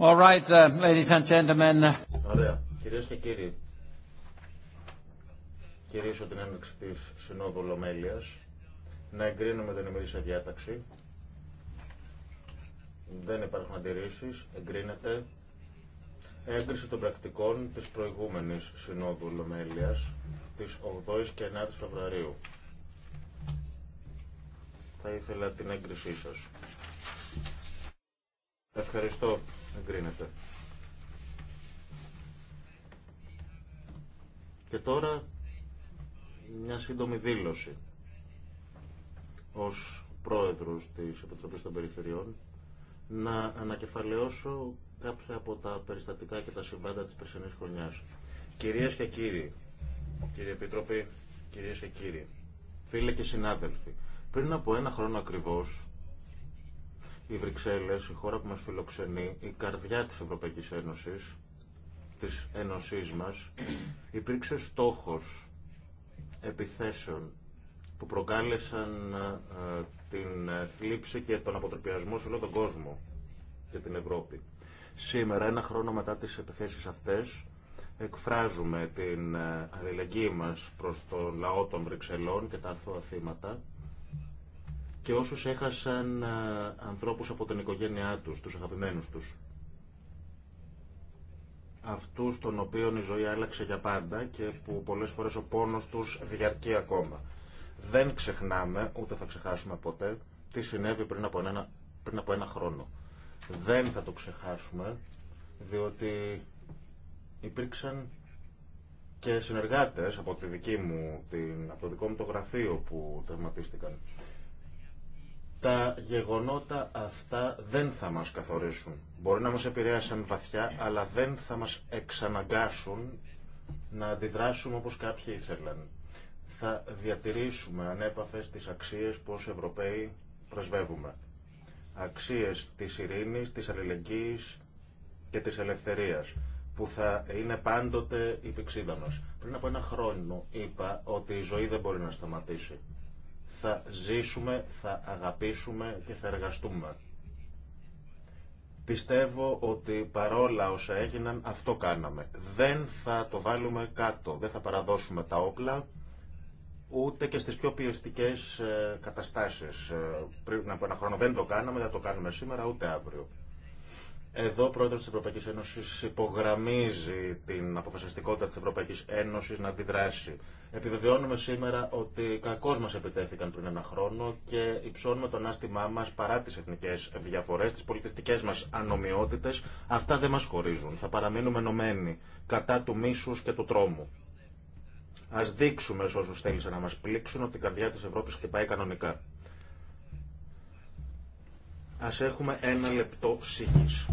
All uh, ladies and gentlemen. Ωραία. Κυρίες και κύριοι, κυρίσω την έναρξη της Συνόδου Λομέλειας, να εγκρίνουμε την ημερήσια διάταξη. Δεν υπάρχουν αντιρρήσει, εγκρίνεται. Έγκριση των πρακτικών της προηγούμενης Συνόδου Λομέλειας, της 8 η και 9 η Φεβρουαρίου. Θα ήθελα την έγκρισή σας. Ευχαριστώ εγκρίνεται. Και τώρα μια σύντομη δήλωση ως πρόεδρος της Επιτροπής των Περιφερειών να ανακεφαλαιώσω κάποια από τα περιστατικά και τα συμβάντα της περσινής χρονιάς. Κυρίες και κύριοι, κύριε Επίτροπη, κυρίες και κύριοι, φίλε και συνάδελφοι, πριν από ένα χρόνο ακριβώς οι Βρυξέλλες, η χώρα που μας φιλοξενεί, η καρδιά της Ευρωπαϊκής Ένωσης, της Ένωσής μας, υπήρξε στόχος επιθέσεων που προκάλεσαν ε, την θλίψη και τον αποτροπιασμό σε όλο τον κόσμο και την Ευρώπη. Σήμερα, ένα χρόνο μετά τις επιθέσεις αυτές, εκφράζουμε την ε, αλληλεγγύη μας προς τον λαό των Βρυξελών και τα αθώα θύματα και όσους έχασαν ε, ανθρώπους από την οικογένειά τους, τους αγαπημένους τους. Αυτούς των οποίων η ζωή άλλαξε για πάντα και που πολλές φορές ο πόνος τους διαρκεί ακόμα. Δεν ξεχνάμε, ούτε θα ξεχάσουμε ποτέ, τι συνέβη πριν από ένα, χρόνο. Δεν θα το ξεχάσουμε, διότι υπήρξαν και συνεργάτες από, τη δική μου, την, από το δικό μου το γραφείο που τερματίστηκαν. Τα γεγονότα αυτά δεν θα μας καθορίσουν. Μπορεί να μας επηρέασαν βαθιά, αλλά δεν θα μας εξαναγκάσουν να αντιδράσουμε όπως κάποιοι ήθελαν. Θα διατηρήσουμε ανέπαφες τις αξίες που ως Ευρωπαίοι πρεσβεύουμε. Αξίες της ειρήνης, της αλληλεγγύης και της ελευθερίας, που θα είναι πάντοτε η πηξίδα μας. Πριν από ένα χρόνο είπα ότι η ζωή δεν μπορεί να σταματήσει θα ζήσουμε, θα αγαπήσουμε και θα εργαστούμε. Πιστεύω ότι παρόλα όσα έγιναν αυτό κάναμε. Δεν θα το βάλουμε κάτω, δεν θα παραδώσουμε τα όπλα ούτε και στις πιο πιεστικές ε, καταστάσεις. Ε, πριν από ένα χρόνο δεν το κάναμε, δεν το κάνουμε σήμερα ούτε αύριο. Εδώ ο πρόεδρο της Ευρωπαϊκής Ένωσης υπογραμμίζει την αποφασιστικότητα τη Ευρωπαϊκή Ένωση να αντιδράσει. Επιβεβαιώνουμε σήμερα ότι κακώ μα επιτέθηκαν πριν ένα χρόνο και υψώνουμε τον άστημά μα παρά τι εθνικέ διαφορέ, τι πολιτιστικέ μα ανομοιότητες. Αυτά δεν μα χωρίζουν. Θα παραμείνουμε ενωμένοι κατά του μίσου και του τρόμου. Α δείξουμε σε όσους θέλησαν να μα πλήξουν ότι η καρδιά τη Ευρώπη χτυπάει κανονικά. Ας έχουμε ένα λεπτό σιγής.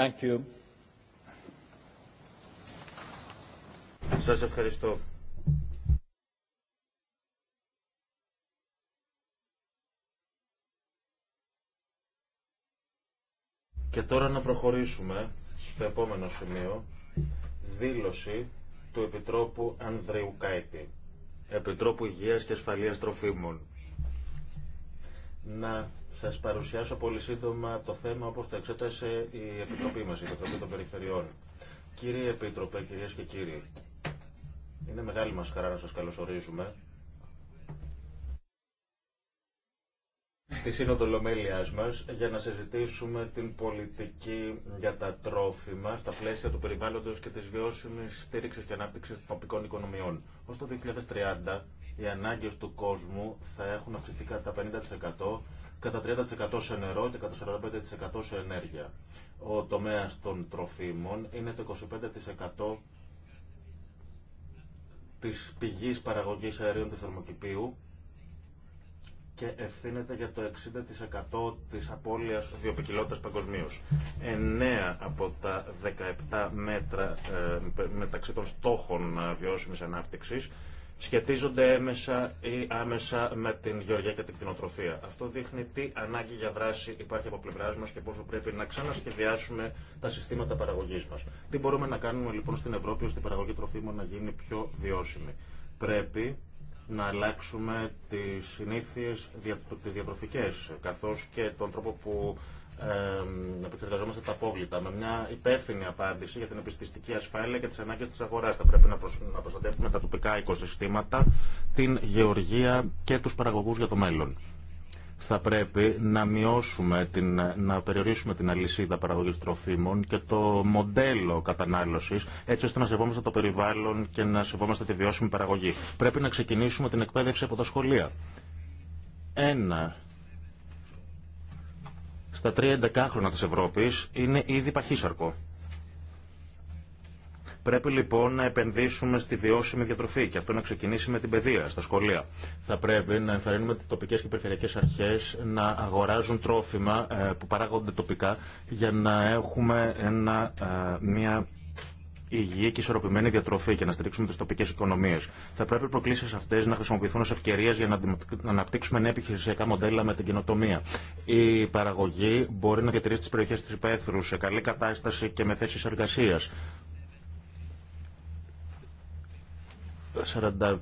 Thank you. Σας ευχαριστώ. Και τώρα να προχωρήσουμε στο επόμενο σημείο, δήλωση του Επιτρόπου Ανδρέου Κάιτη, Επιτρόπου Υγείας και Ασφαλείας Τροφίμων. Να σας παρουσιάσω πολύ σύντομα το θέμα όπως το εξέτασε η Επιτροπή μας, η Επιτροπή των Περιφερειών. Κύριε Επίτροπε, κυρίες και κύριοι, είναι μεγάλη μας χαρά να σας καλωσορίζουμε στη Σύνοδο Λομέλειάς μας για να συζητήσουμε την πολιτική για τα τρόφιμα στα πλαίσια του περιβάλλοντος και της βιώσιμης στήριξης και ανάπτυξης των τοπικών οικονομιών. Ως το 2030 οι ανάγκες του κόσμου θα έχουν αυξηθεί κατά 50% κατά 30% σε νερό και κατά 45% σε ενέργεια. Ο τομέας των τροφίμων είναι το 25% της πηγής παραγωγής αερίων του θερμοκηπίου και ευθύνεται για το 60% της απώλειας βιοπικιλότητας παγκοσμίω. 9 από τα 17 μέτρα ε, μεταξύ των στόχων ε, βιώσιμης ανάπτυξης σχετίζονται έμεσα ή άμεσα με την γεωργία και την κτηνοτροφία. Αυτό δείχνει τι ανάγκη για δράση υπάρχει από πλευρά μα και πόσο πρέπει να ξανασχεδιάσουμε τα συστήματα παραγωγή μα. Τι μπορούμε να κάνουμε λοιπόν στην Ευρώπη ώστε η παραγωγή τροφίμων να γίνει πιο βιώσιμη. Πρέπει να αλλάξουμε τις συνήθειες, τι διατροφικές, καθώς και τον τρόπο που ε, επεξεργαζόμαστε τα απόβλητα με μια υπεύθυνη απάντηση για την επιστηστική ασφάλεια και τι ανάγκε τη αγορά. Θα πρέπει να, να προστατεύουμε τα τοπικά οικοσυστήματα, την γεωργία και του παραγωγού για το μέλλον. Θα πρέπει να μειώσουμε, την, να περιορίσουμε την αλυσίδα παραγωγής τροφίμων και το μοντέλο κατανάλωσης, έτσι ώστε να σεβόμαστε το περιβάλλον και να σεβόμαστε τη βιώσιμη παραγωγή. Πρέπει να ξεκινήσουμε την εκπαίδευση από τα σχολεία. Ένα στα τρία εντεκάχρονα της Ευρώπης είναι ήδη παχύσαρκο. Πρέπει λοιπόν να επενδύσουμε στη βιώσιμη διατροφή και αυτό να ξεκινήσει με την παιδεία, στα σχολεία. Θα πρέπει να ενθαρρύνουμε τι τοπικέ και περιφερειακέ αρχέ να αγοράζουν τρόφιμα ε, που παράγονται τοπικά για να έχουμε ένα, ε, μια υγιή και ισορροπημένη διατροφή και να στηρίξουμε τι τοπικέ οικονομίε. Θα πρέπει οι προκλήσει αυτέ να χρησιμοποιηθούν ω ευκαιρίε για να αναπτύξουμε νέα επιχειρησιακά μοντέλα με την κοινοτομία. Η παραγωγή μπορεί να διατηρήσει τι περιοχέ τη υπαίθρου σε καλή κατάσταση και με θέσει εργασία 47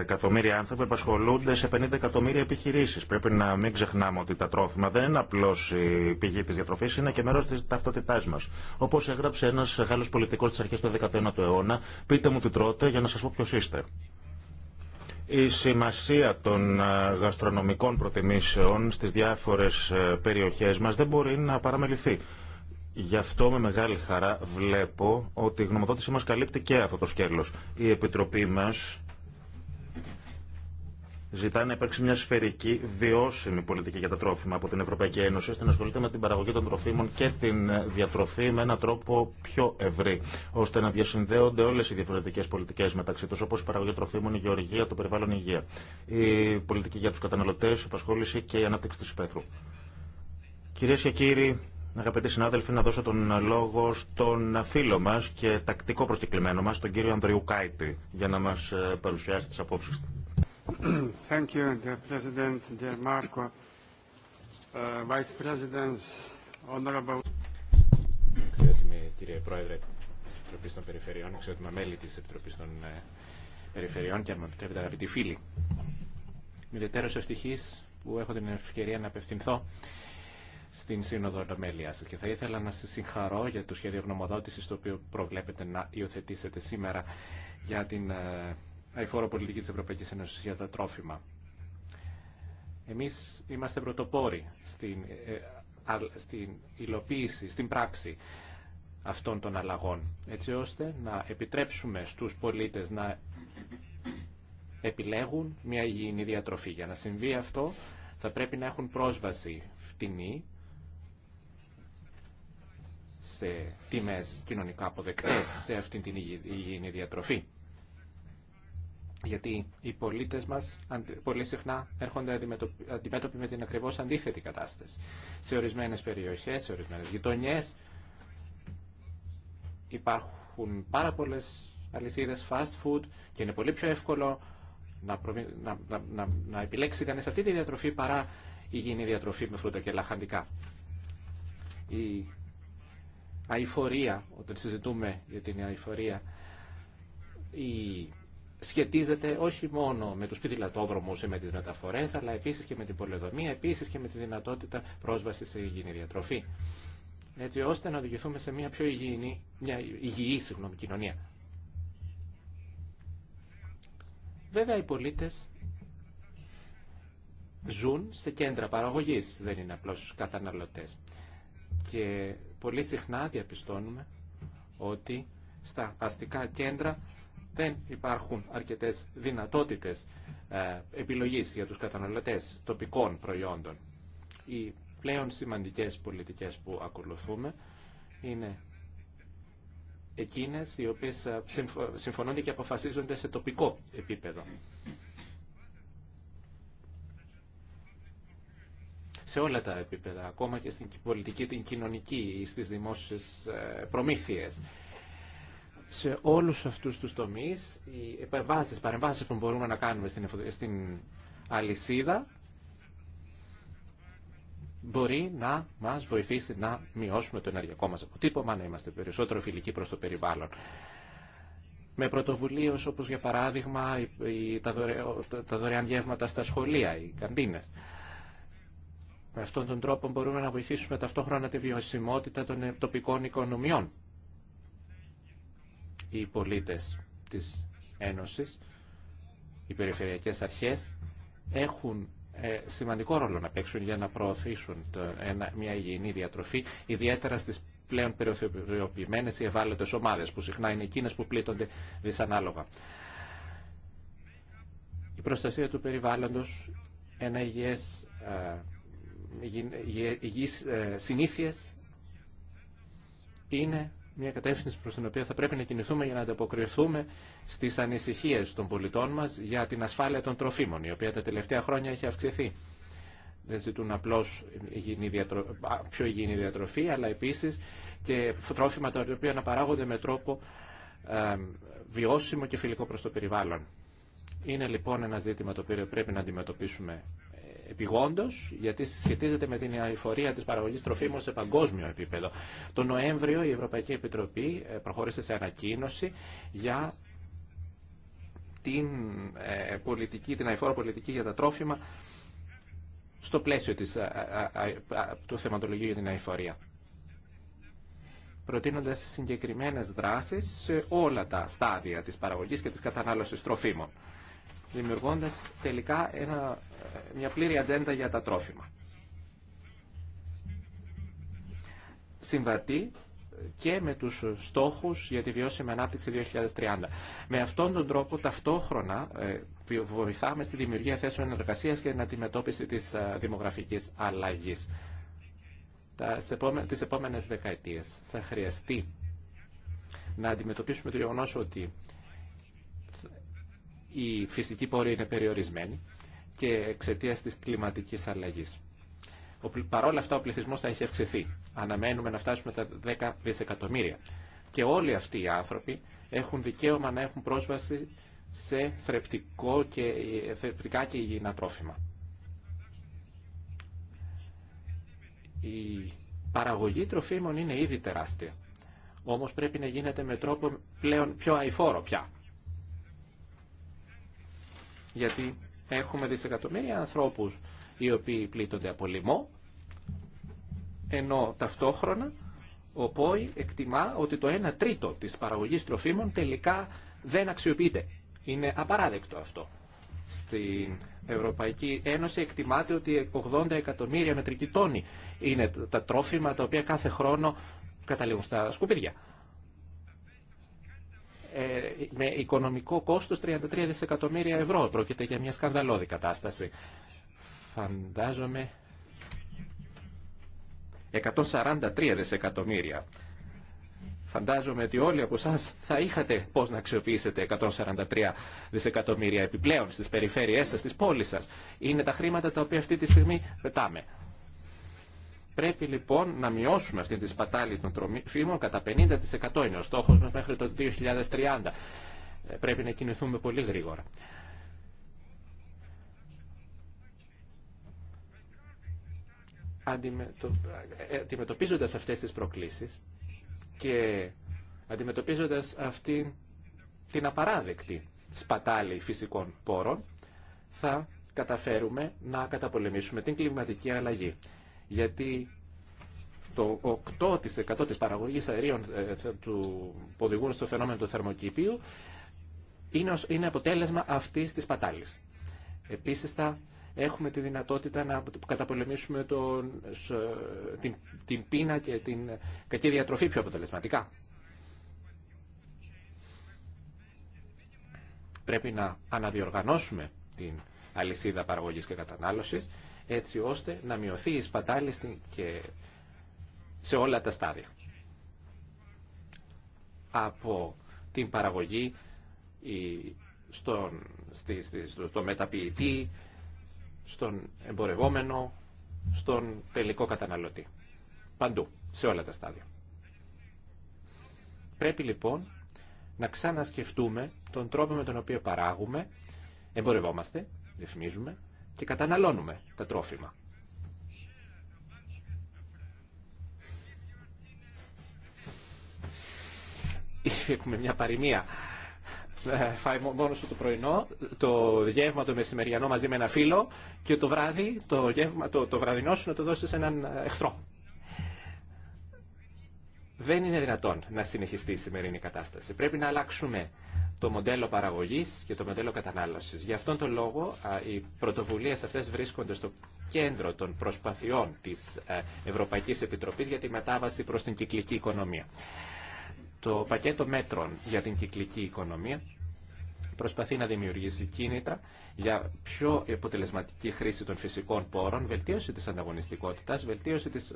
εκατομμύρια άνθρωποι απασχολούνται σε 50 εκατομμύρια επιχειρήσεις. Πρέπει να μην ξεχνάμε ότι τα τρόφιμα δεν είναι απλώς η πηγή τη διατροφής, είναι και μέρος της ταυτότητάς μας. Όπως έγραψε ένας Γάλλος πολιτικός της αρχής του 19ου αιώνα, πείτε μου τι τρώτε για να σας πω ποιο είστε. Η σημασία των ε, γαστρονομικών προτιμήσεων στις διάφορες ε, περιοχές μας δεν μπορεί να παραμεληθεί. Γι' αυτό με μεγάλη χαρά βλέπω ότι η γνωμοδότησή μας καλύπτει και αυτό το σκέλος. Η Επιτροπή μας ζητά να υπάρξει μια σφαιρική, βιώσιμη πολιτική για τα τρόφιμα από την Ευρωπαϊκή Ένωση, ώστε να ασχολείται με την παραγωγή των τροφίμων και την διατροφή με έναν τρόπο πιο ευρύ, ώστε να διασυνδέονται όλες οι διαφορετικέ πολιτικές μεταξύ τους όπως η παραγωγή τροφίμων, η γεωργία, το περιβάλλον, η υγεία, η πολιτική για τους καταναλωτέ, η απασχόληση και η ανάπτυξη τη υπαίθρου. Κυρίες και κύριοι, Αγαπητοί συνάδελφοι, να δώσω τον λόγο στον φίλο μα και τακτικό προσκεκλημένο μα, τον κύριο Ανδριού Κάιτη, για να μα ε, παρουσιάσει τι απόψει του. Thank uh, κύριε Πρόεδρε τη Επιτροπή των Περιφερειών, εξαιρετικά μέλη τη Επιτροπή των ε, Περιφερειών και αν με επιτρέπετε αγαπητοί φίλοι. Είμαι ιδιαίτερο ευτυχή που έχω την ευκαιρία να απευθυνθώ στην Σύνοδο σα και θα ήθελα να σα συγχαρώ για το σχέδιο γνωμοδότησης το οποίο προβλέπετε να υιοθετήσετε σήμερα για την ε, αηφόρο πολιτική της Ευρωπαϊκής Ένωσης για τα τρόφιμα. Εμεί είμαστε πρωτοπόροι στην, ε, στην υλοποίηση, στην πράξη αυτών των αλλαγών, έτσι ώστε να επιτρέψουμε στους πολίτες να επιλέγουν μια υγιεινή διατροφή. Για να συμβεί αυτό θα πρέπει να έχουν πρόσβαση φτηνή σε τιμές κοινωνικά αποδεκτές σε αυτήν την υγιεινή διατροφή. Γιατί οι πολίτες μας πολύ συχνά έρχονται αντιμέτωποι με την ακριβώς αντίθετη κατάσταση. Σε ορισμένες περιοχές, σε ορισμένες γειτονιές υπάρχουν πάρα πολλές αλυσίδες fast food και είναι πολύ πιο εύκολο να, να, να, να επιλέξει κανείς αυτή τη διατροφή παρά υγιεινή διατροφή με φρούτα και λαχαντικά. Η αηφορία, όταν συζητούμε για την αηφορία, η... σχετίζεται όχι μόνο με τους ποδηλατόδρομους ή με τις μεταφορές, αλλά επίσης και με την πολεοδομία, επίσης και με τη δυνατότητα πρόσβασης σε υγιεινή διατροφή. Έτσι ώστε να οδηγηθούμε σε μια πιο υγιεινή, μια υγιή συγγνώμη, κοινωνία. Βέβαια οι πολίτες ζουν σε κέντρα παραγωγής, δεν είναι απλώς καταναλωτές. Και πολύ συχνά διαπιστώνουμε ότι στα αστικά κέντρα δεν υπάρχουν αρκετές δυνατότητες ε, επιλογής για τους καταναλωτές τοπικών προϊόντων. Οι πλέον σημαντικές πολιτικές που ακολουθούμε είναι εκείνες οι οποίες ε, συμφωνούνται και αποφασίζονται σε τοπικό επίπεδο. σε όλα τα επίπεδα, ακόμα και στην πολιτική, την κοινωνική ή στις δημόσιες ε, προμήθειες. Σε όλους αυτούς τους τομείς, οι επεμβάσεις, παρεμβάσεις που μπορούμε να κάνουμε στην, στην αλυσίδα, μπορεί να μας βοηθήσει να μειώσουμε το ενεργειακό μας αποτύπωμα, να είμαστε περισσότερο φιλικοί προς το περιβάλλον. Με πρωτοβουλίες όπως για παράδειγμα τα δωρεάν γεύματα στα σχολεία, οι καντίνες. Με αυτόν τον τρόπο μπορούμε να βοηθήσουμε ταυτόχρονα τη βιωσιμότητα των τοπικών οικονομιών. Οι πολίτες της Ένωσης, οι περιφερειακές αρχές, έχουν ε, σημαντικό ρόλο να παίξουν για να προωθήσουν μια υγιεινή διατροφή, ιδιαίτερα στις πλέον περιοθεοποιημένες ή ευάλωτες ομάδες, που συχνά είναι εκείνες που πλήττονται δυσανάλογα. Η προστασία του περιβάλλοντος, ένα υγιές ε, υγιείς ε, συνήθειες είναι μια κατεύθυνση προς την οποία θα πρέπει να κινηθούμε για να ανταποκριθούμε στις ανησυχίες των πολιτών μας για την ασφάλεια των τροφίμων, η οποία τα τελευταία χρόνια έχει αυξηθεί. Δεν ζητούν απλώς πιο υγιεινή διατροφή, αλλά επίσης και τρόφιμα τα οποία να παράγονται με τρόπο ε, βιώσιμο και φιλικό προς το περιβάλλον. Είναι λοιπόν ένα ζήτημα το οποίο πρέπει να αντιμετωπίσουμε επιγόντω, γιατί σχετίζεται με την αηφορία της παραγωγής τροφίμων σε παγκόσμιο επίπεδο. Το Νοέμβριο η Ευρωπαϊκή Επιτροπή ε, προχώρησε σε ανακοίνωση για την, ε, πολιτική, την αηφόρο πολιτική για τα τρόφιμα στο πλαίσιο της, ε, του θεματολογίου για την αηφορία προτείνοντας συγκεκριμένες δράσεις σε όλα τα στάδια της παραγωγής και της κατανάλωσης τροφίμων δημιουργώντας τελικά ένα, μια πλήρη ατζέντα για τα τρόφιμα. Συμβατή και με τους στόχους για τη βιώσιμη ανάπτυξη 2030. Με αυτόν τον τρόπο ταυτόχρονα ε, βοηθάμε στη δημιουργία θέσεων εργασίας και την αντιμετώπιση της ε, δημογραφικής αλλαγής. Τις επόμενες δεκαετίες θα χρειαστεί να αντιμετωπίσουμε το γεγονό ότι η φυσική πόροι είναι περιορισμένοι και εξαιτία της κλιματική αλλαγή. Παρ' όλα αυτά ο πληθυσμός θα έχει αυξηθεί. Αναμένουμε να φτάσουμε τα 10 δισεκατομμύρια. Και όλοι αυτοί οι άνθρωποι έχουν δικαίωμα να έχουν πρόσβαση σε θρεπτικό και, θρεπτικά και υγιεινά τρόφιμα. Η παραγωγή τροφίμων είναι ήδη τεράστια. Όμως πρέπει να γίνεται με τρόπο πλέον πιο αηφόρο πια γιατί έχουμε δισεκατομμύρια ανθρώπους οι οποίοι πλήττονται από λοιμό, ενώ ταυτόχρονα ο ΠΟΗ εκτιμά ότι το 1 τρίτο της παραγωγής τροφίμων τελικά δεν αξιοποιείται. Είναι απαράδεκτο αυτό. Στην Ευρωπαϊκή Ένωση εκτιμάται ότι 80 εκατομμύρια μετρική τόνοι είναι τα τρόφιμα τα οποία κάθε χρόνο καταλήγουν στα σκουπίδια. Ε, με οικονομικό κόστος 33 δισεκατομμύρια ευρώ. Πρόκειται για μια σκανδαλώδη κατάσταση. Φαντάζομαι 143 δισεκατομμύρια. Φαντάζομαι ότι όλοι από εσά θα είχατε πώς να αξιοποιήσετε 143 δισεκατομμύρια επιπλέον στις περιφέρειές σας, στις πόλεις σας. Είναι τα χρήματα τα οποία αυτή τη στιγμή πετάμε. Πρέπει λοιπόν να μειώσουμε αυτή τη σπατάλη των τροφίμων κατά 50% είναι ο στόχος μας μέχρι το 2030. Ε, πρέπει να κινηθούμε πολύ γρήγορα. Ε, αντιμετωπίζοντας αυτές τις προκλήσεις και αντιμετωπίζοντας αυτή την απαράδεκτη σπατάλη φυσικών πόρων, θα καταφέρουμε να καταπολεμήσουμε την κλιματική αλλαγή γιατί το 8% της παραγωγής αερίων ε, του, που οδηγούν στο φαινόμενο του θερμοκηπίου είναι, αποτέλεσμα αυτής της πατάλης. Επίσης θα έχουμε τη δυνατότητα να καταπολεμήσουμε τον, την, την πείνα και την κακή διατροφή πιο αποτελεσματικά. Πρέπει να αναδιοργανώσουμε την αλυσίδα παραγωγής και κατανάλωσης έτσι ώστε να μειωθεί η σπατάλη και σε όλα τα στάδια. Από την παραγωγή στον, στο μεταποιητή, στον εμπορευόμενο, στον τελικό καταναλωτή. Παντού, σε όλα τα στάδια. Πρέπει λοιπόν να ξανασκεφτούμε τον τρόπο με τον οποίο παράγουμε, εμπορευόμαστε, ρυθμίζουμε και καταναλώνουμε τα τρόφιμα. Έχουμε μια παροιμία. Ε, φάει μόνο σου το πρωινό, το γεύμα το μεσημεριανό μαζί με ένα φίλο και το βράδυ, το, γεύμα, το, το βραδινό σου να το δώσεις έναν ε, εχθρό. Δεν είναι δυνατόν να συνεχιστεί η σημερινή κατάσταση. Πρέπει να αλλάξουμε το μοντέλο παραγωγής και το μοντέλο κατανάλωσης. Γι' αυτόν τον λόγο οι πρωτοβουλίες αυτές βρίσκονται στο κέντρο των προσπαθειών της Ευρωπαϊκής Επιτροπής για τη μετάβαση προς την κυκλική οικονομία. Το πακέτο μέτρων για την κυκλική οικονομία προσπαθεί να δημιουργήσει κίνητρα για πιο αποτελεσματική χρήση των φυσικών πόρων, βελτίωση της ανταγωνιστικότητας, βελτίωση της,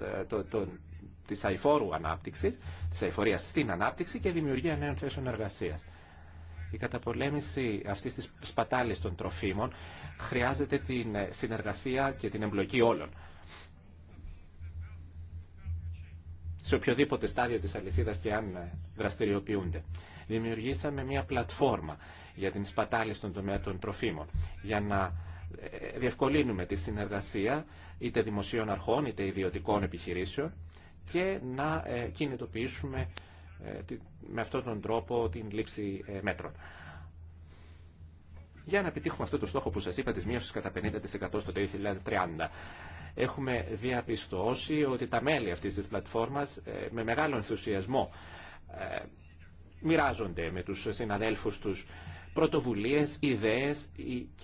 της αηφόρου ανάπτυξης, της αηφορίας στην ανάπτυξη και δημιουργία νέων θέσεων εργασίας. Η καταπολέμηση αυτής της σπατάλης των τροφίμων χρειάζεται την συνεργασία και την εμπλοκή όλων. σε οποιοδήποτε στάδιο της αλυσίδας και αν δραστηριοποιούνται. Δημιουργήσαμε μια πλατφόρμα για την σπατάλη στον τομέα των τροφίμων, για να ε, διευκολύνουμε τη συνεργασία είτε δημοσίων αρχών είτε ιδιωτικών επιχειρήσεων και να ε, κινητοποιήσουμε ε, με αυτόν τον τρόπο την λήψη ε, μέτρων. Για να επιτύχουμε αυτό το στόχο που σας είπα, της μείωσης κατά 50% στο 2030, έχουμε διαπιστώσει ότι τα μέλη αυτής της πλατφόρμας ε, με μεγάλο ενθουσιασμό μοιράζονται με τους συναδέλφους τους πρωτοβουλίες, ιδέες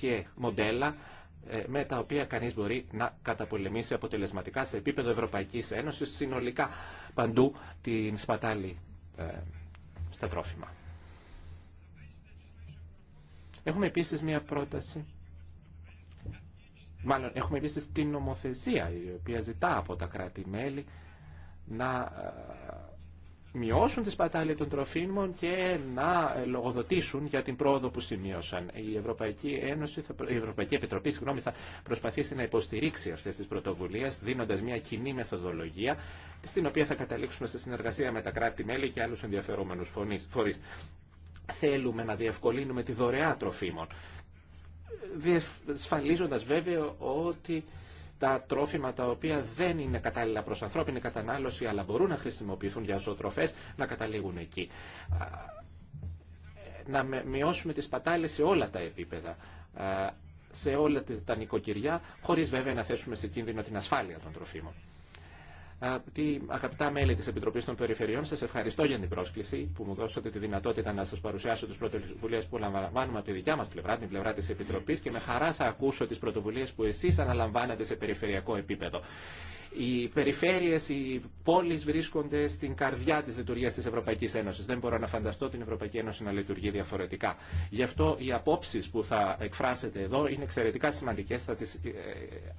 και μοντέλα με τα οποία κανείς μπορεί να καταπολεμήσει αποτελεσματικά σε επίπεδο Ευρωπαϊκής Ένωσης συνολικά παντού την σπατάλη ε, στα τρόφιμα. Έχουμε επίσης μια πρόταση, μάλλον έχουμε επίσης την νομοθεσία η οποία ζητά από τα κράτη-μέλη να ε, μειώσουν τη σπατάλη των τροφίμων και να ε, λογοδοτήσουν για την πρόοδο που σημείωσαν. Η Ευρωπαϊκή, Ένωση, η Ευρωπαϊκή Επιτροπή συγγνώμη, θα προσπαθήσει να υποστηρίξει αυτές τις πρωτοβουλίες δίνοντας μια κοινή μεθοδολογία στην οποία θα καταλήξουμε σε συνεργασία με τα κράτη-μέλη και άλλους ενδιαφερόμενους φορείς. Θέλουμε να διευκολύνουμε τη δωρεά τροφίμων, διασφαλίζοντας βέβαια ότι τα τρόφιμα τα οποία δεν είναι κατάλληλα προς ανθρώπινη κατανάλωση αλλά μπορούν να χρησιμοποιηθούν για ζωοτροφές να καταλήγουν εκεί. Να μειώσουμε τις πατάλες σε όλα τα επίπεδα, σε όλα τα νοικοκυριά, χωρίς βέβαια να θέσουμε σε κίνδυνο την ασφάλεια των τροφίμων. Αγαπητοί, αγαπητά μέλη της Επιτροπής των Περιφερειών, σας ευχαριστώ για την πρόσκληση που μου δώσατε τη δυνατότητα να σας παρουσιάσω τις πρωτοβουλίες που λαμβάνουμε από τη δικιά μας πλευρά, την πλευρά της Επιτροπής και με χαρά θα ακούσω τις πρωτοβουλίες που εσείς αναλαμβάνετε σε περιφερειακό επίπεδο. Οι περιφέρειες, οι πόλεις βρίσκονται στην καρδιά της λειτουργίας της Ευρωπαϊκής Ένωσης. Δεν μπορώ να φανταστώ την Ευρωπαϊκή Ένωση να λειτουργεί διαφορετικά. Γι' αυτό οι που θα εκφράσετε εδώ είναι εξαιρετικά σημαντικές, θα τις ε, ε,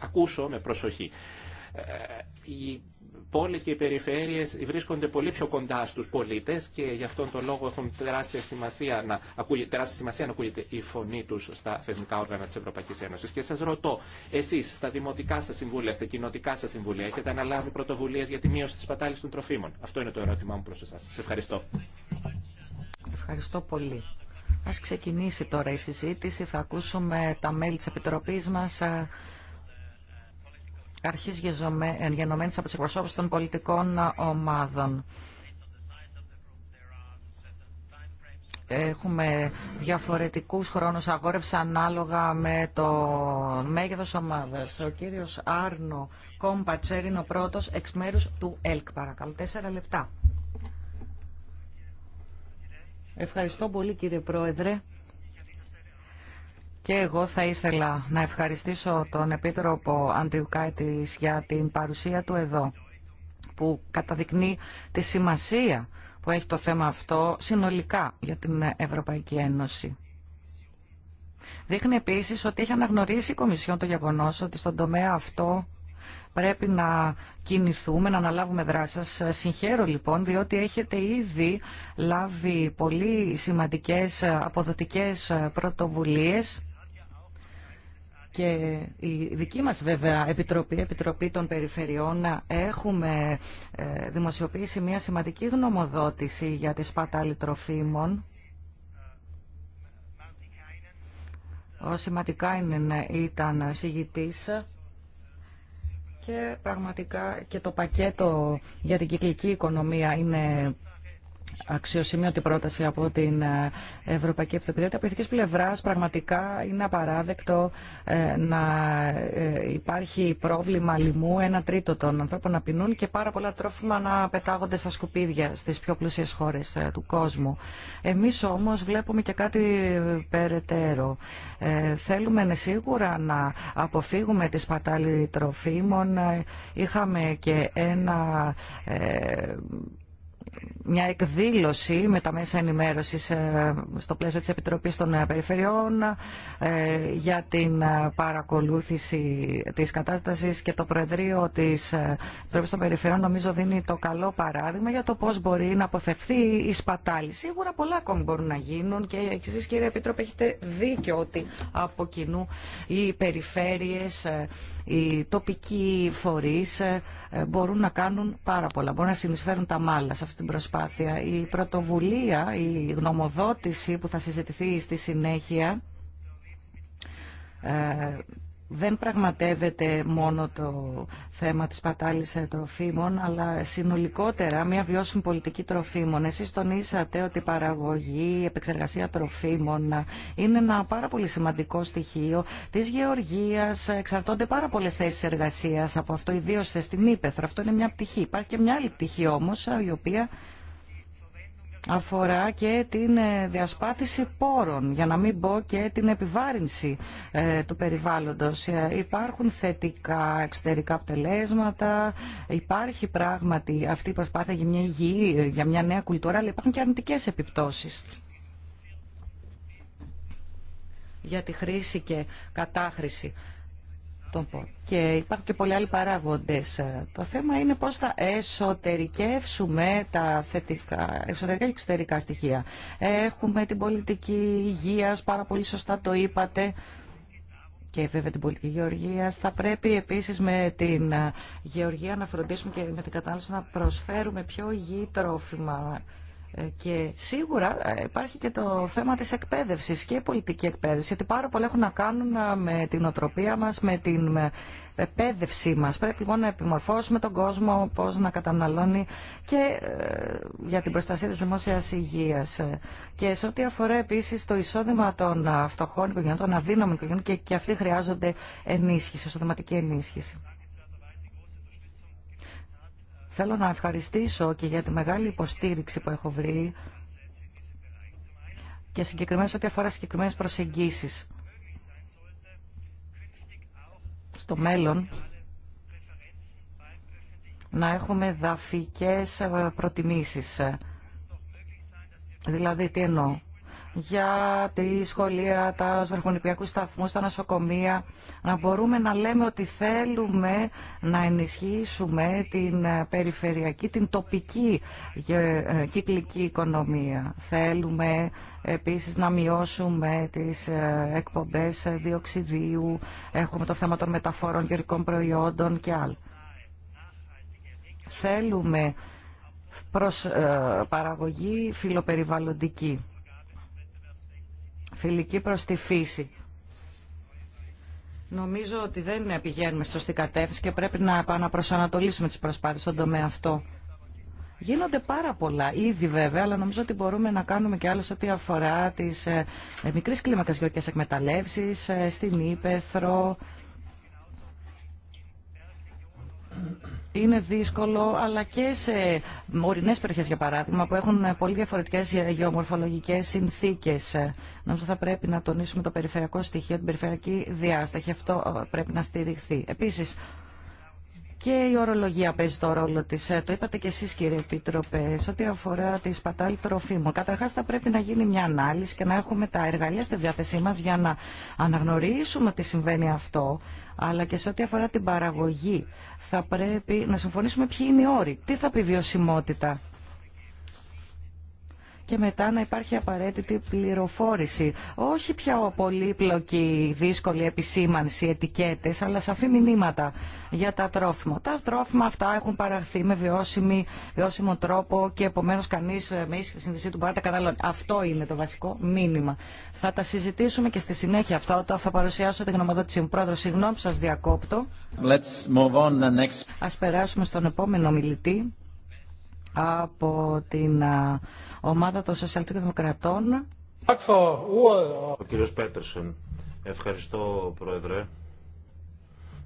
ακούσω με προσοχή. Ε, η πόλεις και οι περιφέρειες βρίσκονται πολύ πιο κοντά στους πολίτες και γι' αυτόν τον λόγο έχουν τεράστια σημασία να, ακούγεται, τεράστια σημασία να ακούγεται η φωνή τους στα θεσμικά όργανα της Ευρωπαϊκής Ένωσης. Και σας ρωτώ, εσείς στα δημοτικά σας συμβούλια, στα κοινοτικά σας συμβούλια, έχετε αναλάβει πρωτοβουλίες για τη μείωση της πατάλης των τροφίμων. Αυτό είναι το ερώτημά μου προς εσάς. Σας ευχαριστώ. Ευχαριστώ πολύ. Ας ξεκινήσει τώρα η συζήτηση. Θα ακούσουμε τα μέλη της Επιτροπής μας αρχής ε, γενομένης από τις εκπροσώπους των πολιτικών ε, ομάδων. Έχουμε διαφορετικούς χρόνους αγόρευση ανάλογα με το μέγεθος ομάδας. Ο κύριος Άρνο Κόμπατσέρ είναι ο πρώτος εξ μέρους του ΕΛΚ. Παρακαλώ, τέσσερα λεπτά. Ευχαριστώ πολύ κύριε Πρόεδρε. Και εγώ θα ήθελα να ευχαριστήσω τον Επίτροπο Αντριουκάητης για την παρουσία του εδώ, που καταδεικνύει τη σημασία που έχει το θέμα αυτό συνολικά για την Ευρωπαϊκή Ένωση. Δείχνει επίσης ότι έχει αναγνωρίσει η Κομισιόν το γεγονός ότι στον τομέα αυτό πρέπει να κινηθούμε, να αναλάβουμε δράσεις. Σας συγχαίρω λοιπόν, διότι έχετε ήδη λάβει πολύ σημαντικές αποδοτικές πρωτοβουλίες και η δική μας βέβαια Επιτροπή, Επιτροπή των Περιφερειών, έχουμε ε, δημοσιοποιήσει μια σημαντική γνωμοδότηση για τη σπατάλη τροφίμων. Ο να ήταν συγητής και πραγματικά και το πακέτο για την κυκλική οικονομία είναι αξιοσημείωτη πρόταση από την ε, Ευρωπαϊκή Επιτροπή. Από ηθική πλευράς πραγματικά είναι απαράδεκτο ε, να ε, υπάρχει πρόβλημα λοιμού ένα τρίτο των ανθρώπων να πεινούν και πάρα πολλά τρόφιμα να πετάγονται στα σκουπίδια στις πιο πλούσιες χώρες του κόσμου. Εμείς όμως βλέπουμε και κάτι περαιτέρω. θέλουμε ναι σίγουρα να αποφύγουμε τη σπατάλη τροφίμων. Είχαμε και ένα μια εκδήλωση με τα μέσα ενημέρωσης ε, στο πλαίσιο της Επιτροπής των ε, Περιφερειών ε, για την παρακολούθηση της κατάστασης και το Προεδρείο της Επιτροπής των Περιφερειών νομίζω δίνει το καλό παράδειγμα για το πώς μπορεί να αποφευθεί η σπατάλη. Σίγουρα πολλά ακόμη μπορούν να γίνουν και εσείς κύριε Επίτροπε έχετε δίκιο ότι από κοινού οι περιφέρειες οι τοπικοί φορείς ε, μπορούν να κάνουν πάρα πολλά, μπορούν να συνεισφέρουν τα μάλλα σε αυτή την προσπάθεια. Η πρωτοβουλία, η γνωμοδότηση που θα συζητηθεί στη συνέχεια ε, δεν πραγματεύεται μόνο το θέμα της πατάλης ε, τροφίμων, αλλά συνολικότερα μια βιώσιμη πολιτική τροφίμων. Εσείς τονίσατε ότι η παραγωγή, η επεξεργασία τροφίμων ε, είναι ένα πάρα πολύ σημαντικό στοιχείο της γεωργίας. Εξαρτώνται πάρα πολλές θέσεις εργασίας από αυτό, ιδίως στην Ήπεθρο. Αυτό είναι μια πτυχή. Υπάρχει και μια άλλη πτυχή όμως, ε, η οποία αφορά και την ε, διασπάθηση πόρων, για να μην πω και την επιβάρυνση ε, του περιβάλλοντος. Ε, υπάρχουν θετικά εξωτερικά αποτελέσματα, υπάρχει πράγματι αυτή η προσπάθεια για μια υγιή, για μια νέα κουλτούρα, αλλά υπάρχουν και αρνητικές επιπτώσεις για τη χρήση και κατάχρηση και υπάρχουν και πολλοί άλλοι παράγοντες. Το θέμα είναι πώς θα εσωτερικεύσουμε τα θετικά, εσωτερικά και εξωτερικά στοιχεία. Έχουμε την πολιτική υγείας, πάρα πολύ σωστά το είπατε και βέβαια την πολιτική γεωργία. Θα πρέπει επίση με την γεωργία να φροντίσουμε και με την κατάσταση να προσφέρουμε πιο υγιή τρόφιμα και σίγουρα ε, υπάρχει και το θέμα της εκπαίδευσης και πολιτική εκπαίδευση, γιατί πάρα πολλά έχουν να κάνουν ε, με την οτροπία μας, με την ε, εκπαίδευσή μας. Πρέπει λοιπόν να επιμορφώσουμε τον κόσμο πώς να καταναλώνει και για την προστασία της δημόσιας υγείας. Και σε ό,τι αφορά επίσης το εισόδημα των φτωχών οικογενειών, των αδύναμων οικογενειών και, και αυτοί χρειάζονται ενίσχυση, εισοδηματική ενίσχυση. Θέλω να ευχαριστήσω και για τη μεγάλη υποστήριξη που έχω βρει και συγκεκριμένα ό,τι αφορά συγκεκριμένε προσεγγίσεις. Στο μέλλον, να έχουμε δαφικές προτιμήσεις. Δηλαδή, τι εννοώ για τη σχολεία, τα βραχονιπιακούς σταθμούς, τα νοσοκομεία, να μπορούμε να λέμε ότι θέλουμε να ενισχύσουμε την ε, περιφερειακή, την τοπική ε, ε, κυκλική οικονομία. Θέλουμε επίσης να μειώσουμε τις εκπομπές διοξιδίου, έχουμε το θέμα των μεταφορών γερικών προϊόντων και άλλα. Θέλουμε προς παραγωγή φιλοπεριβαλλοντική φιλική προς τη φύση. Νομίζω ότι δεν πηγαίνουμε στη σωστή κατεύθυνση και πρέπει να επαναπροσανατολίσουμε τις προσπάθειες στον τομέα αυτό. Γίνονται πάρα πολλά ήδη βέβαια, αλλά νομίζω ότι μπορούμε να κάνουμε και άλλες ό,τι αφορά τις ε, κλίμακε κλίμακες εκμεταλλεύσει ε, στην Ήπεθρο, είναι δύσκολο, αλλά και σε ορεινές περιοχές, για παράδειγμα, που έχουν πολύ διαφορετικές γεωμορφολογικές συνθήκες. Νομίζω θα πρέπει να τονίσουμε το περιφερειακό στοιχείο, την περιφερειακή διάσταση. Αυτό ε, πρέπει να στηριχθεί. Επίσης, και η ορολογία παίζει το ρόλο τη. Ε, το είπατε και εσεί, κύριε Επίτροπε, σε ό,τι αφορά τη σπατάλη τροφίμων. Καταρχά, θα πρέπει να γίνει μια ανάλυση και να έχουμε τα εργαλεία στη διάθεσή μα για να αναγνωρίσουμε τι συμβαίνει αυτό. Αλλά και σε ό,τι αφορά την παραγωγή, θα πρέπει να συμφωνήσουμε ποιοι είναι οι όροι. Τι θα πει βιωσιμότητα και μετά να υπάρχει απαραίτητη πληροφόρηση. Όχι πια πολύπλοκη, δύσκολη επισήμανση, ετικέτες, αλλά σαφή μηνύματα για τα τρόφιμα. Τα τρόφιμα αυτά έχουν παραχθεί με βιώσιμη, βιώσιμο τρόπο και επομένως κανείς ε, με ίση συνδυσή του μπορεί να τα καταλάβει. Αυτό είναι το βασικό μήνυμα. Θα τα συζητήσουμε και στη συνέχεια αυτά όταν θα παρουσιάσω τη γνωμοδότησή μου. Πρόεδρο, συγγνώμη διακόπτω. Let's Ας περάσουμε στον επόμενο μιλητή από την ομάδα των Σοσιαλτικών Δημοκρατών. Ο κύριος Πέτερσεν. Ευχαριστώ, Πρόεδρε.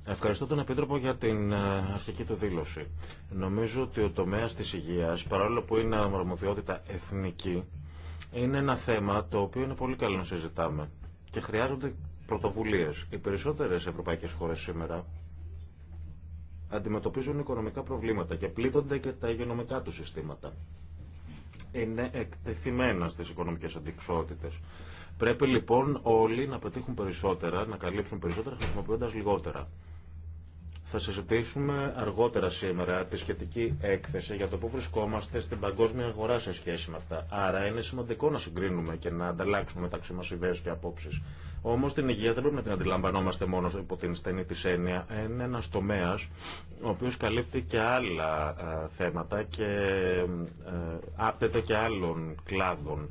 Ευχαριστώ τον Επίτροπο για την αρχική του δήλωση. Νομίζω ότι ο τομέας της υγείας, παρόλο που είναι αρμοδιότητα εθνική, είναι ένα θέμα το οποίο είναι πολύ καλό να συζητάμε και χρειάζονται πρωτοβουλίες. Οι περισσότερες ευρωπαϊκές χώρες σήμερα αντιμετωπίζουν οικονομικά προβλήματα και πλήττονται και τα υγειονομικά του συστήματα. Είναι εκτεθειμένα στις οικονομικές αντικσότητες. Πρέπει λοιπόν όλοι να πετύχουν περισσότερα, να καλύψουν περισσότερα χρησιμοποιώντας λιγότερα. Θα συζητήσουμε αργότερα σήμερα τη σχετική έκθεση για το πού βρισκόμαστε στην παγκόσμια αγορά σε σχέση με αυτά. Άρα είναι σημαντικό να συγκρίνουμε και να ανταλλάξουμε μεταξύ μα ιδέε και απόψει. Όμω την υγεία δεν πρέπει να την αντιλαμβανόμαστε μόνο υπό την στενή της έννοια. Είναι ένα τομέα ο οποίος καλύπτει και άλλα ε, θέματα και ε, άπτεται και άλλων κλάδων.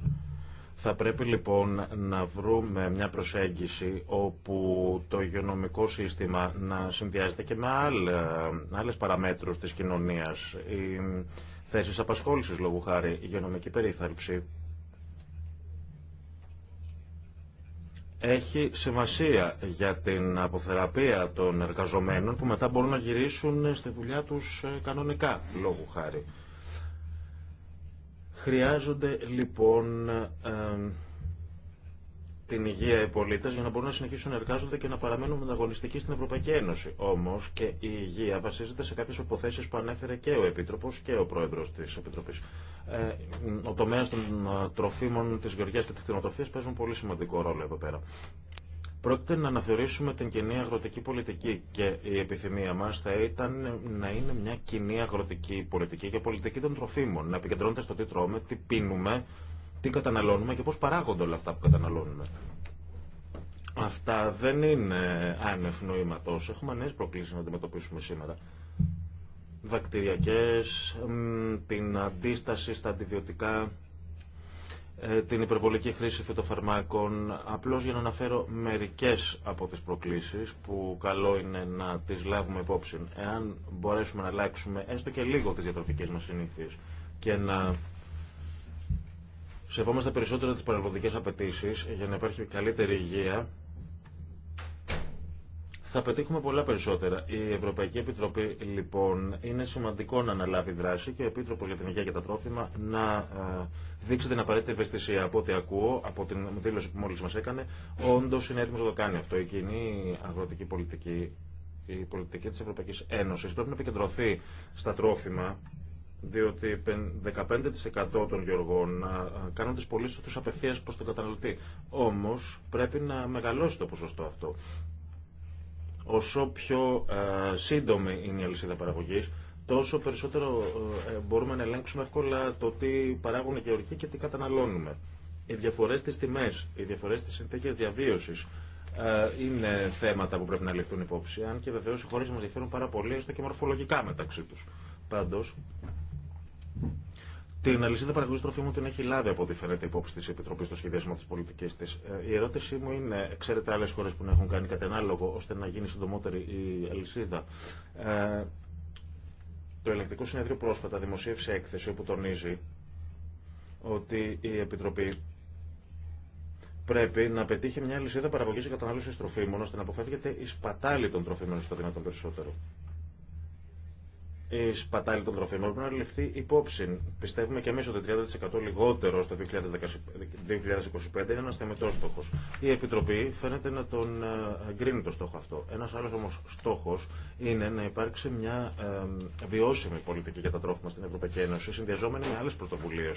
Θα πρέπει λοιπόν να βρούμε μια προσέγγιση όπου το υγειονομικό σύστημα να συνδυάζεται και με άλλες παραμέτρους της κοινωνίας. Οι θέσεις απασχόλησης λόγου χάρη, υγειονομική περίθαλψη έχει σημασία για την αποθεραπεία των εργαζομένων που μετά μπορούν να γυρίσουν στη δουλειά τους ε, κανονικά, λόγου χάρη. Χρειάζονται λοιπόν ε, την υγεία οι πολίτε για να μπορούν να συνεχίσουν να εργάζονται και να παραμένουν μεταγωνιστικοί στην Ευρωπαϊκή Ένωση. Όμω και η υγεία βασίζεται σε κάποιε υποθέσει που ανέφερε και ο Επίτροπο και ο Πρόεδρο τη Επιτροπή. Ε, ο τομέα των ε, τροφίμων, τη γεωργία και τη κτηνοτροφία παίζουν πολύ σημαντικό ρόλο εδώ πέρα. Πρόκειται να αναθεωρήσουμε την κοινή αγροτική πολιτική και η επιθυμία μα θα ήταν να είναι μια κοινή αγροτική πολιτική και πολιτική των τροφίμων. Να επικεντρώνεται στο τι τρώμε, τι πίνουμε, τι καταναλώνουμε και πώς παράγονται όλα αυτά που καταναλώνουμε. Αυτά δεν είναι άνευ νοήματος. Έχουμε νέες προκλήσεις να αντιμετωπίσουμε σήμερα. Βακτηριακές, την αντίσταση στα αντιβιωτικά, ε, την υπερβολική χρήση φυτοφαρμάκων. Απλώς για να αναφέρω μερικές από τις προκλήσεις που καλό είναι να τις λάβουμε υπόψη. Εάν μπορέσουμε να αλλάξουμε έστω και λίγο τις διατροφικές μας συνήθειες και να Σεβόμαστε περισσότερο τις παραγωγικές απαιτήσει για να υπάρχει καλύτερη υγεία. Θα πετύχουμε πολλά περισσότερα. Η Ευρωπαϊκή Επιτροπή, λοιπόν, είναι σημαντικό να αναλάβει δράση και ο Επίτροπο για την Υγεία και τα Τρόφιμα να ε, δείξει την απαραίτητη ευαισθησία. Από ό,τι ακούω, από την δήλωση που μόλι μα έκανε, όντω είναι έτοιμο να το κάνει αυτό. Η κοινή αγροτική πολιτική, η πολιτική τη Ευρωπαϊκή Ένωση πρέπει να επικεντρωθεί στα τρόφιμα διότι 15% των γεωργών κάνουν τις πωλήσεις τους απευθείας προς τον καταναλωτή. Όμως πρέπει να μεγαλώσει το ποσοστό αυτό. Όσο πιο σύντομη είναι η αλυσίδα παραγωγής, τόσο περισσότερο ε, μπορούμε να ελέγξουμε εύκολα το τι παράγουν οι γεωργοί και τι καταναλώνουμε. Οι διαφορές στις τιμές, οι διαφορές στις συνθήκες διαβίωσης, είναι θέματα που πρέπει να ληφθούν υπόψη, αν και βεβαίω οι χώρε μα διαφέρουν πάρα πολύ, έστω και μορφολογικά μεταξύ του. Πάντω, την αλυσίδα παραγωγή τροφίμων την έχει λάβει από ό,τι φαίνεται υπόψη τη Επιτροπή στο σχεδιασμό τη πολιτική τη. Ε, η ερώτησή μου είναι, ξέρετε άλλε χώρε που να έχουν κάνει κάτι ανάλογο ώστε να γίνει συντομότερη η αλυσίδα. Ε, το ελεκτικό συνεδρίο πρόσφατα δημοσίευσε έκθεση όπου τονίζει ότι η Επιτροπή πρέπει να πετύχει μια αλυσίδα παραγωγή και κατανάλωση τροφίμων ώστε να αποφεύγεται η σπατάλη των τροφίμων στο δυνατόν περισσότερο η σπατάλη των τροφίμων πρέπει να ληφθεί υπόψη. Πιστεύουμε και εμεί ότι 30% λιγότερο στο 2025 είναι ένα θεμετό στόχο. Η Επιτροπή φαίνεται να τον ε, εγκρίνει το στόχο αυτό. Ένα άλλο όμω στόχο είναι να υπάρξει μια ε, βιώσιμη πολιτική για τα τρόφιμα στην Ευρωπαϊκή Ένωση, συνδυαζόμενη με άλλε πρωτοβουλίε.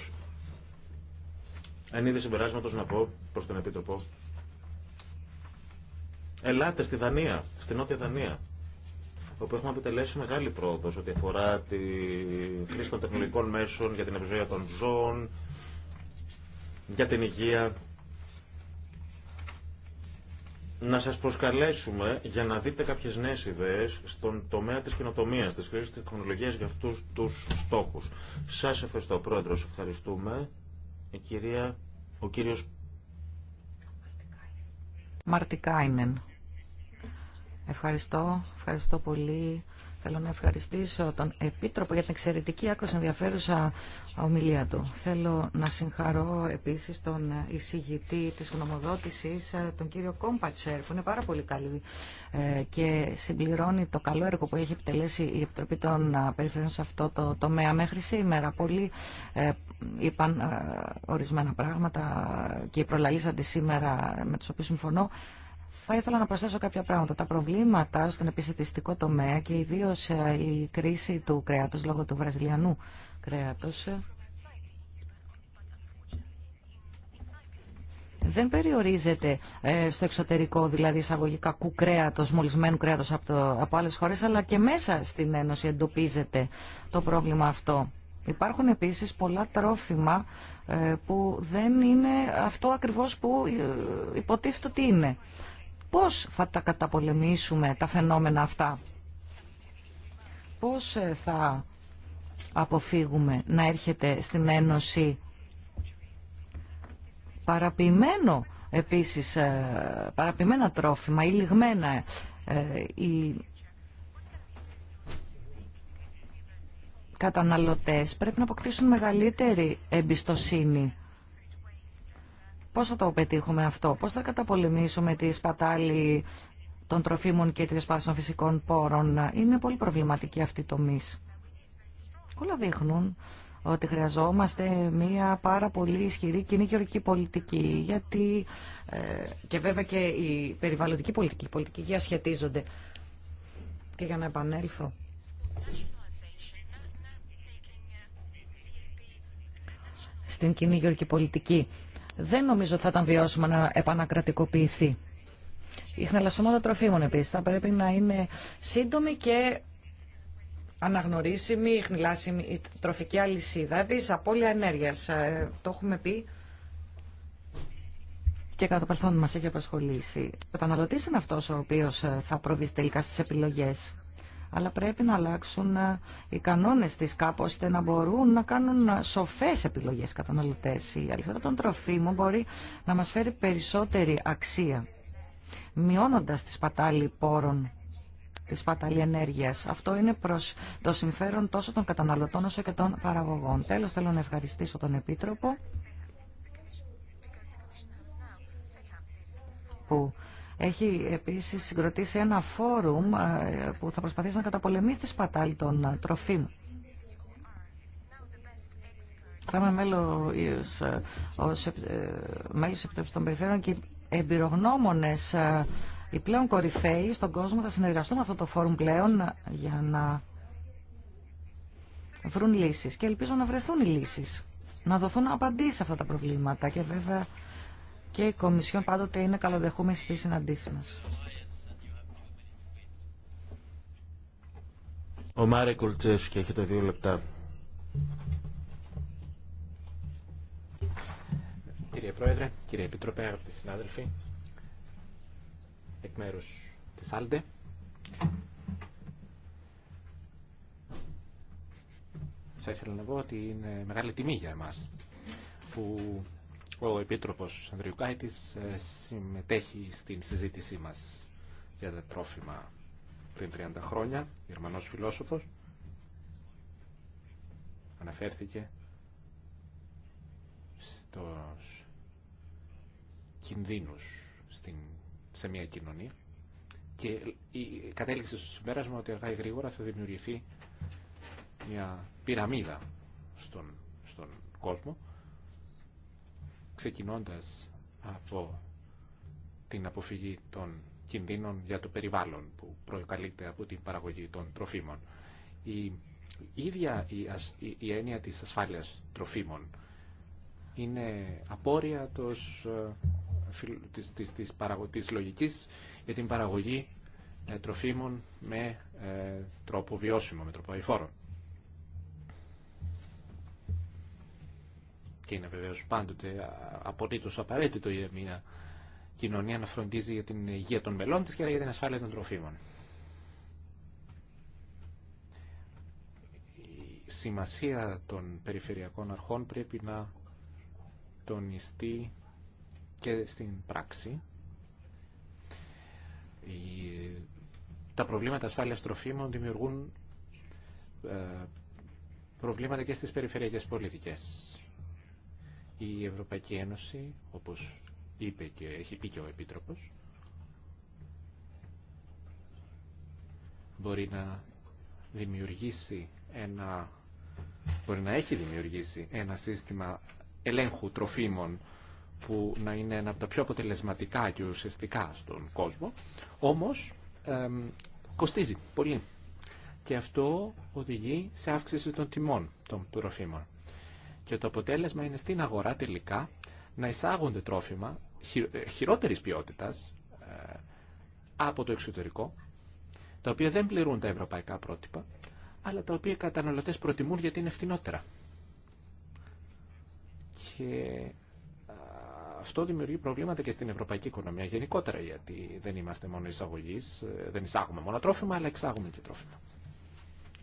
Εν είδη συμπεράσματο να πω προ τον Επίτροπο. Ελάτε στη Δανία, στη Νότια Δανία όπου έχουμε επιτελέσει μεγάλη πρόοδο ό,τι αφορά τη χρήση των τεχνολογικών μέσων για την ευζοία των ζώων, για την υγεία. Να σας προσκαλέσουμε για να δείτε κάποιες νέες ιδέες στον τομέα της κοινοτομίας, της χρήσης της τεχνολογίας για αυτούς τους στόχους. Σας ευχαριστώ, Σας Ευχαριστούμε. Η κυρία, ο κύριος Μαρτικάινεν. Ευχαριστώ, ευχαριστώ πολύ. Θέλω να ευχαριστήσω τον Επίτροπο για την εξαιρετική άκρως ενδιαφέρουσα ομιλία του. Θέλω να συγχαρώ επίσης τον εισηγητή της γνωμοδότησης, τον κύριο Κόμπατσερ, που είναι πάρα πολύ καλή ε, και συμπληρώνει το καλό έργο που έχει επιτελέσει η Επιτροπή των ε, Περιφερειών σε αυτό το τομέα μέχρι σήμερα. Πολλοί ε, είπαν ορισμένα πράγματα και οι σήμερα με τους οποίους συμφωνώ θα ήθελα να προσθέσω κάποια πράγματα. Τα προβλήματα στον επιστημιστικό τομέα και ιδίω ε, η κρίση του κρέατος λόγω του βραζιλιανού κρέατος ε, δεν περιορίζεται ε, στο εξωτερικό, δηλαδή εισαγωγικά κρέατο, μολυσμένου κρέατο από, το, από άλλε χώρε, αλλά και μέσα στην Ένωση εντοπίζεται το πρόβλημα αυτό. Υπάρχουν επίσης πολλά τρόφιμα που δεν είναι αυτό ακριβώς που υποτίθεται ότι είναι. Πώς θα τα καταπολεμήσουμε τα φαινόμενα αυτά. Πώς ε, θα αποφύγουμε να έρχεται στην Ένωση παραποιημένο επίσης ε, παραποιημένα τρόφιμα ή λιγμένα ε, Οι καταναλωτές πρέπει να αποκτήσουν μεγαλύτερη εμπιστοσύνη Πώς θα το πετύχουμε αυτό, πώς θα καταπολεμήσουμε τη σπατάλη των τροφίμων και τη σπάση φυσικών πόρων. Είναι πολύ προβληματική αυτή η τομή. Όλα δείχνουν ότι χρειαζόμαστε μια πάρα πολύ ισχυρή κοινή γεωργική πολιτική, γιατί ε, και βέβαια και η περιβαλλοντική πολιτική, η πολιτική υγεία σχετίζονται. Και για να επανέλθω. Στην κοινή γεωργική πολιτική δεν νομίζω ότι θα ήταν βιώσιμο να επανακρατικοποιηθεί. Η χνελασσομάδα τροφίμων επίσης θα πρέπει να είναι σύντομη και αναγνωρίσιμη, χνηλάσιμη η τροφική αλυσίδα. Επίσης, απώλεια ενέργειας, ε, το έχουμε πει και κατά το παρελθόν μας έχει απασχολήσει. Ο είναι αυτός ο οποίος ε, θα προβεί τελικά στις επιλογές αλλά πρέπει να αλλάξουν ε, οι κανόνες της κάπω ώστε να μπορούν να κάνουν ε, σοφές επιλογές καταναλωτές. Η αλυσίδα των τροφίμων μπορεί να μας φέρει περισσότερη αξία, μειώνοντας τη σπατάλη πόρων τη σπαταλή ενέργεια. Αυτό είναι προ το συμφέρον τόσο των καταναλωτών όσο και των παραγωγών. Τέλο, θέλω να ευχαριστήσω τον Επίτροπο έχει επίσης συγκροτήσει ένα φόρουμ ε, που θα προσπαθήσει να καταπολεμήσει τη σπατάλη των ε, τροφίμων. Θα είμαι μέλος, ε, ως, μέλος των Περιφέρειων και εμπειρογνώμονες οι πλέον κορυφαίοι στον κόσμο θα συνεργαστούν με αυτό το φόρουμ πλέον για να βρουν λύσεις και ελπίζω να βρεθούν οι λύσεις να δοθούν απαντήσει σε αυτά τα προβλήματα και βέβαια και η Κομισιόν πάντοτε είναι καλοδεχούμενη στις συναντήσεις μας. Ο Μάρε Κουλτσέσκη, έχετε δύο λεπτά. Κύριε Πρόεδρε, κύριε Επιτροπέ, αγαπητοί συνάδελφοι, εκ μέρου της Άλντε, θα ήθελα να πω ότι είναι μεγάλη τιμή για εμάς που ο Επίτροπος Ανδριουκάητης ε, συμμετέχει στην συζήτησή μας για τα τρόφιμα πριν 30 χρόνια, Γερμανός φιλόσοφος, αναφέρθηκε στους κινδύνους στην, σε μια κοινωνία και η κατέληξε στο συμπέρασμα ότι αργά ή γρήγορα θα δημιουργηθεί μια πυραμίδα στον, στον κόσμο ξεκινώντας από την αποφυγή των κινδύνων για το περιβάλλον που προκαλείται από την παραγωγή των τροφίμων. Η ίδια η έννοια της ασφάλειας τροφίμων είναι απόρρια ε, της, της, της, της λογικής για την παραγωγή ε, τροφίμων με ε, τρόπο βιώσιμο, με τρόπο αηφόρο. και είναι βεβαίω πάντοτε απολύτω απαραίτητο για μια κοινωνία να φροντίζει για την υγεία των μελών τη και για την ασφάλεια των τροφίμων. Η σημασία των περιφερειακών αρχών πρέπει να τονιστεί και στην πράξη. Τα προβλήματα ασφάλειας τροφίμων δημιουργούν ε, προβλήματα και στις περιφερειακές πολιτικές. Η Ευρωπαϊκή Ένωση, όπως είπε και έχει πει και ο Επίτροπος, μπορεί να δημιουργήσει ένα μπορεί να έχει δημιουργήσει ένα σύστημα ελέγχου τροφίμων που να είναι ένα από τα πιο αποτελεσματικά και ουσιαστικά στον κόσμο, όμως κοστίζει πολύ. Και αυτό οδηγεί σε αύξηση των τιμών των τροφίμων. Και το αποτέλεσμα είναι στην αγορά τελικά να εισάγονται τρόφιμα ε, χειρότερης ποιότητας ε, από το εξωτερικό, τα οποία δεν πληρούν τα ευρωπαϊκά πρότυπα, αλλά τα οποία οι καταναλωτές προτιμούν γιατί είναι φτηνότερα. Και αυτό δημιουργεί προβλήματα και στην ευρωπαϊκή οικονομία γενικότερα, γιατί δεν είμαστε μόνο εισαγωγή. Ε, δεν εισάγουμε μόνο τρόφιμα, αλλά εξάγουμε και τρόφιμα.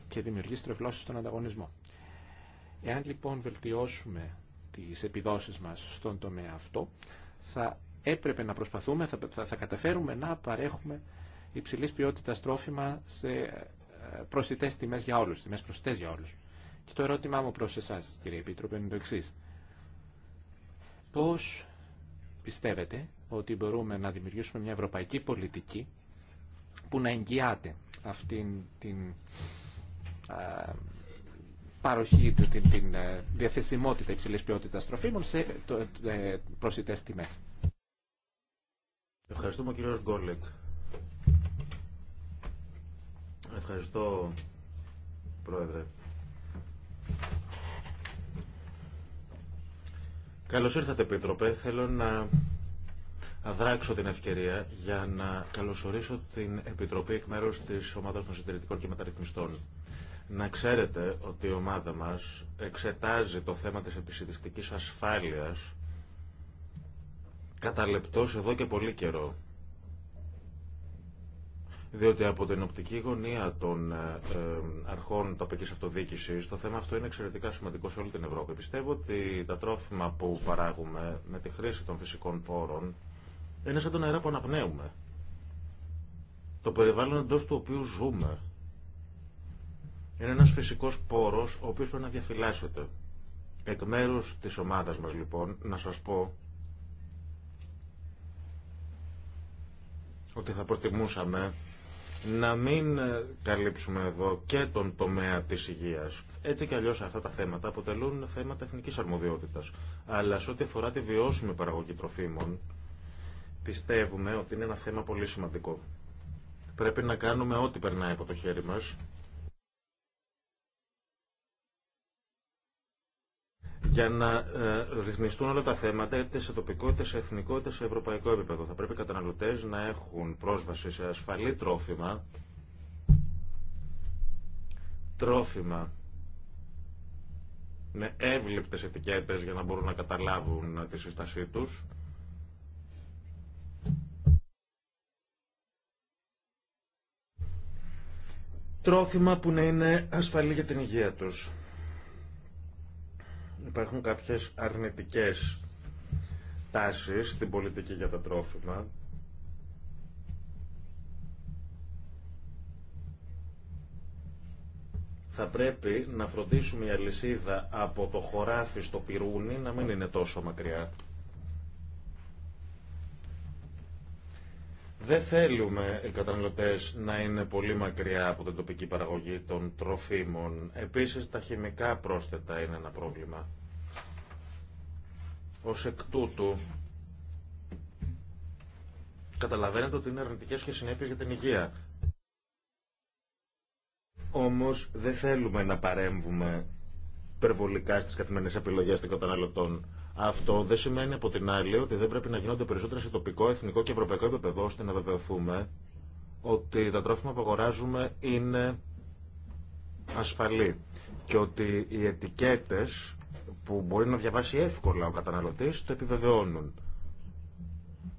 Και δημιουργεί στρεβλώσει στον ανταγωνισμό. Εάν λοιπόν βελτιώσουμε τις επιδόσεις μας στον τομέα αυτό, θα έπρεπε να προσπαθούμε, θα, θα, καταφέρουμε να παρέχουμε υψηλής ποιότητας τρόφιμα σε ε, προσιτές τιμές για όλους, τιμές προσιτές για όλους. Και το ερώτημά μου προς εσάς, κύριε Επίτροπε, είναι το εξή. Πώς πιστεύετε ότι μπορούμε να δημιουργήσουμε μια ευρωπαϊκή πολιτική που να εγγυάται αυτήν την παροχή, την, την ε, διαθεσιμότητα υψηλής ποιότητας τροφίμων σε το, ε, προσιτές τιμές. Ευχαριστούμε κύριο Γκόρλεκ. Ευχαριστώ πρόεδρε. Καλώς ήρθατε Επίτροπε. Θέλω να αδράξω την ευκαιρία για να καλωσορίσω την Επιτροπή εκ μέρους της Ομάδας των Συντηρητικών και Μεταρρυθμιστών. Να ξέρετε ότι η ομάδα μας εξετάζει το θέμα της επισητιστικής ασφάλειας κατά εδώ και πολύ καιρό. Διότι από την οπτική γωνία των ε, ε, αρχών τοπικής αυτοδιοίκησης το θέμα αυτό είναι εξαιρετικά σημαντικό σε όλη την Ευρώπη. Πιστεύω ότι τα τρόφιμα που παράγουμε με τη χρήση των φυσικών πόρων είναι σαν τον αέρα που αναπνέουμε. Το περιβάλλον εντός του οποίου ζούμε είναι ένας φυσικός πόρος ο οποίος πρέπει να διαφυλάσσεται. Εκ μέρους της ομάδας μας λοιπόν να σας πω ότι θα προτιμούσαμε να μην ε, καλύψουμε εδώ και τον τομέα της υγείας. Έτσι κι αλλιώς αυτά τα θέματα αποτελούν θέματα εθνικής αρμοδιότητας. Αλλά σε ό,τι αφορά τη βιώσιμη παραγωγή τροφίμων, πιστεύουμε ότι είναι ένα θέμα πολύ σημαντικό. Πρέπει να κάνουμε ό,τι περνάει από το χέρι μας για να ε, ρυθμιστούν όλα τα θέματα είτε σε τοπικό, είτε σε εθνικό, είτε σε ευρωπαϊκό επίπεδο. Θα πρέπει οι καταναλωτές να έχουν πρόσβαση σε ασφαλή τρόφιμα, τρόφιμα με εύληπτες ετικέτες για να μπορούν να καταλάβουν τη σύστασή τους. Τρόφιμα που να είναι ασφαλή για την υγεία τους. Υπάρχουν κάποιες αρνητικές τάσεις στην πολιτική για τα τρόφιμα θα πρέπει να φροντίσουμε η αλυσίδα από το χωράφι στο πυρούνι να μην είναι τόσο μακριά. Δεν θέλουμε οι καταναλωτές να είναι πολύ μακριά από την τοπική παραγωγή των τροφίμων. Επίσης τα χημικά πρόσθετα είναι ένα πρόβλημα. Ως εκ τούτου, καταλαβαίνετε ότι είναι αρνητικές και συνέπειες για την υγεία. Όμως δεν θέλουμε να παρέμβουμε υπερβολικά στις καθημερινές επιλογές των καταναλωτών. Αυτό δεν σημαίνει από την άλλη ότι δεν πρέπει να γίνονται περισσότερα σε τοπικό, εθνικό και ευρωπαϊκό επίπεδο ώστε να βεβαιωθούμε ότι τα τρόφιμα που αγοράζουμε είναι ασφαλή και ότι οι ετικέτες που μπορεί να διαβάσει εύκολα ο καταναλωτής το επιβεβαιώνουν.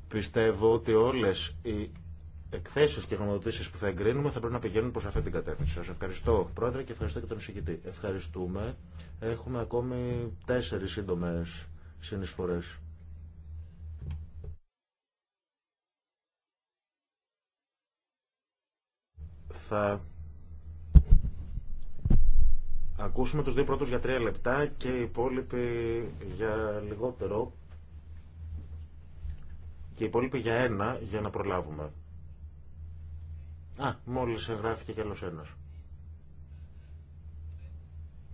Πιστεύω ότι όλες οι εκθέσεις και γνωμοδοτήσεις που θα εγκρίνουμε θα πρέπει να πηγαίνουν προς αυτή την κατεύθυνση. Σας ευχαριστώ πρόεδρε και ευχαριστώ και τον εισηγητή. Ευχαριστούμε. Έχουμε ακόμη τέσσερις σύντομες συνεισφορές. Θα ακούσουμε τους δύο πρώτους για τρία λεπτά και οι υπόλοιποι για λιγότερο και οι υπόλοιποι για ένα για να προλάβουμε. Α, μόλις εγγράφηκε κι άλλος ένας.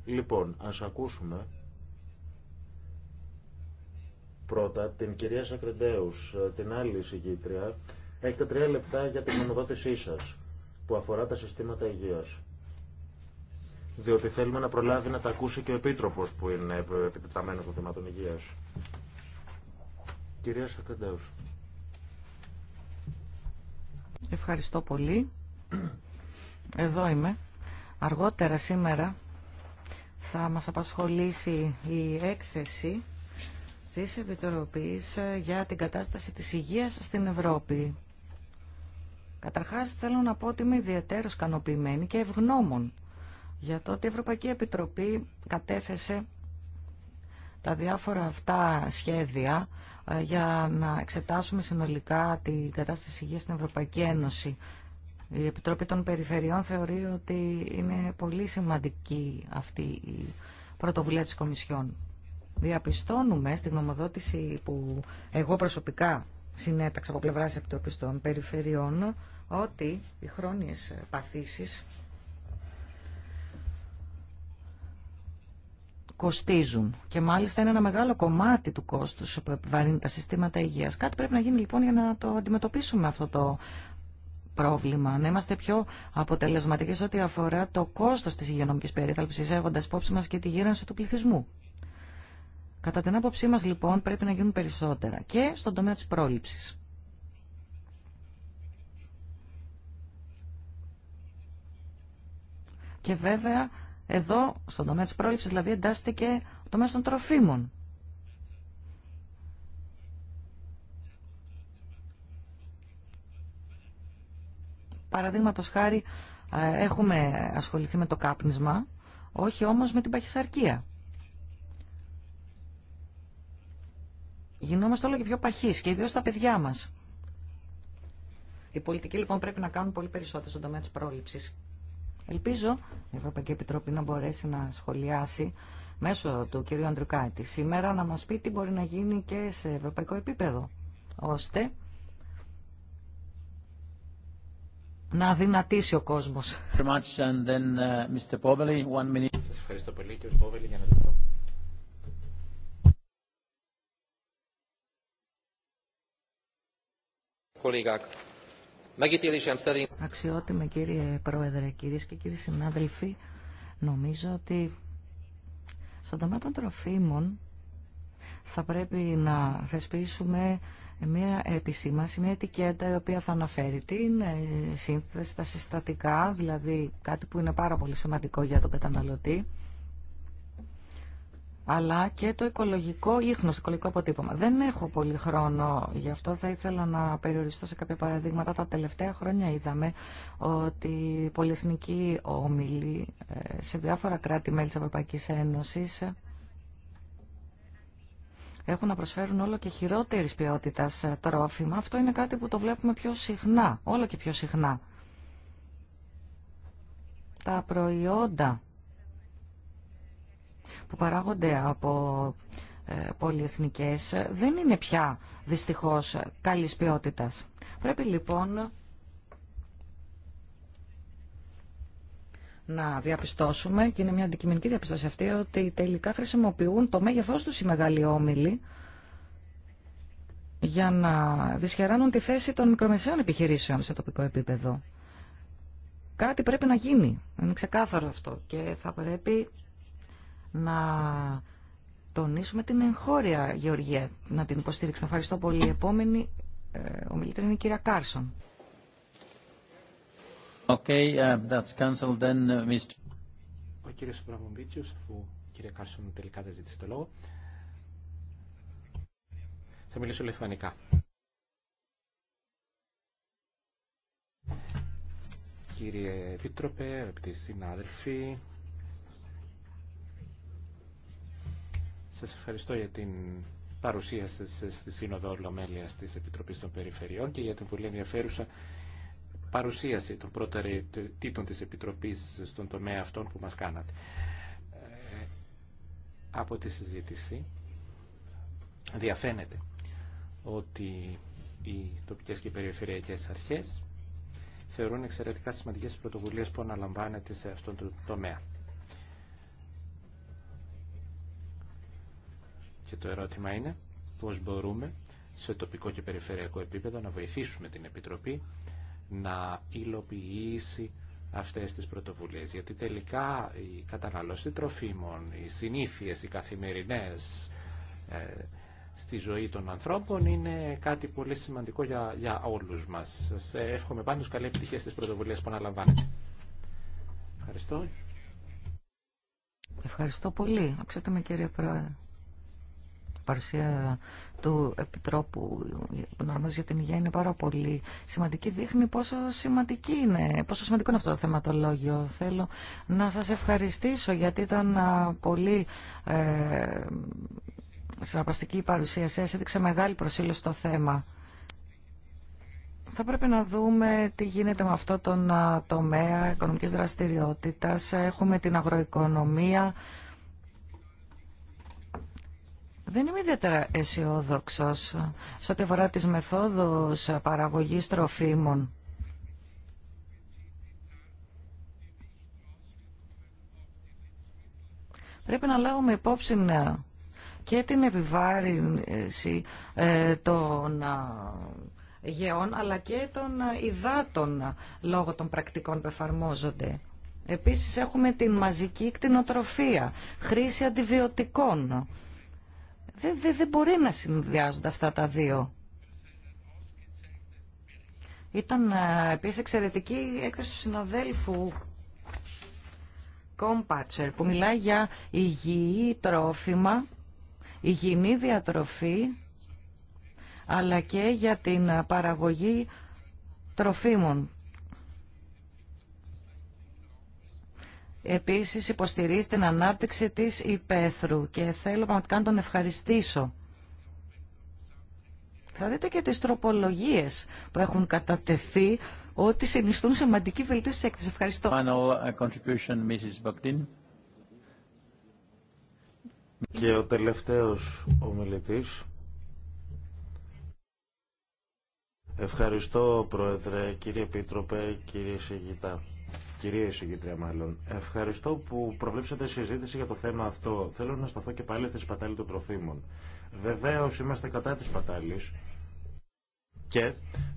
Λοιπόν, ας ακούσουμε πρώτα την κυρία Σακρεντέους, την άλλη συγκήτρια. Έχετε τρία λεπτά για την μονοδότησή σας που αφορά τα συστήματα υγείας διότι θέλουμε να προλάβει να τα ακούσει και ο Επίτροπος που είναι επιτεταμένος των θεμάτων υγείας. Κυρία Σακαντέους. Ευχαριστώ πολύ. Εδώ είμαι. Αργότερα σήμερα θα μας απασχολήσει η έκθεση της Επιτροπής για την κατάσταση της υγείας στην Ευρώπη. Καταρχάς θέλω να πω ότι είμαι ιδιαίτερο κανοποιημένη και ευγνώμων για το ότι η Ευρωπαϊκή Επιτροπή κατέθεσε τα διάφορα αυτά σχέδια ε, για να εξετάσουμε συνολικά την κατάσταση υγείας στην Ευρωπαϊκή Ένωση. Η Επιτροπή των Περιφερειών θεωρεί ότι είναι πολύ σημαντική αυτή η πρωτοβουλία της Κομισιόν. Διαπιστώνουμε στη γνωμοδότηση που εγώ προσωπικά συνέταξα από πλευράς Επιτροπής των Περιφερειών ότι οι χρόνιες παθήσεις κοστίζουν και μάλιστα είναι ένα μεγάλο κομμάτι του κόστους που επιβαρύνει τα συστήματα υγείας. Κάτι πρέπει να γίνει λοιπόν για να το αντιμετωπίσουμε αυτό το πρόβλημα, να είμαστε πιο αποτελεσματικοί ό,τι αφορά το κόστος τη υγειονομική περίθαλψη, έχοντα υπόψη μα και τη γύρανση του πληθυσμού. Κατά την άποψή μα λοιπόν πρέπει να γίνουν περισσότερα και στον τομέα τη πρόληψη. Και βέβαια εδώ, στον τομέα της πρόληψης, δηλαδή, εντάσσεται και το τομέας των τροφίμων. Παραδείγματος χάρη, έχουμε ασχοληθεί με το κάπνισμα, όχι όμως με την παχυσαρκία. Γινόμαστε όλο και πιο παχείς και ιδίως τα παιδιά μας. Οι πολιτικοί λοιπόν πρέπει να κάνουν πολύ περισσότερο στον τομέα της πρόληψης Ελπίζω η Ευρωπαϊκή Επιτροπή να μπορέσει να σχολιάσει μέσω του κ. Αντρουκάητη. σήμερα να μας πει τι μπορεί να γίνει και σε ευρωπαϊκό επίπεδο, ώστε να δυνατήσει ο κόσμος. Αξιότιμε κύριε Πρόεδρε, κυρίε και κύριοι συνάδελφοι, νομίζω ότι στον τομέα των τροφίμων θα πρέπει να θεσπίσουμε μια επισήμαση, μια ετικέτα η οποία θα αναφέρει την ε, σύνθεση, τα συστατικά, δηλαδή κάτι που είναι πάρα πολύ σημαντικό για τον καταναλωτή αλλά και το οικολογικό ίχνος, το οικολογικό αποτύπωμα. Δεν έχω πολύ χρόνο, γι' αυτό θα ήθελα να περιοριστώ σε κάποια παραδείγματα. Τα τελευταία χρόνια είδαμε ότι πολυεθνικοί όμιλοι ε, σε διάφορα κράτη-μέλη της Ευρωπαϊκής Ένωσης έχουν να προσφέρουν όλο και χειρότερη ποιότητα ε, τρόφιμα. Αυτό είναι κάτι που το βλέπουμε πιο συχνά, όλο και πιο συχνά. Τα προϊόντα που παράγονται από ε, πολυεθνικές δεν είναι πια δυστυχώς καλής ποιότητας. Πρέπει λοιπόν να διαπιστώσουμε, και είναι μια αντικειμενική διαπιστώση αυτή, ότι τελικά χρησιμοποιούν το μέγεθός τους οι μεγάλοι όμιλοι για να δυσχεράνουν τη θέση των μικρομεσαίων επιχειρήσεων σε τοπικό επίπεδο. Κάτι πρέπει να γίνει. Είναι ξεκάθαρο αυτό και θα πρέπει να τονίσουμε την εγχώρια γεωργία, να την υποστήριξουμε. Ευχαριστώ πολύ. Η επόμενη ε, ομιλήτρια είναι η κυρία Κάρσον. Okay, uh, that's canceled then, uh, Mr. Ο κύριος Βραμμοβίτσιος, αφού η κυρία Κάρσον τελικά δεν ζήτησε το λόγο, θα μιλήσω λιθουανικά. Κύριε Επίτροπε, αγαπητοί συνάδελφοι, Σας ευχαριστώ για την παρουσία σας στη Σύνοδο Ολομέλειας της Επιτροπής των Περιφερειών και για την πολύ ενδιαφέρουσα παρουσίαση των τίτλων της Επιτροπής στον τομέα αυτών που μας κάνατε. Ε, από τη συζήτηση διαφαίνεται ότι οι τοπικές και περιφερειακές αρχές θεωρούν εξαιρετικά σημαντικές πρωτοβουλίες που αναλαμβάνεται σε αυτόν τον τομέα. Και το ερώτημα είναι πώς μπορούμε σε τοπικό και περιφερειακό επίπεδο να βοηθήσουμε την Επιτροπή να υλοποιήσει αυτές τις πρωτοβουλίες. Γιατί τελικά η καταναλώση τροφίμων, οι συνήθειες, οι καθημερινές ε, στη ζωή των ανθρώπων είναι κάτι πολύ σημαντικό για, για όλους μας. Σας εύχομαι πάντως καλή επιτυχία στις πρωτοβουλίες που αναλαμβάνετε. Ευχαριστώ. Ευχαριστώ πολύ. Αξιότιμη κύριε Πρόεδρε παρουσία του Επιτρόπου που νομίζω για την υγεία είναι πάρα πολύ σημαντική. Δείχνει πόσο, σημαντική είναι, πόσο σημαντικό είναι αυτό το θεματολόγιο. Θέλω να σας ευχαριστήσω γιατί ήταν πολύ ε, συναρπαστική η παρουσία σας. Έδειξε μεγάλη προσήλωση στο θέμα. Θα πρέπει να δούμε τι γίνεται με αυτό τον τομέα οικονομικής δραστηριότητας. Έχουμε την αγροοικονομία, δεν είμαι ιδιαίτερα αισιόδοξο σε ό,τι αφορά τις μεθόδους παραγωγής τροφίμων. Πρέπει να λάβουμε υπόψη και την επιβάρυνση ε, των ε, γεών, αλλά και των ε, υδάτων λόγω των πρακτικών που εφαρμόζονται. Επίσης έχουμε την μαζική κτηνοτροφία, χρήση αντιβιωτικών δεν, δεν, δεν μπορεί να συνδυάζονται αυτά τα δύο. Ήταν ε, επίσης εξαιρετική η έκθεση του συναδέλφου Κόμπατσερ που μιλάει για υγιή τρόφιμα, υγιεινή διατροφή αλλά και για την παραγωγή τροφίμων επίσης υποστηρίζει την ανάπτυξη της υπαίθρου και θέλω πραγματικά να τον ευχαριστήσω. Θα δείτε και τις τροπολογίες που έχουν κατατεθεί ότι συνιστούν σημαντική βελτίωση της έκθεσης. Ευχαριστώ. Uh, και ο τελευταίος ομιλητής. Ευχαριστώ, Πρόεδρε, κύριε Επίτροπε, κύριε Σιγητά. Κυρία Εισηγήτρια, μάλλον. Ευχαριστώ που προβλέψατε συζήτηση για το θέμα αυτό. Θέλω να σταθώ και πάλι στη σπατάλη των τροφίμων. Βεβαίω είμαστε κατά τη σπατάλη και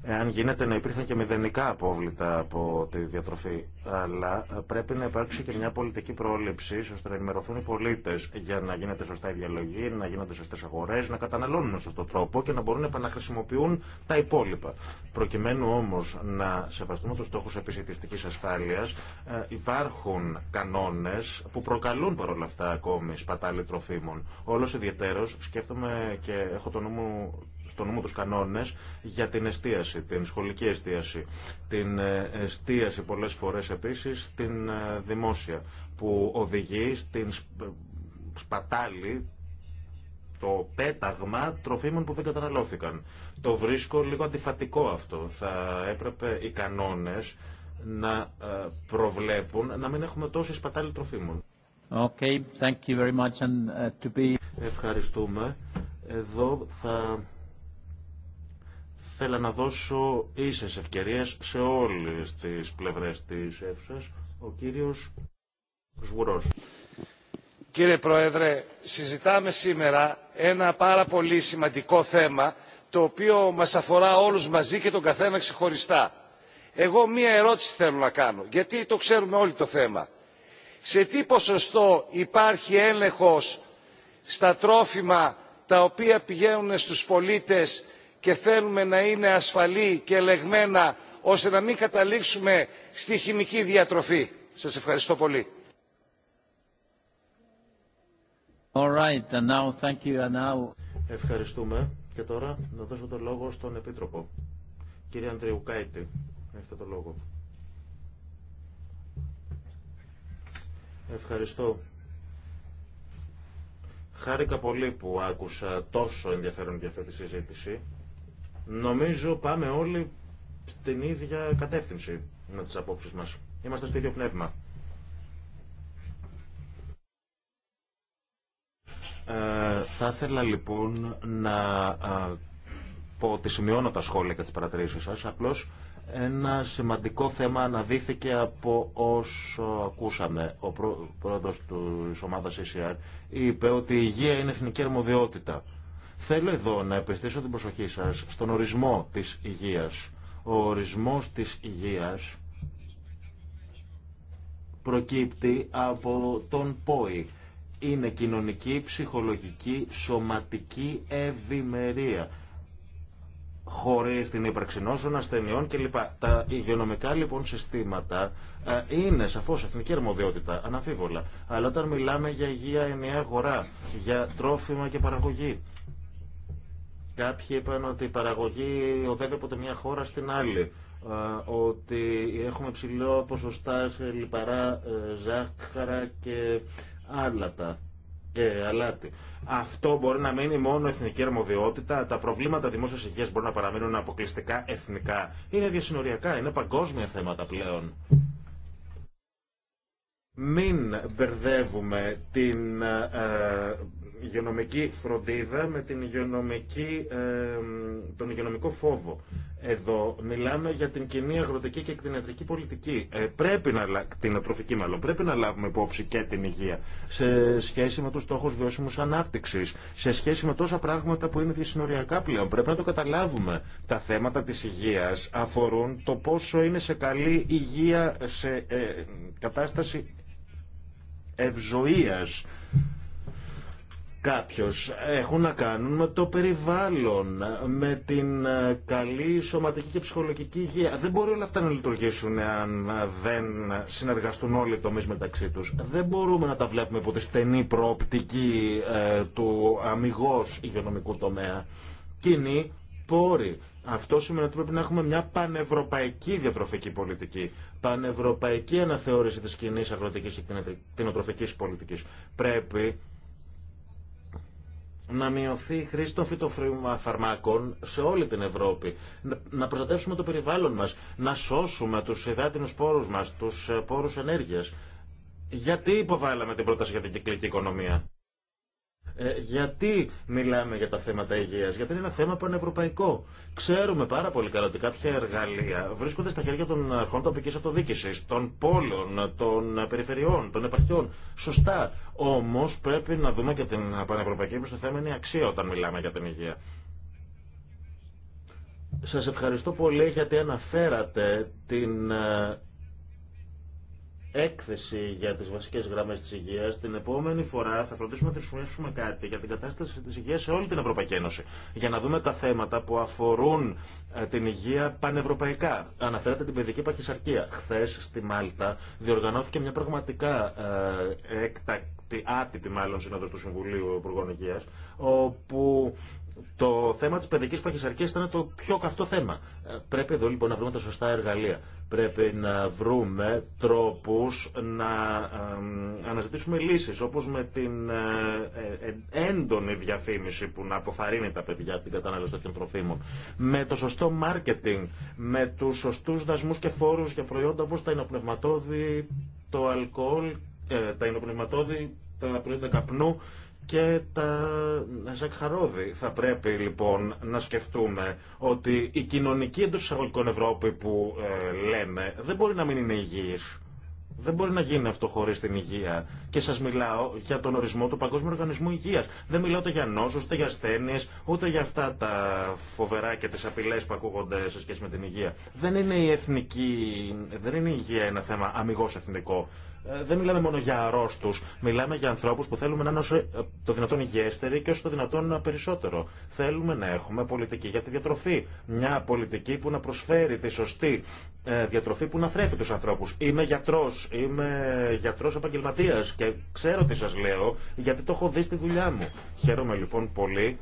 αν γίνεται να υπήρχαν και μηδενικά απόβλητα από τη διατροφή. Αλλά πρέπει να υπάρξει και μια πολιτική πρόληψη ώστε να ενημερωθούν οι πολίτε για να γίνεται σωστά η διαλογή, να γίνονται σωστέ αγορέ, να καταναλώνουν με σωστό τρόπο και να μπορούν να επαναχρησιμοποιούν τα υπόλοιπα. Προκειμένου όμω να σεβαστούμε του στόχου επισητιστική ασφάλεια, ε, υπάρχουν κανόνε που προκαλούν παρόλα αυτά ακόμη σπατάλη τροφίμων. Όλο ιδιαίτερο σκέφτομαι και έχω το νου μου στο νομό τους κανόνες για την εστίαση, την σχολική εστίαση, την ε, εστίαση πολλές φορές επίσης, την ε, δημόσια, που οδηγεί στην ε, σπατάλη το πέταγμα τροφίμων που δεν καταναλώθηκαν. Το βρίσκω λίγο αντιφατικό αυτό. Θα έπρεπε οι κανόνες να προβλέπουν να μην έχουμε τόση σπατάλη τροφίμων. Ευχαριστούμε. Εδώ θα Θέλω να δώσω ίσες ευκαιρίες σε όλες τις πλευρές της αίθουσα, Ο κύριος Σβουρός. Κύριε Πρόεδρε, συζητάμε σήμερα ένα πάρα πολύ σημαντικό θέμα το οποίο μας αφορά όλους μαζί και τον καθένα ξεχωριστά. Εγώ μία ερώτηση θέλω να κάνω, γιατί το ξέρουμε όλοι το θέμα. Σε τι ποσοστό υπάρχει έλεγχος στα τρόφιμα τα οποία πηγαίνουν στους πολίτες και θέλουμε να είναι ασφαλή και ελεγμένα ώστε να μην καταλήξουμε στη χημική διατροφή. Σας ευχαριστώ πολύ. right, and Ευχαριστούμε. Και τώρα να δώσω το λόγο στον Επίτροπο. Κύριε Κάιτη, έχετε το λόγο. Ευχαριστώ. Χάρηκα πολύ που άκουσα τόσο ενδιαφέρον για αυτή τη συζήτηση. Νομίζω πάμε όλοι στην ίδια κατεύθυνση με τις απόψεις μας. Είμαστε στο ίδιο πνεύμα. Ε, θα ήθελα λοιπόν να α, ε, πω ότι σημειώνω τα σχόλια και τις παρατηρήσεις σας. Απλώς ένα σημαντικό θέμα αναδύθηκε από όσο ακούσαμε. Ο πρόεδρος της ομάδας ECR είπε ότι η υγεία είναι εθνική αρμοδιότητα. Θέλω εδώ να επιστήσω την προσοχή σας στον ορισμό της υγείας. Ο ορισμός της υγείας προκύπτει από τον ΠΟΗ. Είναι κοινωνική, ψυχολογική, σωματική ευημερία χωρί την ύπαρξη νόσων, ασθενειών κλπ. Τα υγειονομικά λοιπόν συστήματα ε, είναι σαφώ εθνική αρμοδιότητα, αναφίβολα. Αλλά όταν μιλάμε για υγεία ενιαία αγορά, για τρόφιμα και παραγωγή, Κάποιοι είπαν ότι η παραγωγή οδεύει από τη μια χώρα στην άλλη. Ε, ότι έχουμε ψηλό ποσοστά σε λιπαρά ε, ζάχαρα και άλατα και αλάτι. Αυτό μπορεί να μείνει μόνο εθνική αρμοδιότητα. Τα προβλήματα δημόσια υγεία μπορεί να παραμείνουν αποκλειστικά εθνικά. Είναι διασυνοριακά, είναι παγκόσμια θέματα πλέον. Μην μπερδεύουμε την ε, υγειονομική φροντίδα με την υγειονομική, ε, τον υγειονομικό φόβο. Εδώ μιλάμε για την κοινή αγροτική και εκτινετρική πολιτική. Ε, πρέπει να, την μάλλον. Πρέπει να λάβουμε υπόψη και την υγεία σε σχέση με τους στόχους βιώσιμους ανάπτυξης, σε σχέση με τόσα πράγματα που είναι διασυνοριακά πλέον. Πρέπει να το καταλάβουμε. Τα θέματα της υγείας αφορούν το πόσο είναι σε καλή υγεία, σε ε, κατάσταση ευζοίας κάποιος έχουν να κάνουν με το περιβάλλον, με την ε, καλή σωματική και ψυχολογική υγεία. Δεν μπορεί όλα αυτά να λειτουργήσουν αν ε, δεν συνεργαστούν όλοι οι τομείς μεταξύ τους. Δεν μπορούμε να τα βλέπουμε από τη στενή προοπτική ε, του αμυγός υγειονομικού τομέα. Κοινή πόρη. Αυτό σημαίνει ότι πρέπει να έχουμε μια πανευρωπαϊκή διατροφική πολιτική. Πανευρωπαϊκή αναθεώρηση της κοινή αγροτικής και κτηνοτροφική πολιτικής. Πρέπει να μειωθεί η χρήση των φυτοφαρμάκων σε όλη την Ευρώπη, να προστατεύσουμε το περιβάλλον μας, να σώσουμε τους υδάτινους πόρους μας, τους ε, πόρους ενέργειας. Γιατί υποβάλαμε την πρόταση για την κυκλική οικονομία. Ε, γιατί μιλάμε για τα θέματα υγείας, γιατί είναι ένα θέμα πανευρωπαϊκό. Ξέρουμε πάρα πολύ καλά ότι κάποια εργαλεία βρίσκονται στα χέρια των αρχών τοπικής αυτοδίκησης, των πόλεων, των περιφερειών, των επαρχιών. Σωστά. Όμως πρέπει να δούμε και την πανευρωπαϊκή θέμα είναι αξία όταν μιλάμε για την υγεία. Σας ευχαριστώ πολύ γιατί αναφέρατε την ε, έκθεση για τις βασικές γραμμές της υγείας. Την επόμενη φορά θα φροντίσουμε να θυσιάσουμε κάτι για την κατάσταση της υγείας σε όλη την Ευρωπαϊκή Ένωση. Για να δούμε τα θέματα που αφορούν ε, την υγεία πανευρωπαϊκά. Αναφέρατε την παιδική παχυσαρκία. Χθες στη Μάλτα διοργανώθηκε μια πραγματικά ε, έκτακτη άτυπη μάλλον σύνοδος του Συμβουλίου Υπουργών Υγείας, όπου το θέμα τη παιδική παχυσαρκία ήταν το πιο καυτό θέμα. Ε, πρέπει εδώ λοιπόν να βρούμε τα σωστά εργαλεία. Πρέπει να βρούμε τρόπου να αναζητήσουμε λύσει, όπω με την ε, ε, έντονη διαφήμιση που να αποφαρίνει τα παιδιά την κατανάλωση των τροφίμων, με το σωστό μάρκετινγκ, με του σωστού δασμού και φόρου για προϊόντα όπω τα υνοπνευματόδη, το αλκοόλ, τα υνοπνευματόδη, τα προϊόντα καπνού και τα ζακχαρόδη. Θα πρέπει λοιπόν να σκεφτούμε ότι η κοινωνική εντό εισαγωγικών Ευρώπη που ε, λέμε δεν μπορεί να μην είναι υγιής. Δεν μπορεί να γίνει αυτό χωρί την υγεία. Και σα μιλάω για τον ορισμό του Παγκόσμιου Οργανισμού Υγεία. Δεν μιλάω ούτε για νόσου, ούτε για ασθένειε, ούτε για αυτά τα φοβερά και τι απειλέ που ακούγονται σε σχέση με την υγεία. Δεν είναι η εθνική, δεν είναι η υγεία ένα θέμα αμυγό εθνικό. Ε, δεν μιλάμε μόνο για αρρώστου. Μιλάμε για ανθρώπου που θέλουμε να είναι όσο ε, το δυνατόν υγιέστεροι και όσο το δυνατόν ε, περισσότερο. Θέλουμε να έχουμε πολιτική για τη διατροφή. Μια πολιτική που να προσφέρει τη σωστή διατροφή που να θρέφει του ανθρώπου. Είμαι γιατρό, είμαι γιατρό επαγγελματία και ξέρω τι σα λέω γιατί το έχω δει στη δουλειά μου. Χαίρομαι λοιπόν πολύ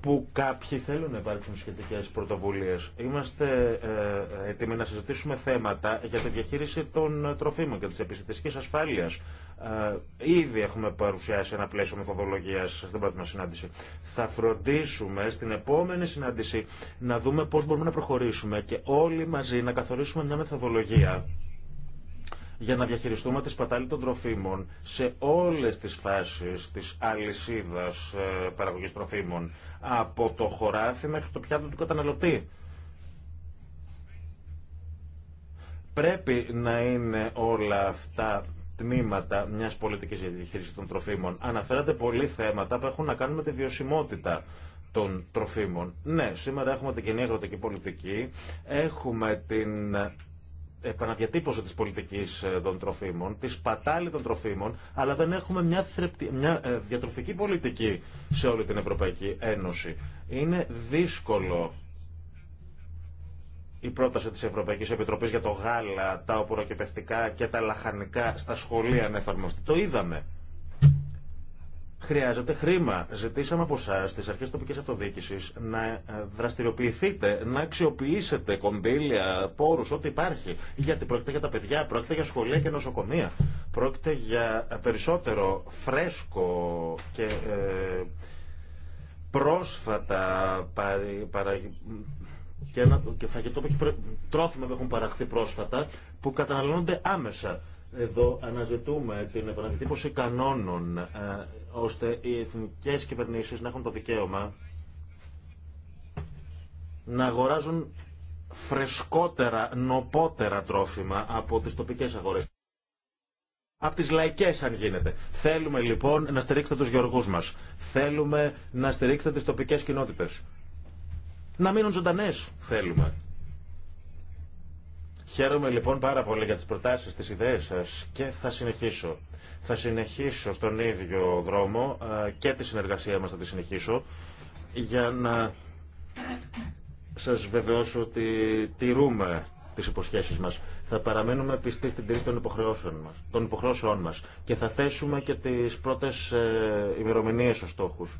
που κάποιοι θέλουν να υπάρξουν σχετικέ πρωτοβουλίε. Είμαστε ε, ε, έτοιμοι να συζητήσουμε θέματα για τη διαχείριση των τροφίμων και τη επιστημική ασφάλεια. Ε, ήδη έχουμε παρουσιάσει ένα πλαίσιο μεθοδολογία στην πρώτη μα συνάντηση. Θα φροντίσουμε στην επόμενη συνάντηση να δούμε πώ μπορούμε να προχωρήσουμε και όλοι μαζί να καθορίσουμε μια μεθοδολογία για να διαχειριστούμε τη σπατάλη των τροφίμων σε όλες τις φάσεις της αλυσίδας ε, παραγωγής τροφίμων από το χωράφι μέχρι το πιάτο του καταναλωτή. Πρέπει να είναι όλα αυτά τμήματα μιας πολιτικής διαχείρισης διαχείριση των τροφίμων. Αναφέρατε πολλοί θέματα που έχουν να κάνουν με τη βιωσιμότητα των τροφίμων. Ναι, σήμερα έχουμε την κοινή αγροτική πολιτική, έχουμε την επαναδιατύπωση της πολιτικής ε, των τροφίμων, της πατάλη των τροφίμων, αλλά δεν έχουμε μια, μια ε, διατροφική πολιτική σε όλη την Ευρωπαϊκή Ένωση. Είναι δύσκολο η πρόταση της Ευρωπαϊκής Επιτροπής για το γάλα, τα οποροκεπευτικά και τα λαχανικά στα σχολεία να εφαρμοστεί. Το είδαμε. Χρειάζεται χρήμα. Ζητήσαμε από εσά, τι αρχέ τοπική αυτοδιοίκηση, να δραστηριοποιηθείτε, να αξιοποιήσετε κονδύλια, πόρου, ό,τι υπάρχει. Γιατί πρόκειται για τα παιδιά, πρόκειται για σχολεία και νοσοκομεία. Πρόκειται για περισσότερο φρέσκο και ε, πρόσφατα παρα, και, φαγητό που έχει τρόφιμα που έχουν παραχθεί πρόσφατα που καταναλώνονται άμεσα. Εδώ αναζητούμε την επαναδιατύπωση κανόνων ε, ώστε οι εθνικές κυβερνήσεις να έχουν το δικαίωμα να αγοράζουν φρεσκότερα, νοπότερα τρόφιμα από τις τοπικές αγορές. Από τις λαϊκές αν γίνεται. Θέλουμε λοιπόν να στηρίξετε τους γεωργούς μας. Θέλουμε να στηρίξετε τις τοπικές κοινότητες. Να μείνουν ζωντανές θέλουμε. Χαίρομαι λοιπόν πάρα πολύ για τις προτάσεις, τις ιδέες σας και θα συνεχίσω. Θα συνεχίσω στον ίδιο δρόμο και τη συνεργασία μας θα τη συνεχίσω για να σας βεβαιώσω ότι τηρούμε τις υποσχέσεις μας. Θα παραμένουμε πιστοί στην τήρηση των υποχρεώσεων μας, των υποχρεώσεών μας και θα θέσουμε και τις πρώτες ε, ημερομηνίες ως στόχους.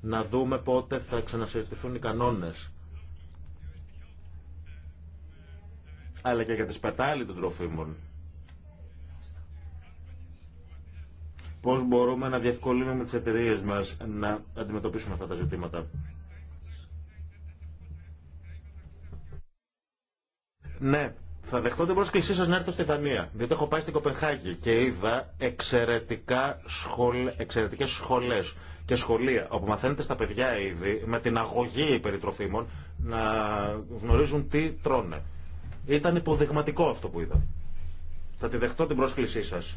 Να δούμε πότε θα ξανασυζητηθούν οι κανόνες αλλά και για τη σπατάλη των τροφίμων. Πώς μπορούμε να διευκολύνουμε τις εταιρείε μας να αντιμετωπίσουν αυτά τα ζητήματα. Ναι, θα δεχτώ την πρόσκλησή σας να έρθω στη Δανία. Διότι έχω πάει στην Κοπενχάγη και είδα εξαιρετικά σχολ... εξαιρετικέ σχολέ και σχολεία όπου μαθαίνετε στα παιδιά ήδη με την αγωγή περί τροφίμων να γνωρίζουν τι τρώνε. Ήταν υποδειγματικό αυτό που είδα. Θα τη δεχτώ την πρόσκλησή σας.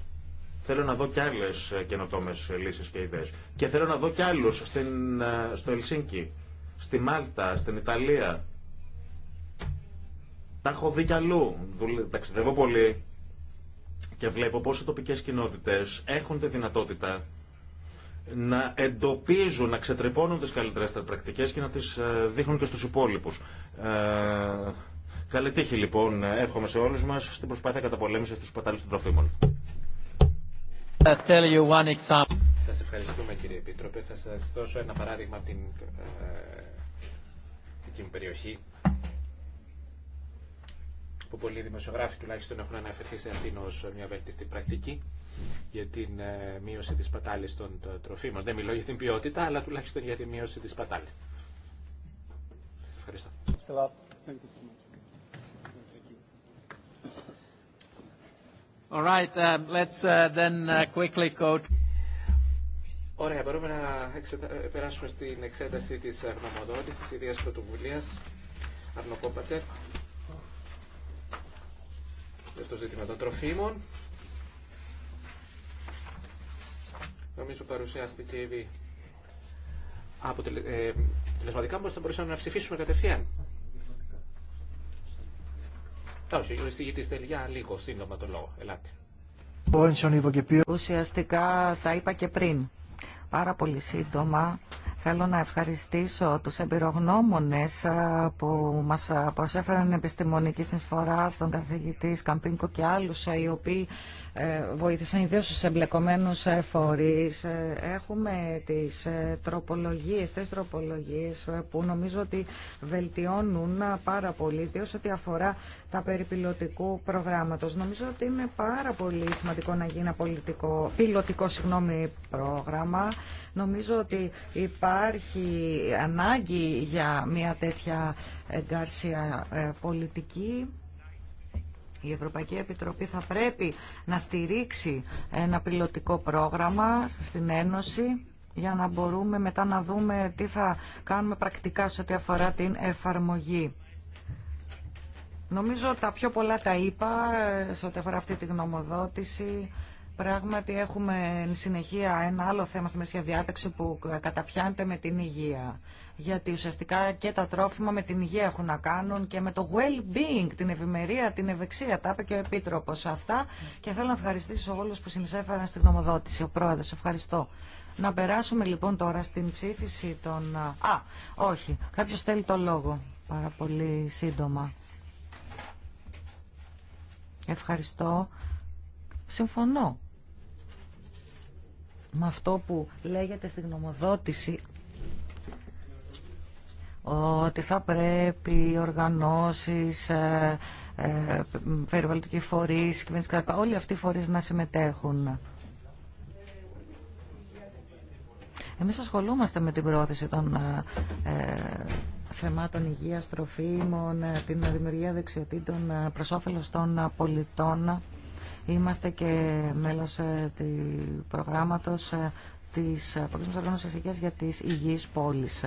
Θέλω να δω κι άλλε ε, καινοτόμες ε, λύσει και ιδέε. Και θέλω να δω κι άλλου ε, στο Ελσίνκι, στη Μάλτα, στην Ιταλία. Τα έχω δει κι αλλού. Ταξιδεύω πολύ και βλέπω πώς οι τοπικές κοινότητες έχουν τη δυνατότητα να εντοπίζουν, να ξετρεπώνουν τι καλύτερε πρακτικές και να τι δείχνουν και στου υπόλοιπου. Καλή τύχη λοιπόν, εύχομαι σε όλους μας στην προσπάθεια καταπολέμησης της πατάλης των τροφίμων. Tell Σας ευχαριστούμε κύριε Επίτροπε. Θα σας δώσω ένα παράδειγμα από την ε, δική μου περιοχή που πολλοί δημοσιογράφοι τουλάχιστον έχουν αναφερθεί σε αυτήν ως μια βέλτιστη πρακτική για την ε, μείωση της πατάλης των τροφίμων. Δεν μιλώ για την ποιότητα, αλλά τουλάχιστον για τη μείωση της πατάλης. Σας ευχαριστώ. Ωραία, μπορούμε να ε, περάσουμε στην εξέταση της ε, γνωμοδότησης της ιδίας πρωτοβουλίας. Αρνοκόπατε. Για το ζήτημα των τροφίμων. Νομίζω παρουσιάστηκε ήδη αποτελεσματικά, ε, θα μπορούσαμε να ψηφίσουμε κατευθείαν. Όχι, ο λίγο σύντομα το λόγο. Ελάτε. Ουσιαστικά τα είπα και πριν. Πάρα πολύ σύντομα. Θέλω να ευχαριστήσω τους εμπειρογνώμονες ε, που μας προσέφεραν επιστημονική συνσφορά, τον καθηγητή Σκαμπίνκο και άλλους, ε, οι οποίοι ε, βοήθησαν ιδίως στους εμπλεκομένους ε, φορείς. Ε, έχουμε τις τροπολογίες, τις τροπολογίες που νομίζω ότι βελτιώνουν πάρα πολύ πιο ό,τι αφορά τα περιπιλωτικού προγράμματος. Νομίζω ότι είναι πάρα πολύ σημαντικό να γίνει ένα πολιτικό, πιλωτικό συγγνώμη, πρόγραμμα. Νομίζω ότι υπάρχει ανάγκη για μια τέτοια εγκάρσια πολιτική η Ευρωπαϊκή Επιτροπή θα πρέπει να στηρίξει ένα πιλωτικό πρόγραμμα στην Ένωση για να μπορούμε μετά να δούμε τι θα κάνουμε πρακτικά σε ό,τι αφορά την εφαρμογή. Νομίζω τα πιο πολλά τα είπα ε, σε ό,τι αφορά αυτή τη γνωμοδότηση. Πράγματι έχουμε συνεχεία ένα άλλο θέμα στη Μεσία Διάταξη που καταπιάνεται με την υγεία γιατί ουσιαστικά και τα τρόφιμα με την υγεία έχουν να κάνουν και με το well-being, την ευημερία, την ευεξία. Τα είπε και ο Επίτροπος αυτά και θέλω να ευχαριστήσω όλους που συνεισέφεραν στην γνωμοδότηση. Ο Πρόεδρος, ευχαριστώ. Να περάσουμε λοιπόν τώρα στην ψήφιση των... Α, όχι, κάποιος θέλει το λόγο πάρα πολύ σύντομα. Ευχαριστώ. Συμφωνώ με αυτό που λέγεται στην γνωμοδότηση ότι θα πρέπει οι οργανώσεις, ε, ε, περιβαλλοντικοί φορείς, κυβέρνηση όλοι αυτοί οι φορείς να συμμετέχουν. Εμείς ασχολούμαστε με την πρόθεση των ε, ε θεμάτων υγείας, τροφίμων, ε, την δημιουργία δεξιοτήτων ε, προς όφελος των πολιτών. Είμαστε και μέλος του προγράμματος της Παγκόσμιας Οργάνωσης Υγείας για τις Υγιείς Πόλεις.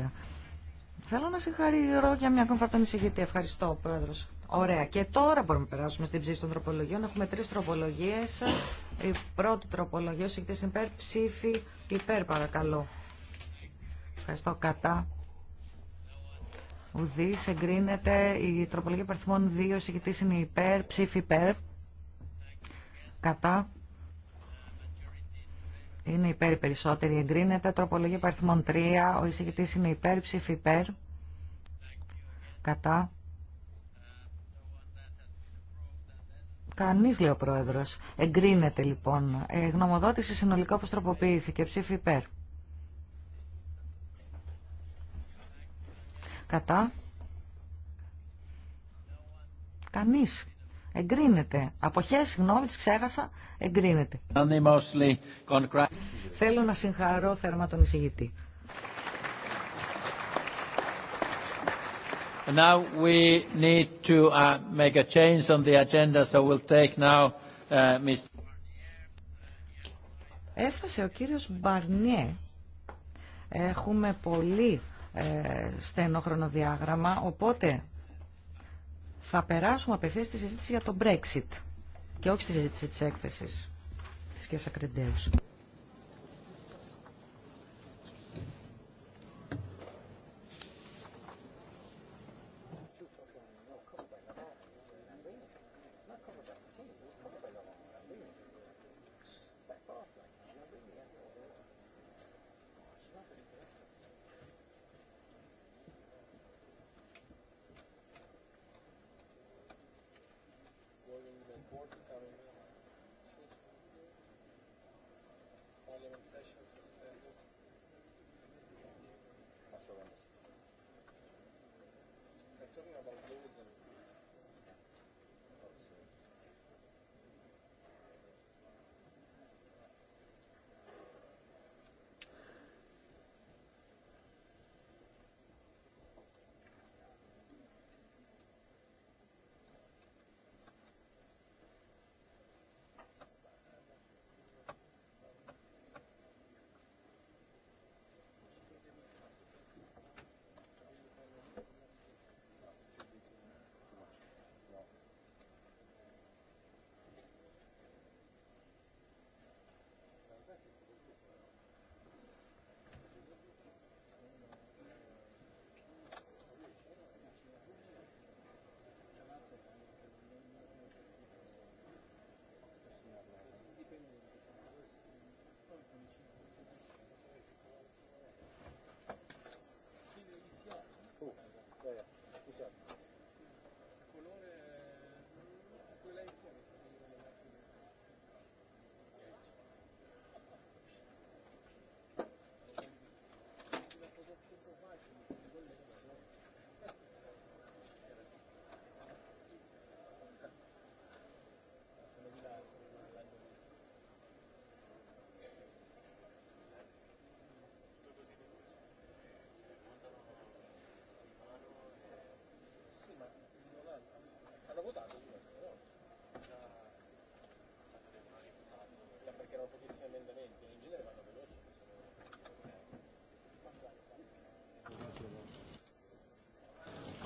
Θέλω να συγχαρώ για μια ακόμη φορά τον εισηγητή. Ευχαριστώ, πρόεδρο. Ωραία. Και τώρα μπορούμε να περάσουμε στην ψήφιση των τροπολογιών. Έχουμε τρει τροπολογίε. Η πρώτη τροπολογία, ο εισηγητή υπέρ, ψήφι υπέρ, παρακαλώ. Ευχαριστώ. Κατά. Ουδή εγκρίνεται. Η τροπολογία υπερθυμών 2, ο εισηγητή είναι υπέρ, ψήφι υπέρ. Κατά είναι υπέρ οι περισσότεροι, εγκρίνεται. Τροπολογία παριθμών 3, ο εισηγητής είναι υπέρ, ψήφι υπέρ. Κατά. Κανείς λέει ο πρόεδρος. Εγκρίνεται λοιπόν. Ε, γνωμοδότηση συνολικά όπως τροποποιήθηκε, ψήφι υπέρ. Κατά. Κανείς. Εγκρίνεται. Αποχές, συγγνώμη, τις ξέχασα. Εγκρίνεται. Θέλω να συγχαρώ θερμά τον εισηγητή. Έφτασε ο κύριος Μπαρνιέ. Έχουμε πολύ ε, στενό χρονοδιάγραμμα, οπότε θα περάσουμε απευθείας στη συζήτηση για το Brexit και όχι στη συζήτηση της έκθεσης της κ.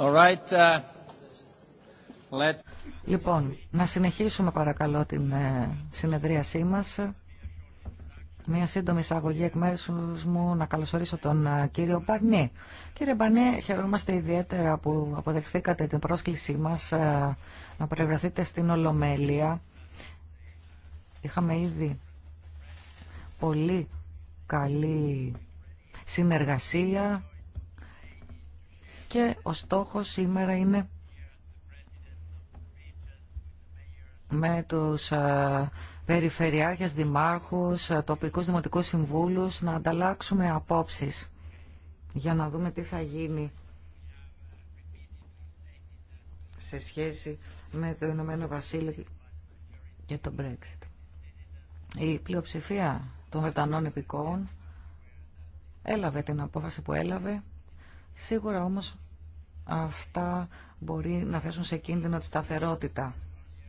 Uh, λοιπόν, να συνεχίσουμε παρακαλώ την ε, συνεδρίασή μας. Μια σύντομη εισαγωγή εκ μέρου μου να καλωσορίσω τον ε, κύριο Μπαρνέ. Κύριε Μπαρνέ, χαιρόμαστε ιδιαίτερα που αποδεχθήκατε την πρόσκλησή μας ε, να παρευρεθείτε στην Ολομέλεια. Είχαμε ήδη πολύ καλή συνεργασία και ο στόχος σήμερα είναι με τους περιφερειάρχες, δημάρχους, τοπικούς δημοτικούς συμβούλους να ανταλλάξουμε απόψεις για να δούμε τι θα γίνει σε σχέση με το Ηνωμένο Βασίλειο και το Brexit. Η πλειοψηφία των Βρετανών επικών έλαβε την απόφαση που έλαβε. Σίγουρα όμως αυτά μπορεί να θέσουν σε κίνδυνο τη σταθερότητα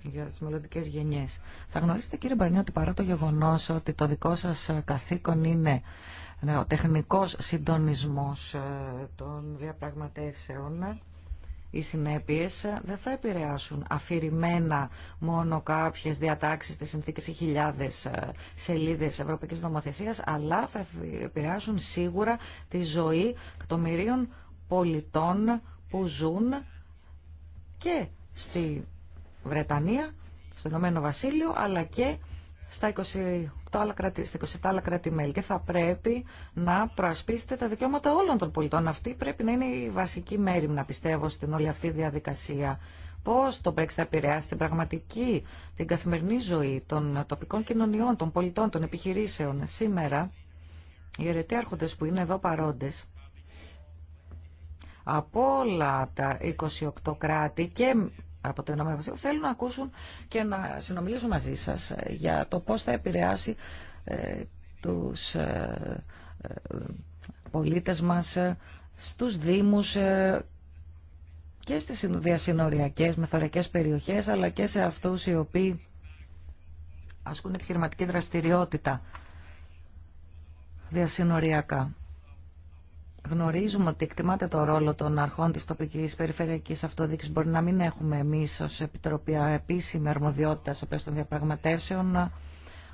για τις μελλοντικέ γενιές. Θα γνωρίσετε κύριε Μπαρνιό ότι παρά το γεγονός ότι το δικό σας καθήκον είναι ναι, ο τεχνικός συντονισμός ε, των διαπραγματεύσεων, οι συνέπειες δεν θα επηρεάσουν αφηρημένα μόνο κάποιες διατάξεις της συνθήκης ή χιλιάδες ε, σελίδες Ευρωπαϊκής Νομοθεσίας, αλλά θα επηρεάσουν σίγουρα τη ζωή κτομμυρίων πολιτών που ζουν και στη Βρετανία, στο Ηνωμένο Βασίλειο, αλλά και στα άλλα 27 άλλα κράτη-μέλη και θα πρέπει να προασπίσετε τα δικαιώματα όλων των πολιτών. Αυτή πρέπει να είναι η βασική μέρη, να πιστεύω, στην όλη αυτή διαδικασία. Πώς το Brexit θα επηρεάσει την πραγματική, την καθημερινή ζωή των τοπικών κοινωνιών, των πολιτών, των επιχειρήσεων. Σήμερα οι αιρετοί που είναι εδώ παρόντες από όλα τα 28 κράτη και από το ΕΒ θέλουν να ακούσουν και να συνομιλήσουν μαζί σας για το πώς θα επηρεάσει ε, τους ε, ε, πολίτες μας ε, στους Δήμους ε, και στις διασυνοριακές μεθοριακές περιοχές αλλά και σε αυτούς οι οποίοι ασκούν επιχειρηματική δραστηριότητα διασυνοριακά. Γνωρίζουμε ότι εκτιμάται το ρόλο των αρχών της τοπικής περιφερειακής αυτοδίκησης. Μπορεί να μην έχουμε εμείς ως Επιτροπή επίσημη αρμοδιότητα στο πλαίσιο των διαπραγματεύσεων.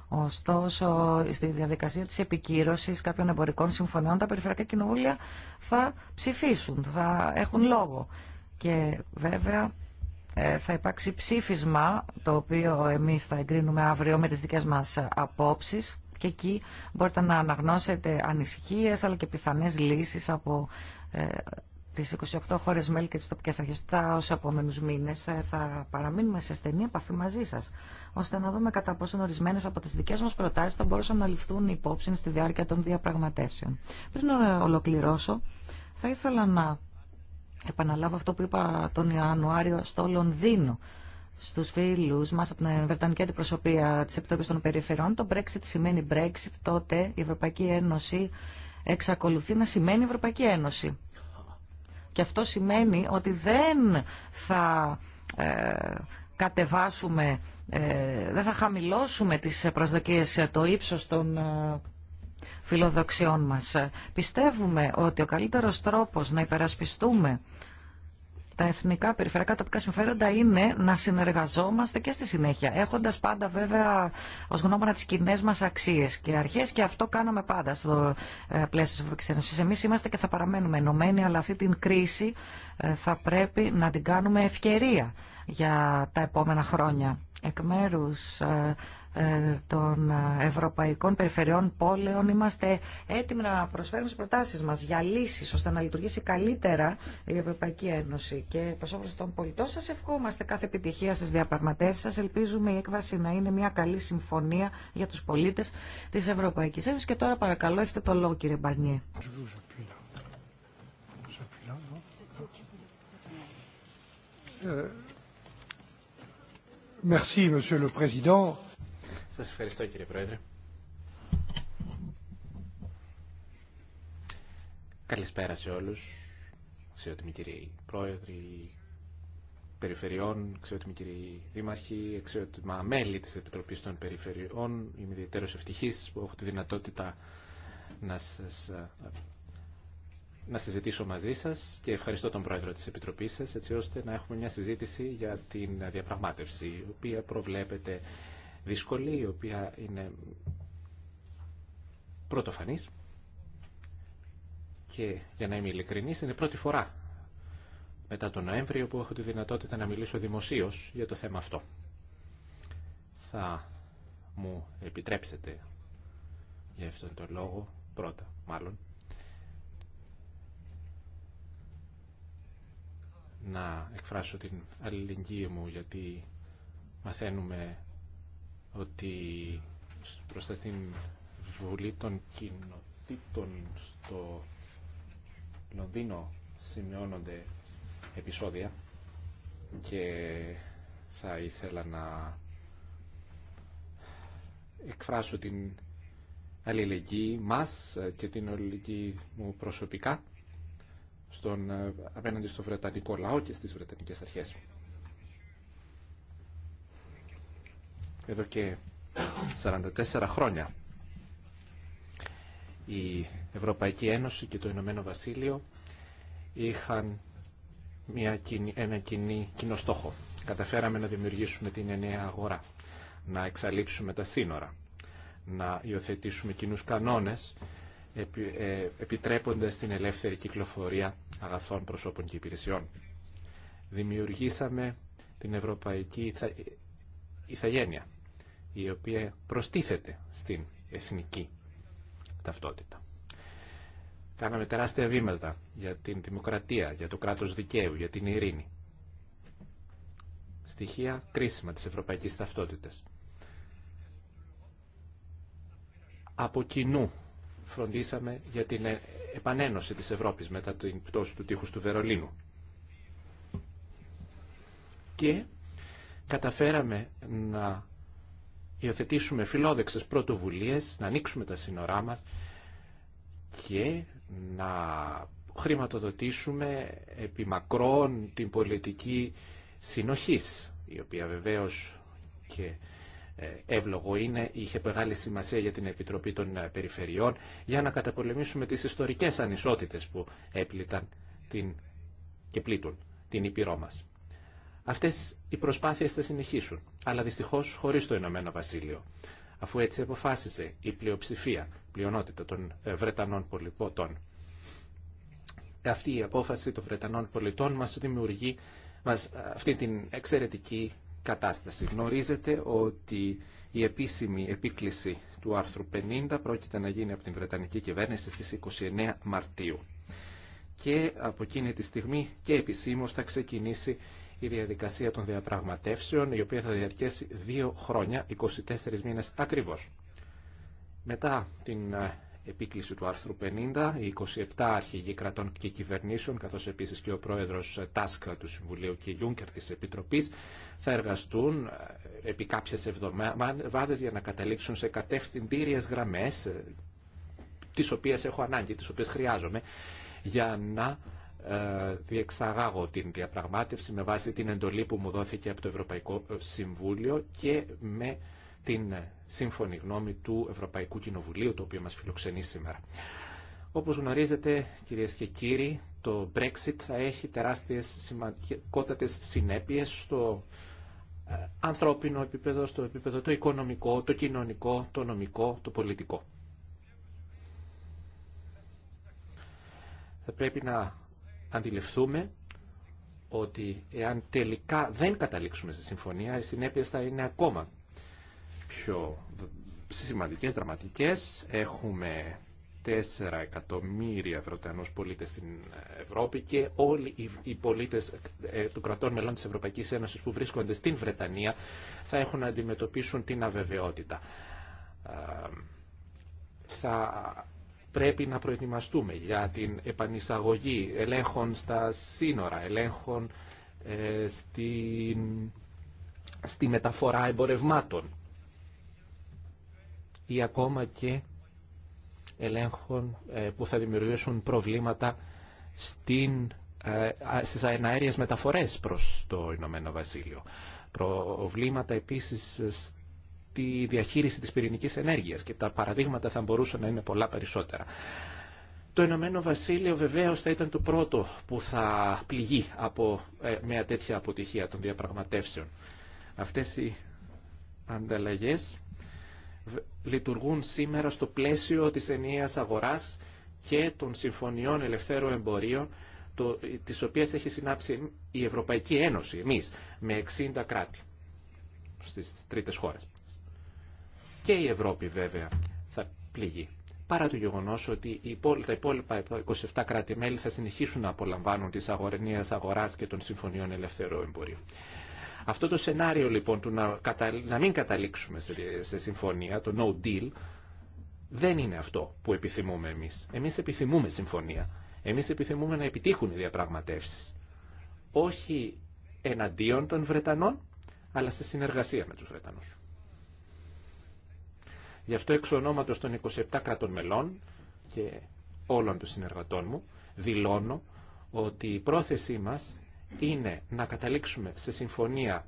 Ωστόσο, στη διαδικασία της επικύρωσης κάποιων εμπορικών συμφωνιών, τα περιφερειακά κοινοβούλια θα ψηφίσουν, θα έχουν λόγο. Και βέβαια ε, θα υπάρξει ψήφισμα, το οποίο εμείς θα εγκρίνουμε αύριο με τις δικές μας απόψεις και εκεί μπορείτε να αναγνώσετε ανησυχίες αλλά και πιθανές λύσεις από ε, τις 28 χώρες μέλη και τις τοπικές αρχές. Τα όσα επόμενους μήνες ε, θα παραμείνουμε σε στενή επαφή μαζί σας, ώστε να δούμε κατά πόσο ορισμένες από τις δικές μας προτάσεις θα μπορούσαν να ληφθούν υπόψη στη διάρκεια των διαπραγματεύσεων. Πριν ε, ολοκληρώσω, θα ήθελα να επαναλάβω αυτό που είπα τον Ιανουάριο στο Λονδίνο στους φίλους μας από την Βρετανική Αντιπροσωπεία τη Επιτροπής των Περιφερειών. Το Brexit σημαίνει Brexit, τότε η Ευρωπαϊκή Ένωση εξακολουθεί να σημαίνει Ευρωπαϊκή Ένωση. Και αυτό σημαίνει ότι δεν θα ε, κατεβάσουμε, ε, δεν θα χαμηλώσουμε τις προσδοκίες, ε, το ύψος των φιλοδοξιών μας. Πιστεύουμε ότι ο καλύτερος τρόπος να υπερασπιστούμε τα εθνικά περιφερειακά τοπικά συμφέροντα είναι να συνεργαζόμαστε και στη συνέχεια, έχοντα πάντα βέβαια ω γνώμονα τι κοινέ μα αξίε και αρχέ και αυτό κάναμε πάντα στο ε, πλαίσιο τη Ευρωπαϊκή Ένωση. Εμεί είμαστε και θα παραμένουμε ενωμένοι, αλλά αυτή την κρίση ε, θα πρέπει να την κάνουμε ευκαιρία για τα επόμενα χρόνια. Εκ μέρου ε, ε, των Ευρωπαϊκών Περιφερειών Πόλεων. Είμαστε έτοιμοι να προσφέρουμε τι προτάσεις μας για λύσει ώστε να λειτουργήσει καλύτερα η Ευρωπαϊκή Ένωση. Και προ όφελο των πολιτών Σα ευχόμαστε κάθε επιτυχία στι διαπραγματεύσει, σα Ελπίζουμε η έκβαση να είναι μια καλή συμφωνία για τους πολίτες της Ευρωπαϊκή Ένωση Και τώρα παρακαλώ έχετε το λόγο κύριε Μπαρνιέ. Ε, merci, Monsieur le Président. Σας ευχαριστώ κύριε Πρόεδρε. Καλησπέρα σε όλους, αξιότιμοι κύριοι πρόεδροι περιφερειών, αξιότιμοι κύριοι δήμαρχοι, αξιότιμα μέλη της Επιτροπής των Περιφερειών. Είμαι ιδιαίτερος ευτυχής που έχω τη δυνατότητα να, σας, να συζητήσω μαζί σας και ευχαριστώ τον πρόεδρο της Επιτροπής σας έτσι ώστε να έχουμε μια συζήτηση για την διαπραγμάτευση η οποία προβλέπεται δύσκολη, η οποία είναι πρωτοφανής και για να είμαι ειλικρινής είναι πρώτη φορά μετά τον Νοέμβριο που έχω τη δυνατότητα να μιλήσω δημοσίως για το θέμα αυτό. Θα μου επιτρέψετε για αυτόν τον λόγο πρώτα μάλλον να εκφράσω την αλληλεγγύη μου γιατί μαθαίνουμε ότι μπροστά στην Βουλή των Κοινοτήτων στο Λονδίνο σημειώνονται επεισόδια και θα ήθελα να εκφράσω την αλληλεγγύη μας και την αλληλεγγύη μου προσωπικά στον, απέναντι στο Βρετανικό λαό και στις Βρετανικές αρχές. εδώ και 44 χρόνια. Η Ευρωπαϊκή Ένωση και το Ηνωμένο Βασίλειο είχαν μια, ένα κοινή, κοινό στόχο. Καταφέραμε να δημιουργήσουμε την νέα αγορά, να εξαλείψουμε τα σύνορα, να υιοθετήσουμε κοινούς κανόνες, επι, ε, επιτρέποντας την ελεύθερη κυκλοφορία αγαθών προσώπων και υπηρεσιών. Δημιουργήσαμε την Ευρωπαϊκή Ιθαγένεια, η οποία προστίθεται στην εθνική ταυτότητα. Κάναμε τεράστια βήματα για την δημοκρατία, για το κράτος δικαίου, για την ειρήνη. Στοιχεία κρίσιμα της ευρωπαϊκής ταυτότητας. Από κοινού φροντίσαμε για την επανένωση της Ευρώπης μετά την πτώση του τείχους του Βερολίνου. Και καταφέραμε να υιοθετήσουμε φιλόδεξες πρωτοβουλίες, να ανοίξουμε τα σύνορά μας και να χρηματοδοτήσουμε επιμακρών την πολιτική συνοχής, η οποία βεβαίως και ε, εύλογο είναι, είχε μεγάλη σημασία για την Επιτροπή των ε, Περιφερειών, για να καταπολεμήσουμε τις ιστορικές ανισότητες που έπληταν την... και πλήττουν την Ήπειρό μας. Αυτές οι προσπάθειες θα συνεχίσουν, αλλά δυστυχώς χωρίς το Ηνωμένο Βασίλειο, αφού έτσι αποφάσισε η πλειοψηφία, πλειονότητα των ε, Βρετανών πολιτών. Αυτή η απόφαση των Βρετανών πολιτών μας δημιουργεί μας, ε, αυτή την εξαιρετική κατάσταση. Γνωρίζετε ότι η επίσημη επίκληση του άρθρου 50 πρόκειται να γίνει από την Βρετανική κυβέρνηση στις 29 Μαρτίου. Και από εκείνη τη στιγμή και επισήμως θα ξεκινήσει η διαδικασία των διαπραγματεύσεων, η οποία θα διαρκέσει δύο χρόνια, 24 μήνες ακριβώς. Μετά την ε, επίκληση του άρθρου 50, οι 27 αρχηγοί κρατών και κυβερνήσεων, καθώς επίσης και ο πρόεδρος Τάσκα του Συμβουλίου και Γιούνκερ της Επιτροπής, θα εργαστούν ε, επί κάποιες εβδομάδες για να καταλήξουν σε κατευθυντήριες γραμμές, ε, τις οποίες έχω ανάγκη, τις οποίες χρειάζομαι, για να διεξαγάγω την διαπραγμάτευση με βάση την εντολή που μου δόθηκε από το Ευρωπαϊκό Συμβούλιο και με την σύμφωνη γνώμη του Ευρωπαϊκού Κοινοβουλίου, το οποίο μας φιλοξενεί σήμερα. Όπως γνωρίζετε, κυρίες και κύριοι, το Brexit θα έχει τεράστιες σημαντικότατες συνέπειες στο ε, ανθρώπινο επίπεδο, στο επίπεδο το οικονομικό, το κοινωνικό, το νομικό, το πολιτικό. Θα πρέπει να αντιληφθούμε ότι εάν τελικά δεν καταλήξουμε στη συμφωνία, οι συνέπειε θα είναι ακόμα πιο σημαντικές, δραματικές. Έχουμε 4 εκατομμύρια Βρετανούς πολίτες στην Ευρώπη και όλοι οι πολίτες ε, του κρατών μελών της Ευρωπαϊκής Ένωσης που βρίσκονται στην Βρετανία θα έχουν να αντιμετωπίσουν την αβεβαιότητα. Θα πρέπει να προετοιμαστούμε για την επανεισαγωγή ελέγχων στα σύνορα, ελέγχων ε, στη, μεταφορά εμπορευμάτων ή ακόμα και ελέγχων ε, που θα δημιουργήσουν προβλήματα στην, ε, στις αεναέριες μεταφορές προς το Ηνωμένο Βασίλειο. Προβλήματα επίσης τη διαχείριση της πυρηνικής ενέργειας και τα παραδείγματα θα μπορούσαν να είναι πολλά περισσότερα. Το Ηνωμένο Βασίλειο βεβαίω θα ήταν το πρώτο που θα πληγεί από ε, μια τέτοια αποτυχία των διαπραγματεύσεων. Αυτές οι ανταλλαγές λειτουργούν σήμερα στο πλαίσιο της ενιαίας αγοράς και των συμφωνιών ελευθέρου εμπορίου το, τις οποίες έχει συνάψει η Ευρωπαϊκή Ένωση, εμείς, με 60 κράτη στις τρίτες χώρες. Και η Ευρώπη βέβαια θα πληγεί. Παρά το γεγονό ότι τα υπόλοιπα 27 κράτη-μέλη θα συνεχίσουν να απολαμβάνουν τη αγορενία αγορά και των συμφωνιών ελευθερό εμπορίου. Αυτό το σενάριο λοιπόν του να, να μην καταλήξουμε σε συμφωνία, το no deal, δεν είναι αυτό που επιθυμούμε εμείς. Εμείς επιθυμούμε συμφωνία. Εμεί επιθυμούμε να επιτύχουν οι διαπραγματεύσει, Όχι εναντίον των Βρετανών, αλλά σε συνεργασία με του Βρετανού. Γι' αυτό εξ ονόματο των 27 κρατών μελών και όλων των συνεργατών μου δηλώνω ότι η πρόθεσή μας είναι να καταλήξουμε σε συμφωνία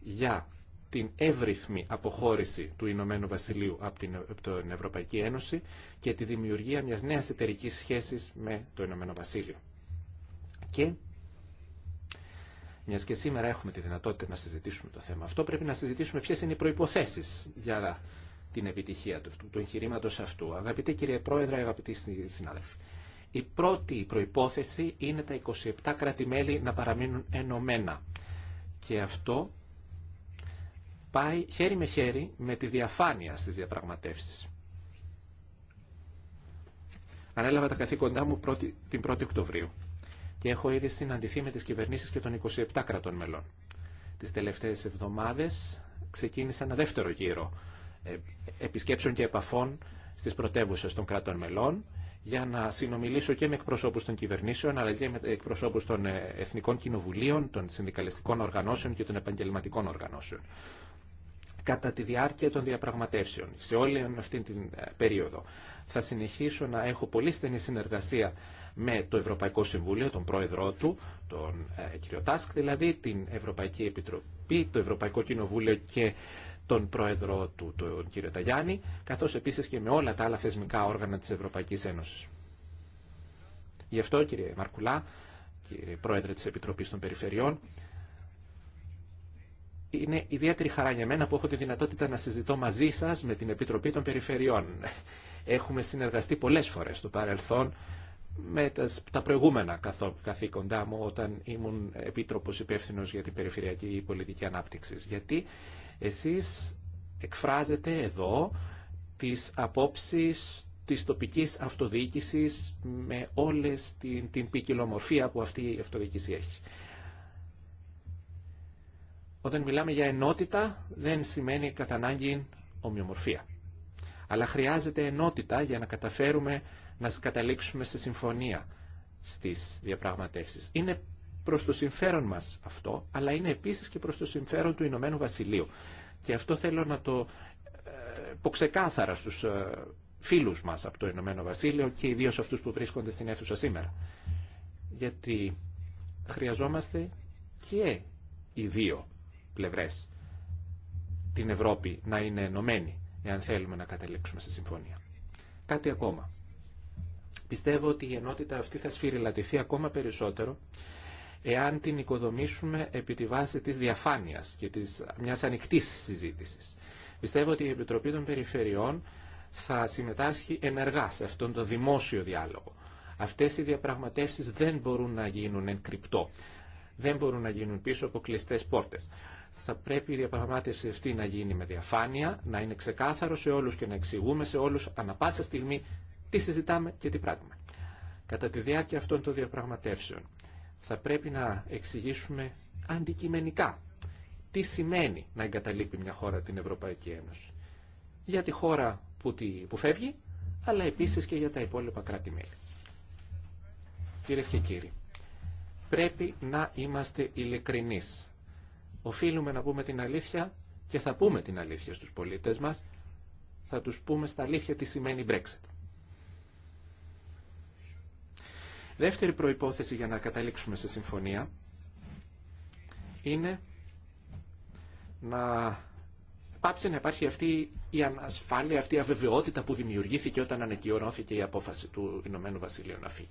για την εύρυθμη αποχώρηση του Ηνωμένου Βασιλείου από την, Ευρωπαϊκή Ένωση και τη δημιουργία μιας νέας εταιρική σχέσης με το Ηνωμένο Βασίλειο. Και, μιας και σήμερα έχουμε τη δυνατότητα να συζητήσουμε το θέμα αυτό, πρέπει να συζητήσουμε ποιες είναι οι προϋποθέσεις για την επιτυχία του, του εγχειρήματο αυτού. Αγαπητέ κύριε Πρόεδρε, αγαπητοί συνάδελφοι, η πρώτη προϋπόθεση είναι τα 27 κρατημέλη να παραμείνουν ενωμένα. Και αυτό πάει χέρι με χέρι με τη διαφάνεια στις διαπραγματεύσεις. Ανέλαβα τα καθήκοντά μου την 1η Οκτωβρίου και έχω ήδη συναντηθεί με τις κυβερνήσεις και των 27 κρατών μελών. Τις τελευταίες εβδομάδες ξεκίνησε ένα δεύτερο γύρο επισκέψεων και επαφών στις πρωτεύουσε των κρατών μελών για να συνομιλήσω και με εκπροσώπους των κυβερνήσεων αλλά και με εκπροσώπους των ε, εθνικών κοινοβουλίων, των συνδικαλιστικών οργανώσεων και των επαγγελματικών οργανώσεων κατά τη διάρκεια των διαπραγματεύσεων σε όλη αυτή την ε, περίοδο. Θα συνεχίσω να έχω πολύ στενή συνεργασία με το Ευρωπαϊκό Συμβούλιο, τον πρόεδρό του, τον ε, κ. Τάσκ, δηλαδή την Ευρωπαϊκή Επιτροπή, το Ευρωπαϊκό Κοινοβούλιο και τον πρόεδρο του, τον κύριο Ταγιάννη, καθώς επίσης και με όλα τα άλλα θεσμικά όργανα της Ευρωπαϊκής Ένωσης. Γι' αυτό, κύριε Μαρκουλά, κύριε Πρόεδρε της Επιτροπής των Περιφερειών, είναι ιδιαίτερη χαρά για μένα που έχω τη δυνατότητα να συζητώ μαζί σας με την Επιτροπή των Περιφερειών. Έχουμε συνεργαστεί πολλές φορές στο παρελθόν με τα προηγούμενα καθήκοντά μου όταν ήμουν επίτροπος υπεύθυνος για την περιφερειακή πολιτική ανάπτυξη. Γιατί εσείς εκφράζετε εδώ τις απόψεις της τοπικής αυτοδιοίκησης με όλες την, την ποικιλομορφία που αυτή η αυτοδιοίκηση έχει. Όταν μιλάμε για ενότητα δεν σημαίνει κατά ανάγκη ομοιομορφία. Αλλά χρειάζεται ενότητα για να καταφέρουμε να καταλήξουμε σε συμφωνία στις διαπραγματεύσεις. Είναι Προ το συμφέρον μας αυτό, αλλά είναι επίσης και προ το συμφέρον του Ηνωμένου Βασιλείου. Και αυτό θέλω να το ε, πω ξεκάθαρα στους ε, φίλους μας από το Ηνωμένο Βασίλειο και ιδίω αυτούς που βρίσκονται στην αίθουσα σήμερα. Γιατί χρειαζόμαστε και οι δύο πλευρές την Ευρώπη να είναι ενωμένη εάν θέλουμε να καταλήξουμε σε συμφωνία. Κάτι ακόμα. Πιστεύω ότι η ενότητα αυτή θα σφυριλατηθεί ακόμα περισσότερο εάν την οικοδομήσουμε επί τη βάση της διαφάνειας και της μιας ανοιχτής συζήτησης. Πιστεύω ότι η Επιτροπή των Περιφερειών θα συμμετάσχει ενεργά σε αυτόν τον δημόσιο διάλογο. Αυτές οι διαπραγματεύσεις δεν μπορούν να γίνουν εν κρυπτό. Δεν μπορούν να γίνουν πίσω από κλειστέ πόρτες. Θα πρέπει η διαπραγμάτευση αυτή να γίνει με διαφάνεια, να είναι ξεκάθαρο σε όλους και να εξηγούμε σε όλους ανα πάσα στιγμή τι συζητάμε και τι πράγμα. Κατά τη διάρκεια αυτών των διαπραγματεύσεων θα πρέπει να εξηγήσουμε αντικειμενικά τι σημαίνει να εγκαταλείπει μια χώρα την Ευρωπαϊκή Ένωση. Για τη χώρα που, τη, που φεύγει, αλλά επίσης και για τα υπόλοιπα κράτη-μέλη. Κυρίες και κύριοι, πρέπει να είμαστε ειλικρινείς. Οφείλουμε να πούμε την αλήθεια και θα πούμε την αλήθεια στους πολίτες μας, θα τους πούμε στα αλήθεια τι σημαίνει Brexit. Δεύτερη προϋπόθεση για να καταλήξουμε σε συμφωνία είναι να πάψει να υπάρχει αυτή η ανασφάλεια, αυτή η αβεβαιότητα που δημιουργήθηκε όταν ανακοινώθηκε η απόφαση του Ηνωμένου Βασιλείου να φύγει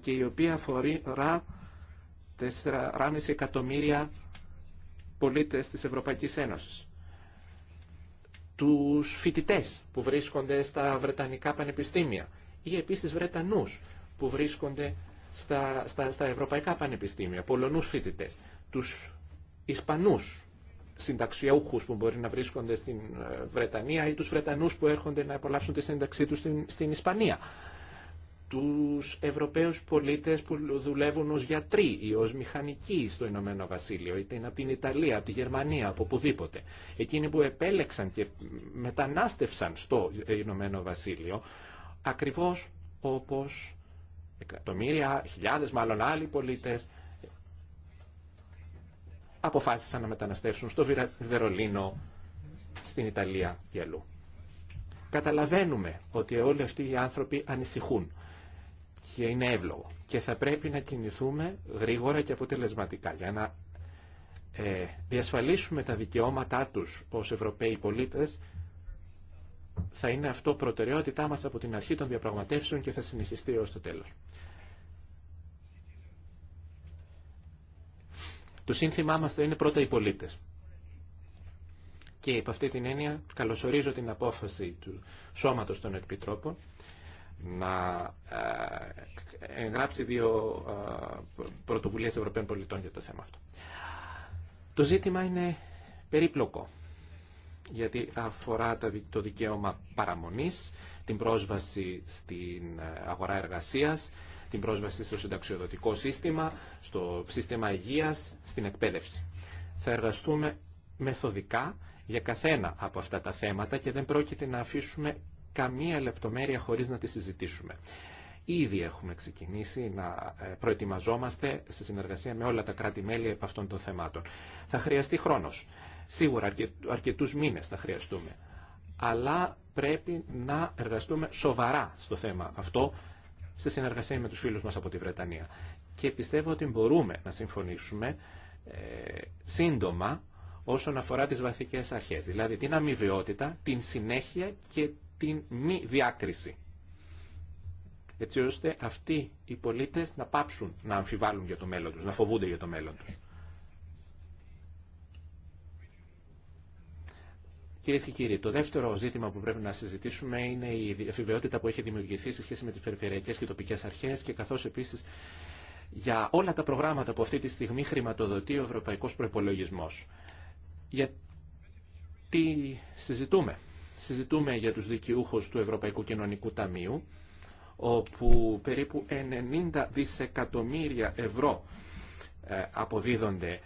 και η οποία αφορά 4,5 εκατομμύρια πολίτες της Ευρωπαϊκής Ένωσης. Τους φοιτητές που βρίσκονται στα Βρετανικά πανεπιστήμια ή επίσης Βρετανούς που βρίσκονται στα, στα, στα ευρωπαϊκά πανεπιστήμια, Πολωνούς φοιτητέ, τους Ισπανούς συνταξιούχους που μπορεί να βρίσκονται στην ε, Βρετανία ή τους Βρετανούς που έρχονται να απολαύσουν τη σύνταξή τους στην, στην Ισπανία τους Ευρωπαίους πολίτες που δουλεύουν ως γιατροί ή ως μηχανικοί στο Ηνωμένο Βασίλειο, είτε είναι από την Ιταλία, από τη Γερμανία, από οπουδήποτε. Εκείνοι που επέλεξαν και μετανάστευσαν στο Ηνωμένο Βασίλειο, ακριβώς όπως εκατομμύρια, χιλιάδες μάλλον άλλοι πολίτες αποφάσισαν να μεταναστεύσουν στο Βερολίνο, στην Ιταλία και αλλού. Καταλαβαίνουμε ότι όλοι αυτοί οι άνθρωποι ανησυχούν και είναι εύλογο και θα πρέπει να κινηθούμε γρήγορα και αποτελεσματικά για να ε, διασφαλίσουμε τα δικαιώματά τους ως Ευρωπαίοι πολίτες θα είναι αυτό προτεραιότητά μας από την αρχή των διαπραγματεύσεων και θα συνεχιστεί ως το τέλος. Το σύνθημά μας θα είναι πρώτα οι πολίτες. Και υπ' αυτή την έννοια καλωσορίζω την απόφαση του Σώματος των Επιτρόπων να ε, εγγράψει δύο ε, πρωτοβουλίες Ευρωπαίων πολιτών για το θέμα αυτό. Το ζήτημα είναι περίπλοκο γιατί αφορά το δικαίωμα παραμονής, την πρόσβαση στην ε, αγορά εργασίας, την πρόσβαση στο συνταξιοδοτικό σύστημα, στο σύστημα υγείας, στην εκπαίδευση. Θα εργαστούμε μεθοδικά για καθένα από αυτά τα θέματα και δεν πρόκειται να αφήσουμε καμία λεπτομέρεια χωρίς να τη συζητήσουμε. Ήδη έχουμε ξεκινήσει να ε, προετοιμαζόμαστε σε συνεργασία με όλα τα κράτη-μέλη από αυτών των θεμάτων. Θα χρειαστεί χρόνος. Σίγουρα αρκετούς μήνες θα χρειαστούμε. Αλλά πρέπει να εργαστούμε σοβαρά στο θέμα αυτό, σε συνεργασία με τους φίλους μας από τη Βρετανία. Και πιστεύω ότι μπορούμε να συμφωνήσουμε ε, σύντομα όσον αφορά τις βαθικές αρχές, δηλαδή την αμοιβαιότητα, την συνέχεια και την μη διάκριση. Έτσι ώστε αυτοί οι πολίτες να πάψουν να αμφιβάλλουν για το μέλλον τους, να φοβούνται για το μέλλον τους. Κυρίε και κύριοι, το δεύτερο ζήτημα που πρέπει να συζητήσουμε είναι η εφηβαιότητα που έχει δημιουργηθεί σε σχέση με τι περιφερειακέ και τοπικέ αρχέ και καθώ επίση για όλα τα προγράμματα που αυτή τη στιγμή χρηματοδοτεί ο Ευρωπαϊκό Προπολογισμό. Γιατί συζητούμε. Συζητούμε για τους δικαιούχους του Ευρωπαϊκού Κοινωνικού Ταμείου, όπου περίπου 90 δισεκατομμύρια ευρώ ε, αποδίδονται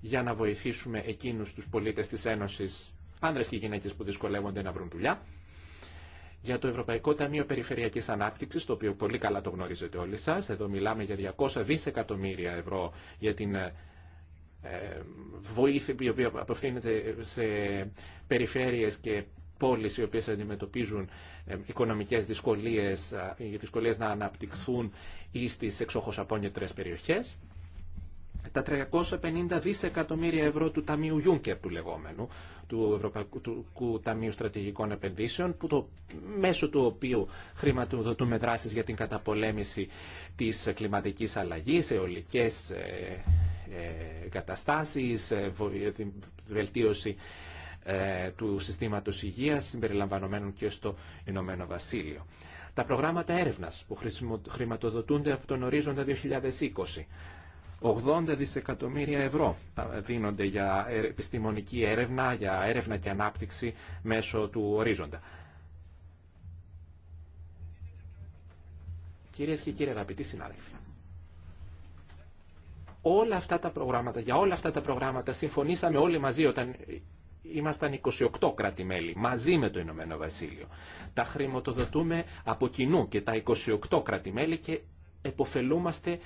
για να βοηθήσουμε εκείνους τους πολίτες της Ένωσης, άνδρες και γυναίκες που δυσκολεύονται να βρουν δουλειά, για το Ευρωπαϊκό Ταμείο Περιφερειακής Ανάπτυξης, το οποίο πολύ καλά το γνωρίζετε όλοι σας. Εδώ μιλάμε για 200 δισεκατομμύρια ευρώ για την ε, βοήθεια η οποία απευθύνεται σε περιφέρειες και πόλεις οι οποίες αντιμετωπίζουν ε, οικονομικές δυσκολίες, ε, δυσκολίες να αναπτυχθούν ή στις εξόχως απόνιτρες περιοχές τα 350 δισεκατομμύρια ευρώ του Ταμείου Ιούνκερ του λεγόμενου, του Ευρωπαϊκού Ταμείου Στρατηγικών Επενδύσεων, που το, μέσω του οποίου χρηματοδοτούμε δράσεις για την καταπολέμηση της κλιματικής αλλαγής, αιωλικές ε, ε καταστάσεις, ε, ε, βελτίωση του συστήματος υγείας, συμπεριλαμβανομένων και στο Ηνωμένο Βασίλειο. Τα προγράμματα έρευνας που χρηματοδοτούνται από τον ορίζοντα 2020 80 δισεκατομμύρια ευρώ δίνονται για επιστημονική έρευνα, για έρευνα και ανάπτυξη μέσω του ορίζοντα. Κυρίες και κύριοι αγαπητοί συνάδελφοι, όλα αυτά τα προγράμματα, για όλα αυτά τα προγράμματα συμφωνήσαμε όλοι μαζί όταν ήμασταν 28 κράτη-μέλη μαζί με το Ηνωμένο Βασίλειο. Τα χρηματοδοτούμε από κοινού και τα 28 κράτη-μέλη και εποφελούμαστε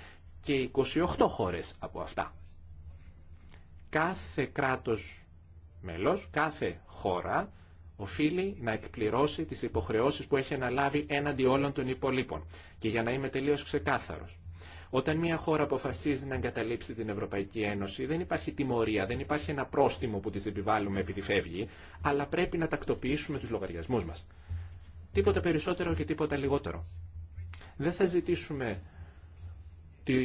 και 28 χώρες από αυτά. Κάθε κράτος μέλος, κάθε χώρα οφείλει να εκπληρώσει τις υποχρεώσεις που έχει αναλάβει έναντι όλων των υπολείπων. Και για να είμαι τελείως ξεκάθαρος, όταν μια χώρα αποφασίζει να εγκαταλείψει την Ευρωπαϊκή Ένωση, δεν υπάρχει τιμωρία, δεν υπάρχει ένα πρόστιμο που τη επιβάλλουμε επειδή φεύγει, αλλά πρέπει να τακτοποιήσουμε του λογαριασμού μα. Τίποτα περισσότερο και τίποτα λιγότερο. Δεν θα ζητήσουμε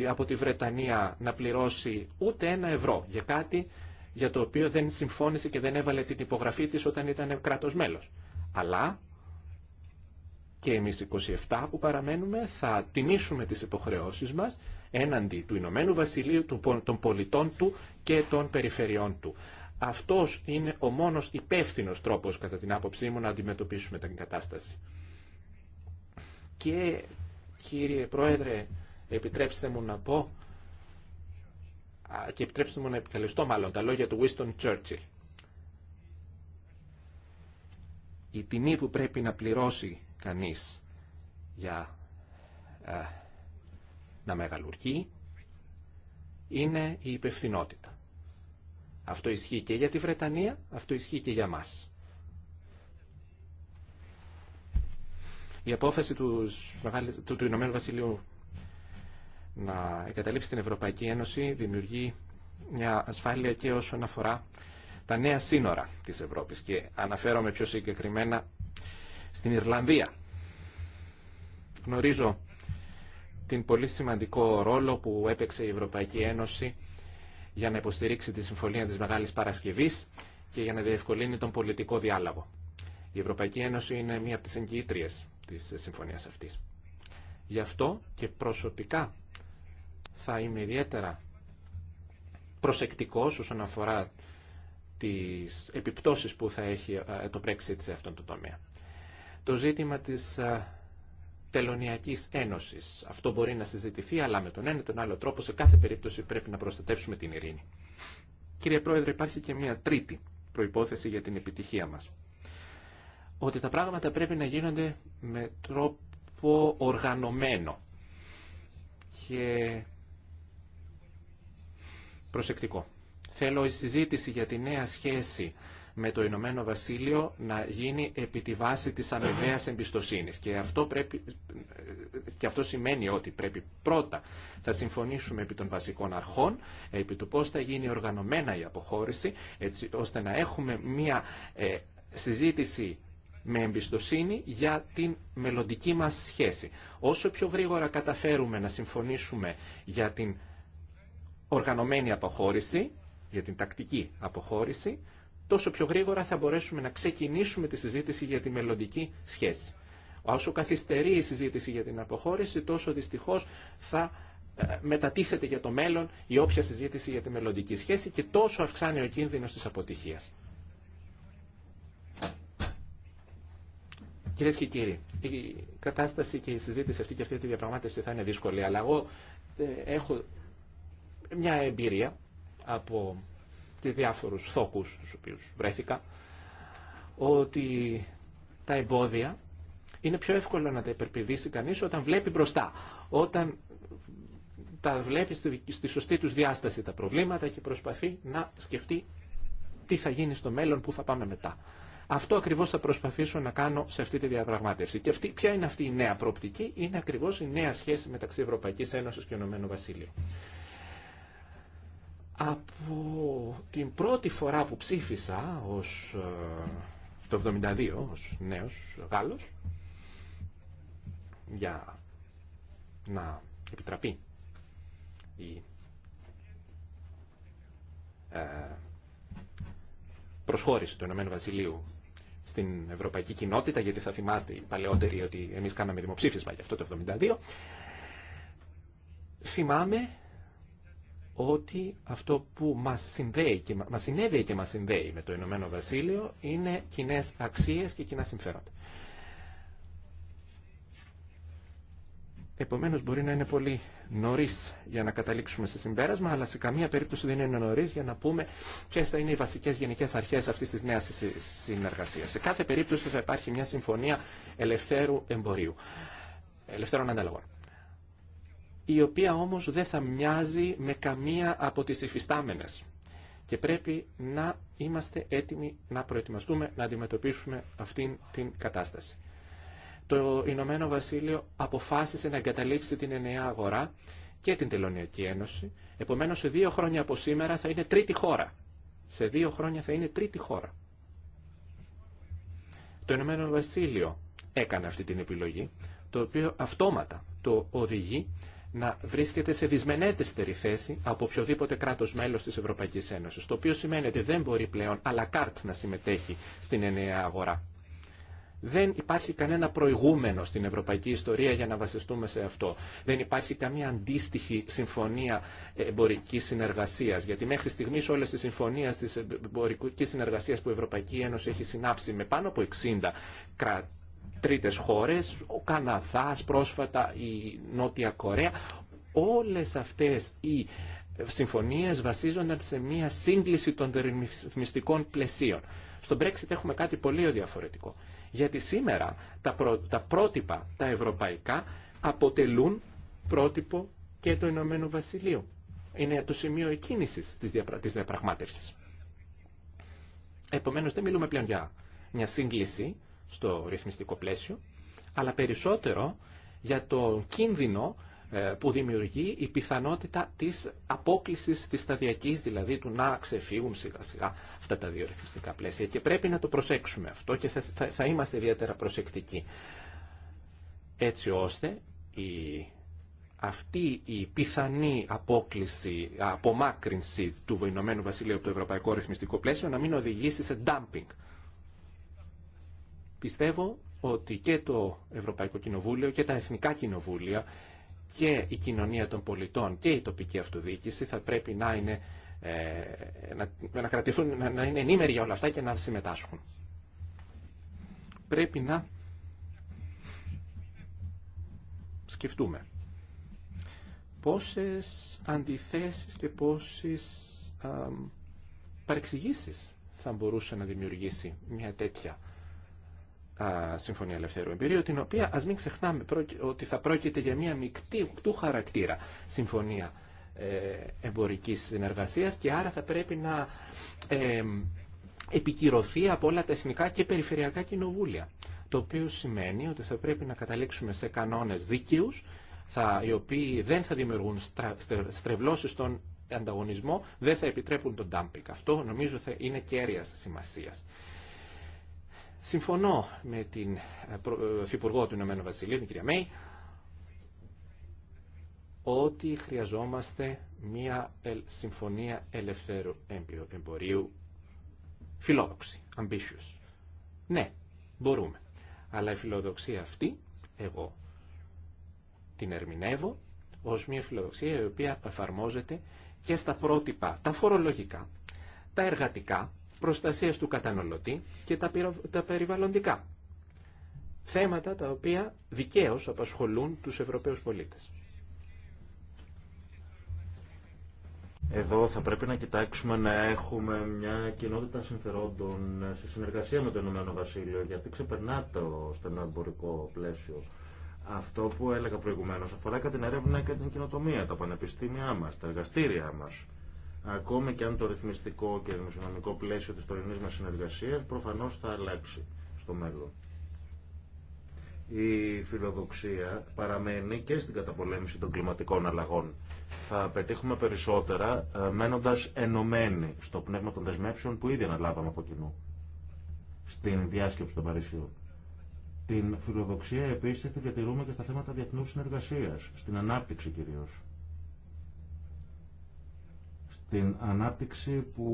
από τη Βρετανία να πληρώσει ούτε ένα ευρώ για κάτι για το οποίο δεν συμφώνησε και δεν έβαλε την υπογραφή της όταν ήταν κράτος μέλος. Αλλά και εμείς 27 που παραμένουμε θα τιμήσουμε τις υποχρεώσεις μας έναντι του Ηνωμένου Βασιλείου, των πολιτών του και των περιφερειών του. Αυτός είναι ο μόνος υπεύθυνο τρόπος κατά την άποψή μου να αντιμετωπίσουμε την κατάσταση. Και κύριε Πρόεδρε, Επιτρέψτε μου να πω και επιτρέψτε μου να επικαλεστώ μάλλον τα λόγια του Winston Churchill. Η τιμή που πρέπει να πληρώσει κανείς για να μεγαλουργεί είναι η υπευθυνότητα. Αυτό ισχύει και για τη Βρετανία, αυτό ισχύει και για μας. Η απόφαση του, του, του Ηνωμένου Βασιλείου να εγκαταλείψει την Ευρωπαϊκή Ένωση δημιουργεί μια ασφάλεια και όσον αφορά τα νέα σύνορα της Ευρώπης και αναφέρομαι πιο συγκεκριμένα στην Ιρλανδία. Γνωρίζω την πολύ σημαντικό ρόλο που έπαιξε η Ευρωπαϊκή Ένωση για να υποστηρίξει τη Συμφωνία της Μεγάλης Παρασκευής και για να διευκολύνει τον πολιτικό διάλογο. Η Ευρωπαϊκή Ένωση είναι μία από τις εγκύτριες της συμφωνίας αυτής. Γι' αυτό και προσωπικά θα είμαι ιδιαίτερα προσεκτικός όσον αφορά τις επιπτώσεις που θα έχει ε, το Brexit σε αυτόν τον τομέα. Το ζήτημα της ε, τελωνιακής ένωσης. Αυτό μπορεί να συζητηθεί, αλλά με τον ένα ή τον άλλο τρόπο σε κάθε περίπτωση πρέπει να προστατεύσουμε την ειρήνη. Κύριε Πρόεδρε, υπάρχει και μια τρίτη προϋπόθεση για την επιτυχία μας. Ότι τα πράγματα πρέπει να γίνονται με τρόπο οργανωμένο. Και προσεκτικό. Θέλω η συζήτηση για τη νέα σχέση με το Ηνωμένο Βασίλειο να γίνει επί τη βάση της αμοιβαίας εμπιστοσύνης. Και αυτό, πρέπει, αυτό σημαίνει ότι πρέπει πρώτα θα συμφωνήσουμε επί των βασικών αρχών, επί του πώς θα γίνει οργανωμένα η αποχώρηση, έτσι ώστε να έχουμε μία ε, συζήτηση με εμπιστοσύνη για την μελλοντική μας σχέση. Όσο πιο γρήγορα καταφέρουμε να συμφωνήσουμε για την οργανωμένη αποχώρηση, για την τακτική αποχώρηση, τόσο πιο γρήγορα θα μπορέσουμε να ξεκινήσουμε τη συζήτηση για τη μελλοντική σχέση. Όσο καθυστερεί η συζήτηση για την αποχώρηση, τόσο δυστυχώ θα ε, μετατίθεται για το μέλλον η όποια συζήτηση για τη μελλοντική σχέση και τόσο αυξάνει ο κίνδυνος της αποτυχίας. Κυρίε και κύριοι, η κατάσταση και η συζήτηση αυτή και αυτή τη διαπραγμάτευση θα είναι δύσκολη, αλλά εγώ ε, έχω μια εμπειρία από τις διάφορους θόκους τους οποίους βρέθηκα, ότι τα εμπόδια είναι πιο εύκολο να τα υπερπηδήσει κανείς όταν βλέπει μπροστά, όταν τα βλέπει στη σωστή τους διάσταση τα προβλήματα και προσπαθεί να σκεφτεί τι θα γίνει στο μέλλον, πού θα πάμε μετά. Αυτό ακριβώς θα προσπαθήσω να κάνω σε αυτή τη διαπραγμάτευση. Και ποια είναι αυτή η νέα προοπτική, είναι ακριβώς η νέα σχέση μεταξύ Ευρωπαϊκής Ένωσης και Ηνωμένου Βασίλειου. Από την πρώτη φορά που ψήφισα ως, ε, το 72 ως νέος Γάλλος για να επιτραπεί η ε, προσχώρηση του Ηνωμένου Βασιλείου στην ευρωπαϊκή κοινότητα, γιατί θα θυμάστε οι παλαιότεροι ότι εμείς κάναμε δημοψήφισμα για αυτό το 72. Θυμάμαι ότι αυτό που μας, συνδέει και, μας συνέβη και μας συνδέει με το Ηνωμένο Βασίλειο είναι κοινέ αξίες και κοινά συμφέροντα. Επομένως μπορεί να είναι πολύ νωρίς για να καταλήξουμε σε συμπέρασμα, αλλά σε καμία περίπτωση δεν είναι νωρίς για να πούμε ποιε θα είναι οι βασικές γενικές αρχές αυτής της νέας συνεργασίας. Σε κάθε περίπτωση θα υπάρχει μια συμφωνία ελευθέρου εμπορίου, ελευθέρων ανταλλαγών η οποία όμως δεν θα μοιάζει με καμία από τις υφιστάμενες. Και πρέπει να είμαστε έτοιμοι να προετοιμαστούμε να αντιμετωπίσουμε αυτήν την κατάσταση. Το Ηνωμένο Βασίλειο αποφάσισε να εγκαταλείψει την ενιαία αγορά και την Τελωνιακή Ένωση. Επομένως, σε δύο χρόνια από σήμερα θα είναι τρίτη χώρα. Σε δύο χρόνια θα είναι τρίτη χώρα. Το Ηνωμένο Βασίλειο έκανε αυτή την επιλογή, το οποίο αυτόματα το οδηγεί να βρίσκεται σε δυσμενέτεστερη θέση από οποιοδήποτε κράτος μέλος της Ευρωπαϊκής Ένωσης, το οποίο σημαίνει ότι δεν μπορεί πλέον αλλά κάρτ να συμμετέχει στην ενιαία αγορά. Δεν υπάρχει κανένα προηγούμενο στην ευρωπαϊκή ιστορία για να βασιστούμε σε αυτό. Δεν υπάρχει καμία αντίστοιχη συμφωνία εμπορική συνεργασία. Γιατί μέχρι στιγμή όλε οι συμφωνίε τη εμπορική συνεργασία που η Ευρωπαϊκή Ένωση έχει συνάψει με πάνω από 60 κράτη τρίτες χώρες, ο Καναδάς πρόσφατα, η Νότια Κορέα, όλες αυτές οι συμφωνίες βασίζονταν σε μια σύγκληση των ρυθμιστικών πλαισίων. Στο Brexit έχουμε κάτι πολύ διαφορετικό. Γιατί σήμερα τα, τα πρότυπα, τα ευρωπαϊκά, αποτελούν πρότυπο και το Ηνωμένου Βασιλείου. Είναι το σημείο εκκίνησης της, διαπρα... της διαπραγμάτευσης. δεν μιλούμε πλέον για μια σύγκληση στο ρυθμιστικό πλαίσιο, αλλά περισσότερο για το κίνδυνο ε, που δημιουργεί η πιθανότητα της απόκλησης της σταδιακής, δηλαδή του να ξεφύγουν σιγά σιγά αυτά τα δύο ρυθμιστικά πλαίσια. Και πρέπει να το προσέξουμε αυτό και θα, είμαστε ιδιαίτερα προσεκτικοί. Έτσι ώστε η, αυτή η πιθανή απόκληση, απομάκρυνση του Ηνωμένου Βασιλείου από το Ευρωπαϊκό Ρυθμιστικό Πλαίσιο να μην οδηγήσει σε dumping Πιστεύω ότι και το Ευρωπαϊκό Κοινοβούλιο και τα Εθνικά Κοινοβούλια και η κοινωνία των πολιτών και η τοπική αυτοδιοίκηση θα πρέπει να είναι, ε, να, να κρατηθούν, να, είναι ενήμεροι για όλα αυτά και να συμμετάσχουν. Πρέπει να σκεφτούμε πόσες αντιθέσεις και πόσες α, παρεξηγήσεις θα μπορούσε να δημιουργήσει μια τέτοια Συμφωνία Ελευθέρου Εμπειρίου, την οποία ας μην ξεχνάμε ότι θα πρόκειται για μια μεικτή του χαρακτήρα συμφωνία ε, εμπορικής συνεργασίας και άρα θα πρέπει να ε, επικυρωθεί από όλα τα εθνικά και περιφερειακά κοινοβούλια. Το οποίο σημαίνει ότι θα πρέπει να καταλήξουμε σε κανόνες δίκαιους, θα, οι οποίοι δεν θα δημιουργούν στρεβλώσεις στον ανταγωνισμό, δεν θα επιτρέπουν τον ντάμπικ. Αυτό νομίζω θα είναι κέρια σημασίας. Συμφωνώ με την ε, ε, Υφυπουργό του Ηνωμένου Βασιλείου, την κυρία Μέη, ότι χρειαζόμαστε μία συμφωνία ελευθέρου εμπορίου φιλόδοξη, ambitious. Ναι, μπορούμε. Αλλά η φιλοδοξία αυτή, εγώ την ερμηνεύω ως μια φιλοδοξία η οποία εφαρμόζεται και στα πρότυπα, τα φορολογικά, τα εργατικά, προστασίας του καταναλωτή και τα περιβαλλοντικά. Θέματα τα οποία δικαίως απασχολούν τους Ευρωπαίους πολίτες. Εδώ θα πρέπει να κοιτάξουμε να έχουμε μια κοινότητα συμφερόντων σε συνεργασία με το Ηνωμένο Βασίλειο, γιατί ξεπερνά το στενό εμπορικό πλαίσιο. Αυτό που έλεγα προηγουμένως αφορά και την έρευνα και την κοινοτομία, τα πανεπιστήμια μας, τα εργαστήρια μας. Ακόμη και αν το ρυθμιστικό και δημοσιονομικό πλαίσιο της τωρινής μας συνεργασίας προφανώς θα αλλάξει στο μέλλον. Η φιλοδοξία παραμένει και στην καταπολέμηση των κλιματικών αλλαγών. Θα πετύχουμε περισσότερα ε, μένοντας ενωμένοι στο πνεύμα των δεσμεύσεων που ήδη αναλάβαμε από κοινού στην διάσκεψη των Παρισιών. Την φιλοδοξία επίσης τη διατηρούμε και στα θέματα διεθνούς συνεργασίας, στην ανάπτυξη κυρίως την ανάπτυξη που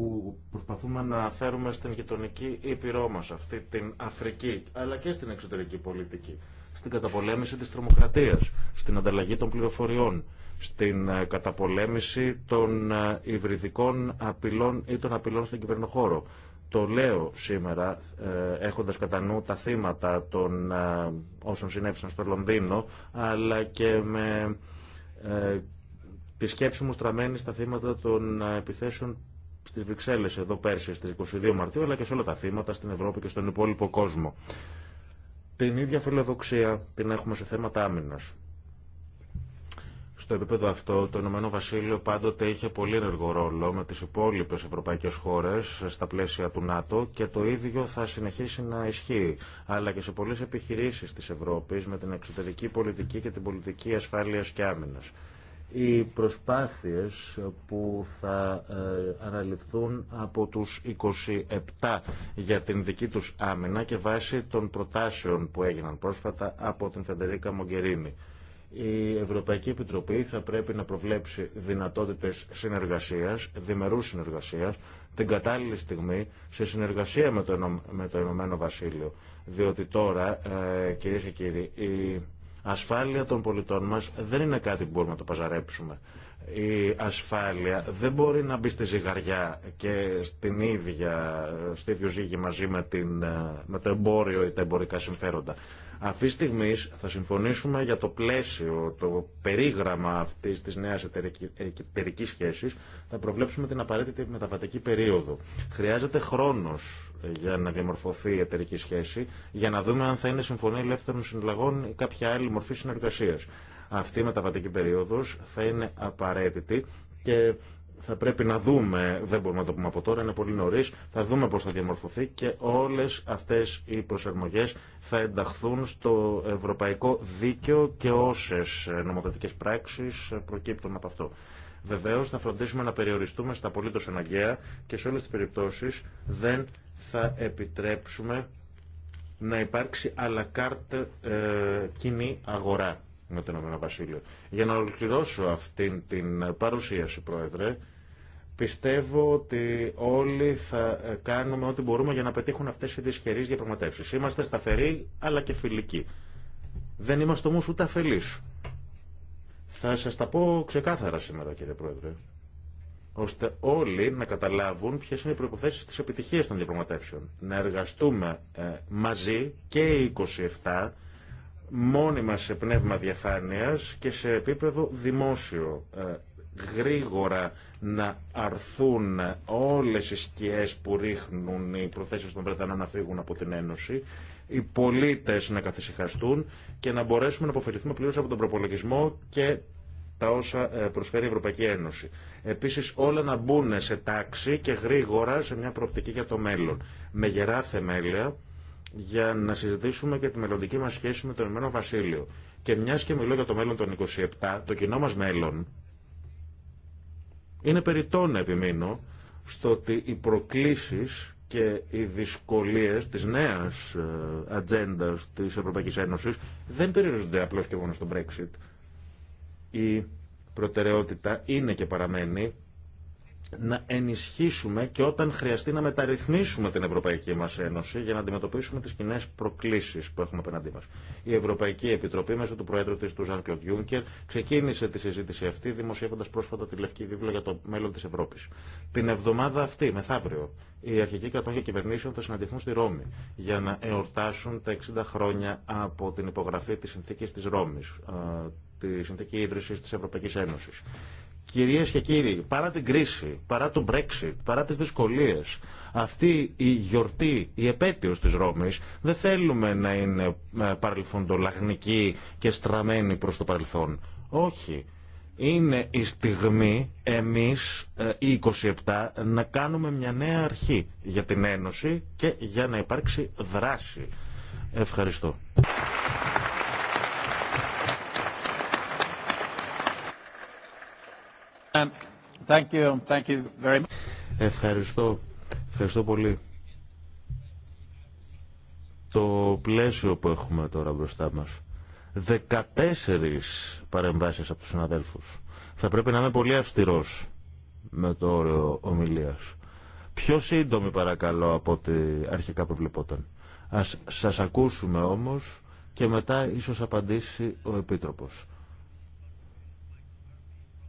προσπαθούμε να φέρουμε στην γειτονική ήπειρό μας, αυτή την Αφρική, αλλά και στην εξωτερική πολιτική, στην καταπολέμηση της τρομοκρατίας, στην ανταλλαγή των πληροφοριών, στην ε, καταπολέμηση των ε, υβριδικών απειλών ή των απειλών στον κυβερνοχώρο. Το λέω σήμερα, ε, έχοντας κατά νου τα θύματα των όσων συνέβησαν στο Λονδίνο, αλλά και με τη σκέψη μου στραμμένη στα θύματα των ε, επιθέσεων στι Βρυξέλλε εδώ πέρσι στι 22 Μαρτίου, αλλά και σε όλα τα θύματα στην Ευρώπη και στον υπόλοιπο κόσμο. Την ίδια φιλοδοξία την έχουμε σε θέματα άμυνα. Στο επίπεδο αυτό, το Ηνωμένο Βασίλειο πάντοτε είχε πολύ ενεργό ρόλο με τι υπόλοιπε ευρωπαϊκέ χώρε στα πλαίσια του ΝΑΤΟ και το ίδιο θα συνεχίσει να ισχύει, αλλά και σε πολλέ επιχειρήσει τη Ευρώπη με την εξωτερική πολιτική και την πολιτική ασφάλεια και άμυνα οι προσπάθειες που θα ε, αναλυθούν από τους 27 για την δική τους άμυνα και βάσει των προτάσεων που έγιναν πρόσφατα από την Φεντερίκα Μογκερίνη. Η Ευρωπαϊκή Επιτροπή θα πρέπει να προβλέψει δυνατότητες συνεργασίας, διμερούς συνεργασίας, την κατάλληλη στιγμή σε συνεργασία με το, με το Βασίλειο. Διότι τώρα, ε, κυρίες και κύριοι, ασφάλεια των πολιτών μας δεν είναι κάτι που μπορούμε να το παζαρέψουμε. Η ασφάλεια δεν μπορεί να μπει στη ζυγαριά και στην ίδια, στη ίδιο ζύγι μαζί με, την, με το εμπόριο ή τα εμπορικά συμφέροντα. Αυτή τη στιγμή θα συμφωνήσουμε για το πλαίσιο, το περίγραμμα αυτή τη νέα εταιρική σχέση. Θα προβλέψουμε την απαραίτητη μεταβατική περίοδο. Χρειάζεται χρόνο για να διαμορφωθεί η εταιρική σχέση, για να δούμε αν θα είναι συμφωνία ελεύθερων συναλλαγών ή κάποια άλλη μορφή συνεργασία. Αυτή η μεταβατική περίοδο θα είναι απαραίτητη και θα πρέπει να δούμε, δεν μπορούμε να το πούμε από τώρα, είναι πολύ νωρί, θα δούμε πώ θα διαμορφωθεί και όλε αυτέ οι προσαρμογέ θα ενταχθούν στο ευρωπαϊκό δίκαιο και όσε νομοθετικέ πράξει προκύπτουν από αυτό. Βεβαίω θα φροντίσουμε να περιοριστούμε στα απολύτω αναγκαία και σε όλε τι περιπτώσει δεν θα επιτρέψουμε να υπάρξει αλακάρτ ε, κοινή αγορά με το Ηνωμένο Βασίλειο. Για να ολοκληρώσω αυτήν την παρουσίαση, Πρόεδρε, πιστεύω ότι όλοι θα ε, κάνουμε ό,τι μπορούμε για να πετύχουν αυτές οι δυσχερείς διαπραγματεύσεις. Είμαστε σταθεροί αλλά και φιλικοί. Δεν είμαστε όμως ούτε αφελείς. Θα σας τα πω ξεκάθαρα σήμερα, κύριε Πρόεδρε ώστε όλοι να καταλάβουν ποιες είναι οι προϋποθέσεις της επιτυχίας των διαπραγματεύσεων. Να εργαστούμε ε, μαζί και οι 27 μόνιμα σε πνεύμα διαφάνειας και σε επίπεδο δημόσιο ε, γρήγορα να αρθούν όλες οι σκιές που ρίχνουν οι προθέσεις των Βρετανών να φύγουν από την Ένωση, οι πολίτες να καθησυχαστούν και να μπορέσουμε να αποφεληθούμε πλήρως από τον προπολογισμό και τα όσα ε, προσφέρει η Ευρωπαϊκή Ένωση. Επίση, όλα να μπουν σε τάξη και γρήγορα σε μια προοπτική για το μέλλον. Με γερά θεμέλια για να συζητήσουμε και τη μελλοντική μα σχέση με τον Ηνωμένο Βασίλειο. Και μια και μιλώ για το μέλλον των 27, το κοινό μα μέλλον είναι περιττό να επιμείνω στο ότι οι προκλήσει και οι δυσκολίε τη νέα ε, ατζέντα τη Ευρωπαϊκή Ένωση δεν περιορίζονται απλώ και μόνο στο Brexit η προτεραιότητα είναι και παραμένει να ενισχύσουμε και όταν χρειαστεί να μεταρρυθμίσουμε την Ευρωπαϊκή μα Ένωση για να αντιμετωπίσουμε τι κοινέ προκλήσει που έχουμε απέναντί μα. Η Ευρωπαϊκή Επιτροπή, μέσω του Προέδρου τη, του Ζαν Κλοντ Γιούνκερ, ξεκίνησε τη συζήτηση αυτή δημοσιεύοντα πρόσφατα τη Λευκή Βίβλο για το μέλλον τη Ευρώπη. Την εβδομάδα αυτή, μεθαύριο, οι αρχικοί κρατών και κυβερνήσεων θα συναντηθούν στη Ρώμη για να εορτάσουν τα 60 χρόνια από την υπογραφή τη συνθήκη τη Ρώμη τη συνθήκη ίδρυση τη Ευρωπαϊκή Ένωση. Κυρίε και κύριοι, παρά την κρίση, παρά το Brexit, παρά τι δυσκολίε, αυτή η γιορτή, η επέτειο τη Ρώμη, δεν θέλουμε να είναι ε, παρελθοντολαχνική και στραμμένη προ το παρελθόν. Όχι. Είναι η στιγμή εμείς ε, οι 27 να κάνουμε μια νέα αρχή για την Ένωση και για να υπάρξει δράση. Ευχαριστώ. Um, ευχαριστώ. Ευχαριστώ πολύ. Το πλαίσιο που έχουμε τώρα μπροστά μας. 14 παρεμβάσεις από τους συναδέλφους. Θα πρέπει να είμαι πολύ αυστηρός με το όριο ομιλίας. Πιο σύντομη παρακαλώ από ό,τι αρχικά προβλεπόταν. Ας σας ακούσουμε όμως και μετά ίσως απαντήσει ο Επίτροπος.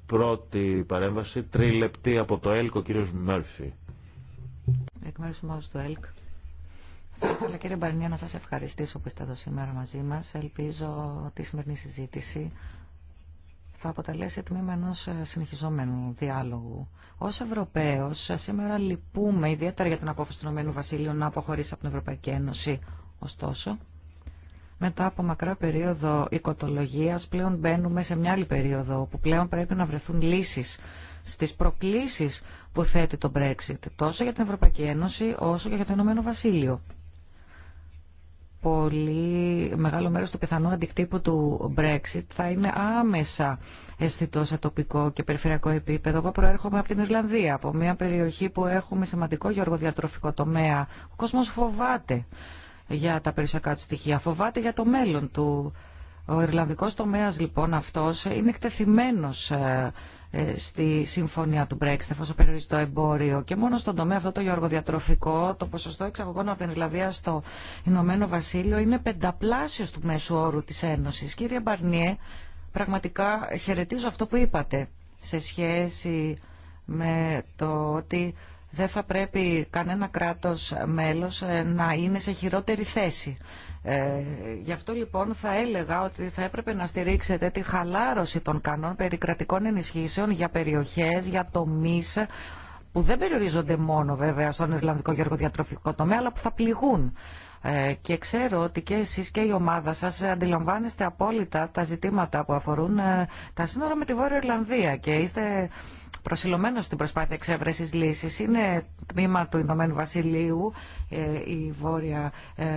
Πρώτη παρέμβαση, τριλεπτή από το ΕΛΚ, ο κύριος Μέρφυ. Εκ μέρους του του ΕΛΚ. Θα ήθελα κύριε Μπαρνία να σας ευχαριστήσω που είστε εδώ σήμερα μαζί μας. Ελπίζω ότι η σημερινή συζήτηση θα αποτελέσει τμήμα ενό ε, συνεχιζόμενου διάλογου. Ω Ευρωπαίο, ε, σήμερα λυπούμε ιδιαίτερα για την απόφαση του Ηνωμένου Βασίλειου να αποχωρήσει από την Ευρωπαϊκή Ένωση. Ωστόσο, μετά από μακρά περίοδο οικοτολογίας πλέον μπαίνουμε σε μια άλλη περίοδο όπου πλέον πρέπει να βρεθούν λύσεις στις προκλήσεις που θέτει το Brexit τόσο για την Ευρωπαϊκή Ένωση όσο και για το Ηνωμένο Βασίλειο. Πολύ μεγάλο μέρος του πιθανού αντικτύπου του Brexit θα είναι άμεσα αισθητό σε τοπικό και περιφερειακό επίπεδο. Εγώ προέρχομαι από την Ιρλανδία, από μια περιοχή που έχουμε σημαντικό γεωργοδιατροφικό τομέα. Ο κόσμος φοβάται για τα περιουσιακά του στοιχεία. Φοβάται για το μέλλον του. Ο Ιρλανδικός τομέας λοιπόν αυτός είναι εκτεθειμένος ε, ε, στη συμφωνία του Brexit εφόσον περιορίζει το εμπόριο και μόνο στον τομέα αυτό το γεωργοδιατροφικό το ποσοστό εξαγωγών από την Ιρλανδία στο Ηνωμένο Βασίλειο είναι πενταπλάσιος του μέσου όρου της Ένωσης. Κύριε Μπαρνιέ, πραγματικά χαιρετίζω αυτό που είπατε σε σχέση με το ότι δεν θα πρέπει κανένα κράτος μέλος ε, να είναι σε χειρότερη θέση. Ε, γι' αυτό λοιπόν θα έλεγα ότι θα έπρεπε να στηρίξετε τη χαλάρωση των κανόν περί κρατικών ενισχύσεων για περιοχές, για τομείς που δεν περιορίζονται μόνο βέβαια στον Ιρλανδικό γεωργοδιατροφικό τομέα αλλά που θα πληγούν ε, και ξέρω ότι και εσείς και η ομάδα σας αντιλαμβάνεστε απόλυτα τα ζητήματα που αφορούν ε, τα σύνορα με τη Βόρεια Ιρλανδία και είστε προσιλωμένο στην προσπάθεια εξέβρεση λύσης. Είναι τμήμα του Ηνωμένου Βασιλείου. Ε, η Βόρεια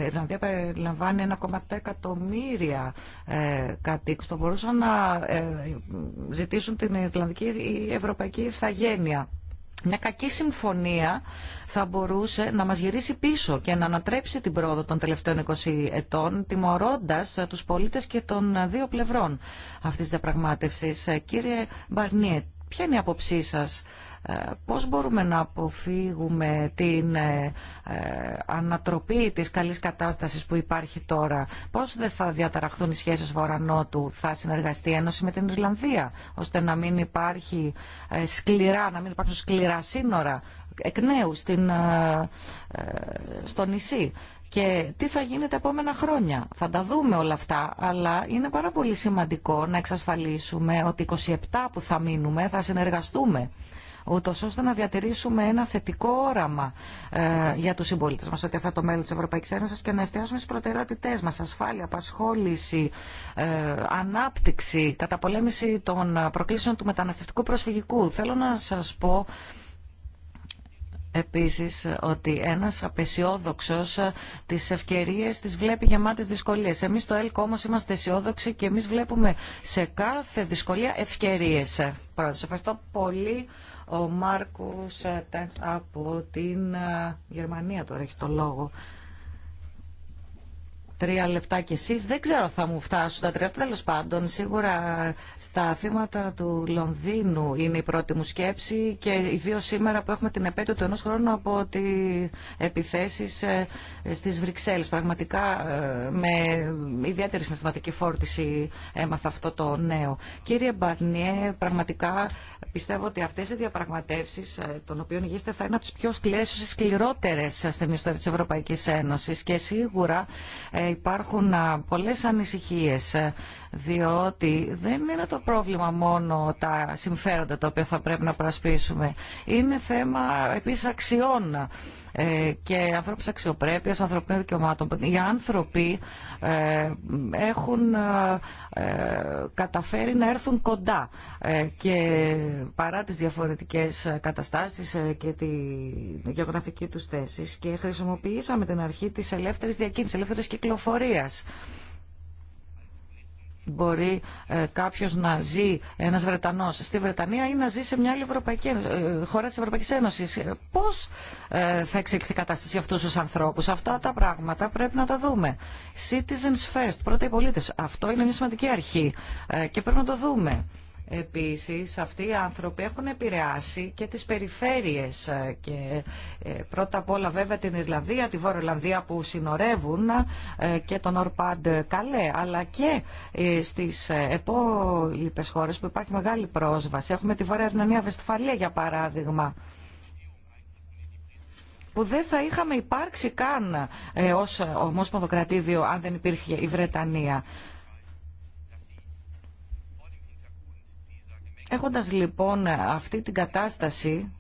Ιρλανδία περιλαμβάνει 1,7 εκατομμύρια ε, κατοίκου. Το μπορούσαν να ζητήσουν την Ιρλανδική ή Ευρωπαϊκή Ιθαγένεια μια κακή συμφωνία θα μπορούσε να μας γυρίσει πίσω και να ανατρέψει την πρόοδο των τελευταίων 20 ετών, τιμωρώντας τους πολίτες και των δύο πλευρών αυτής της διαπραγμάτευσης. Κύριε Μπαρνιέ, Ποια είναι η άποψή σας, ε, πώς μπορούμε να αποφύγουμε την ε, ε, ανατροπή της καλής κατάστασης που υπάρχει τώρα. Πώς δεν θα διαταραχθούν οι σχέσεις Βορρανότου, θα συνεργαστεί η Ένωση με την Ιρλανδία, ώστε να μην υπάρχει σκληρά, να μην υπάρχουν σκληρά σύνορα εκ νέου στην, στο νησί και τι θα γίνει τα επόμενα χρόνια. Θα τα δούμε όλα αυτά, αλλά είναι πάρα πολύ σημαντικό να εξασφαλίσουμε ότι 27 που θα μείνουμε θα συνεργαστούμε ούτω ώστε να διατηρήσουμε ένα θετικό όραμα ε, για του συμπολίτε μα ότι αυτό το μέλλον τη Ευρωπαϊκή Ένωση και να εστιάσουμε στι προτεραιότητέ μα. Ασφάλεια, απασχόληση, ε, ανάπτυξη, καταπολέμηση των προκλήσεων του μεταναστευτικού προσφυγικού. Θέλω να σα πω επίσης ότι ένας απεσιόδοξος τις ευκαιρίες τις βλέπει γεμάτες δυσκολίες. Εμείς στο ΕΛΚ όμως είμαστε αισιόδοξοι και εμείς βλέπουμε σε κάθε δυσκολία ευκαιρίες. Πρώτος, ευχαριστώ πολύ ο Μάρκος από την ε, Γερμανία τώρα έχει το λόγο τρία λεπτά κι εσείς. Δεν ξέρω θα μου φτάσουν τα τρία τέλο πάντων, σίγουρα στα θύματα του Λονδίνου είναι η πρώτη μου σκέψη και ιδίω σήμερα που έχουμε την επέτειο του ενό χρόνου από τι επιθέσεις ε, στις Βρυξέλλες. Πραγματικά ε, με ιδιαίτερη συναισθηματική φόρτιση έμαθα αυτό το νέο. Κύριε Μπαρνιέ, πραγματικά πιστεύω ότι αυτές οι διαπραγματεύσεις ε, των οποίων γείστε θα είναι από τι πιο σκληρές, σκληρότερε στην ιστορία της Ευρωπαϊκής Ένωσης και σίγουρα υπάρχουν πολλές ανησυχίες, διότι δεν είναι το πρόβλημα μόνο τα συμφέροντα τα οποία θα πρέπει να προασπίσουμε. Είναι θέμα επίσης αξιών ε, και ανθρώπους αξιοπρέπειας, ανθρωπίνων δικαιωμάτων. Οι άνθρωποι ε, έχουν ε, καταφέρει να έρθουν κοντά και παρά τις διαφορετικές καταστάσεις και τη γεωγραφική τους θέση και χρησιμοποιήσαμε την αρχή της ελεύθερης διακίνησης, ελεύθερης κυκλοφορίας κυκλοφορίας. Μπορεί ε, κάποιο να ζει, ένας βρετανός στη Βρετανία ή να ζει σε μια άλλη Ευρωπαϊκή, ε, χώρα τη Ευρωπαϊκή Ένωση. Ε, πώς ε, θα εξελιχθεί η κατάσταση για αυτού του ανθρώπου, Αυτά τα πράγματα πρέπει να τα δούμε. Citizens first, πρώτα οι πολίτε. Αυτό είναι μια σημαντική αρχή και πρέπει να το δούμε. Επίσης, αυτοί οι άνθρωποι έχουν επηρεάσει και τις περιφέρειες ε, και ε, πρώτα απ' όλα βέβαια την Ιρλανδία, τη Βόρεια Ιρλανδία που συνορεύουν ε, και τον Ορπάντ Καλέ, αλλά και στις επόλοιπες χώρες που υπάρχει μεγάλη πρόσβαση. Έχουμε τη Βόρεια Ιρλανδία Βεσφαλία για παράδειγμα που δεν θα είχαμε υπάρξει καν ως ομόσπονδο αν δεν υπήρχε η Βρετανία. Έχοντας λοιπόν αυτή την κατάσταση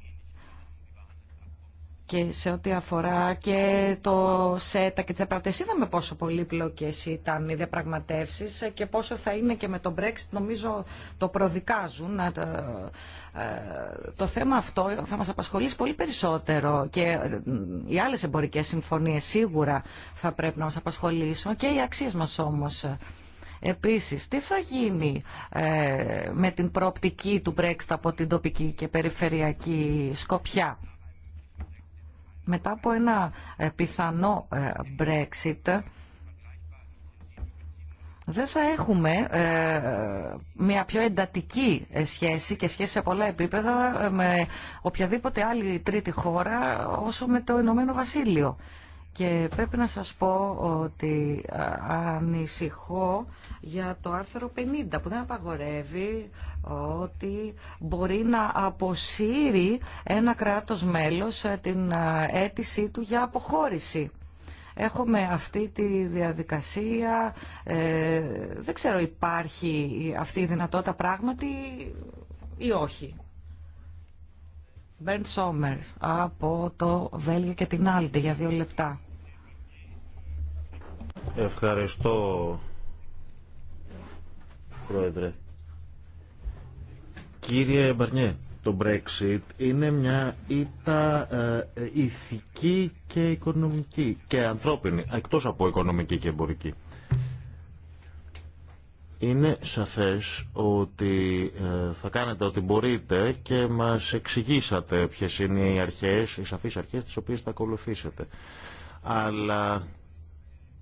και σε ό,τι αφορά και το ΣΕΤΑ και τις διαπραγματεύσεις. Είδαμε πόσο πολύπλοκες ήταν οι διαπραγματεύσει και πόσο θα είναι και με το Brexit. Νομίζω το προδικάζουν. Ε, το θέμα αυτό θα μας απασχολήσει πολύ περισσότερο και ε, οι άλλες εμπορικές συμφωνίες σίγουρα θα πρέπει να μας απασχολήσουν και οι αξίες μας όμως. Επίσης, τι θα γίνει ε, με την προοπτική του Brexit από την τοπική και περιφερειακή σκοπιά. Μετά από ένα ε, πιθανό ε, Brexit, δεν θα έχουμε μια πιο εντατική σχέση και σχέση σε πολλά επίπεδα με οποιαδήποτε άλλη τρίτη χώρα όσο με το Ηνωμένο Βασίλειο. Και πρέπει να σας πω ότι ανησυχώ για το άρθρο 50 που δεν απαγορεύει ότι μπορεί να αποσύρει ένα κράτος μέλος ε, την αίτησή του για αποχώρηση. Έχουμε αυτή τη διαδικασία, ε, δεν ξέρω υπάρχει αυτή η δυνατότητα πράγματι ή όχι. Μπέρντ Σόμερ από το Βέλγιο και την Άλντε για δύο λεπτά. Ευχαριστώ, Πρόεδρε. Κύριε Μπαρνιέ, το Brexit είναι μια ήττα ε, ε, ηθική και οικονομική και ανθρώπινη, εκτός από οικονομική και εμπορική. Είναι σαφές ότι ε, θα κάνετε ό,τι μπορείτε και μας εξηγήσατε ποιες είναι οι αρχές, οι σαφείς αρχές τις οποίες θα ακολουθήσετε. Αλλά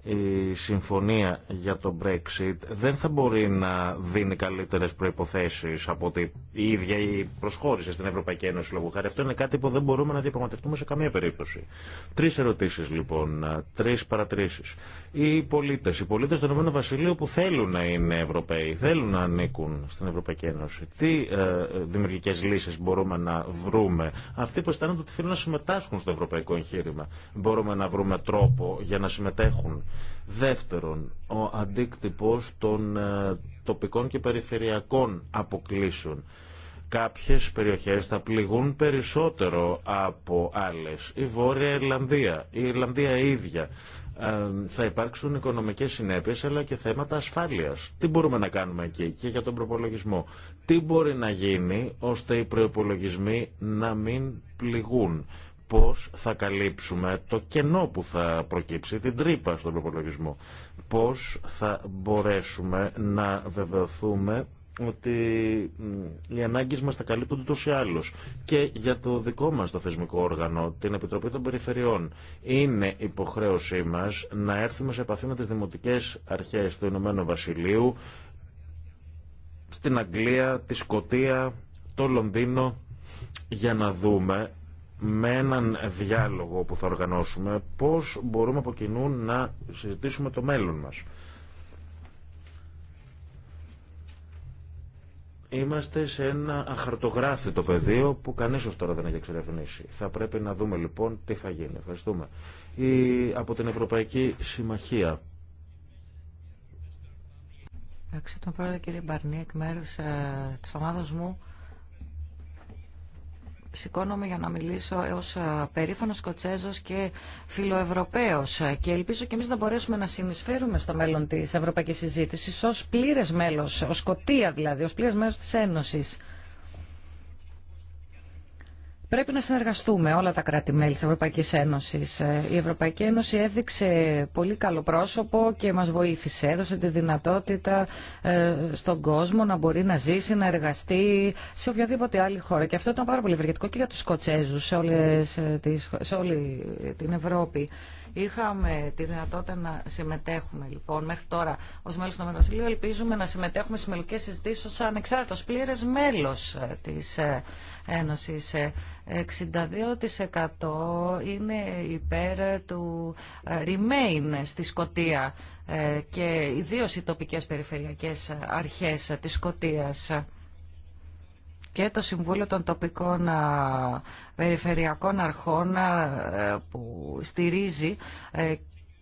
η συμφωνία για το Brexit δεν θα μπορεί να δίνει καλύτερες προϋποθέσεις από ότι η ίδια η προσχώρηση στην Ευρωπαϊκή Ένωση λόγω χάρη. Αυτό είναι κάτι που δεν μπορούμε να διαπραγματευτούμε σε καμία περίπτωση. Τρεις ερωτήσεις λοιπόν, τρεις παρατρήσεις. Οι πολίτες, οι πολίτες του ΕΒ που θέλουν να είναι Ευρωπαίοι, θέλουν να ανήκουν στην Ευρωπαϊκή Ένωση. Τι ε, δημιουργικές λύσεις μπορούμε να βρούμε. Αυτοί που αισθάνονται ότι θέλουν να συμμετάσχουν στο ευρωπαϊκό εγχείρημα. Μπορούμε να βρούμε τρόπο για να συμμετέχουν Δεύτερον, ο αντίκτυπος των ε, τοπικών και περιφερειακών αποκλήσεων. Κάποιες περιοχές θα πληγούν περισσότερο από άλλες. Η Βόρεια Ιρλανδία, η Ιρλανδία ίδια. Ε, θα υπάρξουν οικονομικές συνέπειες αλλά και θέματα ασφάλειας. Τι μπορούμε να κάνουμε εκεί και για τον προπολογισμό. Τι μπορεί να γίνει ώστε οι προπολογισμοί να μην πληγούν πώς θα καλύψουμε το κενό που θα προκύψει, την τρύπα στον προπολογισμό. Πώς θα μπορέσουμε να βεβαιωθούμε ότι οι ανάγκες μας θα καλύπτονται του ή Και για το δικό μας το θεσμικό όργανο, την Επιτροπή των Περιφερειών, είναι υποχρέωσή μας να έρθουμε σε επαφή με τις δημοτικές αρχές του Ηνωμένου Βασιλείου, στην Αγγλία, τη Σκοτία, το Λονδίνο, για να δούμε με έναν διάλογο που θα οργανώσουμε πώς μπορούμε από κοινού να συζητήσουμε το μέλλον μας. Είμαστε σε ένα αχαρτογράφητο πεδίο που κανείς ως τώρα δεν έχει εξερευνήσει. Θα πρέπει να δούμε λοιπόν τι θα γίνει. Ευχαριστούμε. Η, από την Ευρωπαϊκή Συμμαχία. τον κύριε Μπαρνί, ε, της ομάδας μου σηκώνομαι για να μιλήσω ως ε, περήφανος Σκοτσέζος και φιλοευρωπαίος ε, και ελπίζω και εμείς να μπορέσουμε να συνεισφέρουμε στο μέλλον της ευρωπαϊκής συζήτησης ως πλήρες μέλος, ως σκοτία δηλαδή, ως πλήρες μέλος της Ένωσης. Πρέπει να συνεργαστούμε όλα τα κράτη-μέλη της Ευρωπαϊκής Ένωσης. Ε, η Ευρωπαϊκή Ένωση έδειξε πολύ καλό πρόσωπο και μας βοήθησε. Έδωσε τη δυνατότητα ε, στον κόσμο να μπορεί να ζήσει, να εργαστεί σε οποιαδήποτε άλλη χώρα. Και αυτό ήταν πάρα πολύ ευεργετικό και για τους Σκοτσέζους σε, όλες, ε, σε όλη την Ευρώπη. Είχαμε τη δυνατότητα να συμμετέχουμε λοιπόν μέχρι τώρα ω μέλο του Μεροσύλλου. Ελπίζουμε να συμμετέχουμε στι μελλοντικέ συζητήσει ω ανεξάρτητο πλήρε μέλο ε, τη ε, Ένωση. 62% ε, είναι υπέρ του Remain στη Σκωτία και ιδίω οι τοπικέ περιφερειακέ αρχέ τη Σκωτίας και το Συμβούλιο των Τοπικών Περιφερειακών Αρχών ε, που στηρίζει ε,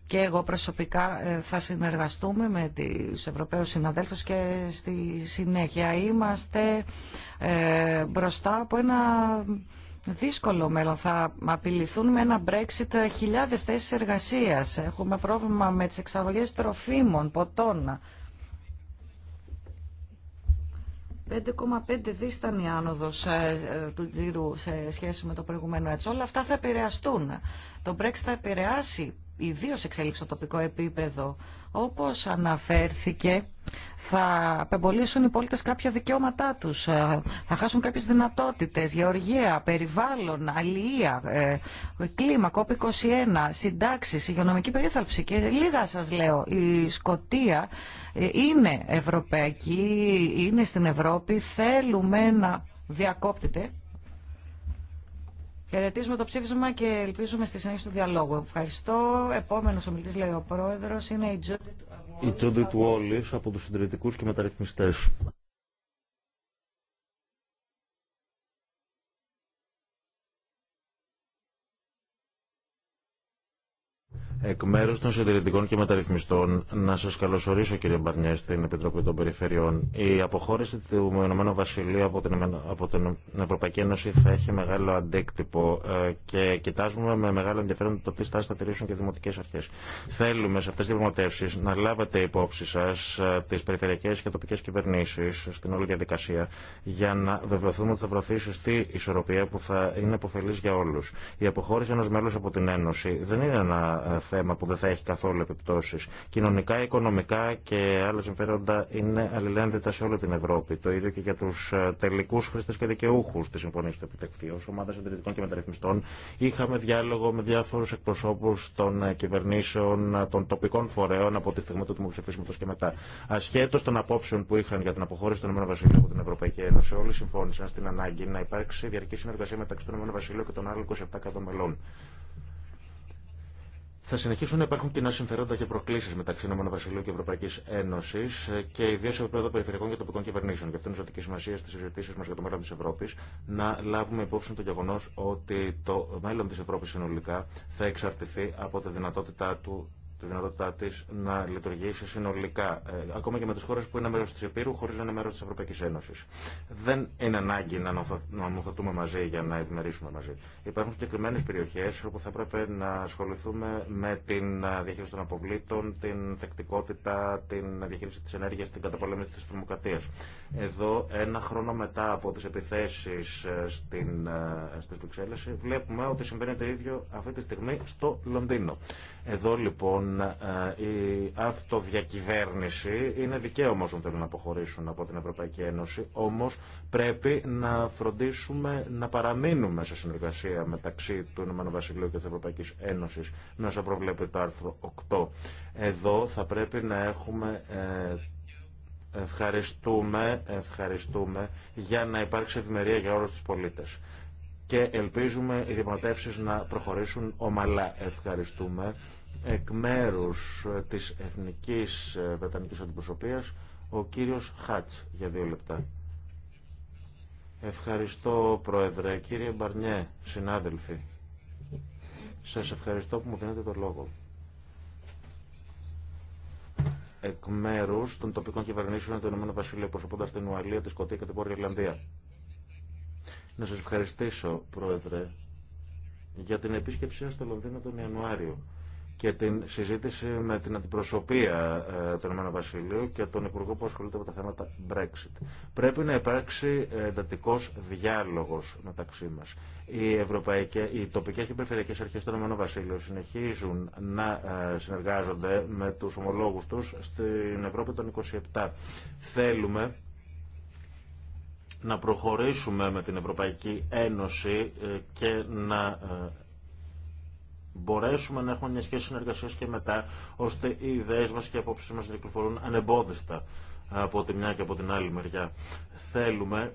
και εγώ προσωπικά ε, θα συνεργαστούμε με τους Ευρωπαίους συναδέλφους και στη συνέχεια είμαστε μπροστά από ένα δύσκολο μέλλον. Θα απειληθούν με ένα Brexit χιλιάδες θέσεις εργασίας. Έχουμε πρόβλημα με τις εξαγωγές τροφίμων, ποτών. 5,5 δις ήταν η άνοδος ε, ε, του τζίρου σε σχέση με το προηγούμενο έτσι. Όλα αυτά θα επηρεαστούν. Το Brexit θα επηρεάσει ιδίως εξέλιξη στο τοπικό επίπεδο, όπως αναφέρθηκε, θα απεμπολίσουν οι πολίτες κάποια δικαιώματά τους, ε, θα χάσουν κάποιες δυνατότητες, γεωργία, περιβάλλον, αλληλεία, ε, κλίμα, COP21, συντάξεις, υγειονομική περίθαλψη και λίγα σας λέω. Η Σκοτία ε, είναι ευρωπαϊκή, είναι στην Ευρώπη, θέλουμε να διακόπτεται Χαιρετίζουμε το ψήφισμα και ελπίζουμε στη συνέχεια του διαλόγου. Ευχαριστώ. Επόμενο ομιλητή, λέει ο πρόεδρο, είναι η Τζούντιτ Wallis από του συντηρητικού και μεταρρυθμιστέ. Εκ μέρου των συντηρητικών και μεταρρυθμιστών, να σα καλωσορίσω, κύριε Μπαρνιέ, στην Επιτροπή των Περιφερειών. Η αποχώρηση του Ηνωμένου Βασιλείου από την, από την Ευρωπαϊκή Ένωση θα έχει μεγάλο αντίκτυπο ε, και κοιτάζουμε με μεγάλο ενδιαφέρον το τι στάσει θα τηρήσουν και οι δημοτικέ αρχέ. Θέλουμε σε αυτέ τι διαπραγματεύσει να λάβετε υπόψη σα ε, τι περιφερειακέ και τοπικέ κυβερνήσει στην όλη διαδικασία για να βεβαιωθούμε ότι θα βρεθεί σωστή ισορροπία που θα είναι αποφελή για όλου. Η αποχώρηση ενό μέλου από την Ένωση δεν είναι ένα ε, θέμα που δεν θα έχει καθόλου επιπτώσει. Κοινωνικά, οικονομικά και άλλα συμφέροντα είναι αλληλένδετα σε όλη την Ευρώπη. Το ίδιο και για του ε, τελικού χρήστε και δικαιούχου τη συμφωνία που θα επιτευχθεί. Ω ομάδα συντηρητικών και μεταρρυθμιστών είχαμε διάλογο με διάφορου εκπροσώπου των ε, κυβερνήσεων, ε, των τοπικών φορέων από τη στιγμή του δημοψηφίσματο και μετά. Ασχέτω των απόψεων που είχαν για την αποχώρηση των ΗΠΑ από την Ευρωπαϊκή Ένωση, όλοι συμφώνησαν στην ανάγκη να υπάρξει διαρκή συνεργασία μεταξύ των ΗΠΑ και των άλλων 27 κατομελών. Θα συνεχίσουν να υπάρχουν κοινά συμφερόντα και προκλήσει μεταξύ Ηνωμένου Βασιλείου και Ευρωπαϊκή Ένωση και ιδίω σε επίπεδο περιφερειακών και τοπικών κυβερνήσεων. Γι' αυτό είναι ζωτική σημασία στι συζητήσει μα για το μέλλον τη Ευρώπη να λάβουμε υπόψη το γεγονό ότι το μέλλον τη Ευρώπη συνολικά θα εξαρτηθεί από τη δυνατότητά του τη δυνατότητά τη να λειτουργήσει συνολικά, ε, ακόμα και με τι χώρε που είναι μέρο τη Επίρου, χωρί να είναι μέρο τη Ευρωπαϊκή Ένωση. Δεν είναι ανάγκη να νομοθετούμε μαζί για να ευημερίσουμε μαζί. Υπάρχουν συγκεκριμένε περιοχέ όπου θα πρέπει να ασχοληθούμε με την ε, διαχείριση των αποβλήτων, την θεκτικότητα, την διαχείριση τη ενέργεια, την καταπολέμηση τη τρομοκρατία. Εδώ, ένα χρόνο μετά από τι επιθέσει ε, στην Βρυξέλλε, βλέπουμε ότι συμβαίνει το ίδιο αυτή τη στιγμή στο Λονδίνο. Εδώ λοιπόν ε, η αυτοδιακυβέρνηση είναι δικαίωμα όσων θέλουν να αποχωρήσουν από την Ευρωπαϊκή Ένωση, όμως πρέπει να φροντίσουμε να παραμείνουμε σε συνεργασία μεταξύ του Ηνωμένου Βασιλείου και της Ευρωπαϊκής Ένωσης, με όσα προβλέπει το άρθρο 8. Εδώ θα πρέπει να έχουμε ε, Ευχαριστούμε, ευχαριστούμε για να υπάρξει ευημερία για όλους τους πολίτες και ελπίζουμε οι διαπραγματεύσει να προχωρήσουν ομαλά. Ευχαριστούμε. Εκ μέρου ε, τη Εθνική ε, Βρετανική Αντιπροσωπεία, ο κύριο Χάτ για δύο λεπτά. Ευχαριστώ, Πρόεδρε. Κύριε Μπαρνιέ, συνάδελφοι, σας ευχαριστώ που μου δίνετε το λόγο. Εκ μέρου των τοπικών κυβερνήσεων του Ηνωμένου Βασιλείου, προσωπώντα την Ουαλία, τη Σκωτία και την Βόρεια Ιρλανδία. Να σας ευχαριστήσω, Πρόεδρε, για την επίσκεψή σας στο Λονδίνο τον Ιανουάριο και την συζήτηση με την αντιπροσωπεία ε, του Ηνωμένου Βασιλείου και τον Υπουργό που ασχολείται με τα θέματα Brexit. Πρέπει να υπάρξει εντατικό διάλογο μεταξύ μα. Οι, οι τοπικέ και περιφερειακέ αρχέ του Ηνωμένου Βασιλείου συνεχίζουν να ε, συνεργάζονται με του ομολόγου του στην Ευρώπη των 27. Θέλουμε να προχωρήσουμε με την Ευρωπαϊκή Ένωση ε, και να ε, μπορέσουμε να έχουμε μια σχέση συνεργασία και μετά, ώστε οι ιδέε μα και οι απόψει μα να κυκλοφορούν ανεμπόδιστα από τη μια και από την άλλη μεριά. Θέλουμε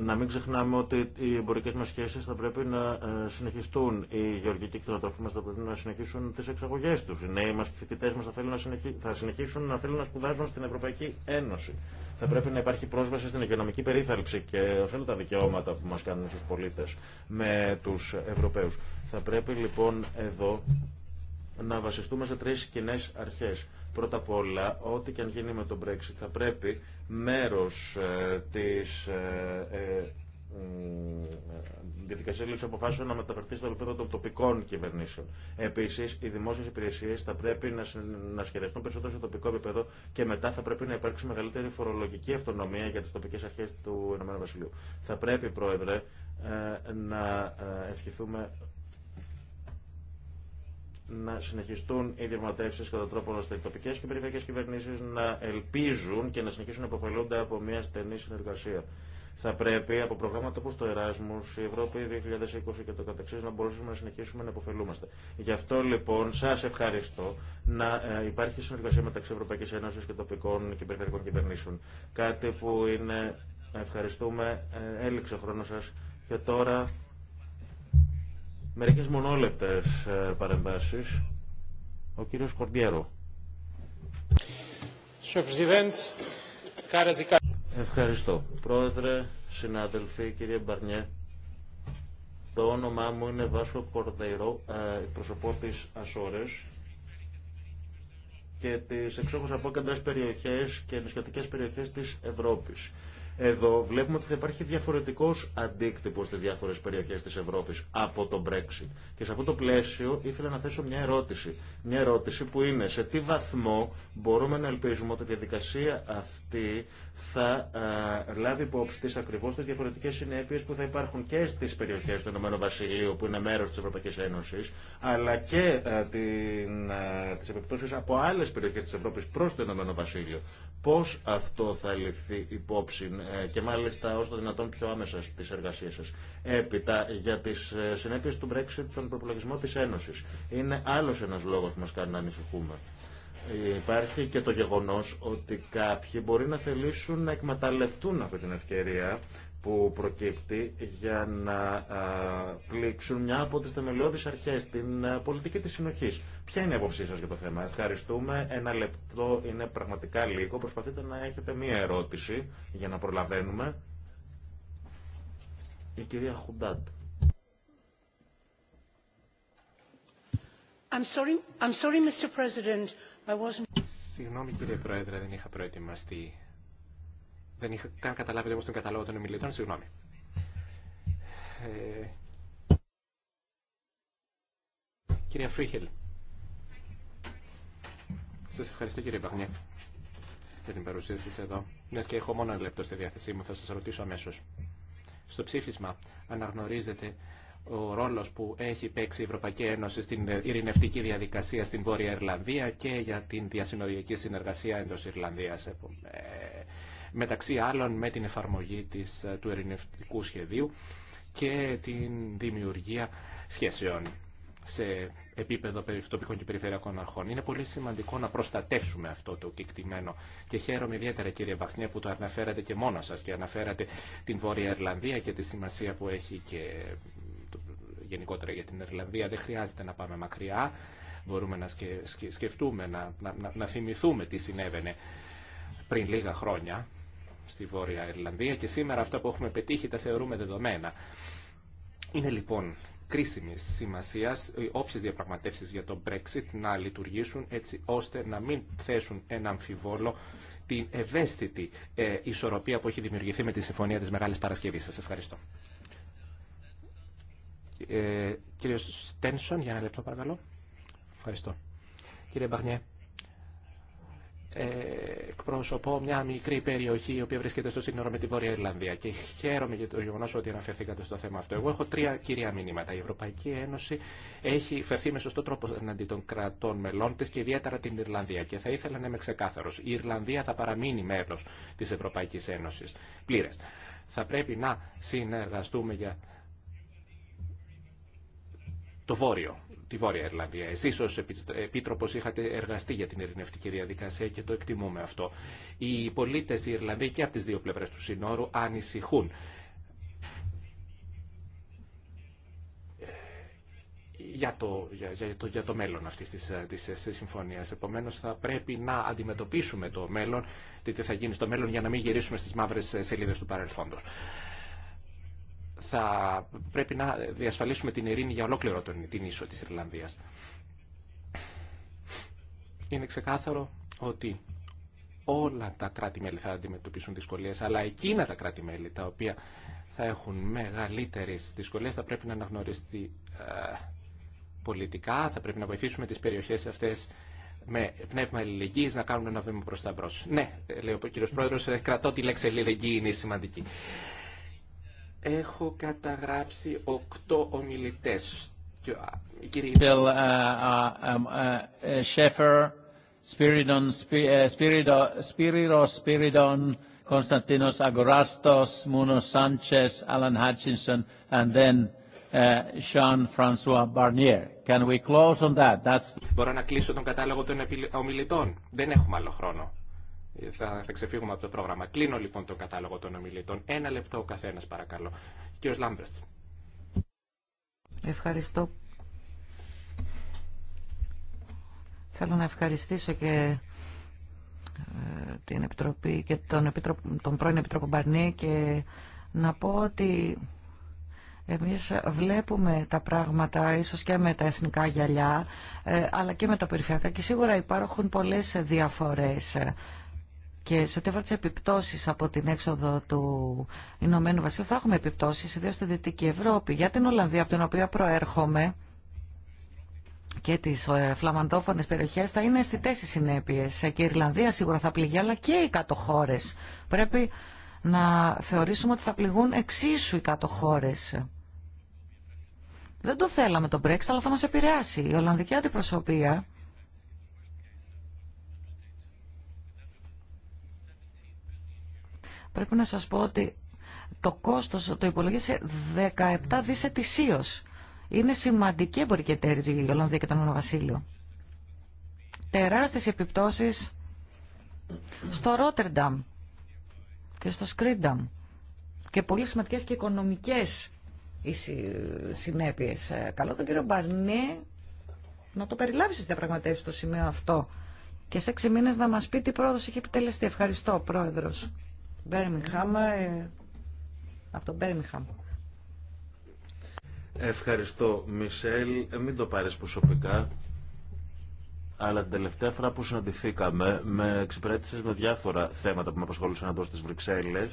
να μην ξεχνάμε ότι οι εμπορικέ μα σχέσει θα πρέπει να ε, συνεχιστούν. Οι γεωργικοί κτηνοτροφοί μα θα πρέπει να συνεχίσουν τι εξαγωγέ του. Οι νέοι μα φοιτητέ μα θα, θέλουν να συνεχί... θα συνεχίσουν να θέλουν να σπουδάζουν στην Ευρωπαϊκή Ένωση. Θα πρέπει να υπάρχει πρόσβαση στην οικονομική περίθαλψη και ω όλα τα δικαιώματα που μας κάνουν στους πολίτες με τους Ευρωπαίους. Θα πρέπει λοιπόν εδώ να βασιστούμε σε τρεις κοινέ αρχές. Πρώτα απ' όλα, ό,τι και αν γίνει με τον Brexit, θα πρέπει μέρος ε, της ε, ε, ε, διαδικασία λήψη αποφάσεων να μεταφερθεί στο επίπεδο των τοπικών κυβερνήσεων. Επίση, οι δημόσιε υπηρεσίε θα πρέπει να σχεδιαστούν περισσότερο στο τοπικό επίπεδο και μετά θα πρέπει να υπάρξει μεγαλύτερη φορολογική αυτονομία για τι τοπικέ αρχέ του ΕΒ. Θα πρέπει, Πρόεδρε, ε, να ε, ευχηθούμε να συνεχιστούν οι διαπραγματεύσει κατά τρόπο ώστε οι τοπικέ και περιφερειακέ κυβερνήσει να ελπίζουν και να συνεχίσουν να υποφελούνται από μια στενή συνεργασία. Θα πρέπει από προγράμματα όπω το Erasmus, η Ευρώπη 2020 και το καταξύ να μπορούσαμε να συνεχίσουμε να υποφελούμαστε. Γι' αυτό λοιπόν σα ευχαριστώ να ε, υπάρχει συνεργασία μεταξύ Ευρωπαϊκή Ένωση και τοπικών και περιφερειακών κυβερνήσεων. Κάτι που είναι. Ευχαριστούμε. Ε, έληξε ο χρόνο σα και τώρα μερικές μονόλεπτε παρεμβάσει. Ο κύριο Κορδιέρο. Ευχαριστώ. Πρόεδρε, συνάδελφοι, κύριε Μπαρνιέ, το όνομά μου είναι Βάσο Κορδεϊρό, ε, εκπροσωπώ τις Ασόρες και τις εξόχως απόκεντρες περιοχές και νησιωτικές περιοχές της Ευρώπης. Εδώ βλέπουμε ότι θα υπάρχει διαφορετικό αντίκτυπο στι διάφορε περιοχέ τη Ευρώπη από το Brexit. Και σε αυτό το πλαίσιο ήθελα να θέσω μια ερώτηση. Μια ερώτηση που είναι σε τι βαθμό μπορούμε να ελπίζουμε ότι η διαδικασία αυτή θα α, λάβει υπόψη τη ακριβώ τι διαφορετικέ συνέπειε που θα υπάρχουν και στι περιοχέ του Ηνωμένου Βασιλείου που είναι μέρο τη Ευρωπαϊκή Ένωση, αλλά και τι επιπτώσει από άλλε περιοχέ τη Ευρώπη προ το Ηνωμένο Βασίλειο πώς αυτό θα ληφθεί υπόψη ε, και μάλιστα όσο το δυνατόν πιο άμεσα στις εργασίες σας. Έπειτα, για τις ε, συνέπειες του Brexit, τον προπολογισμό της Ένωσης. Είναι άλλος ένας λόγος που μας κάνει να ανησυχούμε. Υπάρχει και το γεγονός ότι κάποιοι μπορεί να θελήσουν να εκμεταλλευτούν αυτή την ευκαιρία που προκύπτει για να πλήξουν μια από τις θεμελιώδεις αρχές, την πολιτική της συνοχής. Ποια είναι η απόψή σας για το θέμα. Ευχαριστούμε. Ένα λεπτό είναι πραγματικά λίγο. Προσπαθείτε να έχετε μία ερώτηση για να προλαβαίνουμε. Η κυρία Χουντάτ. I'm sorry, I'm sorry, Mr. President. I wasn't... Συγγνώμη κύριε Πρόεδρε, δεν είχα προετοιμαστεί δεν είχα καν καταλάβει όμω τον κατάλογο των ομιλητών, συγγνώμη. Ε, κυρία Φρίχελ. Σα ευχαριστώ κύριε Παγνιέ για την παρουσία σα εδώ. Μια και έχω μόνο ένα λεπτό στη διάθεσή μου, θα σα ρωτήσω αμέσω. Στο ψήφισμα αναγνωρίζεται ο ρόλο που έχει παίξει η Ευρωπαϊκή Ένωση στην ειρηνευτική διαδικασία στην Βόρεια Ιρλανδία και για την διασυνοριακή συνεργασία εντό Ιρλανδία. Ε, μεταξύ άλλων με την εφαρμογή της, ε, του ερηνευτικού σχεδίου και την δημιουργία σχέσεων σε επίπεδο τοπικών και περιφερειακών αρχών. Είναι πολύ σημαντικό να προστατεύσουμε αυτό το κεκτημένο και χαίρομαι ιδιαίτερα κύριε Μπαχνία που το αναφέρατε και μόνο σας και αναφέρατε την Βόρεια Ερλανδία και τη σημασία που έχει και γενικότερα για την Ερλανδία. Δεν χρειάζεται να πάμε μακριά. Μπορούμε να σκεφτούμε, να, να, να θυμηθούμε τι συνέβαινε πριν λίγα χρόνια στη Βόρεια Ιρλανδία και σήμερα αυτά που έχουμε πετύχει τα θεωρούμε δεδομένα. Είναι λοιπόν κρίσιμη σημασία ε, όποιε διαπραγματεύσει για το Brexit να λειτουργήσουν έτσι ώστε να μην θέσουν ένα αμφιβόλο την ευαίσθητη ε, ισορροπία που έχει δημιουργηθεί με τη Συμφωνία της Μεγάλης Παρασκευής. Σας ευχαριστώ. Ε, κύριος Στένσον, για ένα λεπτό παρακαλώ. Ευχαριστώ. Κύριε Μπαγνιέ εκπροσωπώ μια μικρή περιοχή η οποία βρίσκεται στο σύνορο με τη Βόρεια Ιρλανδία και χαίρομαι για το γεγονό ότι αναφερθήκατε στο θέμα αυτό. Εγώ έχω τρία κυρία μηνύματα. Η Ευρωπαϊκή Ένωση έχει φερθεί με σωστό τρόπο εναντί των κρατών μελών τη και ιδιαίτερα την Ιρλανδία. Και θα ήθελα να είμαι ξεκάθαρο. Η Ιρλανδία θα παραμείνει μέλο τη Ευρωπαϊκή Ένωση. Πλήρε. Θα πρέπει να συνεργαστούμε για το Βόρειο τη Βόρεια Ιρλανδία. Εσεί ω Επίτροπο είχατε εργαστεί για την ειρηνευτική διαδικασία και το εκτιμούμε αυτό. Οι πολίτε οι Ιρλανδοί και από τι δύο πλευρέ του συνόρου ανησυχούν. για το, για, το, για το μέλλον αυτής της, της, της συμφωνίας. Επομένως θα πρέπει να αντιμετωπίσουμε το μέλλον, τι θα γίνει στο μέλλον για να μην γυρίσουμε στις μαύρες ε, σελίδες του παρελθόντος θα πρέπει να διασφαλίσουμε την ειρήνη για ολόκληρο τον, την ίσο της Ιρλανδίας. Είναι ξεκάθαρο ότι όλα τα κράτη-μέλη θα αντιμετωπίσουν δυσκολίες, αλλά εκείνα τα κράτη-μέλη τα οποία θα έχουν μεγαλύτερες δυσκολίες θα πρέπει να αναγνωριστεί ε, πολιτικά, θα πρέπει να βοηθήσουμε τις περιοχές αυτές με πνεύμα αλληλεγγύη να κάνουν ένα βήμα προ τα μπρο. Ναι, ε, λέει ο κύριος Πρόεδρο, ε, κρατώ τη λέξη αλληλεγγύη, είναι σημαντική. Έχω καταγράψει οκτώ ομιλητές. Bill, Schaeffer, Spiridon, Spiridos, Spiridon, Konstantinos Agorastos, Muno Sanchez, Alan Hutchinson, and then Jean-François Barnier. Can we close on that? That's... Μπορώ να κλείσω τον κατάλογο των ομιλητών. Δεν έχουμε άλλο χρόνο θα, ξεφύγουμε από το πρόγραμμα. Κλείνω λοιπόν τον κατάλογο των ομιλητών. Ένα λεπτό ο καθένα, παρακαλώ. Κύριο Λάμπρετ. Ευχαριστώ. Θέλω να ευχαριστήσω και ε, την Επιτροπή και τον, Επιτροπ... τον πρώην Επιτρόπο Μπαρνί και να πω ότι εμείς βλέπουμε τα πράγματα ίσως και με τα εθνικά γυαλιά ε, αλλά και με τα περιφερειακά και σίγουρα υπάρχουν πολλές διαφορές και σε ό,τι αφορά τι επιπτώσει από την έξοδο του Ηνωμένου Βασιλείου, θα έχουμε επιπτώσει, ιδίω στη Δυτική Ευρώπη. Για την Ολλανδία, από την οποία προέρχομαι, και τι ε, φλαμαντόφωνε περιοχέ θα είναι αισθητέ οι συνέπειε. Ε, και η Ιρλανδία σίγουρα θα πληγεί, αλλά και οι κάτω Πρέπει να θεωρήσουμε ότι θα πληγούν εξίσου οι κάτω Δεν το θέλαμε τον Brexit, αλλά θα μα επηρεάσει. Η Ολλανδική αντιπροσωπεία Πρέπει να σας πω ότι το κόστος το υπολογίζει 17 δις Είναι σημαντική εμπορική εταιρεία η Ολλανδία και το Βασίλειο. Τεράστιες επιπτώσεις στο Ρότερνταμ και στο Σκρίνταμ και πολύ σημαντικές και οικονομικές οι συνέπειες. Ε, καλό τον κύριο Μπαρνέ να το περιλάβει στις διαπραγματεύσεις στο σημείο αυτό και σε έξι μήνες να μας πει τι πρόοδος έχει επιτελεστεί. Ευχαριστώ, Πρόεδρος. Ε, από Ευχαριστώ, Μισελ. Ε, μην το πάρεις προσωπικά. Αλλά την τελευταία φορά που συναντηθήκαμε, με εξυπηρέτησες με διάφορα θέματα που με απασχολούσαν εδώ στις Βρυξέλλες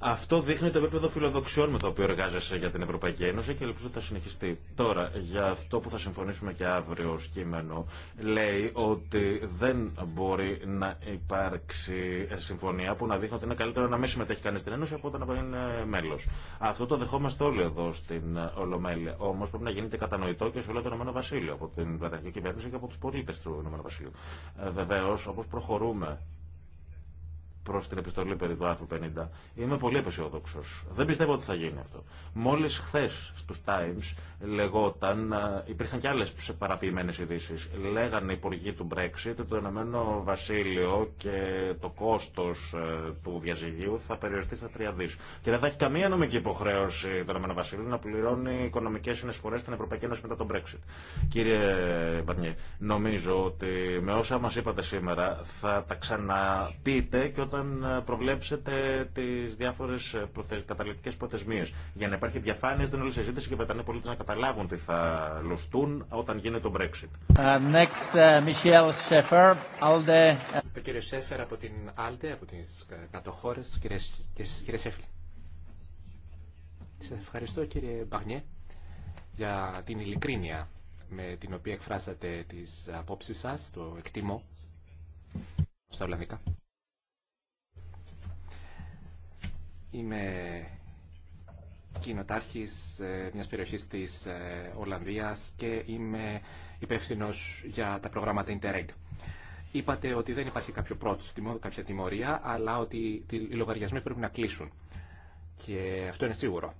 αυτό δείχνει το επίπεδο φιλοδοξιών με το οποίο εργάζεσαι για την Ευρωπαϊκή Ένωση και ελπίζω ότι θα συνεχιστεί. Τώρα, για αυτό που θα συμφωνήσουμε και αύριο ως κείμενο, λέει ότι δεν μπορεί να υπάρξει συμφωνία που να δείχνει ότι είναι καλύτερο να μην συμμετέχει κανεί στην Ένωση από όταν είναι μέλο. Αυτό το δεχόμαστε όλοι εδώ στην Ολομέλεια. Όμω πρέπει να γίνεται κατανοητό και σε όλο το Ηνωμένο Βασίλειο, από την Βρετανική κυβέρνηση και από του πολίτε του Ηνωμένου ε, Βεβαίω, όπω προχωρούμε προ την επιστολή περί του άρθρου 50. Είμαι πολύ αισιοδοξο. Δεν πιστεύω ότι θα γίνει αυτό. Μόλι χθε στου Times λεγόταν, υπήρχαν και άλλε παραποιημένες ειδήσει. Λέγανε οι υπουργοί του Brexit το Ηνωμένο Βασίλειο και το κόστος ε, του διαζυγίου θα περιοριστεί στα 3 δις. Και δεν θα έχει καμία νομική υποχρέωση το Ηνωμένο Βασίλειο να πληρώνει οικονομικές συνεσφορές στην Ευρωπαϊκή Ένωση μετά τον Brexit. Κύριε Μπαρνιέ, νομίζω ότι με όσα μας είπατε σήμερα θα τα ξαναπείτε και όταν ε, προβλέψετε τι διάφορε καταληκτικέ προθεσμίε. Για να υπάρχει διαφάνεια στην όλη συζήτηση και οι Βρετανοί πολίτε να καταλάβουν τι θα λωστούν όταν γίνεται το Brexit. Uh, next, uh, Michel Schaeffer, Alde. Ο κύριος Σέφερ από την Άλτε, από τις ε, κατοχώρες. Κύριε, Σέφλη. Σας ευχαριστώ κύριε Μπαγνιέ για την ειλικρίνεια με την οποία εκφράσατε τις απόψεις σας, το εκτιμώ στα Ολλανδικά. Είμαι κοινοτάρχης ε, μιας περιοχής της ε, Ολλανδία και είμαι υπεύθυνο για τα προγράμματα Interreg. Είπατε ότι δεν υπάρχει κάποιο πρότυπο, κάποια τιμωρία, αλλά ότι οι λογαριασμοί πρέπει να κλείσουν. Και αυτό είναι σίγουρο.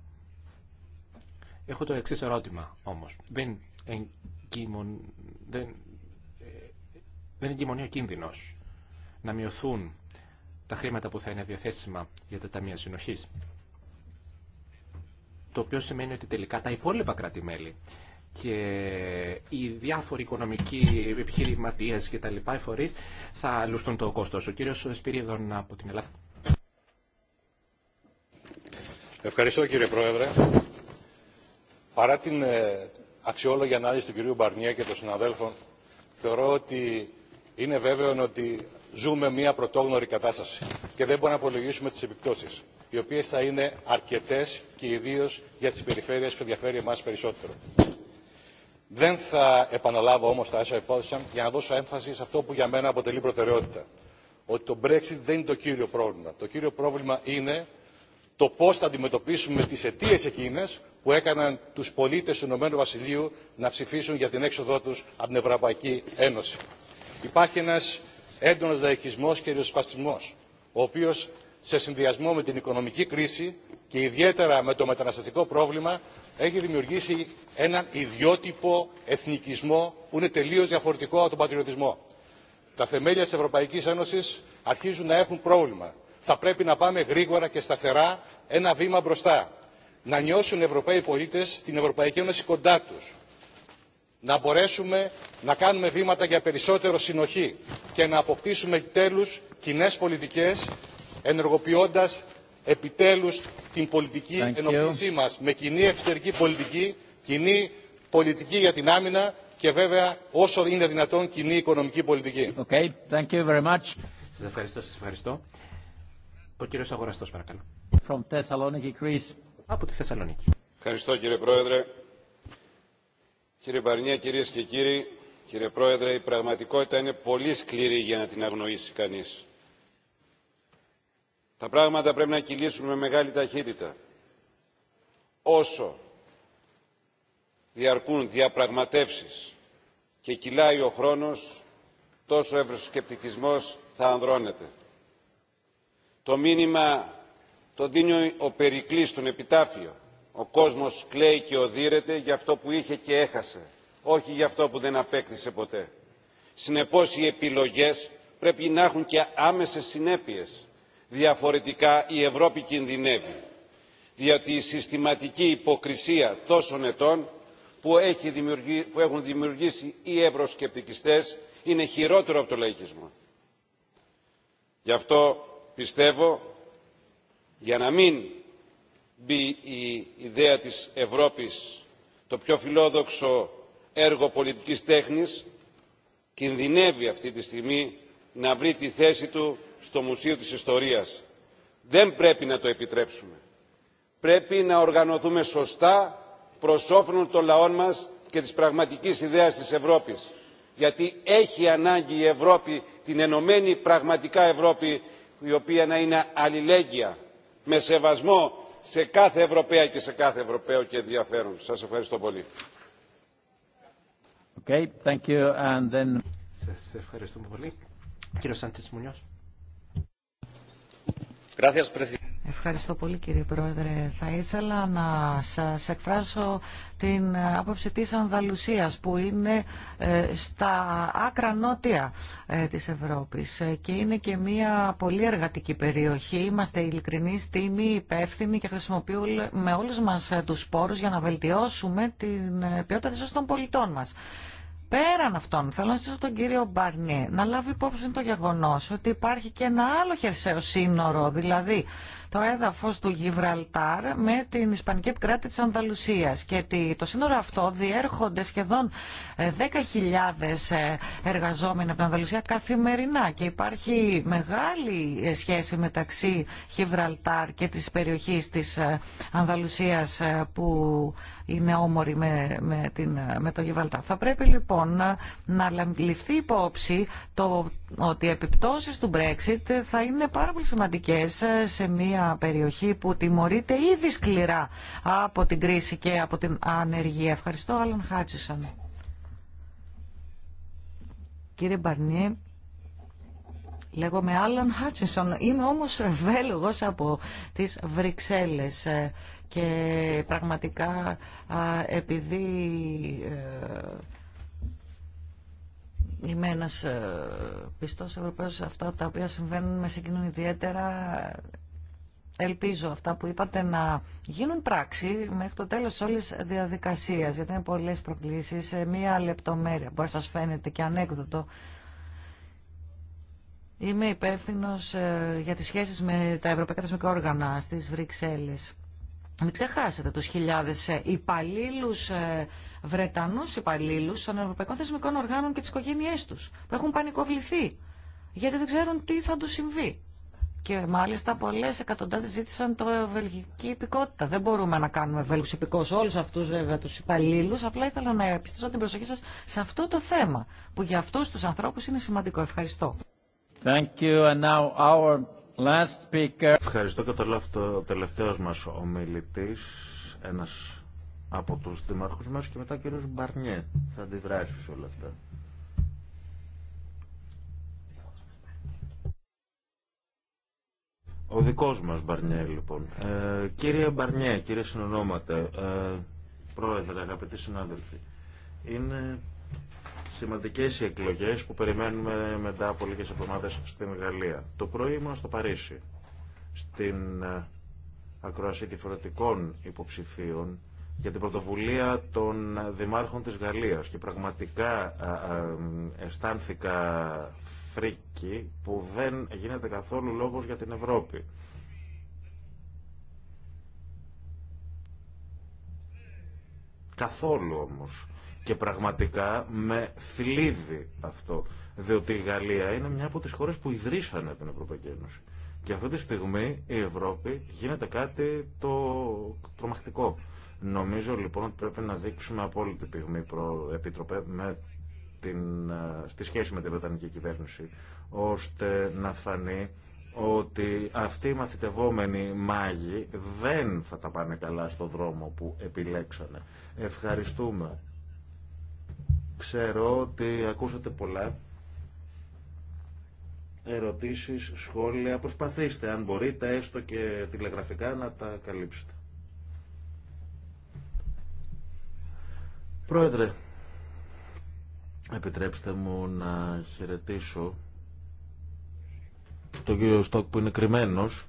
Έχω το εξή ερώτημα όμως. Δεν, εγκυμον... δεν... Ε, δεν εγκυμονεί ο κίνδυνος να μειωθούν τα χρήματα που θα είναι διαθέσιμα για τα ταμεία συνοχής το οποίο σημαίνει ότι τελικά τα υπόλοιπα κράτη-μέλη και οι διάφοροι οικονομικοί επιχειρηματίε και τα λοιπά φορεί θα λουστούν το κόστο. Ο κύριο Σπυρίδων από την Ελλάδα. Ευχαριστώ κύριε Πρόεδρε. Παρά την ε, αξιόλογη ανάλυση του κυρίου Μπαρνιέ και των συναδέλφων, θεωρώ ότι είναι βέβαιο ότι ζούμε μια πρωτόγνωρη κατάσταση και δεν μπορούμε να απολογίσουμε τις επιπτώσεις οι οποίες θα είναι αρκετές και ιδίως για τις περιφέρειες που ενδιαφέρει εμάς περισσότερο. Δεν θα επαναλάβω όμως τα όσα υπόθεσαν για να δώσω έμφαση σε αυτό που για μένα αποτελεί προτεραιότητα. Ότι το Brexit δεν είναι το κύριο πρόβλημα. Το κύριο πρόβλημα είναι το πώς θα αντιμετωπίσουμε τις αιτίε εκείνες που έκαναν τους πολίτες του Ηνωμένου Βασιλείου να ψηφίσουν για την έξοδό τους από την Ευρωπαϊκή Ένωση. Υπάρχει ένας έντονος λαϊκισμός και ριζοσπαστισμός, ο οποίος σε συνδυασμό με την οικονομική κρίση και ιδιαίτερα με το μεταναστευτικό πρόβλημα έχει δημιουργήσει έναν ιδιότυπο εθνικισμό που είναι τελείω διαφορετικό από τον πατριωτισμό. Τα θεμέλια τη Ευρωπαϊκή Ένωση αρχίζουν να έχουν πρόβλημα. Θα πρέπει να πάμε γρήγορα και σταθερά ένα βήμα μπροστά. Να νιώσουν οι Ευρωπαίοι πολίτε την Ευρωπαϊκή Ένωση κοντά του, Να μπορέσουμε να κάνουμε βήματα για περισσότερο συνοχή και να αποκτήσουμε τέλου κοινέ πολιτικέ ενεργοποιώντας επιτέλους την πολιτική ενοποίησή μας με κοινή εξωτερική πολιτική, κοινή πολιτική για την άμυνα και βέβαια όσο είναι δυνατόν κοινή οικονομική πολιτική. Okay, thank you very much. Σας ευχαριστώ, σας ευχαριστώ. Ο κύριος Αγοραστός παρακαλώ. From Thessaloniki, Greece. Από τη Θεσσαλονίκη. Ευχαριστώ κύριε Πρόεδρε. Κύριε Μπαρνιέ, κυρίες και κύριοι, κύριε Πρόεδρε, η πραγματικότητα είναι πολύ σκληρή για να την αγνοήσει κανείς τα πράγματα πρέπει να κυλήσουν με μεγάλη ταχύτητα. Όσο διαρκούν διαπραγματεύσεις και κυλάει ο χρόνος, τόσο ο ευρωσκεπτικισμός θα ανδρώνεται. Το μήνυμα το δίνει ο Περικλής στον επιτάφιο. Ο κόσμος κλαίει και οδύρεται για αυτό που είχε και έχασε, όχι για αυτό που δεν απέκτησε ποτέ. Συνεπώς οι επιλογές πρέπει να έχουν και άμεσες συνέπειες Διαφορετικά η Ευρώπη κινδυνεύει, διότι η συστηματική υποκρισία τόσων ετών που, έχουν δημιουργήσει οι ευρωσκεπτικιστές είναι χειρότερο από το λαϊκισμό. Γι' αυτό πιστεύω, για να μην μπει η ιδέα της Ευρώπης το πιο φιλόδοξο έργο πολιτικής τέχνης, κινδυνεύει αυτή τη στιγμή να βρει τη θέση του στο Μουσείο της Ιστορίας. Δεν πρέπει να το επιτρέψουμε. Πρέπει να οργανωθούμε σωστά προς όφελον των λαών μας και της πραγματικής ιδέας της Ευρώπης. Γιατί έχει ανάγκη η Ευρώπη, την ενωμένη πραγματικά Ευρώπη, η οποία να είναι αλληλέγγυα, με σεβασμό σε κάθε Ευρωπαία και σε κάθε Ευρωπαίο και ενδιαφέρον. Σας ευχαριστώ πολύ. Okay, thank you. And then... Σας ευχαριστούμε πολύ. Κύριο Ευχαριστώ πολύ κύριε Πρόεδρε. Θα ήθελα να σας εκφράσω την άποψη της Ανδαλουσίας που είναι ε, στα άκρα νότια ε, της Ευρώπης ε, και είναι και μια πολύ εργατική περιοχή. Είμαστε ειλικρινεί, στήμοι, υπεύθυνοι και χρησιμοποιούμε όλους μας τους πόρους για να βελτιώσουμε την ποιότητα της των πολιτών μας. Πέραν αυτών, θέλω να ζητήσω τον κύριο Μπαρνιέ να λάβει υπόψη το γεγονό ότι υπάρχει και ένα άλλο χερσαίο σύνορο, δηλαδή το έδαφος του Γιβραλτάρ με την Ισπανική επικράτη της Ανδαλουσίας και το σύνορο αυτό διέρχονται σχεδόν 10.000 ε, ε, εργαζόμενοι από την Ανδαλουσία καθημερινά και υπάρχει μεγάλη ε, σχέση μεταξύ Γιβραλτάρ και της περιοχής της Ανδαλουσίας που είναι όμορη με, με, την, με το Γιβραλτάρ. Θα πρέπει λοιπόν να ληφθεί υπόψη το ότι οι επιπτώσεις του Brexit θα είναι πάρα πολύ σημαντικές σε μια περιοχή που τιμωρείται ήδη σκληρά από την κρίση και από την ανεργία. Ευχαριστώ, Άλαν Χάτσισον. Κύριε Μπαρνιέ, λέγομαι Άλαν Χάτσισον. Είμαι όμως βέλγος από τις Βρυξέλλες ε, και πραγματικά επειδή ε, είμαι ένας ε, πιστός Ευρωπαίος αυτά τα οποία συμβαίνουν με συγκινούν ιδιαίτερα Ελπίζω αυτά που είπατε να γίνουν πράξη μέχρι το τέλος της όλης διαδικασίας, γιατί είναι πολλές προκλήσεις σε μία λεπτομέρεια. Μπορεί να σας φαίνεται και ανέκδοτο. Είμαι υπεύθυνο ε, για τις σχέσεις με τα ευρωπαϊκά θεσμικά όργανα στις Βρυξέλλες. Μην ξεχάσετε τους χιλιάδες ε, υπαλλήλου ε, Βρετανούς υπαλλήλου των ευρωπαϊκών θεσμικών οργάνων και τις οικογένειές τους, που έχουν πανικοβληθεί, γιατί δεν ξέρουν τι θα τους συμβεί. Και μάλιστα πολλές εκατοντάδες ζήτησαν το βελγική υπηκότητα. Δεν μπορούμε να κάνουμε βέλγους υπηκός όλους αυτούς βέβαια τους υπαλλήλους. Απλά ήθελα να επιστήσω την προσοχή σας σε αυτό το θέμα που για αυτούς τους ανθρώπους είναι σημαντικό. Ευχαριστώ. Thank you. And now our last speaker. Ευχαριστώ και το τελευταίος μας ομιλητής, ένας από τους δημάρχους μας και μετά ο κύριος Μπαρνιέ θα αντιδράσει σε όλα αυτά. Ο δικός μας Μπαρνιέ, λοιπόν. Ε, κύριε Μπαρνιέ, κύριε συνονόματα, ε, πρόεδρε, αγαπητοί συνάδελφοι, είναι σημαντικές οι εκλογές που περιμένουμε μετά από λίγες εβδομάδες στην Γαλλία. Το πρωί ήμουν στο Παρίσι, στην ε, ακροασία διαφορετικών υποψηφίων για την πρωτοβουλία των δημάρχων της Γαλλίας και πραγματικά ε, ε, αισθάνθηκα φρίκη που δεν γίνεται καθόλου λόγος για την Ευρώπη. Καθόλου όμως. Και πραγματικά με θλίβει αυτό. Διότι η Γαλλία είναι μια από τις χώρες που ιδρύσανε την Ευρωπαϊκή Ένωση. Και αυτή τη στιγμή η Ευρώπη γίνεται κάτι το τρομακτικό. Νομίζω λοιπόν ότι πρέπει να δείξουμε απόλυτη πυγμή, προ... Επιτροπέ, με την, ε, στη σχέση με την Βρετανική κυβέρνηση, ώστε να φανεί ότι αυτοί οι μαθητευόμενοι μάγοι δεν θα τα πάνε καλά στο δρόμο που επιλέξανε. Ευχαριστούμε. Ξέρω ότι ακούσατε πολλά ερωτήσεις, σχόλια. Προσπαθήστε, αν μπορείτε, έστω και τηλεγραφικά, να τα καλύψετε. Πρόεδρε, Επιτρέψτε μου να χαιρετήσω τον κύριο Στόκ που είναι κρυμμένος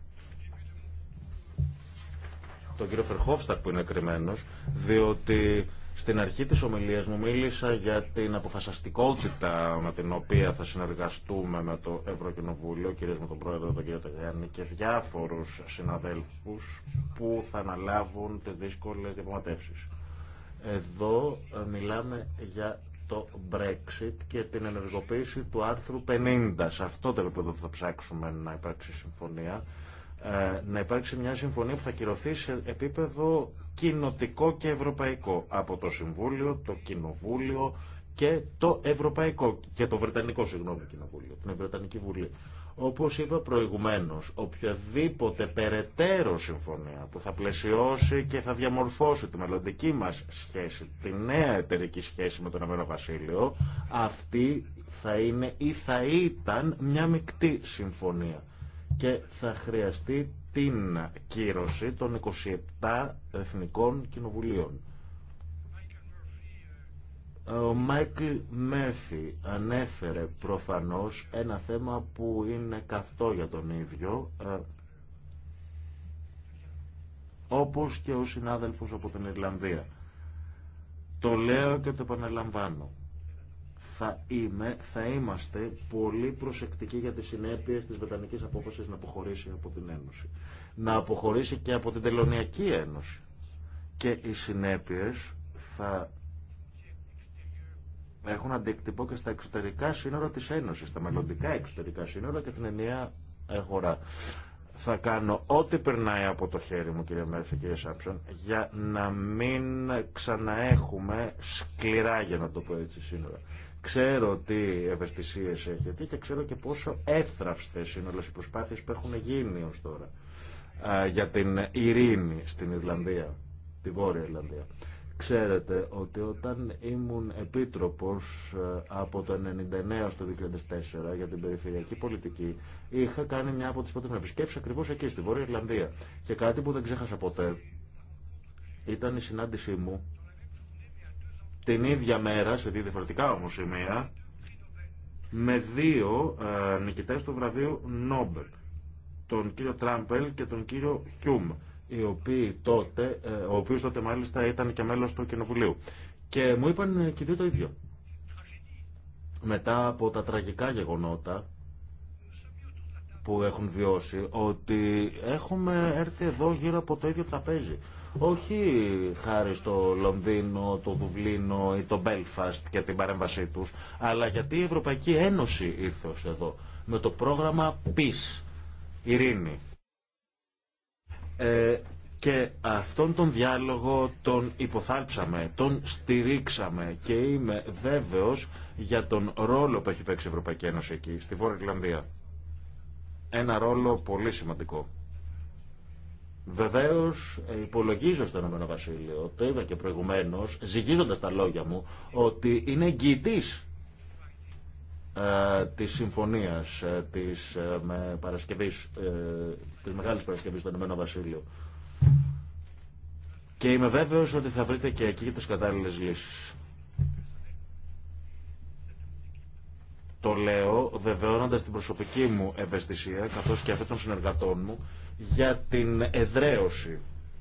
τον κύριο Φερχόφστακ που είναι κρυμμένος διότι στην αρχή της ομιλίας μου μίλησα για την αποφασιστικότητα με την οποία θα συνεργαστούμε με το Ευρωκοινοβούλιο, κυρίως με τον Πρόεδρο, τον κύριο Τεγιάννη και διάφορους συναδέλφους που θα αναλάβουν τις δύσκολες διαπραγματεύσεις. Εδώ μιλάμε για το Brexit και την ενεργοποίηση του άρθρου 50. Σε αυτό το επίπεδο θα ψάξουμε να υπάρξει συμφωνία. Ε, να υπάρξει μια συμφωνία που θα κυρωθεί σε επίπεδο κοινοτικό και ευρωπαϊκό. Από το Συμβούλιο, το Κοινοβούλιο και το Ευρωπαϊκό και το Βρετανικό, συγγνώμη, Κοινοβούλιο, την Βρετανική Βουλή. Όπως είπα προηγουμένως, οποιαδήποτε περαιτέρω συμφωνία που θα πλαισιώσει και θα διαμορφώσει τη μελλοντική μας σχέση, τη νέα εταιρική σχέση με τον Αμένο Βασίλειο, αυτή θα είναι ή θα ήταν μια μεικτή συμφωνία και θα χρειαστεί την κύρωση των 27 Εθνικών Κοινοβουλίων. Ο Μάικλ μέφι ανέφερε προφανώς ένα θέμα που είναι καυτό για τον ίδιο, ε, όπως και ο συνάδελφος από την Ιρλανδία. Το λέω και το επαναλαμβάνω. Θα, είμαι, θα είμαστε πολύ προσεκτικοί για τις συνέπειες της Βετανικής απόφασης να αποχωρήσει από την Ένωση. Να αποχωρήσει και από την Τελωνιακή Ένωση. Και οι συνέπειες θα έχουν αντίκτυπο και στα εξωτερικά σύνορα της Ένωσης, στα μελλοντικά εξωτερικά σύνορα και την ενιαία αγορά. Θα κάνω ό,τι περνάει από το χέρι μου, κύριε Μέρφη, κύριε Σάμψον, για να μην ξαναέχουμε σκληρά, για να το πω έτσι, σύνορα. Ξέρω τι ευαισθησίε έχετε και ξέρω και πόσο έθραυστε είναι όλε οι προσπάθειε που έχουν γίνει ω τώρα για την ειρήνη στην Ιρλανδία, τη Βόρεια Ιρλανδία. Ξέρετε ότι όταν ήμουν επίτροπος ε, από το 1999 στο 2004 για την περιφερειακή πολιτική, είχα κάνει μια από τις πρώτες μου επισκέψεις ακριβώς εκεί, στη Βόρεια Ιρλανδία. Και κάτι που δεν ξέχασα ποτέ ήταν η συνάντησή μου την ίδια μέρα, σε δύο διαφορετικά όμως σημεία, με δύο ε, νικητές του βραβείου Νόμπελ, τον κύριο Τράμπελ και τον κύριο Χιούμ οι οποίοι τότε, ε, ο οποίο τότε μάλιστα ήταν και μέλος του Κοινοβουλίου. Και μου είπαν και δύο το ίδιο. Μετά από τα τραγικά γεγονότα που έχουν βιώσει, ότι έχουμε έρθει εδώ γύρω από το ίδιο τραπέζι. Όχι χάρη στο Λονδίνο, το Δουβλίνο ή το Μπέλφαστ και την παρέμβασή τους, αλλά γιατί η Ευρωπαϊκή Ένωση ήρθε ως εδώ με το πρόγραμμα Peace, Ειρήνη, ε, και αυτόν τον διάλογο τον υποθάλψαμε, τον στηρίξαμε και είμαι βέβαιος για τον ρόλο που έχει παίξει η Ευρωπαϊκή Ένωση εκεί, στη Βόρεια Ιρλανδία. Ένα ρόλο πολύ σημαντικό. Βεβαίω, ε, υπολογίζω στον Ηνωμένο Βασίλειο, το είπα και προηγουμένω, ζυγίζοντα τα λόγια μου, ότι είναι εγγυητή ε, της συμφωνίας ε, της, ε, με παρασκευής, της Μεγάλης Παρασκευής του Ηνωμένων Βασίλειων. Και είμαι βέβαιος ότι θα βρείτε και εκεί τις κατάλληλες λύσεις. Το λέω βεβαιώνοντας την προσωπική μου ευαισθησία, καθώς και αυτή των συνεργατών μου, για την εδραίωση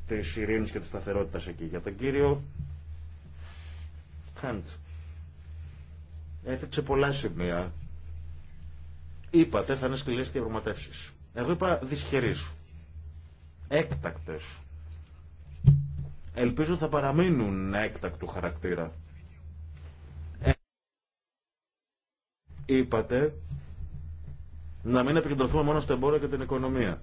της ειρήνης και της σταθερότητας εκεί. Για τον κύριο Χάντ έθεψε πολλά σημεία. Είπατε θα είναι σκληρέ διαπραγματεύσει. Εγώ είπα δυσχερεί. Έκτακτε. Ελπίζω θα παραμείνουν έκτακτου χαρακτήρα. Ε, Είπατε να μην επικεντρωθούμε μόνο στο εμπόριο και την οικονομία.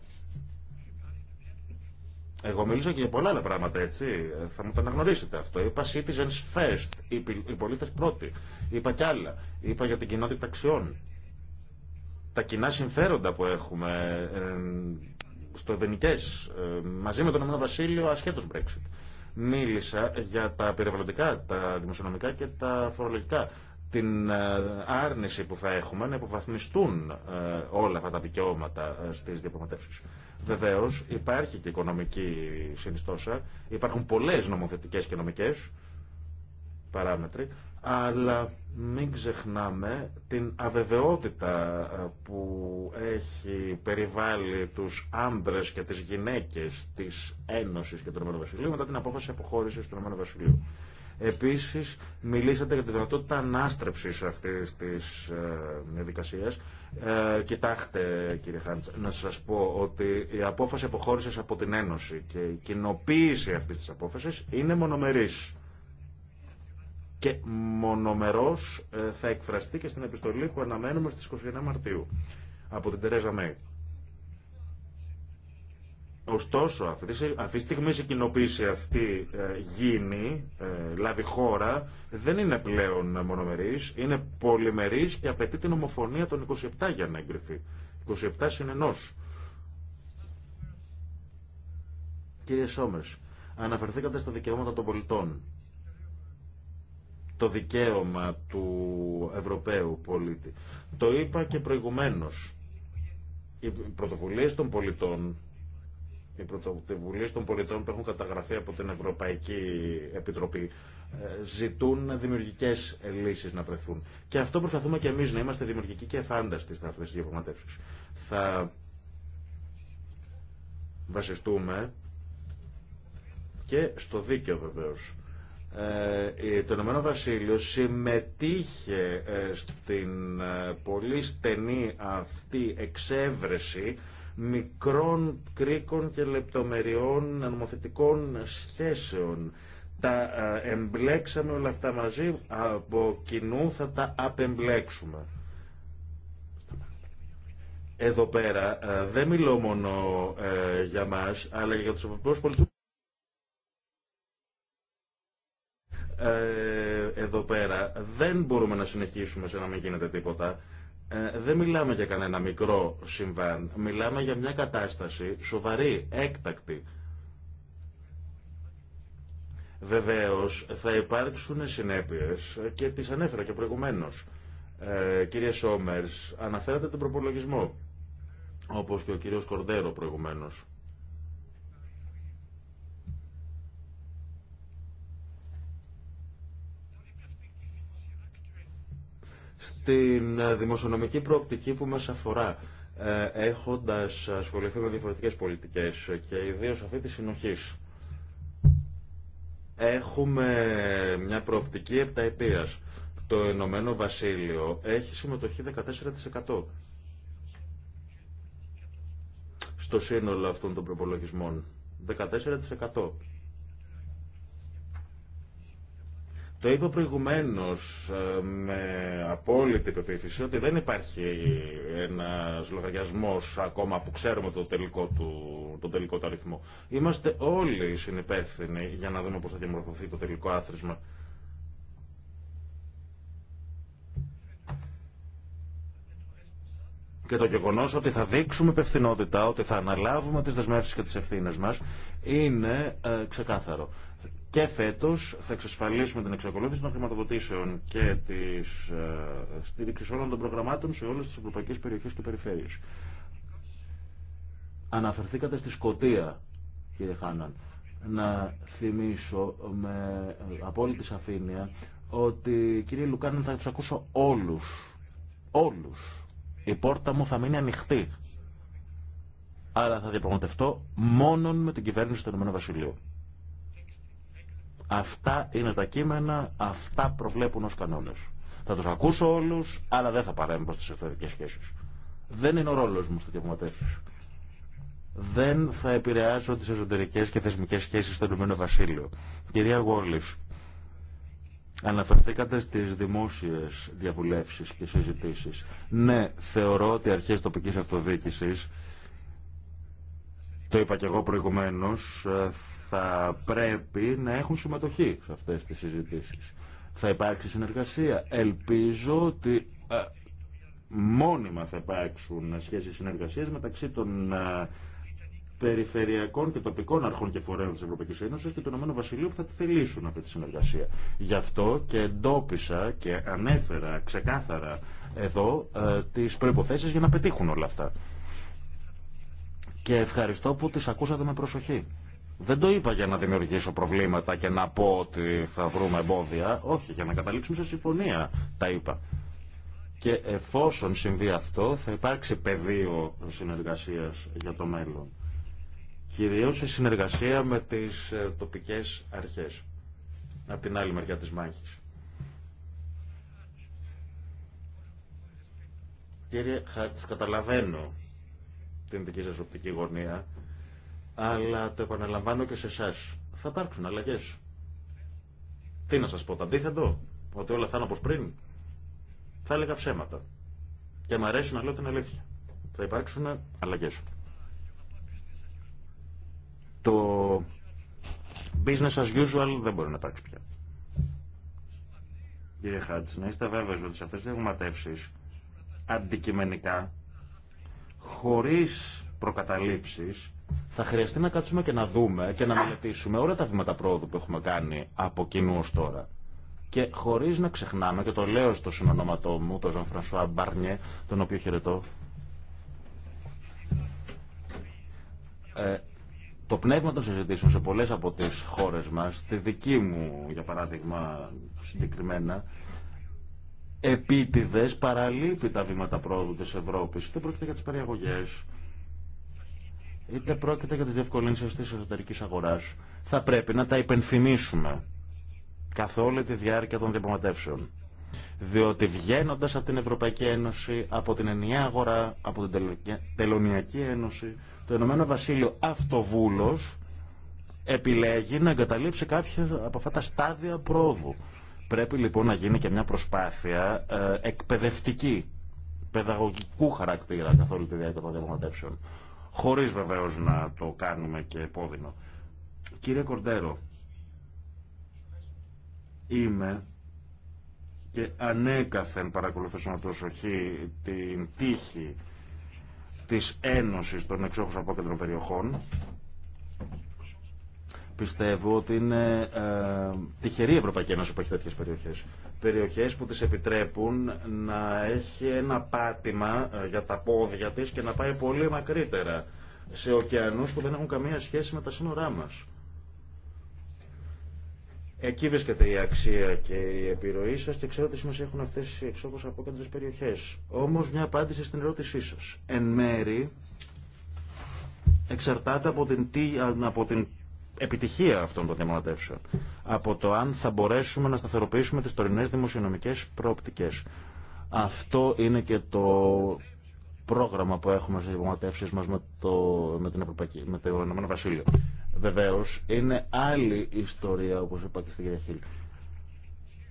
Εγώ μίλησα και για πολλά άλλα πράγματα, έτσι. Θα μου το αναγνωρίσετε αυτό. Είπα citizens first, οι πολίτε πρώτοι. Είπα κι άλλα. Είπα για την κοινότητα αξιών. Τα κοινά συμφέροντα που έχουμε ε, στο Ευενικέ ε, μαζί με τον Ηνωμένο Βασίλειο, ασχέτω Brexit. Μίλησα για τα περιβαλλοντικά, τα δημοσιονομικά και τα φορολογικά την ε, άρνηση που θα έχουμε να υποβαθμιστούν ε, όλα αυτά τα δικαιώματα στι διαπραγματεύσει. Βεβαίω υπάρχει και οικονομική συνιστόσα, υπάρχουν πολλέ νομοθετικέ και νομικέ παράμετροι, αλλά μην ξεχνάμε την αβεβαιότητα ε, που έχει περιβάλλει τους άνδρες και τις γυναίκες της Ένωσης και του Ηνωμένου Βασιλείου μετά την απόφαση αποχώρησης του Ηνωμένου Βασιλείου. Επίσης, μιλήσατε για τη δυνατότητα ανάστρεψη αυτής της ε, δικασία. Ε, κοιτάξτε, κύριε Χάντσα, να σας πω ότι η απόφαση αποχώρησης από την Ένωση και η κοινοποίηση αυτή τη απόφαση είναι μονομερής. Και μονομερός ε, θα εκφραστεί και στην επιστολή που αναμένουμε στις 29 Μαρτίου από την Τερέζα Μέη. Ωστόσο, αυτή τη στιγμή η κοινοποίηση αυτή ε, γίνει, ε, λάβει χώρα, δεν είναι πλέον μονομερή, είναι πολυμερή και απαιτεί την ομοφωνία των 27 για να εγκριθεί. 27 συνενός. Κύριε Σόμε, αναφερθήκατε στα δικαιώματα των πολιτών. Το δικαίωμα του Ευρωπαίου πολίτη. Το είπα και προηγουμένω. Οι πρωτοβουλίε των πολιτών οι πρωτοβουλίε των πολιτών που έχουν καταγραφεί από την Ευρωπαϊκή Επιτροπή ε, ζητούν δημιουργικέ λύσει να βρεθούν. Και αυτό προσπαθούμε και εμεί να είμαστε δημιουργικοί και φάνταστοι σε αυτέ τι διαπραγματεύσει. Θα βασιστούμε και στο δίκαιο βεβαίω. Ε, το Ηνωμένο Βασίλειο συμμετείχε ε, στην ε, πολύ στενή αυτή εξέβρεση μικρών κρίκων και λεπτομεριών νομοθετικών σχέσεων. Τα ε, εμπλέξαμε όλα αυτά μαζί, από κοινού θα τα απεμπλέξουμε. Εδώ πέρα ε, δεν μιλώ μόνο ε, για μας, αλλά και για τους ευρωπαίους πολιτικούς. εδώ πέρα δεν μπορούμε να συνεχίσουμε σε να μην γίνεται τίποτα ε, δεν μιλάμε για κανένα μικρό συμβάν. Μιλάμε για μια κατάσταση σοβαρή, έκτακτη. Βεβαίω θα υπάρξουν συνέπειες και τι ανέφερα και προηγουμένω. Ε, κύριε Σόμερ, αναφέρατε τον προπολογισμό. Όπω και ο κύριο Κορδέρο προηγουμένω. στην ε, δημοσιονομική προοπτική που μας αφορά ε, έχοντας ασχοληθεί με διαφορετικές πολιτικές και ιδίως αυτή τη συνοχής. Έχουμε μια προοπτική επταετίας. Το Ενωμένο Βασίλειο έχει συμμετοχή 14% στο σύνολο αυτών των προπολογισμών. 14%. Το είπα προηγουμένω ε, με απόλυτη πεποίθηση ότι δεν υπάρχει ένα λογαριασμό ακόμα που ξέρουμε το τελικό του, τον τελικό του αριθμό. Είμαστε όλοι συνυπεύθυνοι για να δούμε πώ θα διαμορφωθεί το τελικό άθροισμα. Και το γεγονό ότι θα δείξουμε υπευθυνότητα, ότι θα αναλάβουμε τι δεσμεύσει και τι ευθύνε μα, είναι ε, ξεκάθαρο. Και φέτο θα εξασφαλίσουμε την εξακολούθηση των χρηματοδοτήσεων και τη ε, στήριξη όλων των προγραμμάτων σε όλε τι ευρωπαϊκέ περιοχέ και περιφέρειε. Αναφερθήκατε στη σκοτία, κύριε Χάναν. Να θυμίσω με απόλυτη σαφήνεια ότι, κύριε Λουκάνεν, θα του ακούσω όλου. Όλου. Η πόρτα μου θα μείνει ανοιχτή. Άρα θα διαπραγματευτώ μόνον με την κυβέρνηση του ΕΒ. Αυτά είναι τα κείμενα, αυτά προβλέπουν ως κανόνες. Θα τους ακούσω όλους, αλλά δεν θα παρέμβω στις εσωτερικέ σχέσει. σχέσεις. Δεν είναι ο ρόλος μου στο διαπραγματεύσεις. Δεν θα επηρεάσω τις εσωτερικές και θεσμικές σχέσεις στο Ηνωμένο Βασίλειο. Κυρία Γόλης, Αναφερθήκατε στις δημόσιες διαβουλεύσεις και συζητήσεις. Ναι, θεωρώ ότι αρχές τοπικής αυτοδιοίκησης, το είπα και εγώ προηγουμένως, θα πρέπει να έχουν συμμετοχή σε αυτές τις συζητήσεις. Θα υπάρξει συνεργασία. Ελπίζω ότι ε, μόνιμα θα υπάρξουν σχέσεις συνεργασίας μεταξύ των ε, περιφερειακών και τοπικών αρχών και φορέων της Ευρωπαϊκής Ένωσης και του ΕΒ Βασιλείου που θα τη θελήσουν αυτή τη συνεργασία. Γι' αυτό και εντόπισα και ανέφερα ξεκάθαρα εδώ ε, τις τι προποθέσει για να πετύχουν όλα αυτά. Και ευχαριστώ που τις ακούσατε με προσοχή. Δεν το είπα για να δημιουργήσω προβλήματα και να πω ότι θα βρούμε εμπόδια. Όχι, για να καταλήξουμε σε συμφωνία τα είπα. Και εφόσον συμβεί αυτό, θα υπάρξει πεδίο συνεργασίας για το μέλλον. Κυρίως σε συνεργασία με τις ε, τοπικές αρχές. Από την άλλη μεριά της μάχης. Κύριε Χάτς, καταλαβαίνω την δική σας οπτική γωνία αλλά το επαναλαμβάνω και σε εσά. Θα υπάρξουν αλλαγέ. Τι να σα πω, το αντίθετο, ότι όλα θα είναι όπω πριν. Θα έλεγα ψέματα. Και μου αρέσει να λέω την αλήθεια. Θα υπάρξουν αλλαγέ. Το business as usual δεν μπορεί να υπάρξει πια. Κύριε Χάτζ, να είστε βέβαιος ότι σε αυτές τις αντικειμενικά, χωρίς προκαταλήψεις, θα χρειαστεί να κάτσουμε και να δούμε και να μελετήσουμε όλα τα βήματα πρόοδου που έχουμε κάνει από κοινού ως τώρα. Και χωρί να ξεχνάμε, και το λέω στο συνονόματό μου, τον Ζανφρανσουά Φρανσουά Μπαρνιέ, τον οποίο χαιρετώ. Ε, το πνεύμα των συζητήσεων σε πολλές από τις χώρες μας, τη δική μου για παράδειγμα συγκεκριμένα, επίτηδες παραλείπει τα βήματα πρόοδου της Ευρώπης. Δεν πρόκειται για τις περιαγωγές, είτε πρόκειται για τις διευκολύνσεις της εσωτερικής αγοράς, θα πρέπει να τα υπενθυμίσουμε καθ' όλη τη διάρκεια των διαπραγματεύσεων. Διότι βγαίνοντα από την Ευρωπαϊκή Ένωση, από την ενιαία αγορά, από την Τελωνιακή Ένωση, το Ηνωμένο Βασίλειο αυτοβούλος επιλέγει να εγκαταλείψει κάποια από αυτά τα στάδια πρόοδου. Πρέπει λοιπόν να γίνει και μια προσπάθεια ε, εκπαιδευτική, παιδαγωγικού χαρακτήρα καθ' όλη τη διάρκεια των διαπραγματεύσεων χωρίς βεβαίως να το κάνουμε και επώδυνο. Κύριε Κορντέρο, είμαι και ανέκαθεν παρακολουθήσω με προσοχή την τύχη της Ένωσης των εξόχων Απόκεντρων Περιοχών Πιστεύω ότι είναι ε, τυχερή η Ευρωπαϊκή Ένωση που έχει τέτοιε περιοχέ. Περιοχέ που τη επιτρέπουν να έχει ένα πάτημα ε, για τα πόδια τη και να πάει πολύ μακρύτερα σε ωκεανού που δεν έχουν καμία σχέση με τα σύνορά μα. Εκεί βρίσκεται η αξία και η επιρροή σα και ξέρω ότι σημασία έχουν αυτέ οι εξόχω απόκεντρε περιοχέ. Όμω, μια απάντηση στην ερώτησή σα. Εν μέρη, εξαρτάται από την, από την επιτυχία αυτών των διαμονατεύσεων από το αν θα μπορέσουμε να σταθεροποιήσουμε τις τωρινές δημοσιονομικές προοπτικές. Αυτό είναι και το πρόγραμμα που έχουμε στις διαμονατεύσεις μας με το, με την Ευρωπαϊκή, με το Ηνωμένο Βασίλειο. Βεβαίως, είναι άλλη ιστορία, όπως είπα και στην κυρία Χίλ.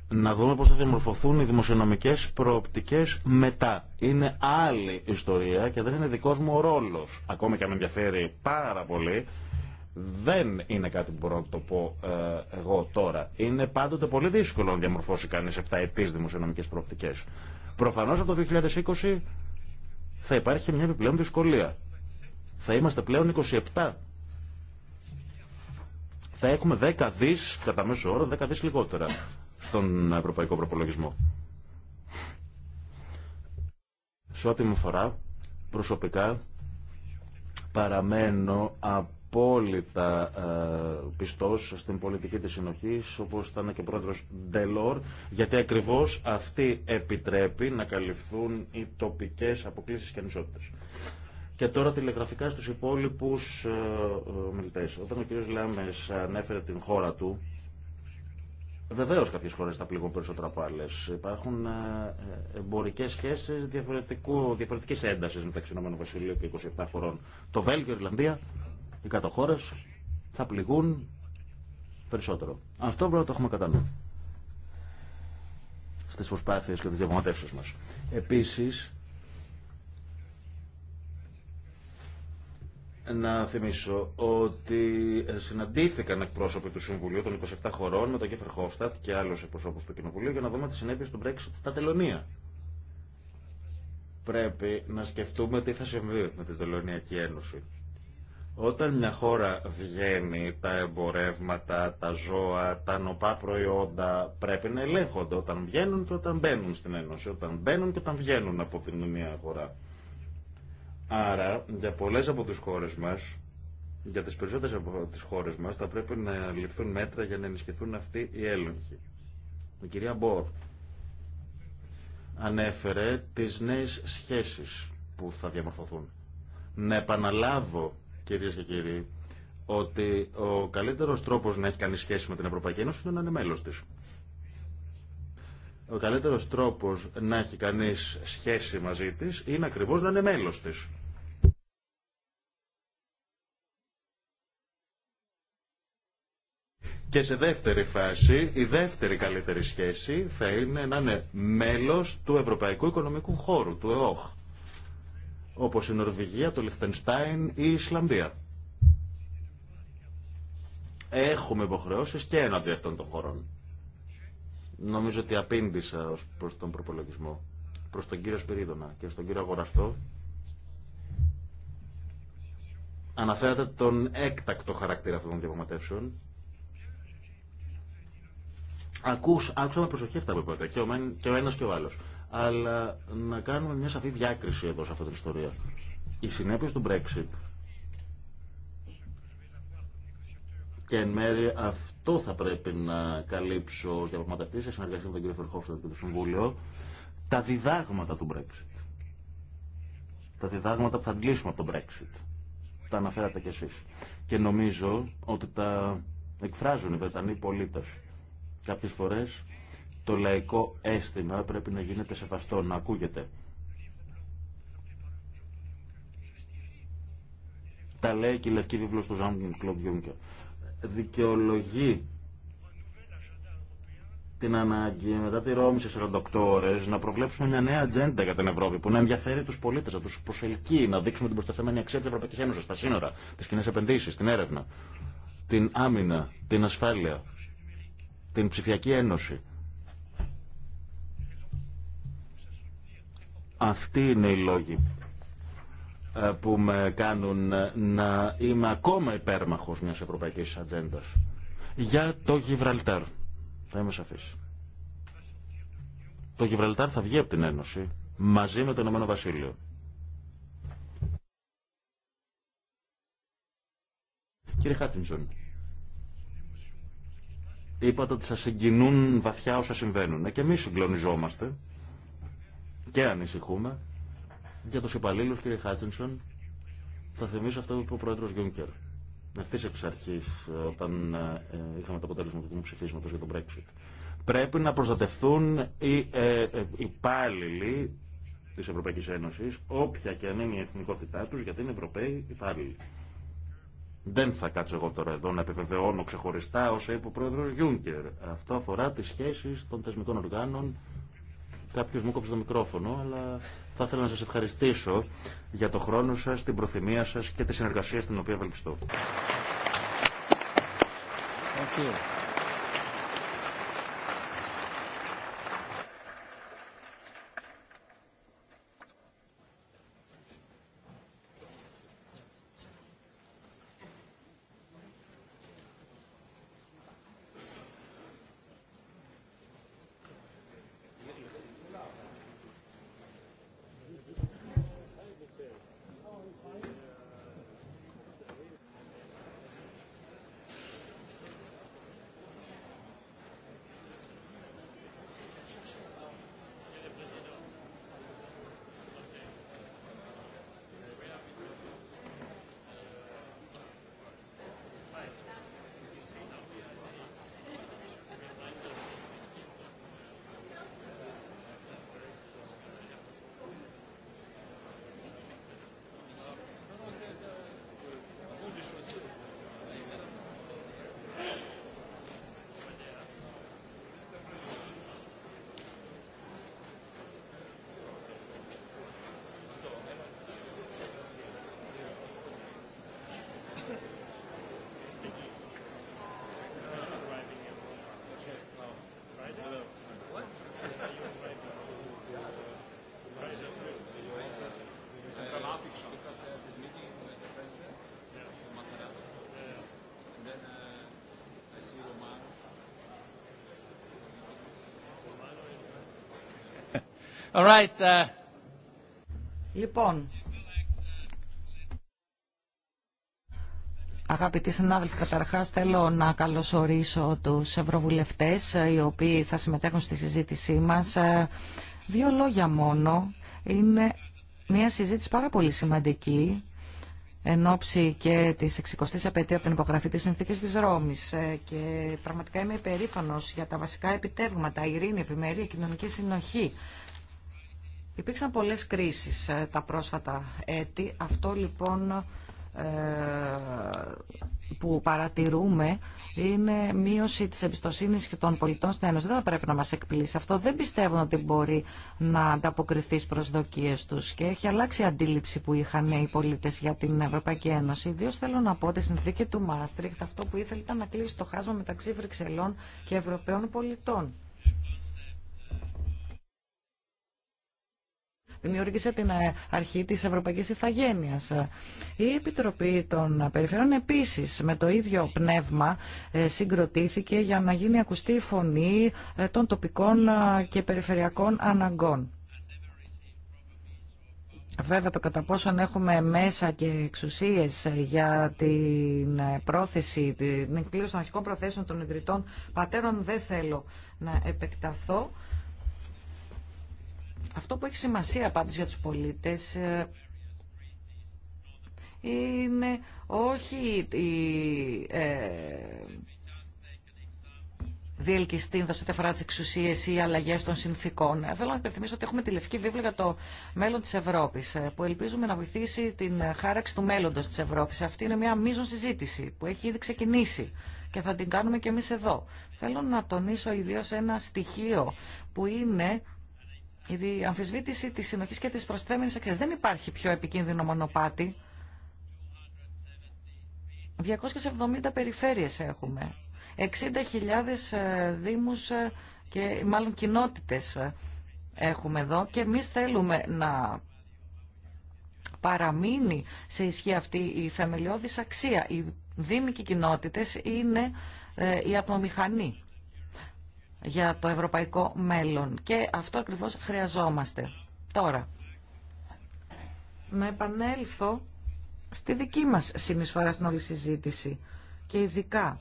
Να δούμε πώς θα διαμορφωθούν οι δημοσιονομικές προοπτικές μετά. Είναι άλλη ιστορία και δεν είναι δικός μου ο ρόλος. Ακόμη και αν με ενδιαφέρει πάρα πολύ, δεν είναι κάτι που μπορώ να το πω ε, εγώ τώρα. Είναι πάντοτε πολύ δύσκολο να διαμορφώσει κανεί 7 ετή δημοσιονομικέ προοπτικέ. Προφανώ από το 2020 θα υπάρχει μια επιπλέον δυσκολία. Θα είμαστε πλέον 27. Θα έχουμε 10 δι, κατά μέσο όρο, 10 δι λιγότερα στον ευρωπαϊκό προπολογισμό. Σε ό,τι μου αφορά, προσωπικά παραμένω από απόλυτα ε, πιστός στην πολιτική της συνοχής, όπως ήταν και πρόεδρος Ντελόρ, γιατί ακριβώς αυτή επιτρέπει να καλυφθούν οι τοπικές αποκλήσεις και ανισότητες. Και τώρα τηλεγραφικά στους υπόλοιπους ε, μιλητές. Όταν ο κ. Λάμες ανέφερε την χώρα του, Βεβαίω κάποιε χώρε θα πληγούν περισσότερο από άλλε. Υπάρχουν ε, εμπορικέ σχέσει διαφορετική ένταση μεταξύ ΗΠΑ και 27 χωρών. Το Βέλγιο, η Ιρλανδία οι κάτω χώρε θα πληγούν περισσότερο. Αυτό πρέπει να το έχουμε κατά νου στι προσπάθειε και τι διαπραγματεύσει μα. Επίση, να θυμίσω ότι συναντήθηκαν εκπρόσωποι του Συμβουλίου των 27 χωρών με τον Κέφερ Χόφστατ και άλλου εκπροσώπου του Κοινοβουλίου για να δούμε τι συνέπειε του Brexit στα τελωνία. Πρέπει να σκεφτούμε τι θα συμβεί με την Τελωνιακή Ένωση. Όταν μια χώρα βγαίνει, τα εμπορεύματα, τα ζώα, τα νοπά προϊόντα πρέπει να ελέγχονται όταν βγαίνουν και όταν μπαίνουν στην Ένωση, όταν μπαίνουν και όταν βγαίνουν από την μία χώρα. Άρα, για πολλές από τις χώρες μας, για τις περισσότερες από τις χώρες μας, θα πρέπει να ληφθούν μέτρα για να ενισχυθούν αυτοί οι έλεγχοι. Η κυρία Μπορ ανέφερε τις νέες σχέσεις που θα διαμορφωθούν. Να επαναλάβω κυρίε και κύριοι, ότι ο καλύτερο τρόπο να έχει κανεί σχέση με την Ευρωπαϊκή Ένωση είναι να είναι μέλο τη. Ο καλύτερο τρόπο να έχει κανεί σχέση μαζί τη είναι ακριβώ να είναι μέλο τη. Και σε δεύτερη φάση, η δεύτερη καλύτερη σχέση θα είναι να είναι μέλος του Ευρωπαϊκού Οικονομικού Χώρου, του ΕΟΧ όπως η Νορβηγία, το Λιχτενστάιν ή η Ισλανδία. Έχουμε υποχρεώσεις και έναντι αυτών των χωρών. Νομίζω ότι απήντησα ως προς τον προπολογισμό, προς τον κύριο Σπυρίδωνα και στον κύριο Αγοραστό. Αναφέρατε τον έκτακτο χαρακτήρα αυτών των διαπραγματεύσεων. Ακούς, άκουσα με προσοχή αυτά που είπατε, και ο, και ο ένας και ο άλλος αλλά να κάνουμε μια σαφή διάκριση εδώ σε αυτή την ιστορία. Οι συνέπειε του Brexit και εν μέρει αυτό θα πρέπει να καλύψω για διαπραγματευτή σε συνεργασία με τον κύριο Φερχόφστατ και το Συμβούλιο τα διδάγματα του Brexit. Τα διδάγματα που θα αντλήσουμε από τον Brexit. Τα αναφέρατε κι εσείς. Και νομίζω ότι τα εκφράζουν οι Βρετανοί πολίτες. Κάποιες φορές το λαϊκό αίσθημα πρέπει να γίνεται σεβαστό, να ακούγεται. Τα λέει και η Λευκή βιβλό του Ζάμπιν Κλοντ Κλομπ-Γιούνκερ. Δικαιολογεί την ανάγκη μετά τη Ρώμη σε 48 ώρε να προβλέψουμε μια νέα ατζέντα για την Ευρώπη που να ενδιαφέρει του πολίτε, να του προσελκύει, να δείξουμε την προσταθεμένη αξία τη Ευρωπαϊκή Ένωση στα σύνορα, τι κοινέ επενδύσει, την έρευνα, την άμυνα, την ασφάλεια, την ψηφιακή ένωση. Αυτοί είναι οι λόγοι ε, που με κάνουν ε, να είμαι ακόμα υπέρμαχος μιας ευρωπαϊκής ατζέντα. Για το Γιβραλτάρ. Θα είμαι σαφής. Το Γιβραλτάρ θα βγει από την Ένωση μαζί με το Ηνωμένο Βασίλειο. Κύριε Χάτινσον, είπατε ότι σας συγκινούν βαθιά όσα συμβαίνουν. Ε, και εμείς συγκλονιζόμαστε και ανησυχούμε για τους υπαλλήλους, κύριε Χάτσινσον, θα θυμίσω αυτό που είπε ο Πρόεδρος Γιούνκερ. ευθύς εξ αρχή, όταν ε, είχαμε το αποτέλεσμα του ψηφίσματος για τον Brexit. Πρέπει να προστατευτούν οι ε, ε, υπάλληλοι τη Ευρωπαϊκή Ένωση, όποια και αν είναι η εθνικότητά του, γιατί είναι Ευρωπαίοι υπάλληλοι. Δεν θα κάτσω εγώ τώρα εδώ να επιβεβαιώνω ξεχωριστά όσα είπε ο πρόεδρο Γιούνκερ. Αυτό αφορά τι σχέσει των θεσμικών οργάνων Κάποιος μου κόψε το μικρόφωνο, αλλά θα ήθελα να σας ευχαριστήσω για το χρόνο σας, την προθυμία σας και τη συνεργασία στην οποία ευελπιστώ. Thank right, uh, Λοιπόν, αγαπητοί συνάδελφοι, καταρχάς θέλω να καλωσορίσω τους ευρωβουλευτές ε, οι οποίοι θα συμμετέχουν στη συζήτησή μας. Ε, δύο λόγια μόνο. Είναι μια συζήτηση πάρα πολύ σημαντική εν ώψη και της 60η απαιτία από την υπογραφή τη συνθήκη τη Ρώμη. Ε, και πραγματικά είμαι υπερήφανο για τα βασικά επιτεύγματα, ειρήνη, ευημερία, κοινωνική συνοχή Υπήρξαν πολλές κρίσεις ε, τα πρόσφατα έτη. Αυτό λοιπόν ε, που παρατηρούμε είναι μείωση της εμπιστοσύνη και των πολιτών στην Ένωση. Δεν θα πρέπει να μας εκπλήσει αυτό. Δεν πιστεύουν ότι μπορεί να ανταποκριθεί στις προσδοκίες τους και έχει αλλάξει η αντίληψη που είχαν οι πολίτες για την Ευρωπαϊκή Ένωση. Ιδίω θέλω να πω ότι στην δίκη του Μάστριχτ αυτό που ήθελε ήταν να κλείσει το χάσμα μεταξύ Βρυξελών και Ευρωπαίων πολιτών. δημιούργησε την ε, αρχή της Ευρωπαϊκής Ιθαγένειας. Η Επιτροπή των Περιφερειών επίσης με το ίδιο πνεύμα ε, συγκροτήθηκε για να γίνει ακουστή η φωνή ε, των τοπικών και περιφερειακών αναγκών. Βέβαια το κατά πόσον έχουμε μέσα και εξουσίες για την πρόθεση, την εκπλήρωση των αρχικών προθέσεων των ιδρυτών πατέρων δεν θέλω να επεκταθώ. Αυτό που έχει σημασία πάντως για τους πολίτες ε, είναι όχι η ε, διελκυστίνδα ό,τι αφορά τι εξουσίε ή αλλαγέ των συνθήκων. Ε, θέλω να υπενθυμίσω ότι έχουμε τη λευκή βίβλο για το μέλλον τη Ευρώπη, ε, που ελπίζουμε να βοηθήσει την χάραξη του μέλλοντο τη Ευρώπη. Αυτή είναι μια μείζον συζήτηση που έχει ήδη ξεκινήσει και θα την κάνουμε και εμεί εδώ. Θέλω να τονίσω ιδίω ένα στοιχείο που είναι η αμφισβήτηση της συνοχής και της προσθέμενης αξίας. Δεν υπάρχει πιο επικίνδυνο μονοπάτι. 270 περιφέρειες έχουμε. 60.000 ε, δήμους ε, και μάλλον κοινότητες ε, έχουμε εδώ και εμεί θέλουμε να παραμείνει σε ισχύ αυτή η θεμελιώδης αξία. Οι δήμοι και οι κοινότητες είναι η ατμομηχανή για το ευρωπαϊκό μέλλον. Και αυτό ακριβώς χρειαζόμαστε. Τώρα, να επανέλθω στη δική μας συνεισφορά στην όλη συζήτηση και ειδικά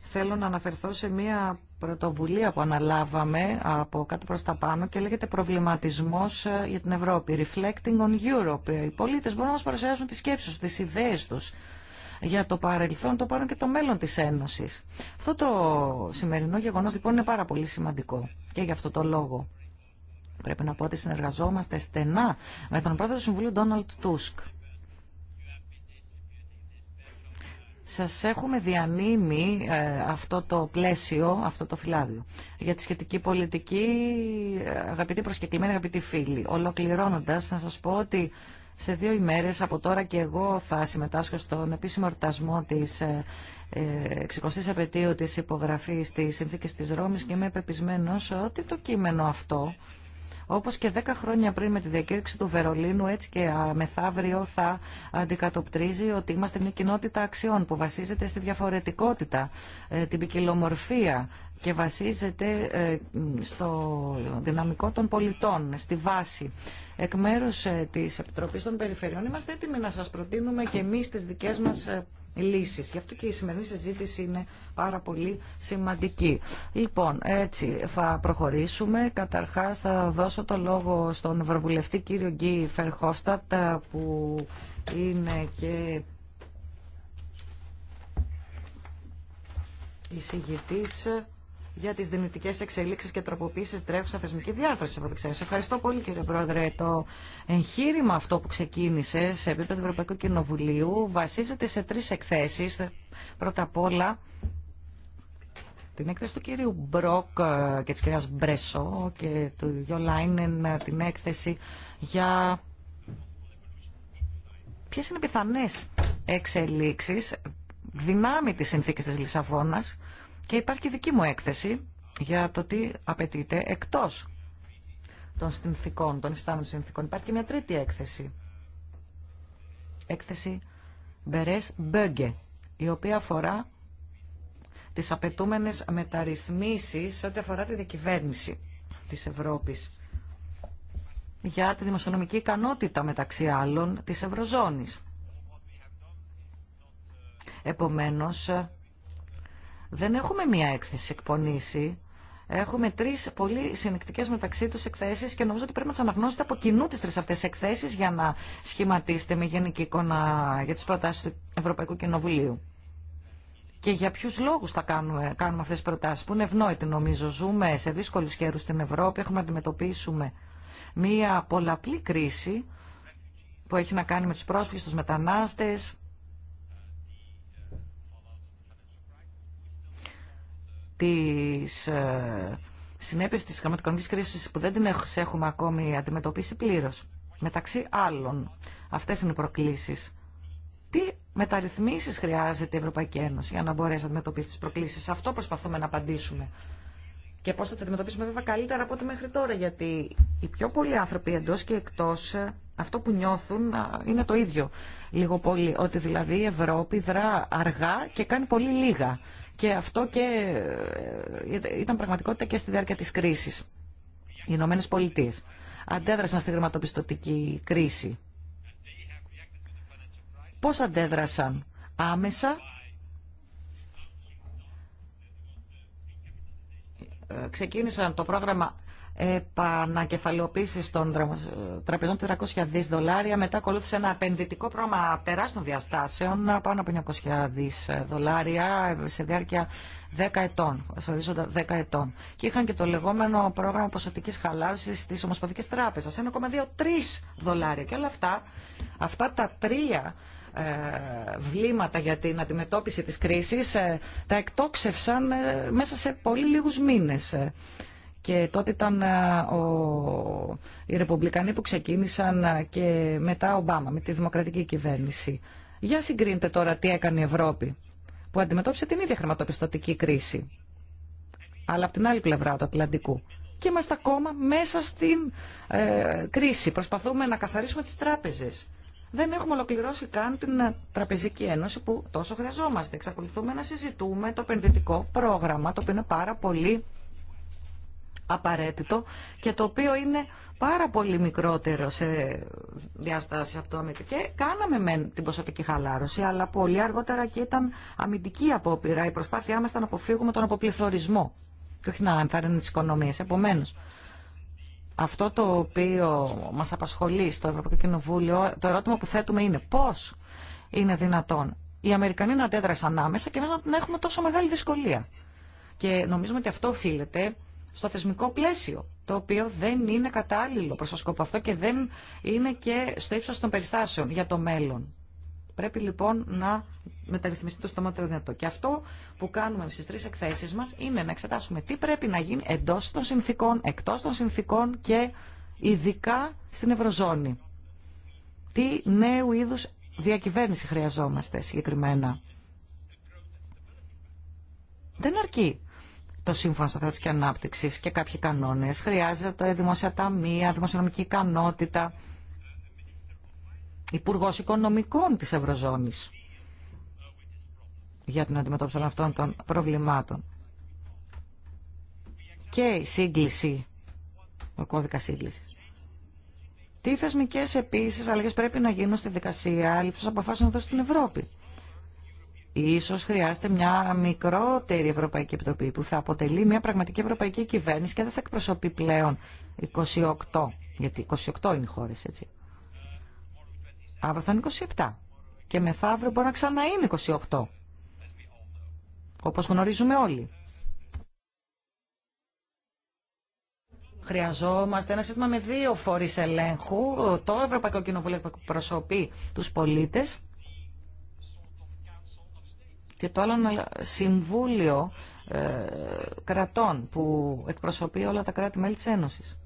θέλω να αναφερθώ σε μία πρωτοβουλία που αναλάβαμε από κάτω προς τα πάνω και λέγεται προβληματισμός για την Ευρώπη, Reflecting on Europe. Οι πολίτες μπορούν να μας παρουσιάσουν τις σκέψεις τους, τις ιδέες τους για το παρελθόν, το παρόν και το μέλλον της Ένωσης. Αυτό το σημερινό γεγονός λοιπόν είναι πάρα πολύ σημαντικό και για αυτό το λόγο. Πρέπει να πω ότι συνεργαζόμαστε στενά με τον πρόεδρο του Συμβουλίου Ντόναλτ Τούσκ. Σας έχουμε διανύμει ε, αυτό το πλαίσιο, αυτό το φυλάδιο. Για τη σχετική πολιτική, ε, αγαπητοί προσκεκλημένοι, αγαπητοί φίλοι, ολοκληρώνοντας, να σας πω ότι σε δύο ημέρες από τώρα και εγώ θα συμμετάσχω στον επίσημο ερτασμό της 60ης ε, ε, επαιτίου της υπογραφής της Συνθήκης της Ρώμης και είμαι πεπισμένος ότι το κείμενο αυτό όπως και 10 χρόνια πριν με τη διακήρυξη του Βερολίνου, έτσι και μεθαύριο θα αντικατοπτρίζει ότι είμαστε μια κοινότητα αξιών που βασίζεται στη διαφορετικότητα, ε, την ποικιλομορφία και βασίζεται ε, στο δυναμικό των πολιτών, στη βάση. Εκ μέρου ε, της Επιτροπής των Περιφερειών είμαστε έτοιμοι να σας προτείνουμε και εμεί τι δικέ μα Γι' αυτό και η σημερινή συζήτηση είναι πάρα πολύ σημαντική. Λοιπόν, έτσι θα προχωρήσουμε. Καταρχάς θα δώσω το λόγο στον Ευρωβουλευτή κύριο Γκί Φερχόστατ ε, που είναι και εισηγητή για τι δυνητικέ εξελίξει και τροποποίησεις τρέχουσα θεσμική διάρθρωση τη Ευρωπαϊκή Ένωση. Ευχαριστώ πολύ, κύριε Πρόεδρε. Το εγχείρημα αυτό που ξεκίνησε σε επίπεδο Ευρωπαϊκού Κοινοβουλίου βασίζεται σε τρει εκθέσει. Πρώτα απ' όλα, την έκθεση του κύριου Μπροκ ε, και της κυρίας Μπρέσο και του Γιώ Λάινεν ε, την έκθεση για ποιες είναι οι πιθανές εξελίξεις δυνάμει τη συνθήκη τη Λισαβόνας και υπάρχει και δική μου έκθεση για το τι απαιτείται εκτός των συνθήκων, των υφιστάμενων συνθήκων. Υπάρχει και μια τρίτη έκθεση. Έκθεση μπερέ Μπέγκε, η οποία αφορά τις απαιτούμενες μεταρρυθμίσεις σε ό,τι αφορά τη διακυβέρνηση της Ευρώπης για τη δημοσιονομική ικανότητα μεταξύ άλλων της Ευρωζώνης. Επομένως, δεν έχουμε μία έκθεση εκπονήσει. Έχουμε τρει πολύ συνεκτικέ μεταξύ του εκθέσει και νομίζω ότι πρέπει να τι αναγνώσετε από κοινού τι τρει αυτέ εκθέσει για να σχηματίσετε με γενική εικόνα για τι προτάσει του Ευρωπαϊκού Κοινοβουλίου. Και για ποιου λόγου θα κάνουμε, κάνουμε αυτέ τι προτάσει, που είναι ευνόητοι νομίζω. Ζούμε σε δύσκολου καιρού στην Ευρώπη, έχουμε να αντιμετωπίσουμε μία πολλαπλή κρίση που έχει να κάνει με του πρόσφυγε, του μετανάστε, τις ε, συνέπειες της χρηματοοικονομική κρίσης που δεν την έχουμε ακόμη αντιμετωπίσει πλήρως. Μεταξύ άλλων, αυτές είναι οι προκλήσεις. Τι μεταρρυθμίσεις χρειάζεται η Ευρωπαϊκή Ένωση για να μπορέσει να αντιμετωπίσει τις προκλήσεις. Αυτό προσπαθούμε να απαντήσουμε και πώ θα τι αντιμετωπίσουμε βέβαια καλύτερα από ό,τι μέχρι τώρα, γιατί οι πιο πολλοί άνθρωποι εντό και εκτός ε, αυτό που νιώθουν ε, είναι το ίδιο λίγο πολύ, ότι δηλαδή η Ευρώπη δρά αργά και κάνει πολύ λίγα. Και αυτό και ε, ήταν πραγματικότητα και στη διάρκεια της κρίσης. Οι Ηνωμένε Πολιτείε αντέδρασαν στη χρηματοπιστωτική κρίση. Πώς αντέδρασαν άμεσα ξεκίνησαν το πρόγραμμα επανακεφαλαιοποίηση των τραπεζών 400 δις δολάρια. Μετά ακολούθησε ένα επενδυτικό πρόγραμμα τεράστιων διαστάσεων, πάνω από 900 δις δολάρια, σε διάρκεια 10 ετών, σε ορίζοντα 10 ετών. Και είχαν και το λεγόμενο πρόγραμμα ποσοτικής χαλάρωσης της Ομοσπονδικής Τράπεζας, 1,23 δολάρια. Και όλα αυτά, αυτά τα τρία ε, βλήματα για την αντιμετώπιση της κρίσης ε, τα εκτόξευσαν ε, μέσα σε πολύ λίγους μήνες. Και τότε ήταν οι Ρεπουμπλικανοί που ξεκίνησαν και μετά Ομπάμα με τη δημοκρατική κυβέρνηση. Για συγκρίνετε τώρα τι έκανε η Ευρώπη που αντιμετώπισε την ίδια χρηματοπιστωτική κρίση αλλά από την άλλη πλευρά του Ατλαντικού. Και είμαστε ακόμα μέσα στην κρίση. Προσπαθούμε να καθαρίσουμε τις τράπεζες δεν έχουμε ολοκληρώσει καν την Τραπεζική Ένωση που τόσο χρειαζόμαστε. Εξακολουθούμε να συζητούμε το επενδυτικό πρόγραμμα, το οποίο είναι πάρα πολύ απαραίτητο και το οποίο είναι πάρα πολύ μικρότερο σε διαστάσει από το Και κάναμε με την ποσοτική χαλάρωση, αλλά πολύ αργότερα και ήταν αμυντική απόπειρα. Η προσπάθειά μα ήταν να αποφύγουμε τον αποπληθωρισμό και όχι να ενθαρρύνουμε τι οικονομίε. Επομένω, αυτό το οποίο μας απασχολεί στο Ευρωπαϊκό Κοινοβούλιο, το ερώτημα που θέτουμε είναι πώς είναι δυνατόν οι Αμερικανοί να αντέδρασαν ανάμεσα και εμείς να έχουμε τόσο μεγάλη δυσκολία. Και νομίζουμε ότι αυτό οφείλεται στο θεσμικό πλαίσιο, το οποίο δεν είναι κατάλληλο προς το σκοπό αυτό και δεν είναι και στο ύψος των περιστάσεων για το μέλλον. Πρέπει λοιπόν να μεταρρυθμιστεί το στομότερο δυνατό. Και αυτό που κάνουμε στι τρει εκθέσει μα είναι να εξετάσουμε τι πρέπει να γίνει εντό των συνθήκων, εκτό των συνθήκων και ειδικά στην Ευρωζώνη. Τι νέου είδου διακυβέρνηση χρειαζόμαστε συγκεκριμένα. Δεν αρκεί το σύμφωνο σταθερότητα και ανάπτυξη και κάποιοι κανόνε. Χρειάζεται ταμεία, δημοσιονομική ικανότητα Υπουργός Οικονομικών της Ευρωζώνης για την αντιμετώπιση όλων αυτών των προβλημάτων. Και η σύγκληση, ο κώδικα σύγκληση. Τι θεσμικέ επίση αλλαγέ πρέπει να γίνουν στη δικασία λήψη αποφάσεων εδώ στην Ευρώπη. Ίσως χρειάζεται μια μικρότερη Ευρωπαϊκή Επιτροπή που θα αποτελεί μια πραγματική Ευρωπαϊκή Κυβέρνηση και δεν θα εκπροσωπεί πλέον 28, γιατί 28 είναι οι χώρες, έτσι. Αύριο θα είναι 27. Και μεθαύριο μπορεί να ξανά είναι 28. Όπως γνωρίζουμε όλοι. Χρειαζόμαστε ένα σύστημα με δύο φορείς ελέγχου. Το Ευρωπαϊκό Κοινοβούλιο προσωπεί τους πολίτες και το άλλο Συμβούλιο ε, Κρατών που εκπροσωπεί όλα τα κράτη-μέλη της Ένωσης.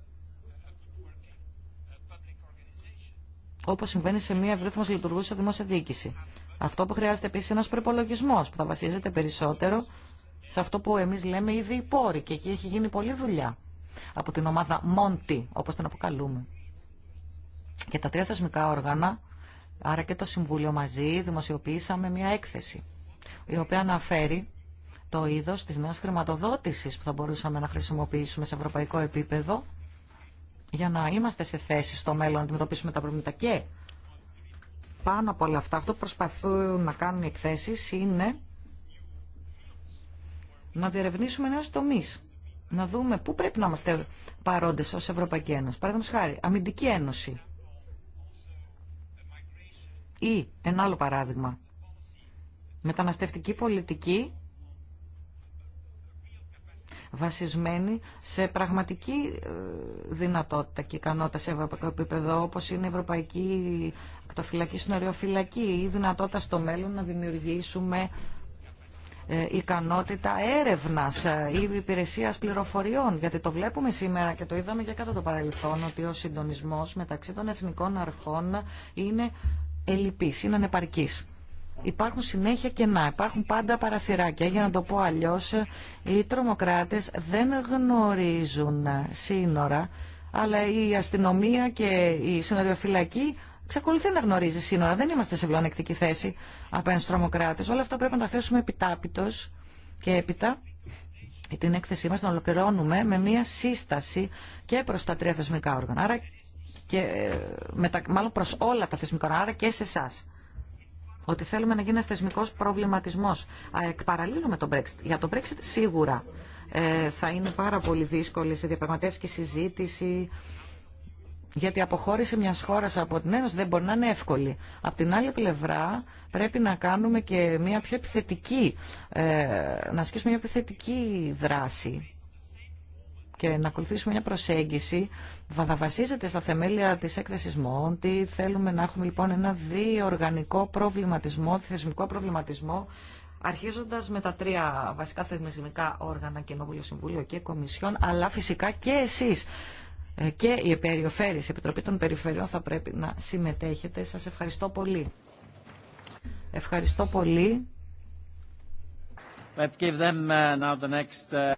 Όπω συμβαίνει σε μια ευρύθμιση λειτουργούσα δημόσια διοίκηση. Αυτό που χρειάζεται επίση είναι ένας προπολογισμό που θα βασίζεται περισσότερο σε αυτό που εμεί λέμε ήδη οι πόροι και εκεί έχει γίνει πολλή δουλειά από την ομάδα Μοντι, όπω την αποκαλούμε. Και τα τρία θεσμικά όργανα, άρα και το Συμβούλιο μαζί, δημοσιοποιήσαμε μια έκθεση η οποία αναφέρει το είδος της νέας χρηματοδότησης που θα μπορούσαμε να χρησιμοποιήσουμε σε ευρωπαϊκό επίπεδο για να είμαστε σε θέση στο μέλλον να αντιμετωπίσουμε τα προβλήματα. Και πάνω από όλα αυτά, αυτό που προσπαθούν να κάνουν οι εκθέσεις είναι να διερευνήσουμε νέου τομεί. Να δούμε πού πρέπει να είμαστε παρόντε ως Ευρωπαϊκή Ένωση. Παραδείγματο χάρη, αμυντική ένωση. Ή, ένα άλλο παράδειγμα, μεταναστευτική πολιτική βασισμένη σε πραγματική ε, δυνατότητα και ικανότητα σε ευρωπαϊκό επίπεδο, όπως είναι η Ευρωπαϊκή Ακτοφυλακή Συνοριοφυλακή ή δυνατότητα στο μέλλον να δημιουργήσουμε ε, ικανότητα έρευνας ε, ή υπηρεσίας πληροφοριών. Γιατί το βλέπουμε σήμερα και το είδαμε και κατά το παρελθόν ότι ο συντονισμό μεταξύ των εθνικών αρχών είναι ελλειπή, είναι ανεπαρκή υπάρχουν συνέχεια κενά, υπάρχουν πάντα παραθυράκια. Για να το πω αλλιώ οι τρομοκράτε δεν γνωρίζουν σύνορα, αλλά η αστυνομία και η συνοριοφυλακή εξακολουθεί να γνωρίζει σύνορα. Δεν είμαστε σε πλεονεκτική θέση απέναντι στους τρομοκράτε. Όλα αυτά πρέπει να τα θέσουμε επιτάπητο και έπειτα την έκθεσή μα να ολοκληρώνουμε με μία σύσταση και προ τα τρία θεσμικά όργανα. Άρα και, ε, μάλλον προ όλα τα θεσμικά όργανα, άρα και σε εσά ότι θέλουμε να γίνει ένα θεσμικό προβληματισμό παραλλήλου με τον Brexit. Για τον Brexit σίγουρα ε, θα είναι πάρα πολύ δύσκολη η διαπραγματεύσει και η συζήτηση. Γιατί η αποχώρηση μια χώρα από την Ένωση δεν μπορεί να είναι εύκολη. Απ' την άλλη πλευρά πρέπει να κάνουμε και μια πιο επιθετική, ε, να ασκήσουμε μια επιθετική δράση και να ακολουθήσουμε μια προσέγγιση που θα βασίζεται στα θεμέλια της έκθεσης Μόντι. Θέλουμε να έχουμε λοιπόν ένα διοργανικό προβληματισμό, θεσμικό προβληματισμό αρχίζοντας με τα τρία βασικά θεσμικά όργανα, Κοινοβούλιο, Συμβούλιο και Κομισιόν, αλλά φυσικά και εσείς ε, και η Περιοφέρειες, η Επιτροπή των Περιφερειών θα πρέπει να συμμετέχετε. Σας ευχαριστώ πολύ. Ευχαριστώ πολύ. Let's give them uh, now the next... Uh,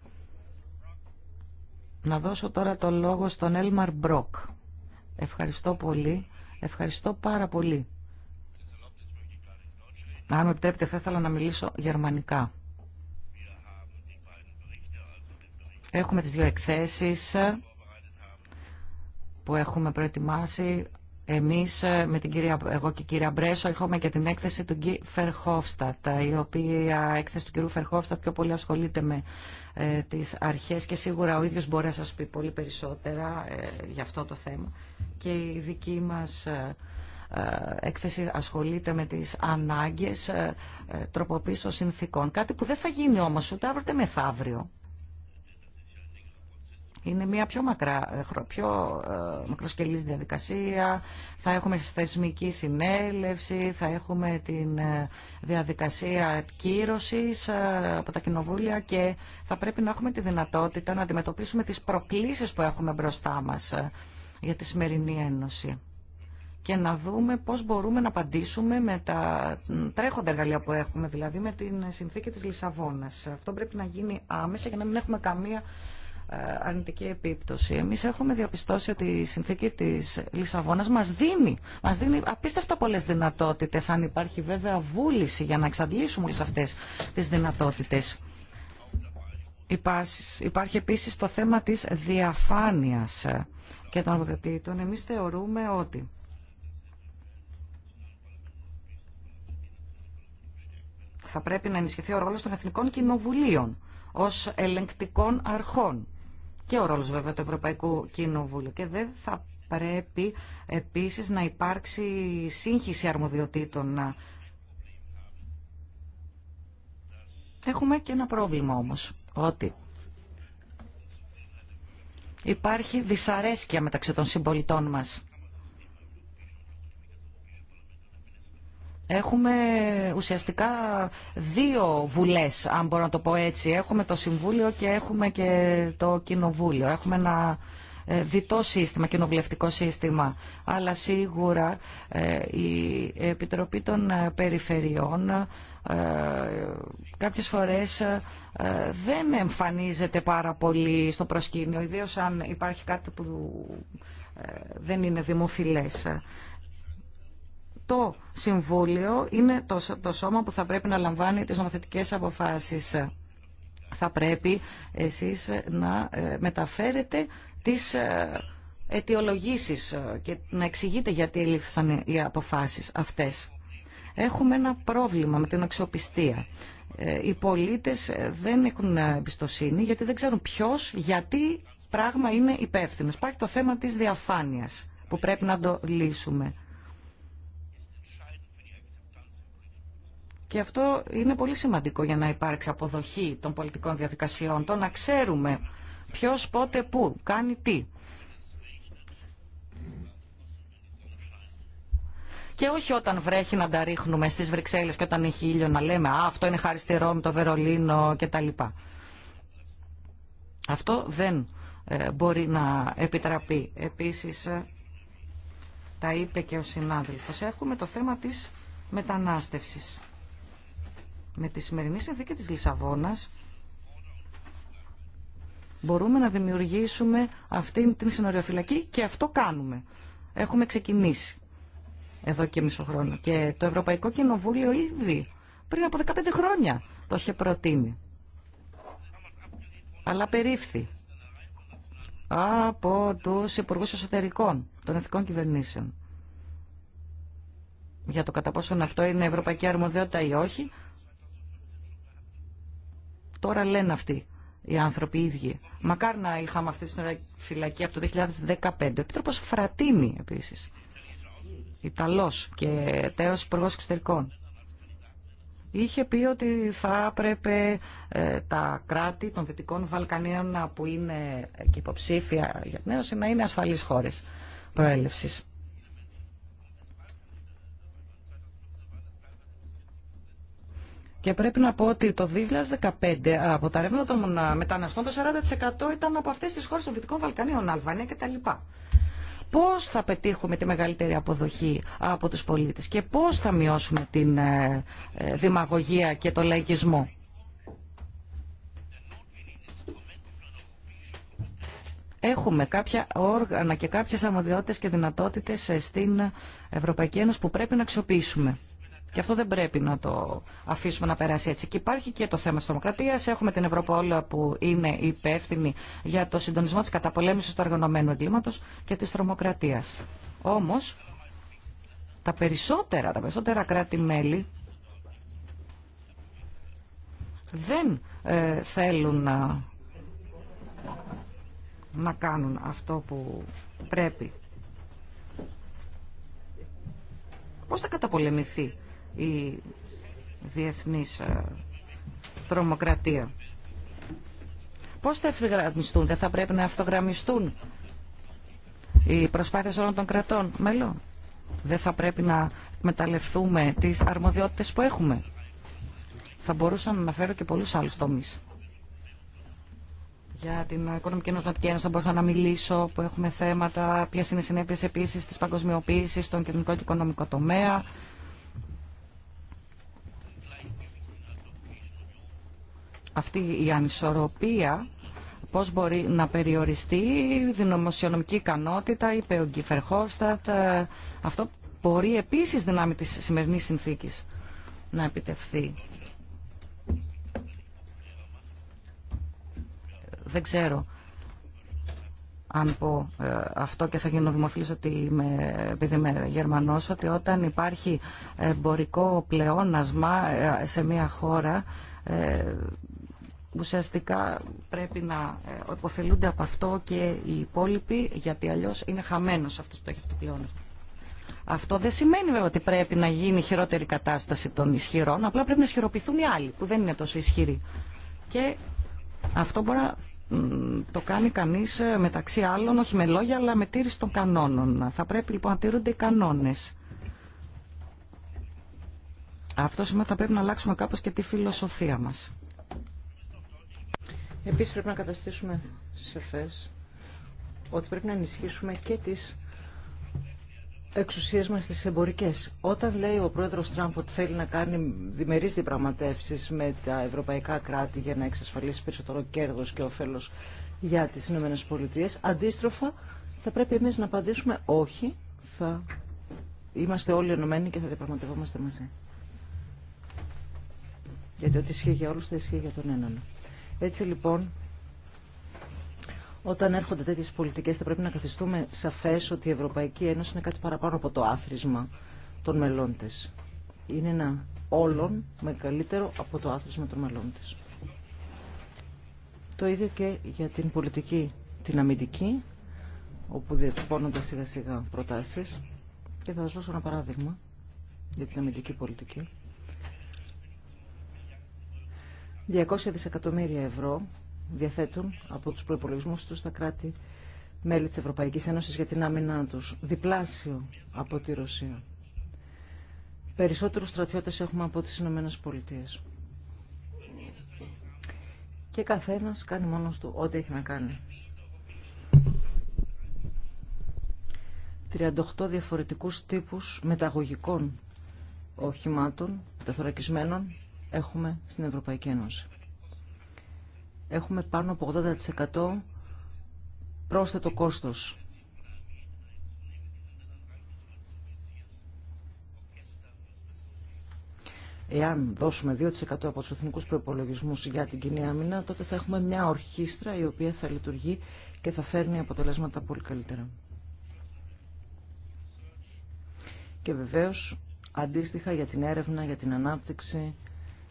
να δώσω τώρα το λόγο στον Έλμαρ Μπρόκ. Ευχαριστώ πολύ. Ευχαριστώ πάρα πολύ. Αν με επιτρέπετε θα ήθελα να μιλήσω γερμανικά. Έχουμε τις δύο εκθέσεις που έχουμε προετοιμάσει εμείς ε, με την κυρία, εγώ και η κυρία Μπρέσο έχουμε και την έκθεση του κ. Φερχόφστατ, η οποία έκθεση του κυρίου Φερχόφστατ πιο πολύ ασχολείται με ε, τις αρχές και σίγουρα ο ίδιος μπορεί να σας πει πολύ περισσότερα ε, για αυτό το θέμα. Και η δική μας ε, έκθεση ασχολείται με τις ανάγκες τροποποίησης των συνθήκων. Κάτι που δεν θα γίνει όμως ούτε αύριο ούτε μεθαύριο. Είναι μια πιο, μακρά, ε, πιο ε, μακροσκελής διαδικασία. Θα έχουμε θεσμική συνέλευση, θα έχουμε την ε, διαδικασία κύρωσης από τα κοινοβούλια και θα πρέπει να έχουμε τη δυνατότητα να αντιμετωπίσουμε τις προκλήσεις που έχουμε μπροστά μας για τη σημερινή ένωση και να δούμε πώς μπορούμε να απαντήσουμε με τα τρέχοντα εργαλεία που έχουμε, δηλαδή με την συνθήκη της Λισαβόνας. Αυτό πρέπει να γίνει άμεσα για να μην έχουμε καμία ε, αρνητική επίπτωση. Εμείς έχουμε διαπιστώσει ότι η συνθήκη της Λισαβόνας μας δίνει, μας δίνει απίστευτα πολλές δυνατότητες, αν υπάρχει βέβαια βούληση για να εξαντλήσουμε όλες αυτές τις δυνατότητες. Υπάρχει επίσης το θέμα της διαφάνειας ε, και των αρμοδιοτήτων. Εμείς θεωρούμε ότι θα πρέπει να ενισχυθεί ο ρόλος των εθνικών κοινοβουλίων ως ελεγκτικών αρχών και ο ρόλος βέβαια του Ευρωπαϊκού Κοινοβούλου. Και δεν θα πρέπει επίσης να υπάρξει σύγχυση αρμοδιοτήτων. Έχουμε και ένα πρόβλημα όμως, ότι υπάρχει δυσαρέσκεια μεταξύ των συμπολιτών μας Έχουμε ουσιαστικά δύο βουλές, αν μπορώ να το πω έτσι. Έχουμε το Συμβούλιο και έχουμε και το Κοινοβούλιο. Έχουμε ένα ε, διτό σύστημα, κοινοβουλευτικό σύστημα. Αλλά σίγουρα ε, η Επιτροπή των ε, Περιφερειών κάποιες φορές δεν εμφανίζεται πάρα πολύ στο προσκήνιο, ιδίως αν υπάρχει κάτι που δεν είναι δημοφιλές το Συμβούλιο είναι το, σώμα που θα πρέπει να λαμβάνει τις νομοθετικές αποφάσεις. Θα πρέπει εσείς να ε, μεταφέρετε τις ε, αιτιολογήσεις ε, και να εξηγείτε γιατί λήφθησαν οι αποφάσεις αυτές. Έχουμε ένα πρόβλημα με την αξιοπιστία. Οι πολίτες δεν έχουν εμπιστοσύνη γιατί δεν ξέρουν ποιος, γιατί πράγμα είναι υπεύθυνος. Υπάρχει το θέμα της διαφάνειας που πρέπει να το λύσουμε. Και αυτό είναι πολύ σημαντικό για να υπάρξει αποδοχή των πολιτικών διαδικασιών, το να ξέρουμε ποιος πότε πού κάνει τι. Και όχι όταν βρέχει να τα ρίχνουμε στις Βρυξέλλες και όταν έχει ήλιο να λέμε «Α, αυτό είναι χαριστερό με το Βερολίνο» κτλ. Αυτό δεν ε, μπορεί να επιτραπεί. Επίσης, ε, τα είπε και ο συνάδελφος, έχουμε το θέμα της μετανάστευσης. Με τη σημερινή συνθήκη της Λισαβόνας μπορούμε να δημιουργήσουμε αυτή την συνοριοφυλακή και αυτό κάνουμε. Έχουμε ξεκινήσει εδώ και μισό χρόνο. Και το Ευρωπαϊκό Κοινοβούλιο ήδη πριν από 15 χρόνια το είχε προτείνει. Αλλά περίφθη από τους υπουργούς εσωτερικών των εθνικών κυβερνήσεων. Για το κατά πόσον αυτό είναι ευρωπαϊκή αρμοδιότητα ή όχι, Τώρα λένε αυτοί οι άνθρωποι οι ίδιοι. Μακάρι να είχαμε αυτή τη φυλακή από το 2015. Ο Επίτροπος Φρατίνη επίσης. Ιταλός και τέος υπουργό εξωτερικών. Είχε πει ότι θα έπρεπε ε, τα κράτη των Δυτικών Βαλκανίων που είναι και υποψήφια για την Ένωση να είναι ασφαλείς χώρες προέλευσης. Και πρέπει να πω ότι το 2015 από τα ρεύματα των μεταναστών το 40% ήταν από αυτές τις χώρες των βυτικών Βαλκανίων, Αλβανία κτλ. Πώς θα πετύχουμε τη μεγαλύτερη αποδοχή από τους πολίτες και πώς θα μειώσουμε την ε, ε, δημαγωγία και το λαϊκισμό. έχουμε κάποια όργανα και κάποιες αμοδιότητες και δυνατότητες ε, στην Ευρωπαϊκή Ένωση που πρέπει να αξιοποιήσουμε. Και αυτό δεν πρέπει να το αφήσουμε να περάσει έτσι. Και υπάρχει και το θέμα τη τρομοκρατία. Έχουμε την όλα που είναι υπεύθυνη για το συντονισμό τη καταπολέμηση του οργανωμένου εγκλήματο και τη τρομοκρατία. Όμω, τα περισσότερα, τα περισσότερα κράτη-μέλη δεν ε, θέλουν να, να κάνουν αυτό που πρέπει. Πώς θα καταπολεμηθεί η διεθνής ε, τρομοκρατία. Πώς θα ευθυγραμμιστούν, δεν θα πρέπει να αυτογραμμιστούν οι προσπάθειες όλων των κρατών Δεν θα πρέπει να μεταλλευτούμε τις αρμοδιότητες που έχουμε. Θα μπορούσα να αναφέρω και πολλούς άλλους τομείς. Για την Οικονομική Νοτιοτική Ένωση θα μπορούσα να μιλήσω, που έχουμε θέματα, ποιες είναι οι συνέπειες επίσης της παγκοσμιοποίησης στον κοινωνικό και οικονομικό τομέα, αυτή η ανισορροπία πώς μπορεί να περιοριστεί η δημοσιονομική ικανότητα, είπε ο Γκίφερ ε, Αυτό μπορεί επίσης δυνάμει της σημερινής συνθήκης να επιτευχθεί. Δεν ξέρω αν πω ε, αυτό και θα γίνω δημοφιλής ότι είμαι, επειδή είμαι Γερμανός, ότι όταν υπάρχει εμπορικό πλεόνασμα ε, σε μια χώρα ουσιαστικά πρέπει να ε, υποφελούνται από αυτό και οι υπόλοιποι, γιατί αλλιώς είναι χαμένος αυτός που το έχει αυτό Αυτό δεν σημαίνει βέβαια ότι πρέπει να γίνει χειρότερη κατάσταση των ισχυρών, απλά πρέπει να ισχυροποιηθούν οι άλλοι που δεν είναι τόσο ισχυροί. Και αυτό μπορεί να το κάνει κανείς ε, μεταξύ άλλων, όχι με λόγια, αλλά με τήρηση των κανόνων. Θα πρέπει λοιπόν να τηρούνται οι κανόνες. Αυτό σημαίνει ότι θα πρέπει να αλλάξουμε κάπως και τη φιλοσοφία μας. Επίσης πρέπει να καταστήσουμε φες ότι πρέπει να ενισχύσουμε και τις εξουσίες μας τι εμπορικές. Όταν λέει ο πρόεδρος Τραμπ ότι θέλει να κάνει διμερείς διαπραγματεύσεις με τα ευρωπαϊκά κράτη για να εξασφαλίσει περισσότερο κέρδος και οφέλο για τις ΗΠΑ, αντίστροφα θα πρέπει εμεί να απαντήσουμε όχι, θα είμαστε όλοι ενωμένοι και θα διαπραγματευόμαστε μαζί. Γιατί ό,τι ισχύει για όλου θα ισχύει για τον έναν. Έτσι λοιπόν, όταν έρχονται τέτοιες πολιτικές θα πρέπει να καθιστούμε σαφές ότι η Ευρωπαϊκή Ένωση είναι κάτι παραπάνω από το άθροισμα των μελών της. Είναι ένα όλον μεγαλύτερο από το άθροισμα των μελών της. Το ίδιο και για την πολιτική, την αμυντική, όπου διατυπώνονται σιγά σιγά προτάσεις. Και θα σας δώσω ένα παράδειγμα για την αμυντική πολιτική. 200 δισεκατομμύρια ευρώ διαθέτουν από τους προϋπολογισμούς τους τα κράτη μέλη της Ευρωπαϊκής Ένωσης για την άμυνά τους, διπλάσιο από τη Ρωσία. Περισσότερους στρατιώτες έχουμε από τις Ηνωμένες Πολιτείες. Και καθένας κάνει μόνος του ό,τι έχει να κάνει. 38 διαφορετικούς τύπους μεταγωγικών οχημάτων, τεθωρακισμένων, έχουμε στην Ευρωπαϊκή Ένωση. Έχουμε πάνω από 80% πρόσθετο κόστος. Εάν δώσουμε 2% από τους εθνικούς προϋπολογισμούς για την κοινή άμυνα, τότε θα έχουμε μια ορχήστρα η οποία θα λειτουργεί και θα φέρνει αποτελέσματα πολύ καλύτερα. Και βεβαίως αντίστοιχα για την έρευνα, για την ανάπτυξη,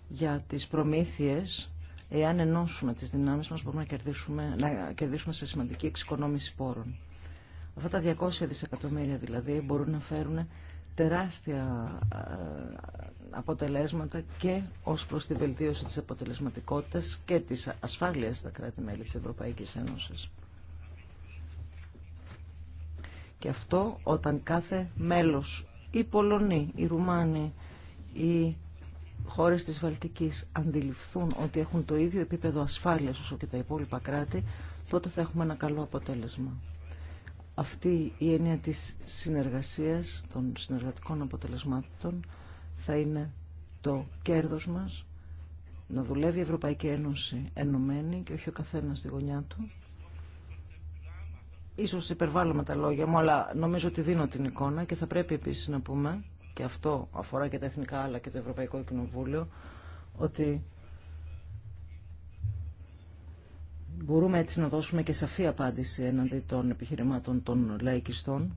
για τις προμήθειες, εάν ενώσουμε τις δυνάμεις μας, μπορούμε να κερδίσουμε, να κερδίσουμε σε σημαντική εξοικονόμηση πόρων. Αυτά τα 200 δισεκατομμύρια δηλαδή μπορούν να φέρουν τεράστια ε, αποτελέσματα και ως προς την βελτίωση της αποτελεσματικότητας και της ασφάλειας στα κράτη-μέλη της Ευρωπαϊκής Ένωσης. Και αυτό όταν κάθε μέλος, η Πολωνοί, η Ρουμάνοι, χώρες της Βαλτικής αντιληφθούν ότι έχουν το ίδιο επίπεδο ασφάλειας όσο και τα υπόλοιπα κράτη, τότε θα έχουμε ένα καλό αποτέλεσμα. Αυτή η έννοια της συνεργασίας, των συνεργατικών αποτελεσμάτων, θα είναι το κέρδος μας, να δουλεύει η Ευρωπαϊκή Ένωση ενωμένη και όχι ο καθένας στη γωνιά του. Ίσως υπερβάλλουμε τα λόγια μου, αλλά νομίζω ότι δίνω την εικόνα και θα πρέπει επίσης να πούμε και αυτό αφορά και τα εθνικά αλλά και το Ευρωπαϊκό Κοινοβούλιο, ότι μπορούμε έτσι να δώσουμε και σαφή απάντηση έναντι των επιχειρημάτων των λαϊκιστών,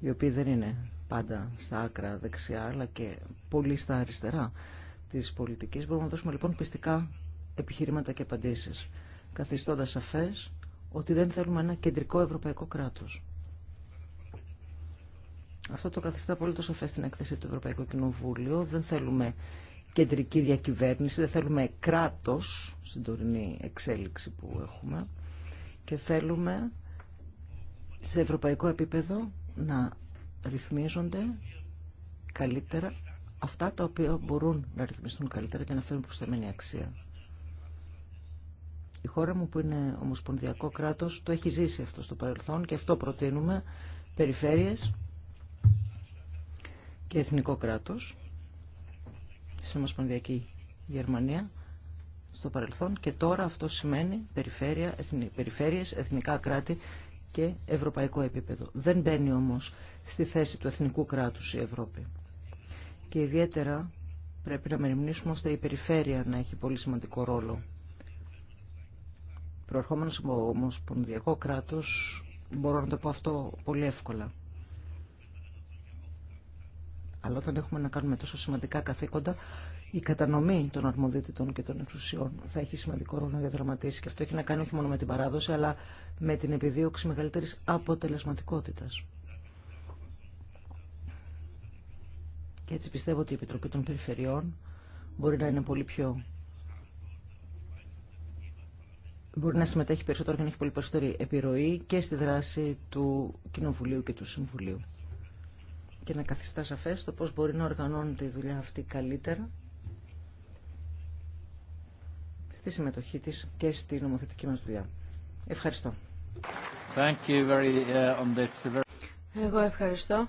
οι οποίοι δεν είναι πάντα στα άκρα δεξιά, αλλά και πολύ στα αριστερά της πολιτικής. Μπορούμε να δώσουμε λοιπόν πιστικά επιχειρήματα και απαντήσεις, καθιστώντας σαφές ότι δεν θέλουμε ένα κεντρικό ευρωπαϊκό κράτος. Αυτό το καθιστά πολύ το σαφέ στην έκθεση του Ευρωπαϊκού Κοινοβούλιο. Δεν θέλουμε κεντρική διακυβέρνηση, δεν θέλουμε κράτος στην τωρινή εξέλιξη που έχουμε και θέλουμε σε ευρωπαϊκό επίπεδο να ρυθμίζονται καλύτερα αυτά τα οποία μπορούν να ρυθμιστούν καλύτερα και να φέρουν προσθεμένη αξία. Η χώρα μου που είναι ομοσπονδιακό κράτος το έχει ζήσει αυτό στο παρελθόν και αυτό προτείνουμε περιφέρειες και εθνικό κράτος στην Συνομοσπονδιακή Γερμανία στο παρελθόν και τώρα αυτό σημαίνει περιφέρεια, εθνι, περιφέρειες, εθνικά κράτη και ευρωπαϊκό επίπεδο. Δεν μπαίνει όμως στη θέση του εθνικού κράτους η Ευρώπη. Και ιδιαίτερα πρέπει να μεριμνήσουμε ώστε η περιφέρεια να έχει πολύ σημαντικό ρόλο. Προερχόμενος από ομοσπονδιακό κράτος μπορώ να το πω αυτό πολύ εύκολα. Αλλά όταν έχουμε να κάνουμε τόσο σημαντικά καθήκοντα, η κατανομή των αρμοδιοτήτων και των εξουσιών θα έχει σημαντικό ρόλο να διαδραματίσει. Και αυτό έχει να κάνει όχι μόνο με την παράδοση, αλλά με την επιδίωξη μεγαλύτερη αποτελεσματικότητα. Και έτσι πιστεύω ότι η Επιτροπή των Περιφερειών μπορεί να είναι πολύ πιο μπορεί να συμμετέχει περισσότερο και να έχει πολύ περισσότερη επιρροή και στη δράση του Κοινοβουλίου και του Συμβουλίου και να καθιστά σαφές το πώς μπορεί να οργανώνεται η δουλειά αυτή καλύτερα στη συμμετοχή της και στη νομοθετική μας δουλειά. Ευχαριστώ. Thank you very, uh, on this... Εγώ ευχαριστώ.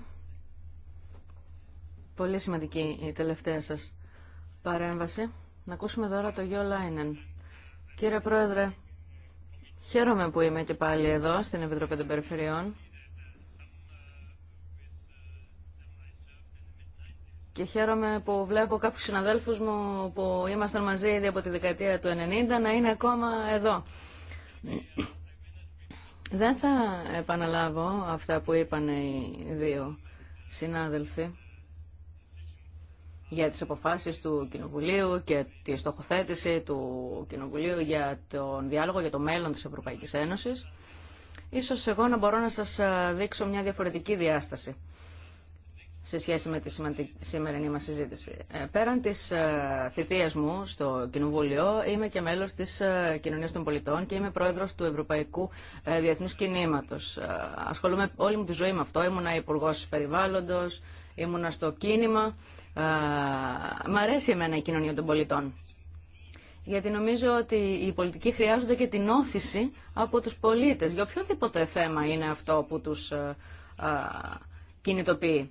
Πολύ σημαντική η τελευταία σας παρέμβαση. Να ακούσουμε τώρα το γιο Λάινεν. Κύριε Πρόεδρε, χαίρομαι που είμαι και πάλι εδώ στην Επιτροπή των Περιφερειών. και χαίρομαι που βλέπω κάποιους συναδέλφους μου που ήμασταν μαζί ήδη από τη δεκαετία του 90 να είναι ακόμα εδώ. Δεν θα επαναλάβω αυτά που είπαν οι δύο συνάδελφοι για τις αποφάσεις του Κοινοβουλίου και τη στοχοθέτηση του Κοινοβουλίου για τον διάλογο για το μέλλον της Ευρωπαϊκής Ένωσης. Ίσως εγώ να μπορώ να σας δείξω μια διαφορετική διάσταση σε σχέση με τη σημερινή μας συζήτηση. Ε, πέραν της ε, θητείας μου στο Κοινοβούλιο, είμαι και μέλος της ε, Κοινωνίας των Πολιτών και είμαι πρόεδρος του Ευρωπαϊκού Διεθνούς Κινήματος. Ασχολούμαι όλη μου τη ζωή με αυτό. Ήμουνα υπουργό Περιβάλλοντος, ήμουνα στο κίνημα. Μ' αρέσει εμένα η Κοινωνία των Πολιτών. Γιατί νομίζω ότι οι πολιτικοί χρειάζονται και την όθηση από τους πολίτες. Για οποιοδήποτε θέμα είναι αυτό που τους κινητοποιεί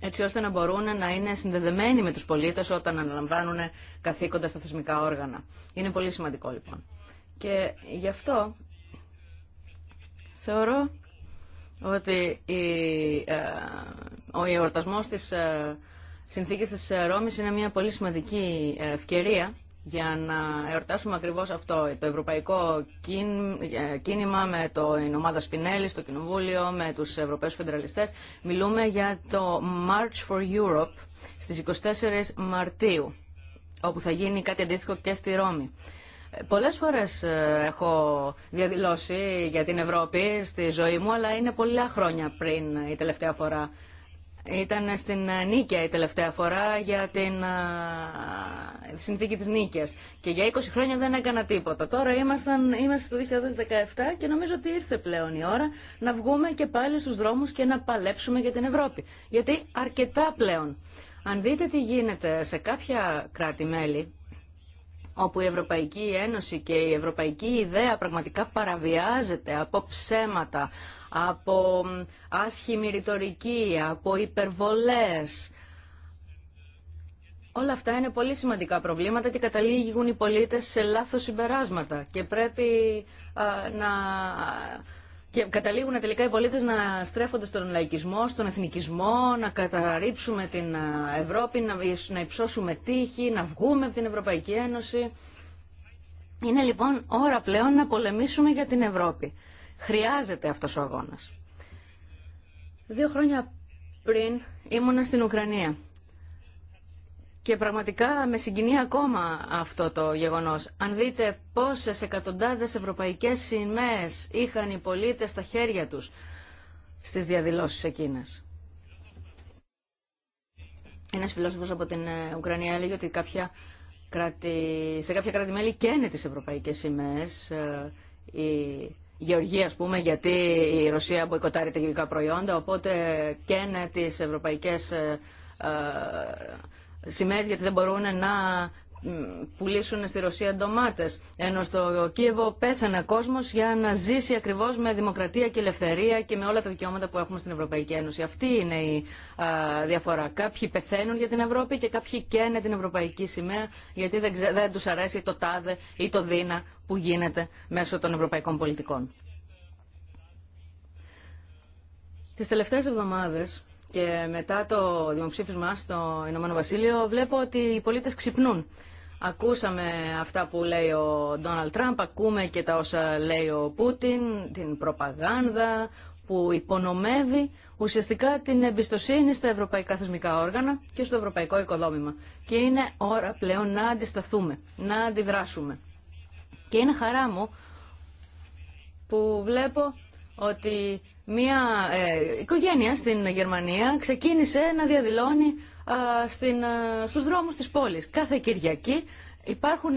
έτσι ώστε να μπορούν να είναι συνδεδεμένοι με τους πολίτες όταν αναλαμβάνουν καθήκοντα στα θεσμικά όργανα. Είναι πολύ σημαντικό λοιπόν. Και γι' αυτό θεωρώ ότι ε, ο εορτασμός της ε, συνθήκης της ε, Ρώμης είναι μια πολύ σημαντική ε, ευκαιρία για να εορτάσουμε ακριβώ αυτό, το ευρωπαϊκό ε, κίνημα με το, την ομάδα Σπινέλη στο Κοινοβούλιο, με τους Ευρωπαίου Φεντεραλιστέ. Μιλούμε για το March for Europe στις 24 Μαρτίου, όπου θα γίνει κάτι αντίστοιχο και στη Ρώμη. Πολλές φορές ε, έχω διαδηλώσει για την Ευρώπη στη ζωή μου, αλλά είναι πολλά χρόνια πριν η τελευταία φορά ήταν στην ε, Νίκαια η τελευταία φορά για την ε, συνθήκη της Νίκαιας και για 20 χρόνια δεν έκανα τίποτα. Τώρα είμαστε στο 2017 και νομίζω ότι ήρθε πλέον η ώρα να βγούμε και πάλι στους δρόμους και να παλέψουμε για την Ευρώπη. Γιατί αρκετά πλέον. Αν δείτε τι γίνεται σε κάποια κράτη-μέλη, όπου η Ευρωπαϊκή Ένωση και η Ευρωπαϊκή ιδέα πραγματικά παραβιάζεται από ψέματα, από άσχημη ρητορική, από υπερβολές. Όλα αυτά είναι πολύ σημαντικά προβλήματα και καταλήγουν οι πολίτες σε λάθος συμπεράσματα και πρέπει να και καταλήγουν τελικά οι πολίτες να στρέφονται στον λαϊκισμό, στον εθνικισμό, να καταρρύψουμε την Ευρώπη, να υψώσουμε τύχη, να βγούμε από την Ευρωπαϊκή Ένωση. Είναι λοιπόν ώρα πλέον να πολεμήσουμε για την Ευρώπη. Χρειάζεται αυτός ο αγώνας. Δύο χρόνια πριν ήμουνα στην Ουκρανία και πραγματικά με συγκινεί ακόμα αυτό το γεγονός. Αν δείτε πόσες εκατοντάδες ευρωπαϊκές σημαίες είχαν οι πολίτες στα χέρια τους στις διαδηλώσεις εκείνες. Ένας φιλόσοφος από την ε, Ουκρανία έλεγε ότι κάποια κράτη, σε κάποια κράτη-μέλη καίνε τις ευρωπαϊκές σημαίες. Ε, η γεωργία, ας πούμε, γιατί η Ρωσία μποϊκοτάρει τα γεωργικά προϊόντα, οπότε καίνε τις ευρωπαϊκές ε, σημαίες γιατί δεν μπορούν να πουλήσουν στη Ρωσία ντομάτες. Ενώ στο Κίεβο πέθανε κόσμος για να ζήσει ακριβώς με δημοκρατία και ελευθερία και με όλα τα δικαιώματα που έχουμε στην Ευρωπαϊκή Ένωση. Αυτή είναι η διαφορά. Κάποιοι πεθαίνουν για την Ευρώπη και κάποιοι καίνε την Ευρωπαϊκή σημαία γιατί δεν, ξε, δεν τους αρέσει το τάδε ή το δίνα που γίνεται μέσω των ευρωπαϊκών πολιτικών. Τις τελευταίες εβδομάδες και μετά το δημοψήφισμα στο Ηνωμένο Βασίλειο βλέπω ότι οι πολίτες ξυπνούν. Ακούσαμε αυτά που λέει ο Ντόναλτ Τραμπ, ακούμε και τα όσα λέει ο Πούτιν, την προπαγάνδα που υπονομεύει ουσιαστικά την εμπιστοσύνη στα ευρωπαϊκά θεσμικά όργανα και στο ευρωπαϊκό οικοδόμημα. Και είναι ώρα πλέον να αντισταθούμε, να αντιδράσουμε. Και είναι χαρά μου που βλέπω ότι Μία ε, οικογένεια στην Γερμανία ξεκίνησε να διαδηλώνει α, στην, α, στους δρόμους της πόλης. Κάθε Κυριακή υπάρχουν 10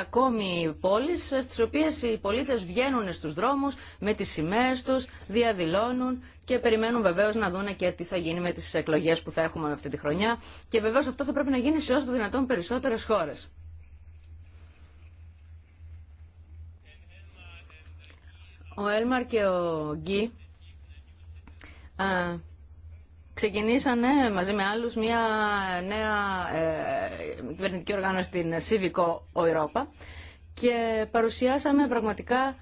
ακόμη πόλεις ε, στις οποίες οι πολίτες βγαίνουν στους δρόμους με τις σημαίες τους, διαδηλώνουν και περιμένουν βεβαίως να δούνε και τι θα γίνει με τις εκλογές που θα έχουμε αυτή τη χρονιά και βεβαίως αυτό θα πρέπει να γίνει σε όσο το δυνατόν περισσότερες χώρες. Ο Έλμαρ και ο Γκί ξεκινήσανε μαζί με άλλους μια νέα ε, κυβερνητική οργάνωση στην Civico Europa και παρουσιάσαμε πραγματικά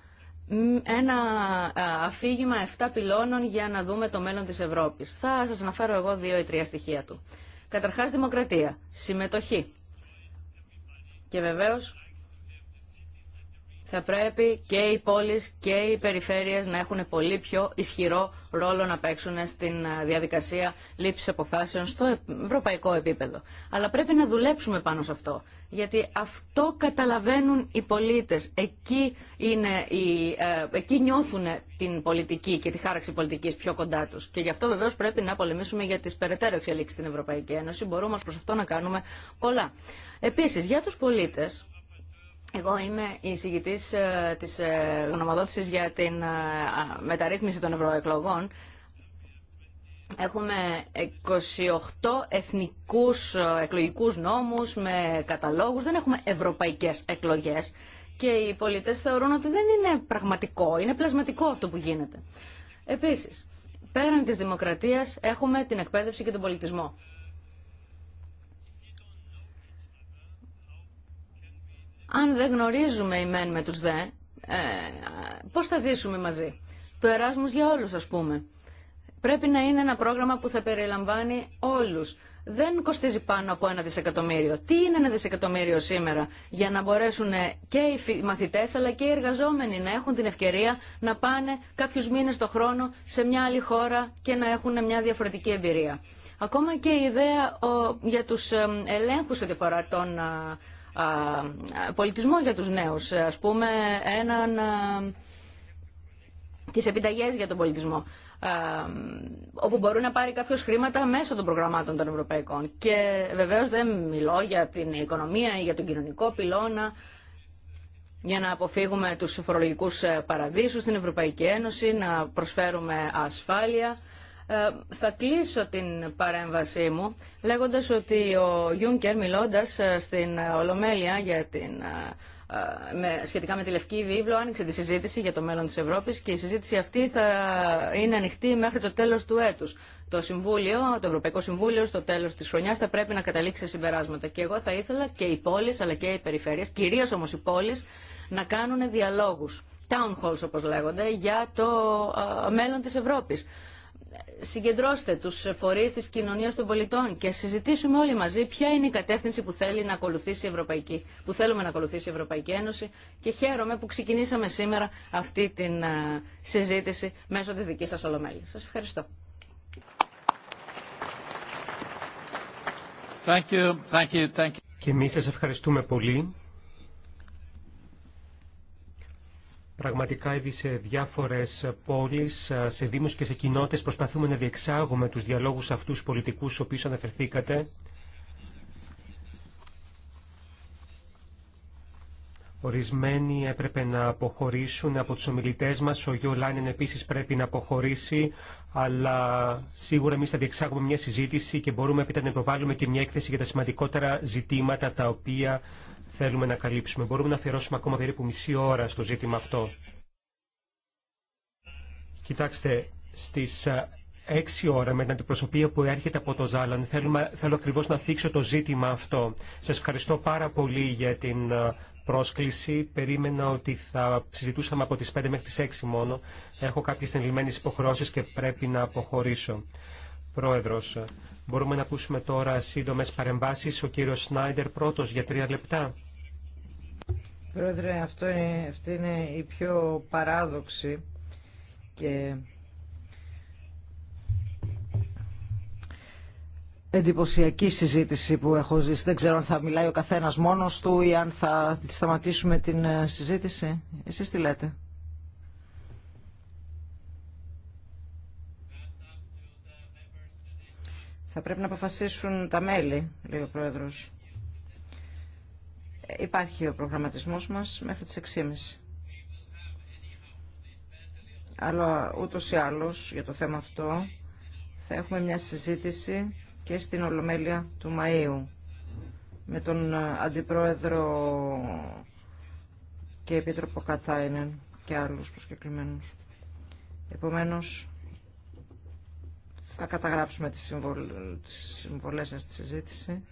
ένα ε, αφήγημα 7 πυλώνων για να δούμε το μέλλον της Ευρώπης. Θα σας αναφέρω εγώ δύο ή τρία στοιχεία του. Καταρχάς δημοκρατία, συμμετοχή και βεβαίως θα πρέπει και οι πόλεις και οι περιφέρειες να έχουν πολύ πιο ισχυρό ρόλο να παίξουν στην διαδικασία λήψης αποφάσεων στο ευρωπαϊκό επίπεδο. Αλλά πρέπει να δουλέψουμε πάνω σε αυτό, γιατί αυτό καταλαβαίνουν οι πολίτες. Εκεί, ε, εκεί νιώθουν την πολιτική και τη χάραξη πολιτικής πιο κοντά τους. Και γι' αυτό βεβαίως πρέπει να πολεμήσουμε για τις περαιτέρω εξελίξεις στην Ευρωπαϊκή Ένωση. Μπορούμε προς αυτό να κάνουμε πολλά. Επίσης, για τους πολίτες, εγώ είμαι η εισηγητή ε, τη ε, γνωμοδότηση για την ε, μεταρρύθμιση των ευρωεκλογών. Έχουμε 28 εθνικούς εκλογικούς νόμους με καταλόγους, δεν έχουμε ευρωπαϊκές εκλογές και οι πολίτες θεωρούν ότι δεν είναι πραγματικό, είναι πλασματικό αυτό που γίνεται. Επίσης, πέραν της δημοκρατίας έχουμε την εκπαίδευση και τον πολιτισμό. αν δεν γνωρίζουμε η μεν με τους δε, ε, πώς θα ζήσουμε μαζί. Το Εράσμους για όλους ας πούμε. Πρέπει να είναι ένα πρόγραμμα που θα περιλαμβάνει όλους. Δεν κοστίζει πάνω από ένα δισεκατομμύριο. Τι είναι ένα δισεκατομμύριο σήμερα για να μπορέσουν ε, και οι μαθητές αλλά και οι εργαζόμενοι να έχουν την ευκαιρία να πάνε κάποιους μήνες το χρόνο σε μια άλλη χώρα και να έχουν μια διαφορετική εμπειρία. Ακόμα και η ιδέα για τους ελέγχους ότι αφορά τον πολιτισμό για τους νέους, ας πούμε έναν, τις επιταγές για τον πολιτισμό όπου μπορεί να πάρει κάποιος χρήματα μέσω των προγραμμάτων των ευρωπαϊκών. Και βεβαίως δεν μιλώ για την οικονομία ή για τον κοινωνικό πυλώνα, για να αποφύγουμε τους φορολογικούς παραδείσους στην Ευρωπαϊκή Ένωση, να προσφέρουμε ασφάλεια ε, θα κλείσω την παρέμβασή μου λέγοντας ότι ο Γιούνκερ μιλώντας ε, στην Ολομέλεια για την, ε, με, σχετικά με τη Λευκή Βίβλο άνοιξε τη συζήτηση για το μέλλον της Ευρώπης και η συζήτηση αυτή θα είναι ανοιχτή μέχρι το τέλος του έτους. Το, Συμβούλιο, το Ευρωπαϊκό Συμβούλιο στο τέλος της χρονιάς θα πρέπει να καταλήξει σε συμπεράσματα και εγώ θα ήθελα και οι πόλεις αλλά και οι περιφέρειες, κυρίως όμως οι πόλεις, να κάνουν διαλόγους, town halls όπως λέγονται, για το μέλλον της Ευρώπης συγκεντρώστε τους φορείς της κοινωνίας των πολιτών και συζητήσουμε όλοι μαζί ποια είναι η κατεύθυνση που, θέλει να ακολουθήσει η Ευρωπαϊκή, που θέλουμε να ακολουθήσει η Ευρωπαϊκή Ένωση και χαίρομαι που ξεκινήσαμε σήμερα αυτή τη ε, συζήτηση μέσω της δικής σας ολομέλειας. Σας ευχαριστώ. Thank you, thank you, thank you. Και εμείς ευχαριστούμε πολύ. Πραγματικά ήδη σε διάφορες πόλεις, σε δήμους και σε κοινότητες προσπαθούμε να διεξάγουμε τους διαλόγους αυτούς πολιτικούς στους οποίους αναφερθήκατε. Ορισμένοι έπρεπε να αποχωρήσουν από τους ομιλητές μας. Ο Γιώ Λάνιν επίσης πρέπει να αποχωρήσει, αλλά σίγουρα εμείς θα διεξάγουμε μια συζήτηση και μπορούμε έπειτα να υποβάλουμε και μια έκθεση για τα σημαντικότερα ζητήματα τα οποία θέλουμε να καλύψουμε. Μπορούμε να αφιερώσουμε ακόμα περίπου μισή ώρα στο ζήτημα αυτό. Κοιτάξτε, στις 6 ώρα με την αντιπροσωπεία που έρχεται από το Ζάλαν. Θέλουμε, θέλω ακριβώς να θίξω το ζήτημα αυτό. Σας ευχαριστώ πάρα πολύ για την πρόσκληση. Περίμενα ότι θα συζητούσαμε από τις 5 μέχρι τις 6 μόνο. Έχω κάποιες ενηλυμένες υποχρεώσεις και πρέπει να αποχωρήσω. Πρόεδρος, μπορούμε να ακούσουμε τώρα σύντομες παρεμβάσεις. Ο κύριος Σνάιντερ πρώτος για τρία λεπτά. Πρόεδρε, αυτό είναι, αυτή είναι η πιο παράδοξη και εντυπωσιακή συζήτηση που έχω ζήσει. Δεν ξέρω αν θα μιλάει ο καθένας μόνος του ή αν θα σταματήσουμε την ε, συζήτηση. Εσείς τι λέτε. Θα πρέπει να αποφασίσουν τα μέλη, λέει ο Πρόεδρος. Υπάρχει ο προγραμματισμός μας μέχρι τις 6.30. Αλλά ούτως ή άλλως για το θέμα αυτό θα έχουμε μια συζήτηση και στην Ολομέλεια του Μαΐου με τον Αντιπρόεδρο και Επίτροπο Κατάινεν και άλλους προσκεκλημένους. Επομένως, θα καταγράψουμε τις, τις συμβολές σας στη συζήτηση.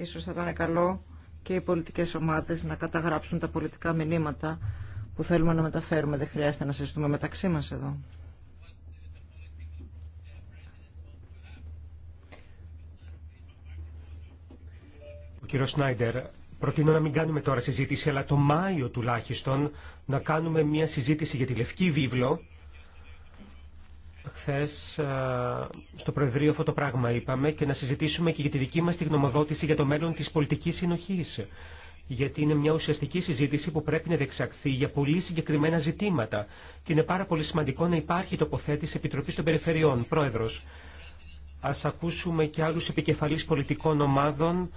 Ίσως θα ήταν καλό και οι πολιτικές ομάδες να καταγράψουν τα πολιτικά μηνύματα που θέλουμε να μεταφέρουμε. Δεν χρειάζεται να συζητούμε μεταξύ μας εδώ. Ο κύριος Σνάιντερ, προτείνω να μην κάνουμε τώρα συζήτηση, αλλά το Μάιο τουλάχιστον να κάνουμε μια συζήτηση για τη Λευκή Βίβλο χθε στο Προεδρείο αυτό το πράγμα είπαμε και να συζητήσουμε και για τη δική μας τη γνωμοδότηση για το μέλλον της πολιτικής συνοχής. Γιατί είναι μια ουσιαστική συζήτηση που πρέπει να δεξαχθεί για πολύ συγκεκριμένα ζητήματα. Και είναι πάρα πολύ σημαντικό να υπάρχει τοποθέτηση Επιτροπής των Περιφερειών. Πρόεδρος, ας ακούσουμε και άλλους επικεφαλείς πολιτικών ομάδων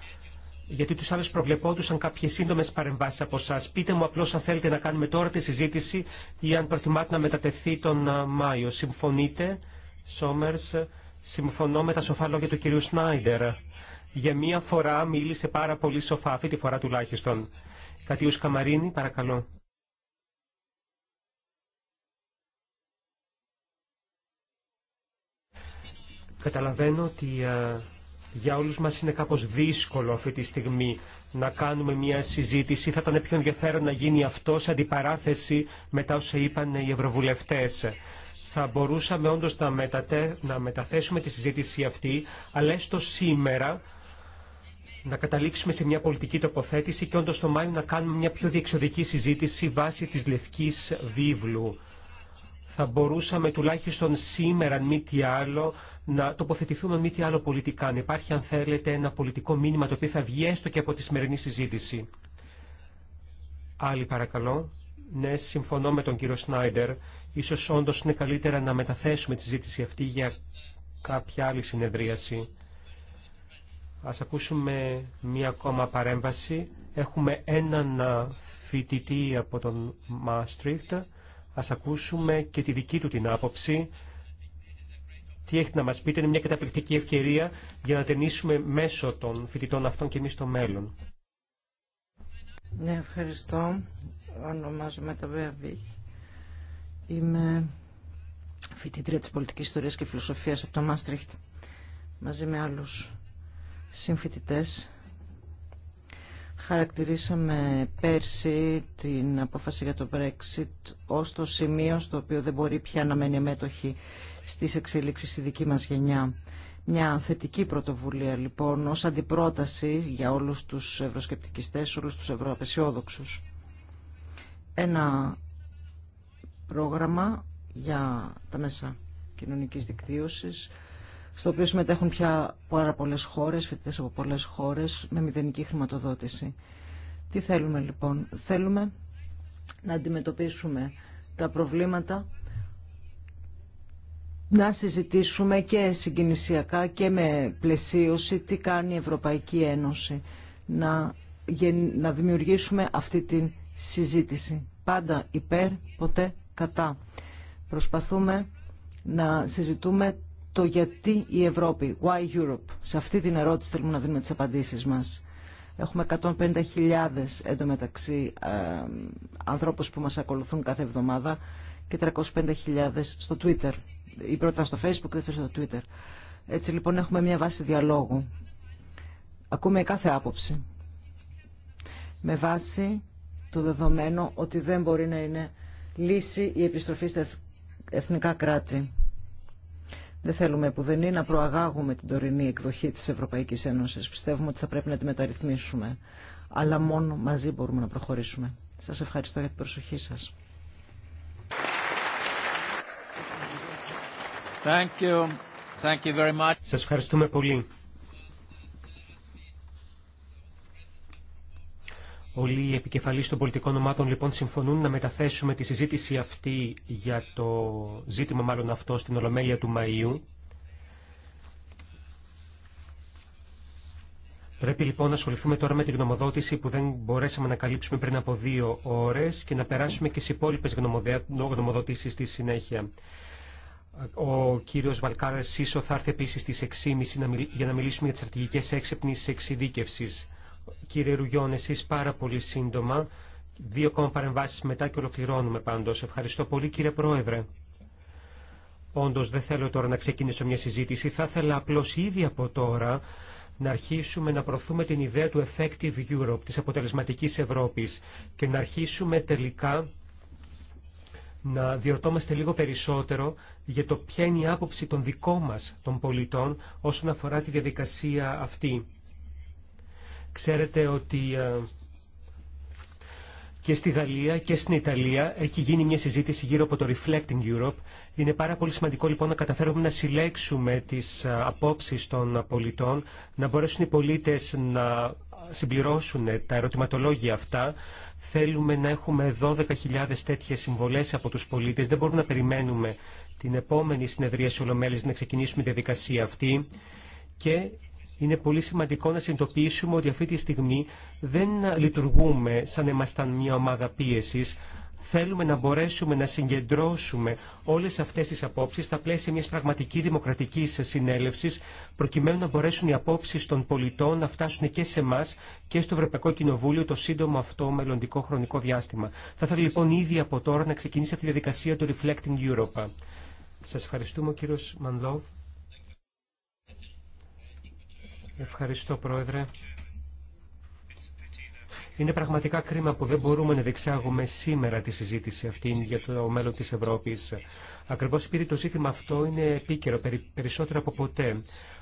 γιατί τους άλλους προβλεπόντουσαν κάποιες σύντομες παρεμβάσεις από εσά. Πείτε μου απλώς αν θέλετε να κάνουμε τώρα τη συζήτηση ή αν προτιμάτε να μετατεθεί τον ε, Μάιο. Συμφωνείτε, Σόμερς, συμφωνώ με τα σοφά λόγια του κυρίου Σνάιντερ. Για μία φορά μίλησε πάρα πολύ σοφά, αυτή τη φορά τουλάχιστον. Κατίους Καμαρίνη, παρακαλώ. Καταλαβαίνω ότι ε, για όλους μας είναι κάπως δύσκολο αυτή τη στιγμή να κάνουμε μια συζήτηση. Θα ήταν πιο ενδιαφέρον να γίνει αυτό σε αντιπαράθεση μετά όσα είπαν οι ευρωβουλευτές. Θα μπορούσαμε όντως να, να μεταθέσουμε τη συζήτηση αυτή, αλλά έστω σήμερα να καταλήξουμε σε μια πολιτική τοποθέτηση και όντως το Μάιο να κάνουμε μια πιο διεξοδική συζήτηση βάσει της Λευκής Βίβλου θα μπορούσαμε τουλάχιστον σήμερα, αν μη τι άλλο, να τοποθετηθούμε, μη τι άλλο, πολιτικά. Να υπάρχει, αν θέλετε, ένα πολιτικό μήνυμα το οποίο θα βγει έστω και από τη σημερινή συζήτηση. Άλλη παρακαλώ. Ναι, συμφωνώ με τον κύριο Σνάιντερ. Ίσως όντως είναι καλύτερα να μεταθέσουμε τη συζήτηση αυτή για κάποια άλλη συνεδρίαση. Ας ακούσουμε μία ακόμα παρέμβαση. Έχουμε έναν φοιτητή από τον Μάστριχτ Ας ακούσουμε και τη δική του την άποψη. Τι έχετε να μας πείτε, είναι μια καταπληκτική ευκαιρία για να ταινίσουμε μέσω των φοιτητών αυτών και εμείς το μέλλον. Ναι, ευχαριστώ. Ονομάζομαι τα Βέβη. Είμαι φοιτήτρια της πολιτικής ιστορίας και φιλοσοφίας από το Μάστριχτ μαζί με άλλους συμφοιτητές Χαρακτηρίσαμε πέρσι την απόφαση για το Brexit ως το σημείο στο οποίο δεν μπορεί πια να μένει μέτοχη στις εξελίξεις η δική μας γενιά. Μια θετική πρωτοβουλία λοιπόν ως αντιπρόταση για όλους τους ευρωσκεπτικιστές, όλους τους ευρωαπεσιόδοξους. Ένα πρόγραμμα για τα μέσα κοινωνικής δικτύωσης στο οποίο συμμετέχουν πια πάρα πολλές χώρες, φοιτητές από πολλές χώρες, με μηδενική χρηματοδότηση. Τι θέλουμε λοιπόν. Θέλουμε να αντιμετωπίσουμε τα προβλήματα, να συζητήσουμε και συγκινησιακά και με πλαισίωση τι κάνει η Ευρωπαϊκή Ένωση, να, να δημιουργήσουμε αυτή την συζήτηση. Πάντα υπέρ, ποτέ κατά. Προσπαθούμε να συζητούμε το γιατί η Ευρώπη, why Europe. Σε αυτή την ερώτηση θέλουμε να δίνουμε τις απαντήσεις μας. Έχουμε 150.000 εντωμεταξύ ε, ανθρώπους που μας ακολουθούν κάθε εβδομάδα και 350.000 στο Twitter. Η πρώτα στο Facebook, δεύτερη στο Twitter. Έτσι λοιπόν έχουμε μια βάση διαλόγου. Ακούμε κάθε άποψη. Με βάση το δεδομένο ότι δεν μπορεί να είναι λύση η επιστροφή στα εθνικά κράτη. Δεν θέλουμε που δεν είναι να προαγάγουμε την τωρινή εκδοχή της Ευρωπαϊκής Ένωσης. Πιστεύουμε ότι θα πρέπει να τη μεταρρυθμίσουμε. Αλλά μόνο μαζί μπορούμε να προχωρήσουμε. Σας ευχαριστώ για την προσοχή σας. Thank you. Thank you very much. Σας ευχαριστούμε πολύ. Όλοι οι επικεφαλείς των πολιτικών ομάδων λοιπόν συμφωνούν να μεταθέσουμε τη συζήτηση αυτή για το ζήτημα μάλλον αυτό στην Ολομέλεια του Μαΐου. Πρέπει λοιπόν να ασχοληθούμε τώρα με την γνωμοδότηση που δεν μπορέσαμε να καλύψουμε πριν από δύο ώρες και να περάσουμε και στις υπόλοιπες γνωμοδοτήσεις στη συνέχεια. Ο κύριος Βαλκάρας Σίσο θα έρθει επίσης στις 6.30 για να μιλήσουμε για τις στρατηγικές έξυπνης εξειδίκευσης. Κύριε Ρουγιών, εσείς πάρα πολύ σύντομα. Δύο ακόμα παρεμβάσεις μετά και ολοκληρώνουμε πάντως. Ευχαριστώ πολύ κύριε Πρόεδρε. Όντως δεν θέλω τώρα να ξεκινήσω μια συζήτηση. Θα ήθελα απλώς ήδη από τώρα να αρχίσουμε να προωθούμε την ιδέα του Effective Europe, της αποτελεσματικής Ευρώπης και να αρχίσουμε τελικά να διορτόμαστε λίγο περισσότερο για το ποια είναι η άποψη των δικών μας των πολιτών όσον αφορά τη διαδικασία αυτή. Ξέρετε ότι ε, και στη Γαλλία και στην Ιταλία έχει γίνει μια συζήτηση γύρω από το Reflecting Europe. Είναι πάρα πολύ σημαντικό λοιπόν να καταφέρουμε να συλλέξουμε τις ε, απόψεις των πολιτών, να μπορέσουν οι πολίτες να συμπληρώσουν τα ερωτηματολόγια αυτά. Θέλουμε να έχουμε 12.000 τέτοιες συμβολές από τους πολίτες. Δεν μπορούμε να περιμένουμε την επόμενη συνεδρία Σολομέλης να ξεκινήσουμε τη διαδικασία αυτή είναι πολύ σημαντικό να συνειδητοποιήσουμε ότι αυτή τη στιγμή δεν λειτουργούμε σαν ήμασταν μια ομάδα πίεση. Θέλουμε να μπορέσουμε να συγκεντρώσουμε όλε αυτέ τι απόψει στα πλαίσια μια πραγματική δημοκρατική συνέλευση, προκειμένου να μπορέσουν οι απόψει των πολιτών να φτάσουν και σε εμά και στο Ευρωπαϊκό Κοινοβούλιο το σύντομο αυτό μελλοντικό χρονικό διάστημα. Θα ήθελα λοιπόν ήδη από τώρα να ξεκινήσει αυτή η διαδικασία του Reflecting Europa. Σα ευχαριστούμε, κύριο Μανλόβ. Ευχαριστώ, Πρόεδρε. Είναι πραγματικά κρίμα που δεν μπορούμε να διεξάγουμε σήμερα τη συζήτηση αυτή για το μέλλον της Ευρώπης. Ακριβώς επειδή το ζήτημα αυτό είναι επίκαιρο περισσότερο από ποτέ.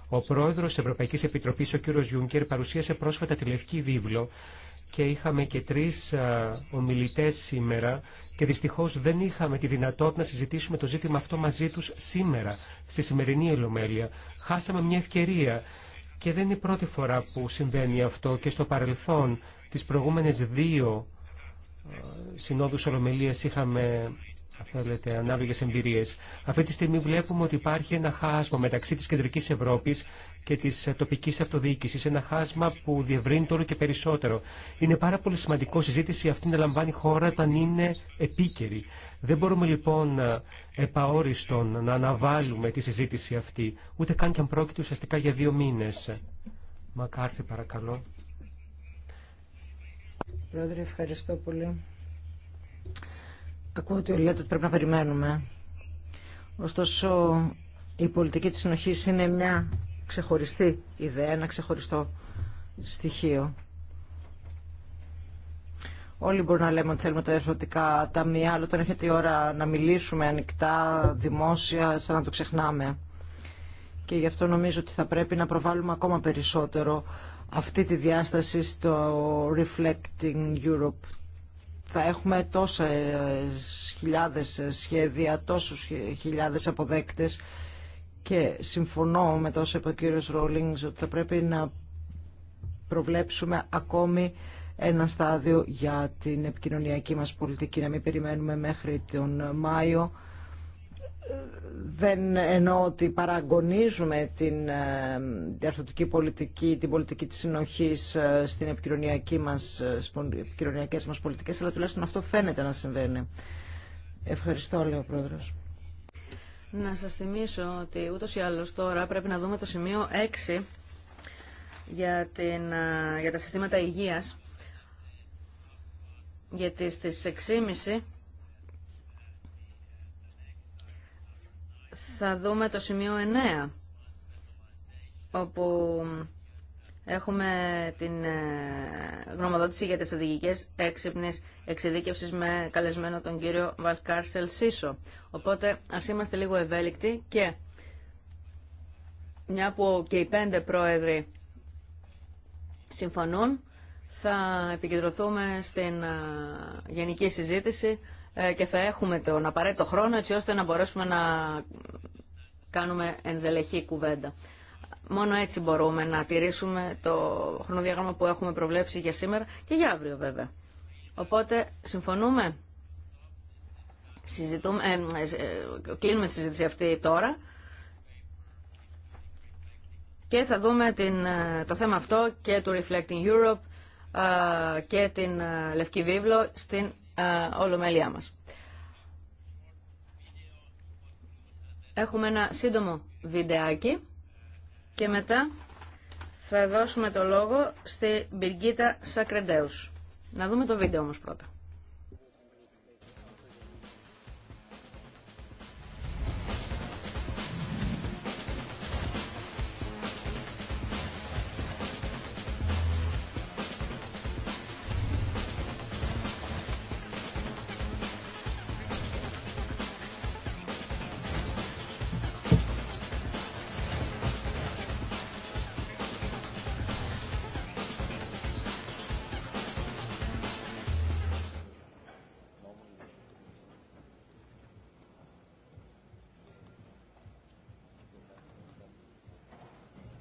Ο πρόεδρος της Ευρωπαϊκής Επιτροπής, ο κ. Γιούνκερ, παρουσίασε πρόσφατα τη Λευκή Βίβλο και είχαμε και τρεις ομιλητές σήμερα και δυστυχώς δεν είχαμε τη δυνατότητα να συζητήσουμε το ζήτημα αυτό μαζί τους σήμερα, στη σημερινή Ελομέλεια. Χάσαμε μια ευκαιρία και δεν είναι η πρώτη φορά που συμβαίνει αυτό και στο παρελθόν τις προηγούμενες δύο ε, συνόδους ολομελίες είχαμε αν θέλετε, ανάλογες εμπειρίες. Αυτή τη στιγμή βλέπουμε ότι υπάρχει ένα χάσμα μεταξύ της κεντρικής Ευρώπης και της ε, τοπικής αυτοδιοίκησης, ένα χάσμα που διευρύνει τώρα και περισσότερο. Είναι πάρα πολύ σημαντικό συζήτηση αυτή να λαμβάνει χώρα όταν είναι επίκαιρη. Δεν μπορούμε λοιπόν ε, επαόριστον να αναβάλουμε τη συζήτηση αυτή, ούτε καν και αν πρόκειται ουσιαστικά για δύο μήνες. Μακάρθη παρακαλώ. Πρόεδρε, ευχαριστώ πολύ. Ακούω ότι λέτε ότι πρέπει να περιμένουμε. Ωστόσο, η πολιτική της συνοχής είναι μια ξεχωριστή ιδέα, ένα ξεχωριστό στοιχείο. Όλοι μπορούμε να λέμε ότι θέλουμε τα ερωτικά ταμεία, αλλά όταν έρχεται η ώρα να μιλήσουμε ανοιχτά, δημόσια, σαν να το ξεχνάμε. Και γι' αυτό νομίζω ότι θα πρέπει να προβάλλουμε ακόμα περισσότερο αυτή τη διάσταση στο Reflecting Europe θα έχουμε τόσε χιλιάδες σχέδια, τόσους χιλιάδες αποδέκτες και συμφωνώ με όσο είπε ο κύριο Ρόλινγκ ότι θα πρέπει να προβλέψουμε ακόμη ένα στάδιο για την επικοινωνιακή μας πολιτική, να μην περιμένουμε μέχρι τον Μάιο δεν εννοώ ότι παραγωνίζουμε την ε, διαρθρωτική πολιτική, την πολιτική της συνοχής ε, στην επικοινωνιακή μας, ε, επικοινωνιακές μας πολιτικές, αλλά τουλάχιστον αυτό φαίνεται να συμβαίνει. Ευχαριστώ, λέει ο Πρόεδρος. Να σας θυμίσω ότι ούτως ή άλλως τώρα πρέπει να δούμε το σημείο 6 για, τα συστήματα υγείας, γιατί στις 6.30 θα δούμε το σημείο 9, όπου έχουμε την ε, γνωμοδότηση για τις στρατηγικές έξυπνης εξειδίκευσης με καλεσμένο τον κύριο Βαλκάρσελ Σίσο. Οπότε ας είμαστε λίγο ευέλικτοι και μια που και οι πέντε πρόεδροι συμφωνούν, θα επικεντρωθούμε στην ε, γενική συζήτηση ε, και θα έχουμε τον απαραίτητο χρόνο έτσι ώστε να μπορέσουμε να κάνουμε ενδελεχή κουβέντα. Μόνο έτσι μπορούμε να τηρήσουμε το χρονοδιάγραμμα που έχουμε προβλέψει για σήμερα και για αύριο βέβαια. Οπότε συμφωνούμε, Συζητούμε, ε, ε, κλείνουμε τη συζήτηση αυτή τώρα και θα δούμε την, το θέμα αυτό και του Reflecting Europe και την Λευκή Βίβλο στην ε, ολομέλειά μας. Έχουμε ένα σύντομο βιντεάκι και μετά θα δώσουμε το λόγο στη Μπιργκίτα Σακρεντέους. Να δούμε το βίντεο όμως πρώτα.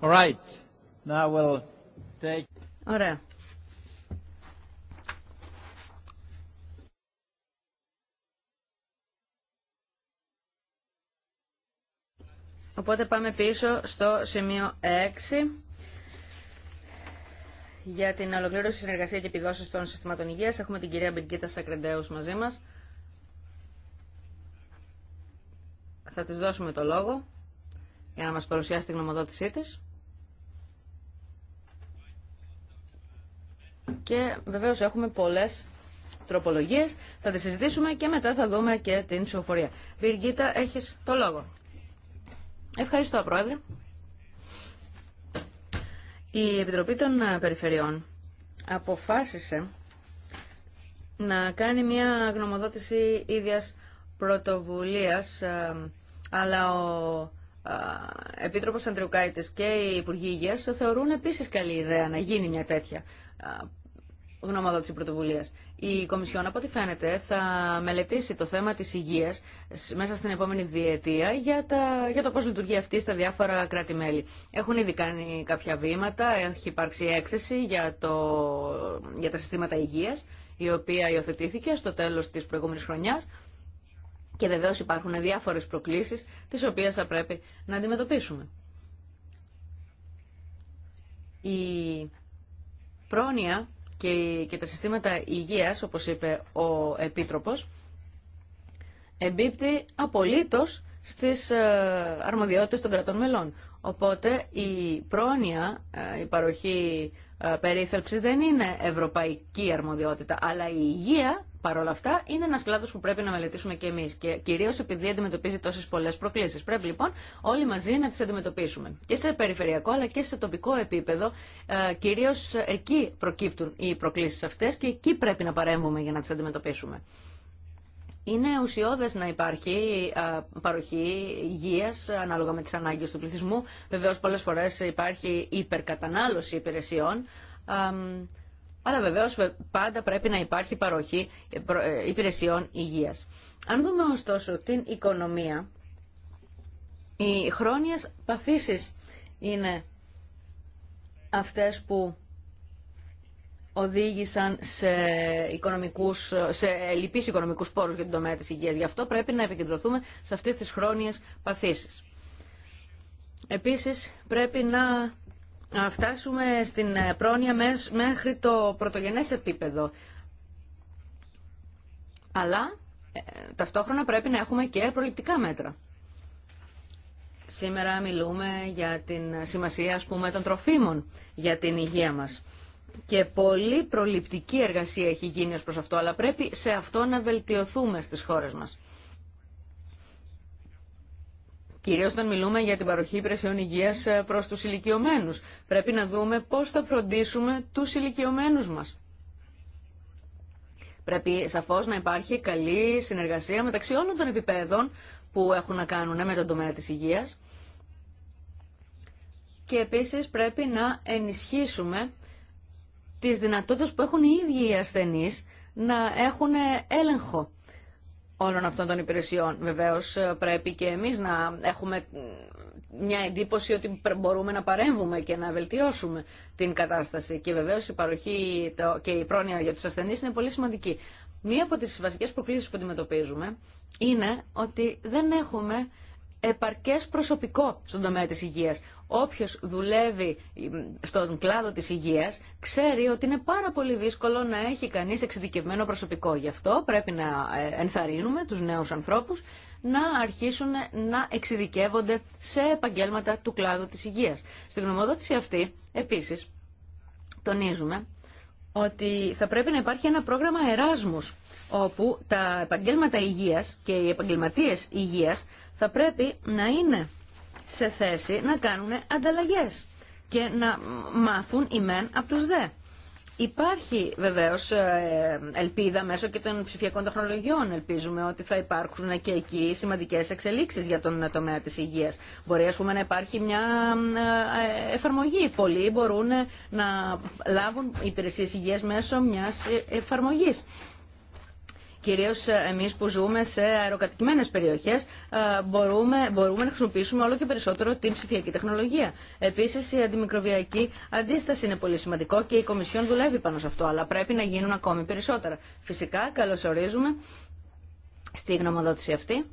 Ωραία. Οπότε πάμε πίσω στο σημείο 6 για την ολοκλήρωση συνεργασία και επιδόσεις των συστημάτων υγείας. Έχουμε την κυρία Μπιγκίτα Σακρεντέους μαζί μας. Θα της δώσουμε το λόγο για να μας παρουσιάσει την γνωμοδότησή της. και βεβαίως έχουμε πολλές τροπολογίες. Θα τις συζητήσουμε και μετά θα δούμε και την ψηφοφορία. Βιργίτα, έχεις το λόγο. Ευχαριστώ, Πρόεδρε. Η Επιτροπή των Περιφερειών αποφάσισε να κάνει μια γνωμοδότηση ίδιας πρωτοβουλίας, ε, αλλά ο ε, Επίτροπος Αντριουκάητης και οι Υπουργοί Υγείας θεωρούν επίσης καλή ιδέα να γίνει μια τέτοια ε, γνωμοδότηση πρωτοβουλία. Η Κομισιόν, από ό,τι φαίνεται, θα μελετήσει το θέμα τη υγεία μέσα στην επόμενη διετία για, τα, για το πώ λειτουργεί αυτή στα διάφορα κράτη-μέλη. Έχουν ήδη κάνει κάποια βήματα, έχει υπάρξει έκθεση για, το, για τα συστήματα υγεία, η οποία υιοθετήθηκε στο τέλο τη προηγούμενη χρονιά. Και βεβαίω υπάρχουν διάφορε προκλήσει, τι οποίε θα πρέπει να αντιμετωπίσουμε. Η πρόνοια και, τα συστήματα υγείας, όπως είπε ο Επίτροπος, εμπίπτει απολύτως στις ε, αρμοδιότητες των κρατών μελών. Οπότε η πρόνοια, ε, η παροχή ε, περίθαλψης δεν είναι ευρωπαϊκή αρμοδιότητα, αλλά η υγεία παρόλα αυτά είναι ένας κλάδος που πρέπει να μελετήσουμε και εμείς και κυρίως επειδή αντιμετωπίζει τόσες πολλές προκλήσεις. Πρέπει λοιπόν όλοι μαζί να τις αντιμετωπίσουμε και σε περιφερειακό αλλά και σε τοπικό επίπεδο ε, κυρίως εκεί προκύπτουν οι προκλήσει αυτέ και εκεί πρέπει να παρέμβουμε για να τι αντιμετωπίσουμε. Είναι ουσιώδες να υπάρχει παροχή υγεία ανάλογα με τι ανάγκε του πληθυσμού. Βεβαίως πολλές φορές υπάρχει υπερκατανάλωση υπηρεσιών. Αλλά βεβαίως πάντα πρέπει να υπάρχει παροχή ε, ε, υπηρεσιών υγεία. Αν δούμε ωστόσο την οικονομία, οι χρόνιες παθήσεις είναι αυτές που οδήγησαν σε, οικονομικούς, σε λυπείς οικονομικούς πόρους για την τομέα της υγείας. Γι' αυτό πρέπει να επικεντρωθούμε σε αυτές τις χρόνιες παθήσεις. Επίσης πρέπει να φτάσουμε στην πρόνοια μέχρι το πρωτογενές επίπεδο. Αλλά ε, ταυτόχρονα πρέπει να έχουμε και προληπτικά μέτρα. Σήμερα μιλούμε για την σημασία των τροφίμων για την υγεία μας και πολύ προληπτική εργασία έχει γίνει ως προς αυτό, αλλά πρέπει σε αυτό να βελτιωθούμε στις χώρες μας. Κυρίω όταν μιλούμε για την παροχή υπηρεσιών υγεία ε, προ του ηλικιωμένου. Πρέπει να δούμε πώ θα φροντίσουμε του ηλικιωμένου μα. Πρέπει σαφώ να υπάρχει καλή συνεργασία μεταξύ όλων των επιπέδων που έχουν να κάνουν με τον τομέα τη υγεία. Και επίση πρέπει να ενισχύσουμε τις δυνατότητες που έχουν οι ίδιοι οι ασθενείς να έχουν έλεγχο όλων αυτών των υπηρεσιών. Βεβαίως ε, πρέπει και εμείς να έχουμε μια εντύπωση ότι μπορούμε να παρέμβουμε και να βελτιώσουμε την κατάσταση. Και βεβαίως η παροχή και η πρόνοια για τους ασθενείς είναι πολύ σημαντική. Μία από τις βασικές προκλήσεις που αντιμετωπίζουμε είναι ότι δεν έχουμε επαρκές προσωπικό στον τομέα της υγείας όποιος δουλεύει στον κλάδο της υγείας ξέρει ότι είναι πάρα πολύ δύσκολο να έχει κανείς εξειδικευμένο προσωπικό. Γι' αυτό πρέπει να ε, ενθαρρύνουμε τους νέους ανθρώπους να αρχίσουν να εξειδικεύονται σε επαγγέλματα του κλάδου της υγείας. Στην γνωμοδότηση αυτή, επίσης, τονίζουμε ότι θα πρέπει να υπάρχει ένα πρόγραμμα Εράσμους, όπου τα επαγγέλματα υγείας και οι επαγγελματίες υγείας θα πρέπει να είναι σε θέση να κάνουν ανταλλαγές και να μάθουν οι μεν από τους δε. Υπάρχει βεβαίως ε, ελπίδα μέσω και των ψηφιακών τεχνολογιών. Ελπίζουμε ότι θα υπάρχουν και εκεί σημαντικές εξελίξεις για τον τομέα της υγείας. Μπορεί ας πούμε, να υπάρχει μια ε, εφαρμογή. Πολλοί μπορούν να λάβουν υπηρεσίες υγείας μέσω μιας ε, εφαρμογής κυρίως ε, εμείς που ζούμε σε αεροκατοικημένες περιοχές, ε, μπορούμε, να χρησιμοποιήσουμε όλο και περισσότερο την ψηφιακή τεχνολογία. Επίσης, η αντιμικροβιακή αντίσταση είναι πολύ σημαντικό και η Κομισιόν δουλεύει πάνω σε αυτό, αλλά πρέπει να γίνουν ακόμη περισσότερα. Φυσικά, καλωσορίζουμε στη γνωμοδότηση αυτή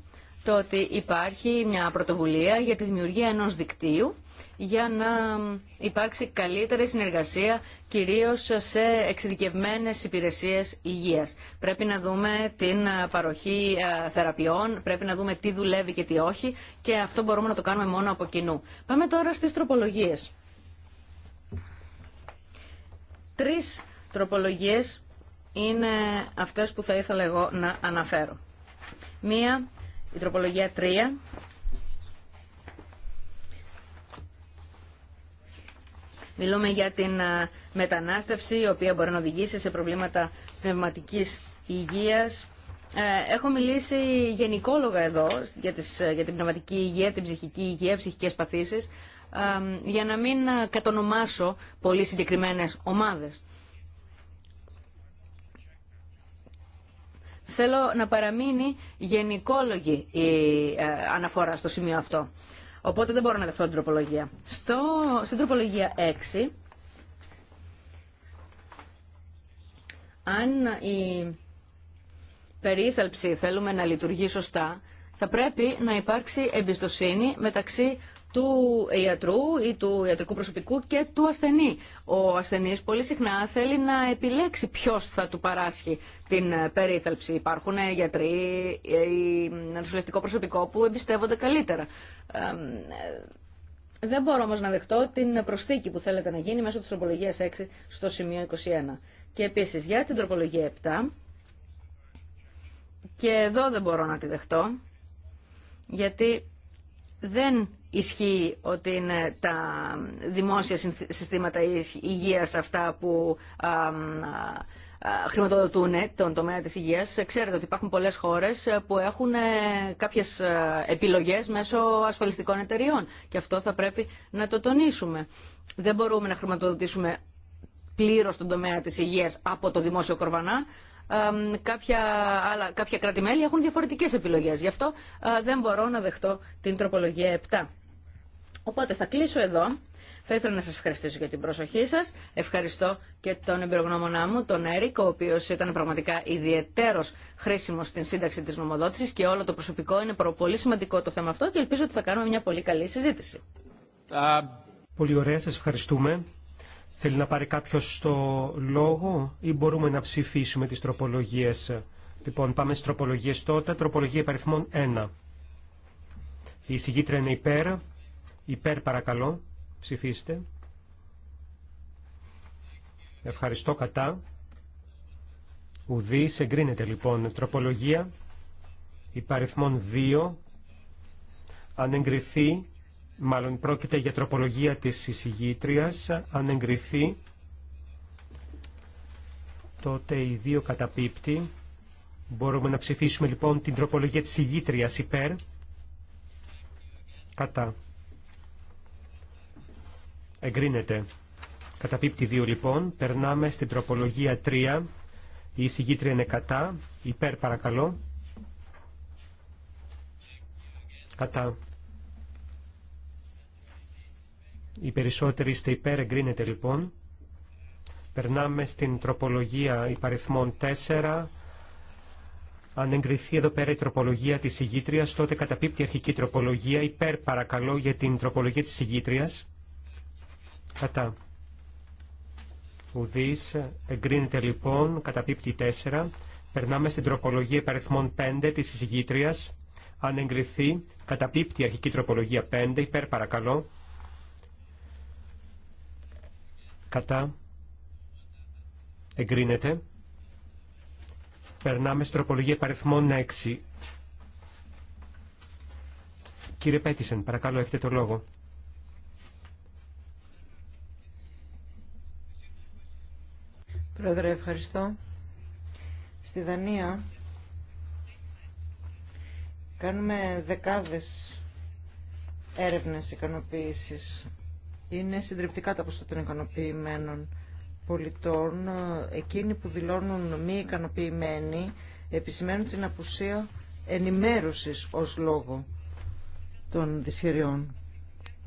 το ότι υπάρχει μια πρωτοβουλία για τη δημιουργία ενός δικτύου για να υπάρξει καλύτερη συνεργασία κυρίως σε εξειδικευμένες υπηρεσίες υγείας. Πρέπει να δούμε την παροχή ε, θεραπείων, πρέπει να δούμε τι δουλεύει και τι όχι και αυτό μπορούμε να το κάνουμε μόνο από κοινού. Πάμε τώρα στις τροπολογίες. Τρεις τροπολογίες είναι αυτές που θα ήθελα εγώ να αναφέρω. Μία η τροπολογία 3. Μιλούμε για την ε, μετανάστευση, η οποία μπορεί να οδηγήσει σε προβλήματα πνευματικής υγείας. Ε, έχω μιλήσει γενικόλογα εδώ για, τις, ε, για την πνευματική υγεία, την ψυχική υγεία, ψυχικές παθήσεις, για να μην κατονομάσω πολύ συγκεκριμένες ομάδες. θέλω να παραμείνει γενικόλογη η ε, αναφορά στο σημείο αυτό. Οπότε δεν μπορώ να δεχτώ την τροπολογία. Στο, στην τροπολογία 6, αν η περίθαλψη θέλουμε να λειτουργεί σωστά, θα πρέπει να υπάρξει εμπιστοσύνη μεταξύ του ιατρού ή του ιατρικού προσωπικού και του ασθενή. Ο ασθενής πολύ συχνά θέλει να επιλέξει ποιο θα του παράσχει την ε, περίθαλψη. Υπάρχουν ε, γιατροί ή ε, νοσηλευτικό προσωπικό που εμπιστεύονται καλύτερα. Δεν μπορώ όμω να δεχτώ την προσθήκη που θέλετε να γίνει μέσω τη τροπολογίας 6 στο σημείο 21. Και επίση για την τροπολογία 7, και εδώ δεν μπορώ να τη δεχτώ, γιατί δεν ισχύει ότι είναι τα δημόσια συστήματα υγείας αυτά που χρηματοδοτούν τον τομέα της υγείας. Ξέρετε ότι υπάρχουν πολλές χώρες που έχουν ε, κάποιες ε, επιλογές μέσω ασφαλιστικών εταιριών και αυτό θα πρέπει να το τονίσουμε. Δεν μπορούμε να χρηματοδοτήσουμε πλήρως τον τομέα της υγείας από το δημόσιο κορβανά, κάποια, άλλα, κάποια κρατημέλη έχουν διαφορετικές επιλογές. Γι' αυτό ε, δεν μπορώ να δεχτώ την τροπολογία 7. Οπότε θα κλείσω εδώ. Θα ήθελα να σας ευχαριστήσω για την προσοχή σας. Ευχαριστώ και τον εμπειρογνώμονά μου, τον Έρικ, ο οποίος ήταν πραγματικά ιδιαιτέρως χρήσιμος στην σύνταξη της νομοδότησης και όλο το προσωπικό είναι πολύ σημαντικό το θέμα αυτό και ελπίζω ότι θα κάνουμε μια πολύ καλή συζήτηση. Πολύ ωραία, σας ευχαριστούμε. Θέλει να πάρει κάποιος το λόγο ή μπορούμε να ψηφίσουμε τις τροπολογίες. Λοιπόν, πάμε στις τροπολογίες τότε. Τροπολογία υπαριθμών 1. Η εισηγήτρια είναι υπέρ. Υπέρ παρακαλώ. Ψηφίστε. Ευχαριστώ κατά. Ουδή. εγκρίνεται λοιπόν τροπολογία υπαριθμών 2. Αν εγκριθεί μάλλον πρόκειται για τροπολογία της εισηγήτριας, αν εγκριθεί, τότε οι δύο καταπίπτει. Μπορούμε να ψηφίσουμε λοιπόν την τροπολογία της εισηγήτριας υπέρ, κατά. Εγκρίνεται. Καταπίπτει δύο λοιπόν. Περνάμε στην τροπολογία 3. Η εισηγήτρια είναι κατά. Υπέρ παρακαλώ. Κατά. Οι περισσότεροι είστε υπέρ, εγκρίνεται λοιπόν. Περνάμε στην τροπολογία υπαριθμών 4. Αν εγκριθεί εδώ πέρα η τροπολογία της ηγήτριας, τότε καταπίπτει η αρχική τροπολογία. Υπέρ παρακαλώ για την τροπολογία της ηγήτριας. Κατά. Ουδής. Εγκρίνεται λοιπόν, καταπίπτει 4. Περνάμε στην τροπολογία υπαριθμών 5 της ηγήτριας. Αν εγκριθεί, καταπίπτει η αρχική τροπολογία 5. Υπέρ παρακαλώ. κατά, εγκρίνεται. Περνάμε στην τροπολογία παριθμών 6. Κύριε Πέτισεν, παρακαλώ, έχετε το λόγο. Πρόεδρε, ευχαριστώ. Στη Δανία κάνουμε δεκάδες έρευνες ικανοποίησης είναι συντριπτικά τα ποσότητα των ικανοποιημένων πολιτών. Εκείνοι που δηλώνουν μη ικανοποιημένοι επισημαίνουν την απουσία ενημέρωσης ως λόγο των δυσχεριών.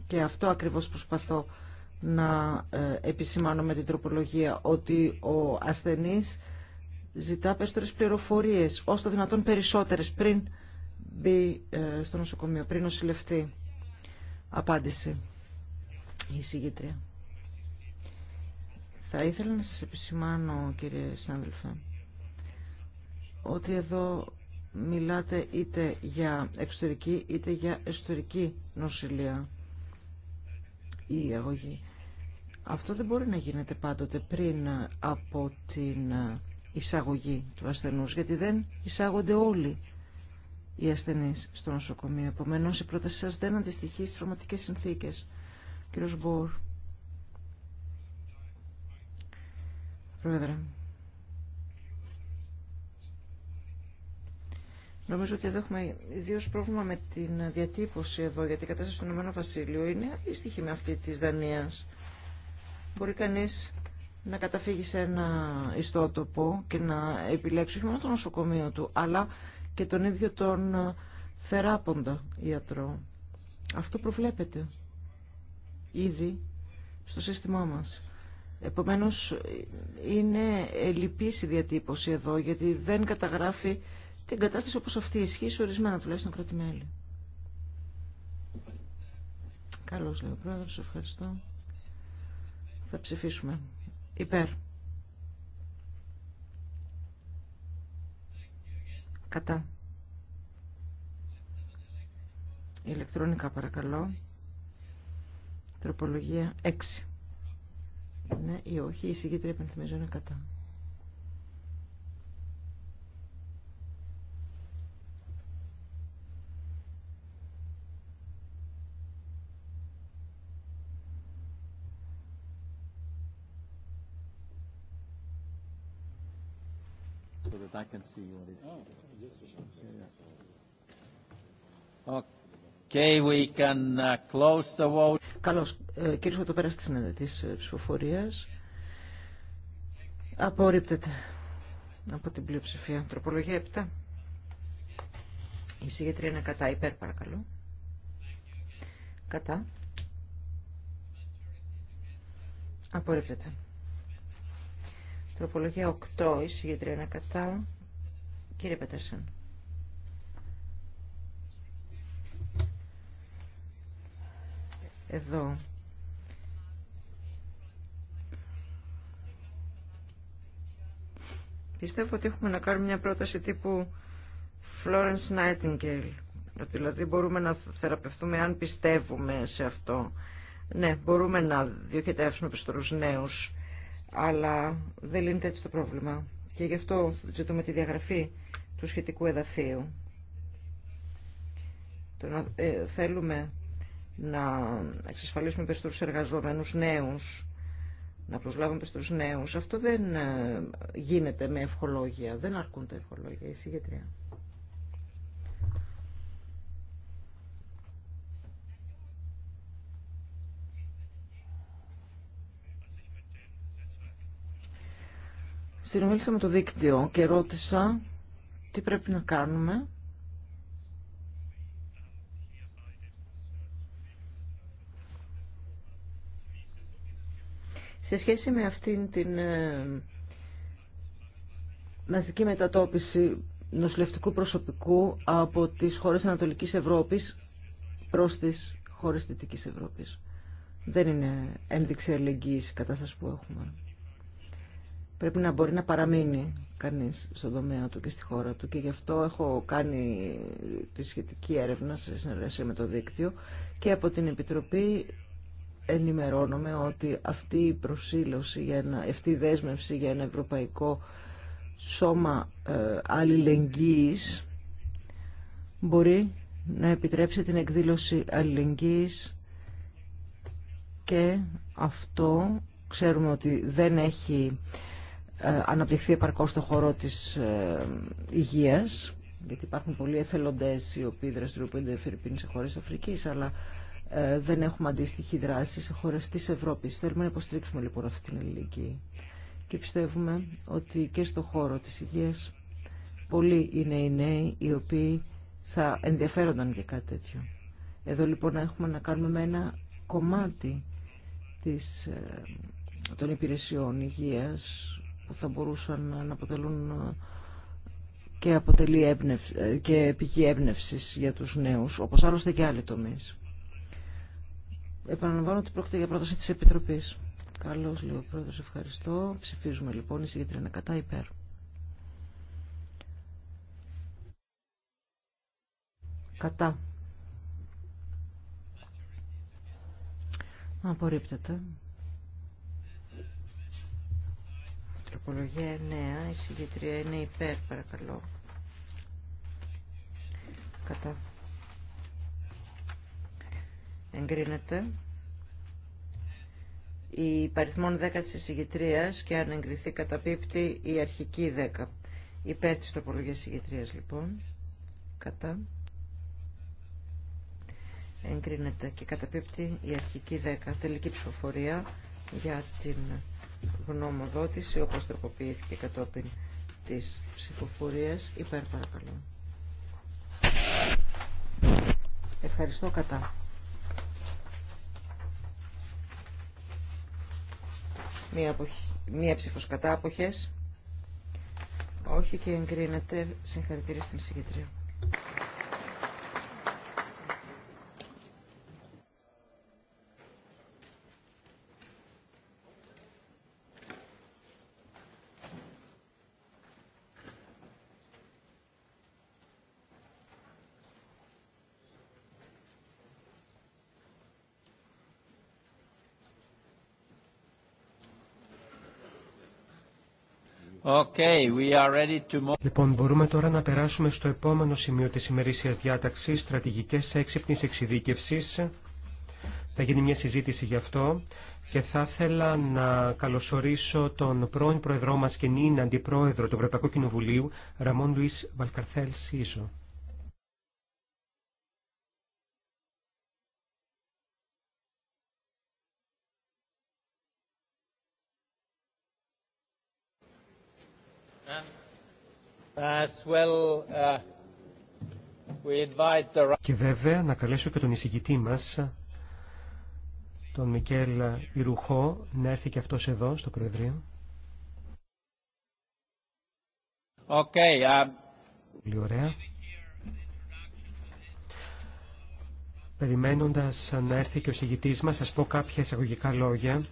Και αυτό ακριβώς προσπαθώ να ε, επισημάνω με την τροπολογία ότι ο ασθενής ζητά περισσότερες πληροφορίες, όσο το δυνατόν περισσότερες πριν μπει ε, στο νοσοκομείο, πριν νοσηλευτεί. Απάντηση η Θα ήθελα να σας επισημάνω, κύριε συνάδελφε, ότι εδώ μιλάτε είτε για εξωτερική είτε για εσωτερική νοσηλεία ή αγωγή. Αυτό δεν μπορεί να γίνεται πάντοτε πριν από την εισαγωγή του ασθενούς, γιατί δεν εισάγονται όλοι οι ασθενείς στο νοσοκομείο. Επομένως, η πρόταση σας δεν αντιστοιχεί στις πραγματικές συνθήκες. Κύριο Γκόρ. Πρόεδρε. Νομίζω ότι εδώ έχουμε ιδίω πρόβλημα με την διατύπωση εδώ, γιατί η κατάσταση του Ηνωμένου Βασίλειου είναι αντίστοιχη με αυτή της Δανίας. Μπορεί κανείς να καταφύγει σε ένα ιστότοπο και να επιλέξει όχι μόνο το νοσοκομείο του, αλλά και τον ίδιο τον θεράποντα ιατρό. Αυτό προβλέπεται ήδη στο σύστημά μας. Επομένως είναι ελλειπής η διατύπωση εδώ γιατί δεν καταγράφει την κατάσταση όπως αυτή ισχύει σε ορισμένα τουλάχιστον κρατημέλη. Καλώς λέει ο Πρόεδρος, ευχαριστώ. Θα ψηφίσουμε. Υπέρ. Κατά. Ηλεκτρονικά παρακαλώ. Τροπολογία 6. Ναι ή όχι, η συγκέντρια επενθυμίζω είναι κατά. So that I can see what is. Oh, yes, for sure. Yeah. Okay. Okay, we can uh, close the vote. Καλώς, κύριε το της, της ε, ψηφοφορίας. Απορρίπτεται από την πλειοψηφία. Τροπολογία 7. Η συγγετρία είναι κατά υπέρ, παρακαλώ. Κατά. Απορρίπτεται. Τροπολογία 8. Η συγγετρία κατά. Κύριε Πέτερσεν. εδώ. Πιστεύω ότι έχουμε να κάνουμε μια πρόταση τύπου Florence Nightingale. δηλαδή μπορούμε να θεραπευτούμε αν πιστεύουμε σε αυτό. Ναι, μπορούμε να διοχετεύσουμε προς νέους, αλλά δεν λύνεται έτσι το πρόβλημα. Και γι' αυτό ζητούμε τη διαγραφή του σχετικού εδαφείου. Το να, ε, θέλουμε να εξασφαλίσουμε περισσότερους εργαζόμενους νέους, να προσλάβουμε περισσότερους νέους. Αυτό δεν ε, γίνεται με ευχολόγια, δεν αρκούν τα ευχολόγια, η Συνομίλησα με το δίκτυο και ρώτησα τι πρέπει να κάνουμε Σε σχέση με αυτήν την ε, μαζική μετατόπιση νοσηλευτικού προσωπικού από τις χώρες Ανατολικής Ευρώπης προς τις χώρες Δυτικής Ευρώπης. Δεν είναι ένδειξη αλληλεγγύης η κατάσταση που έχουμε. Πρέπει να μπορεί να παραμείνει κανείς στο δομέα του και στη χώρα του και γι' αυτό έχω κάνει τη σχετική έρευνα σε συνεργασία με το δίκτυο και από την Επιτροπή ενημερώνομαι ότι αυτή η προσήλωση, για αυτή η δέσμευση για ένα ευρωπαϊκό σώμα ε, αλληλεγγύης μπορεί να επιτρέψει την εκδήλωση αλληλεγγύης και αυτό ξέρουμε ότι δεν έχει ε, αναπτυχθεί επαρκώς στο χώρο της ε, υγείας γιατί υπάρχουν πολλοί εθελοντές οι οποίοι δραστηριοποιούνται σε χώρες Αφρικής αλλά ε, δεν έχουμε αντίστοιχη δράση σε χώρε τη Ευρώπη. Θέλουμε να υποστηρίξουμε λοιπόν αυτή την ελληνική. Και πιστεύουμε ότι και στο χώρο τη υγεία πολλοί είναι οι νέοι οι οποίοι θα ενδιαφέρονταν για κάτι τέτοιο. Εδώ λοιπόν έχουμε να κάνουμε με ένα κομμάτι της, ε, των υπηρεσιών υγείας που θα μπορούσαν να αποτελούν ε, και, αποτελεί και πηγή έμπνευση για τους νέους, όπως άλλωστε και άλλοι τομείς. Επαναλαμβάνω ότι πρόκειται για πρόταση τη Επιτροπής. Καλώς, λέει ο Πρόεδρο. ευχαριστώ. Ψηφίζουμε λοιπόν, η συγκεντρία είναι κατά υπέρ. Κατά. Απορρίπτεται. Τροπολογία 9, η συγκεκριά είναι υπέρ, παρακαλώ. Κατά εγκρίνεται. Η παριθμόν 10 της εισηγητρίας και αν εγκριθεί καταπίπτει η αρχική 10. Υπέρ της τροπολογίας εισηγητρίας λοιπόν. Κατά. Εγκρίνεται και καταπίπτει η αρχική 10. Τελική ψηφοφορία για την γνωμοδότηση όπως τροποποιήθηκε κατόπιν της ψηφοφορίας. Υπέρ παρακαλώ. Ευχαριστώ κατά. μία, μία ψήφος κατά αποχές. Όχι και εγκρίνεται. Συγχαρητήρια στην συγκεντρία. Okay, we are ready to... Λοιπόν, μπορούμε τώρα να περάσουμε στο επόμενο σημείο της ημερήσιας διάταξης, στρατηγικές έξυπνης εξειδίκευσης. Θα γίνει μια συζήτηση γι' αυτό και θα ήθελα να καλωσορίσω τον πρώην Προεδρό μας και νυν Αντιπρόεδρο του Ευρωπαϊκού Κοινοβουλίου, Ραμόν Λουίς Βαλκαρθέλ Σίζο. Uh, και βέβαια να καλέσω και τον εισηγητή μας, τον Μικέλ Ιρουχό, να έρθει και αυτός εδώ στο Προεδρείο. Okay, uh, Πολύ ωραία. Περιμένοντας να έρθει και ο συγητής μας, σας πω κάποια εισαγωγικά λόγια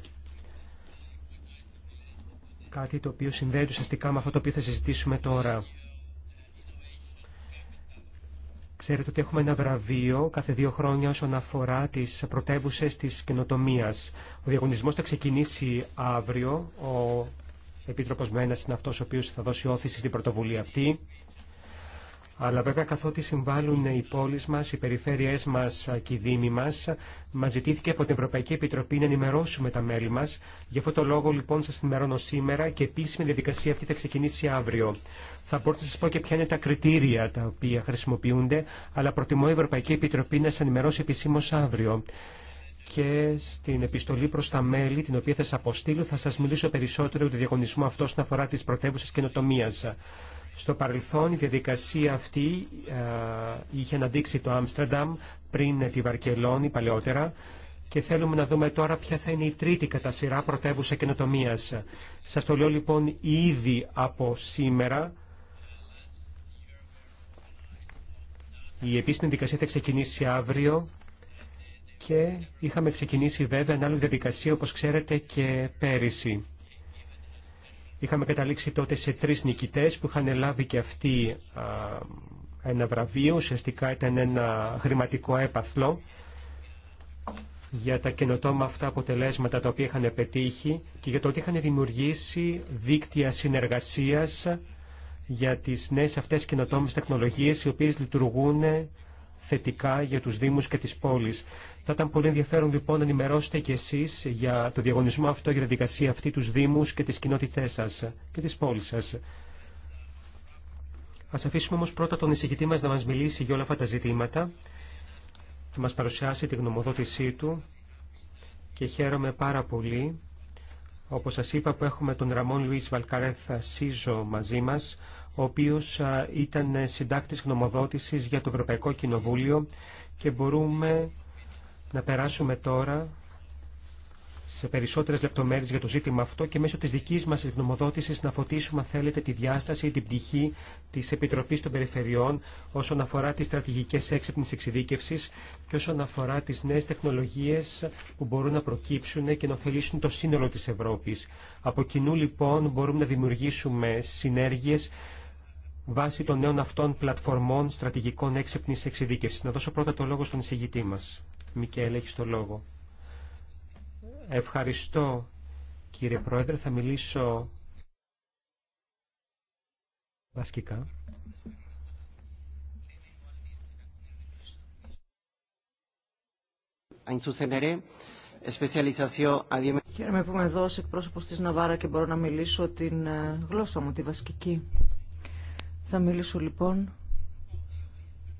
Κάτι το οποίο συνδέεται ουσιαστικά με αυτό το οποίο θα συζητήσουμε τώρα. Ξέρετε ότι έχουμε ένα βραβείο κάθε δύο χρόνια όσον αφορά τις πρωτεύουσε της καινοτομία. Ο διαγωνισμός θα ξεκινήσει αύριο. Ο Επίτροπος Μένας είναι αυτός ο οποίος θα δώσει όθηση στην πρωτοβουλία αυτή αλλά βέβαια καθότι συμβάλλουν οι πόλεις μας, οι περιφέρειές μας και οι δήμοι μας, μας ζητήθηκε από την Ευρωπαϊκή Επιτροπή να ενημερώσουμε τα μέλη μας. Γι' αυτό το λόγο λοιπόν σας ενημερώνω σήμερα και επίσημη διαδικασία αυτή θα ξεκινήσει αύριο. Θα μπορώ να σας πω και ποια είναι τα κριτήρια τα οποία χρησιμοποιούνται, αλλά προτιμώ η Ευρωπαϊκή Επιτροπή να σας ενημερώσει επισήμως αύριο και στην επιστολή προς τα μέλη την οποία θα σας αποστείλω θα σας μιλήσω περισσότερο για το διαγωνισμό αυτό όσον αφορά τις πρωτεύουσες καινοτομίας. Στο παρελθόν η διαδικασία αυτή ε, είχε αναδείξει το Άμστερνταμ πριν τη Βαρκελόνη παλαιότερα και θέλουμε να δούμε τώρα ποια θα είναι η τρίτη κατά σειρά πρωτεύουσα καινοτομία. Σας το λέω λοιπόν ήδη από σήμερα. Η επίσημη δικασία θα ξεκινήσει αύριο και είχαμε ξεκινήσει βέβαια άλλο διαδικασία όπως ξέρετε και πέρυσι. Είχαμε καταλήξει τότε σε τρεις νικητές που είχαν λάβει και αυτοί ένα βραβείο. Ουσιαστικά ήταν ένα χρηματικό έπαθλο για τα καινοτόμα αυτά αποτελέσματα τα οποία είχαν πετύχει και για το ότι είχαν δημιουργήσει δίκτυα συνεργασίας για τις νέες αυτές καινοτόμες τεχνολογίες οι οποίες λειτουργούν θετικά για τους Δήμους και τις πόλεις. Θα ήταν πολύ ενδιαφέρον λοιπόν να ενημερώσετε και εσείς για το διαγωνισμό αυτό, για τη δικασία αυτή τους Δήμους και τις κοινότητές σας και τις πόλεις σας. Ας αφήσουμε όμως πρώτα τον εισηγητή μας να μας μιλήσει για όλα αυτά τα ζητήματα, να μας παρουσιάσει τη γνωμοδότησή του και χαίρομαι πάρα πολύ, όπως σας είπα, που έχουμε τον Ραμόν Λουίς Βαλκαρέθα Σίζο μαζί μας, ο οποίος ήταν συντάκτης γνωμοδότησης για το Ευρωπαϊκό Κοινοβούλιο και μπορούμε να περάσουμε τώρα σε περισσότερες λεπτομέρειες για το ζήτημα αυτό και μέσω της δικής μας γνωμοδότησης να φωτίσουμε, θέλετε, τη διάσταση ή την πτυχή της Επιτροπής των Περιφερειών όσον αφορά τις στρατηγικές έξυπνης εξειδίκευσης και όσον αφορά τις νέες τεχνολογίες που μπορούν να προκύψουν και να ωφελήσουν το σύνολο της Ευρώπης. Από κοινού, λοιπόν, μπορούμε να δημιουργήσουμε συνέργειες βάσει των νέων αυτών πλατφορμών στρατηγικών έξυπνη εξειδίκευση. Να δώσω πρώτα το λόγο στον εισηγητή μα. Μικέλ, έχει το λόγο. Ευχαριστώ, κύριε Πρόεδρε. Θα μιλήσω βασικά. Χαίρομαι που είμαι εδώ ως εκπρόσωπο τη Ναβάρα και μπορώ να μιλήσω την ε, γλώσσα μου, τη βασική. Θα μιλήσω λοιπόν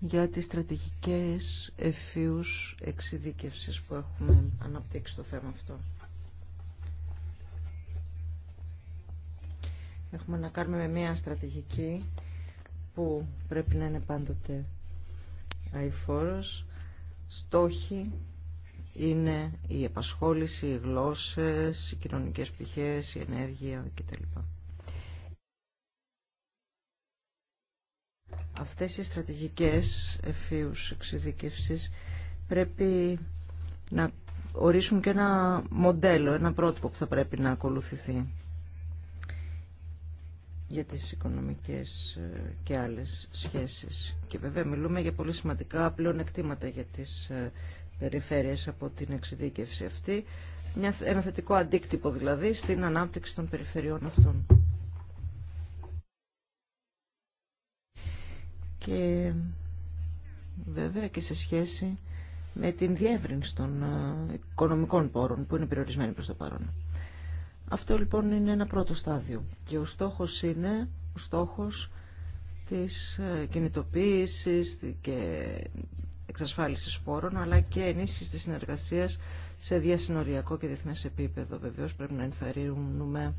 για τις στρατηγικές ευφύους εξειδίκευσης που έχουμε αναπτύξει στο θέμα αυτό. Έχουμε να κάνουμε με μια στρατηγική που πρέπει να είναι πάντοτε αηφόρος. Στόχοι είναι η επασχόληση, οι γλώσσες, οι κοινωνικές πτυχές, η ενέργεια κτλ. αυτές οι στρατηγικές εφίους εξιδικεύσεις πρέπει να ορίσουν και ένα μοντέλο, ένα πρότυπο που θα πρέπει να ακολουθηθεί για τις οικονομικές ε, και άλλες σχέσεις. Και βέβαια μιλούμε για πολύ σημαντικά εκτίματα για τις ε, περιφέρειες από την εξειδίκευση αυτή. Ένα θετικό αντίκτυπο δηλαδή στην ανάπτυξη των περιφερειών αυτών. και βέβαια και σε σχέση με την διεύρυνση των ε, οικονομικών πόρων που είναι περιορισμένοι προς το παρόν. Αυτό λοιπόν είναι ένα πρώτο στάδιο και ο στόχος είναι ο στόχος της ε, κινητοποίησης και εξασφάλισης πόρων αλλά και ενίσχυσης της συνεργασίας σε διασυνοριακό και διεθνές επίπεδο. Βεβαίως πρέπει να ενθαρρύνουμε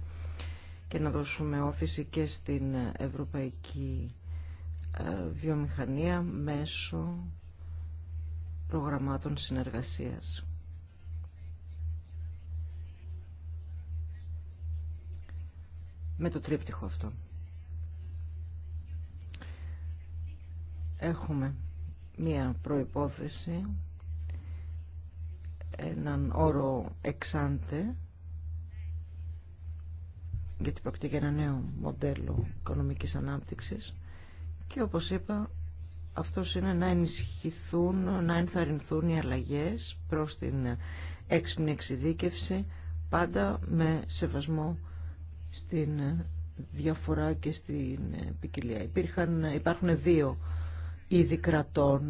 και να δώσουμε όθηση και στην ευρωπαϊκή ε, βιομηχανία μέσω προγραμμάτων συνεργασίας. Με το τρίπτυχο αυτό. Έχουμε μία προϋπόθεση, έναν όρο εξάντε, γιατί πρόκειται για ένα νέο μοντέλο οικονομικής ανάπτυξης, και όπως είπα, αυτός είναι να ενισχυθούν, να ενθαρρυνθούν οι αλλαγές προς την έξυπνη εξειδίκευση, πάντα με σεβασμό στην διαφορά και στην ποικιλία. Υπήρχαν, υπάρχουν δύο είδη κρατών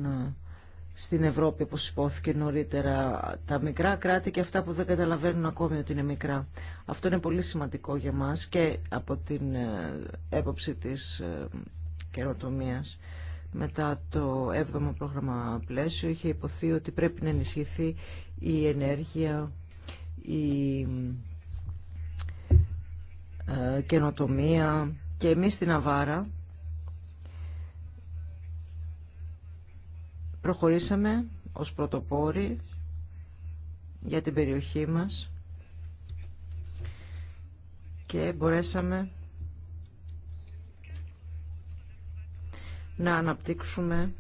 στην Ευρώπη, όπως υπόθηκε νωρίτερα, τα μικρά κράτη και αυτά που δεν καταλαβαίνουν ακόμη ότι είναι μικρά. Αυτό είναι πολύ σημαντικό για μας και από την ε, έποψη της ε, μετά το 7ο πρόγραμμα πλαίσιο είχε υποθεί ότι πρέπει να ενισχυθεί η ενέργεια, η ε, καινοτομία και εμείς στην Αβάρα προχωρήσαμε ως πρωτοπόροι για την περιοχή μας και μπορέσαμε να αναπτύξουμε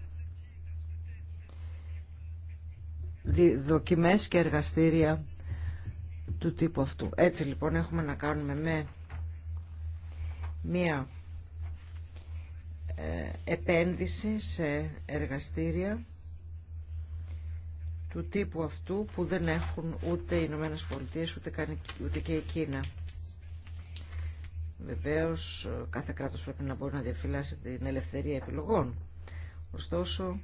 δοκιμές και εργαστήρια του τύπου αυτού. Έτσι λοιπόν έχουμε να κάνουμε με μία ε, επένδυση σε εργαστήρια του τύπου αυτού που δεν έχουν ούτε οι Ηνωμένε Πολιτείε ούτε και η Κίνα. Βεβαίως κάθε κράτος πρέπει να μπορεί να διαφυλάσει την ελευθερία επιλογών. Ωστόσο,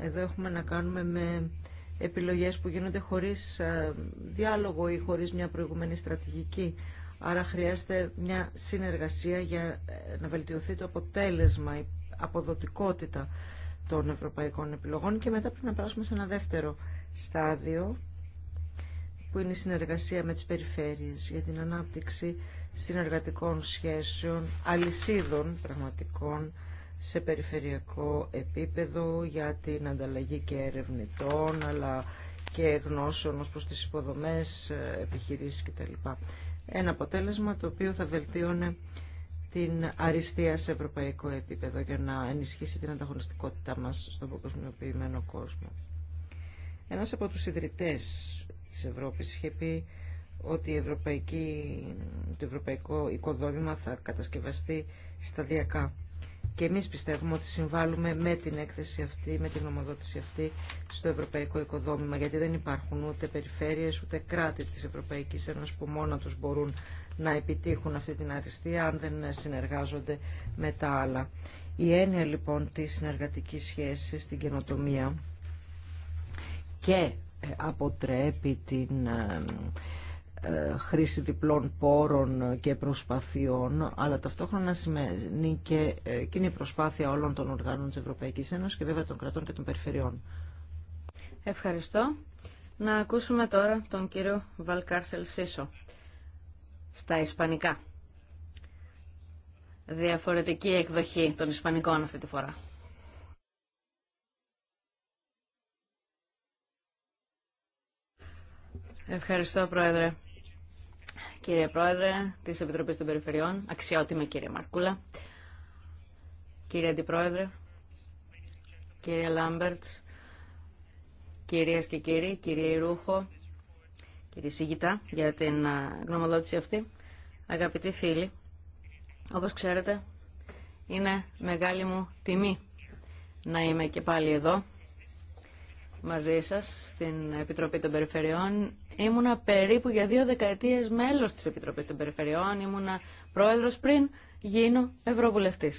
εδώ έχουμε να κάνουμε με επιλογές που γίνονται χωρίς ε, διάλογο ή χωρίς μια προηγούμενη στρατηγική. Άρα χρειάζεται μια συνεργασία για ε, να βελτιωθεί το αποτέλεσμα, η αποδοτικότητα των ευρωπαϊκών επιλογών και μετά πρέπει να περάσουμε σε ένα δεύτερο στάδιο που είναι η συνεργασία με τις περιφέρειες για την ανάπτυξη συνεργατικών σχέσεων, αλυσίδων πραγματικών σε περιφερειακό επίπεδο για την ανταλλαγή και ερευνητών, αλλά και γνώσεων ως προς τις υποδομές, ε, επιχειρήσεις κτλ. Ένα αποτέλεσμα το οποίο θα βελτίωνε την αριστεία σε ευρωπαϊκό επίπεδο για να ενισχύσει την ανταγωνιστικότητά μας στον παγκοσμιοποιημένο κόσμο. Ένας από τους ιδρυτές της Ευρώπης είχε πει ότι το ευρωπαϊκό οικοδόμημα θα κατασκευαστεί σταδιακά. Και εμείς πιστεύουμε ότι συμβάλλουμε με την έκθεση αυτή, με την ομοδότηση αυτή στο ευρωπαϊκό οικοδόμημα, γιατί δεν υπάρχουν ούτε περιφέρειες, ούτε κράτη της Ευρωπαϊκής Ένωσης που μόνα τους μπορούν να επιτύχουν αυτή την αριστεία αν δεν συνεργάζονται με τα άλλα. Η έννοια λοιπόν της συνεργατικής σχέσης στην καινοτομία και ε, αποτρέπει την ε, ε, χρήση διπλών πόρων και προσπαθειών, αλλά ταυτόχρονα σημαίνει και ε, κοινή προσπάθεια όλων των οργάνων της Ευρωπαϊκής Ένωσης και βέβαια των κρατών και των περιφερειών. Ευχαριστώ. Να ακούσουμε τώρα τον κύριο Βαλκάρθελ Σίσο στα Ισπανικά. Διαφορετική εκδοχή των Ισπανικών αυτή τη φορά. Ευχαριστώ, Πρόεδρε κύριε Πρόεδρε της Επιτροπής των Περιφερειών, αξιότιμη κύριε Μαρκούλα, κύριε Αντιπρόεδρε, κύριε Λάμπερτς, κυρίες και κύριοι, κύριε Ρούχο, κύριε Σίγητα για την γνωμοδότηση αυτή. Αγαπητοί φίλοι, όπως ξέρετε, είναι μεγάλη μου τιμή να είμαι και πάλι εδώ μαζί σας στην Επιτροπή των Περιφερειών Ήμουνα περίπου για δύο δεκαετίες μέλος της Επιτροπής των Περιφερειών, ήμουνα πρόεδρος πριν γίνω ευρωβουλευτή.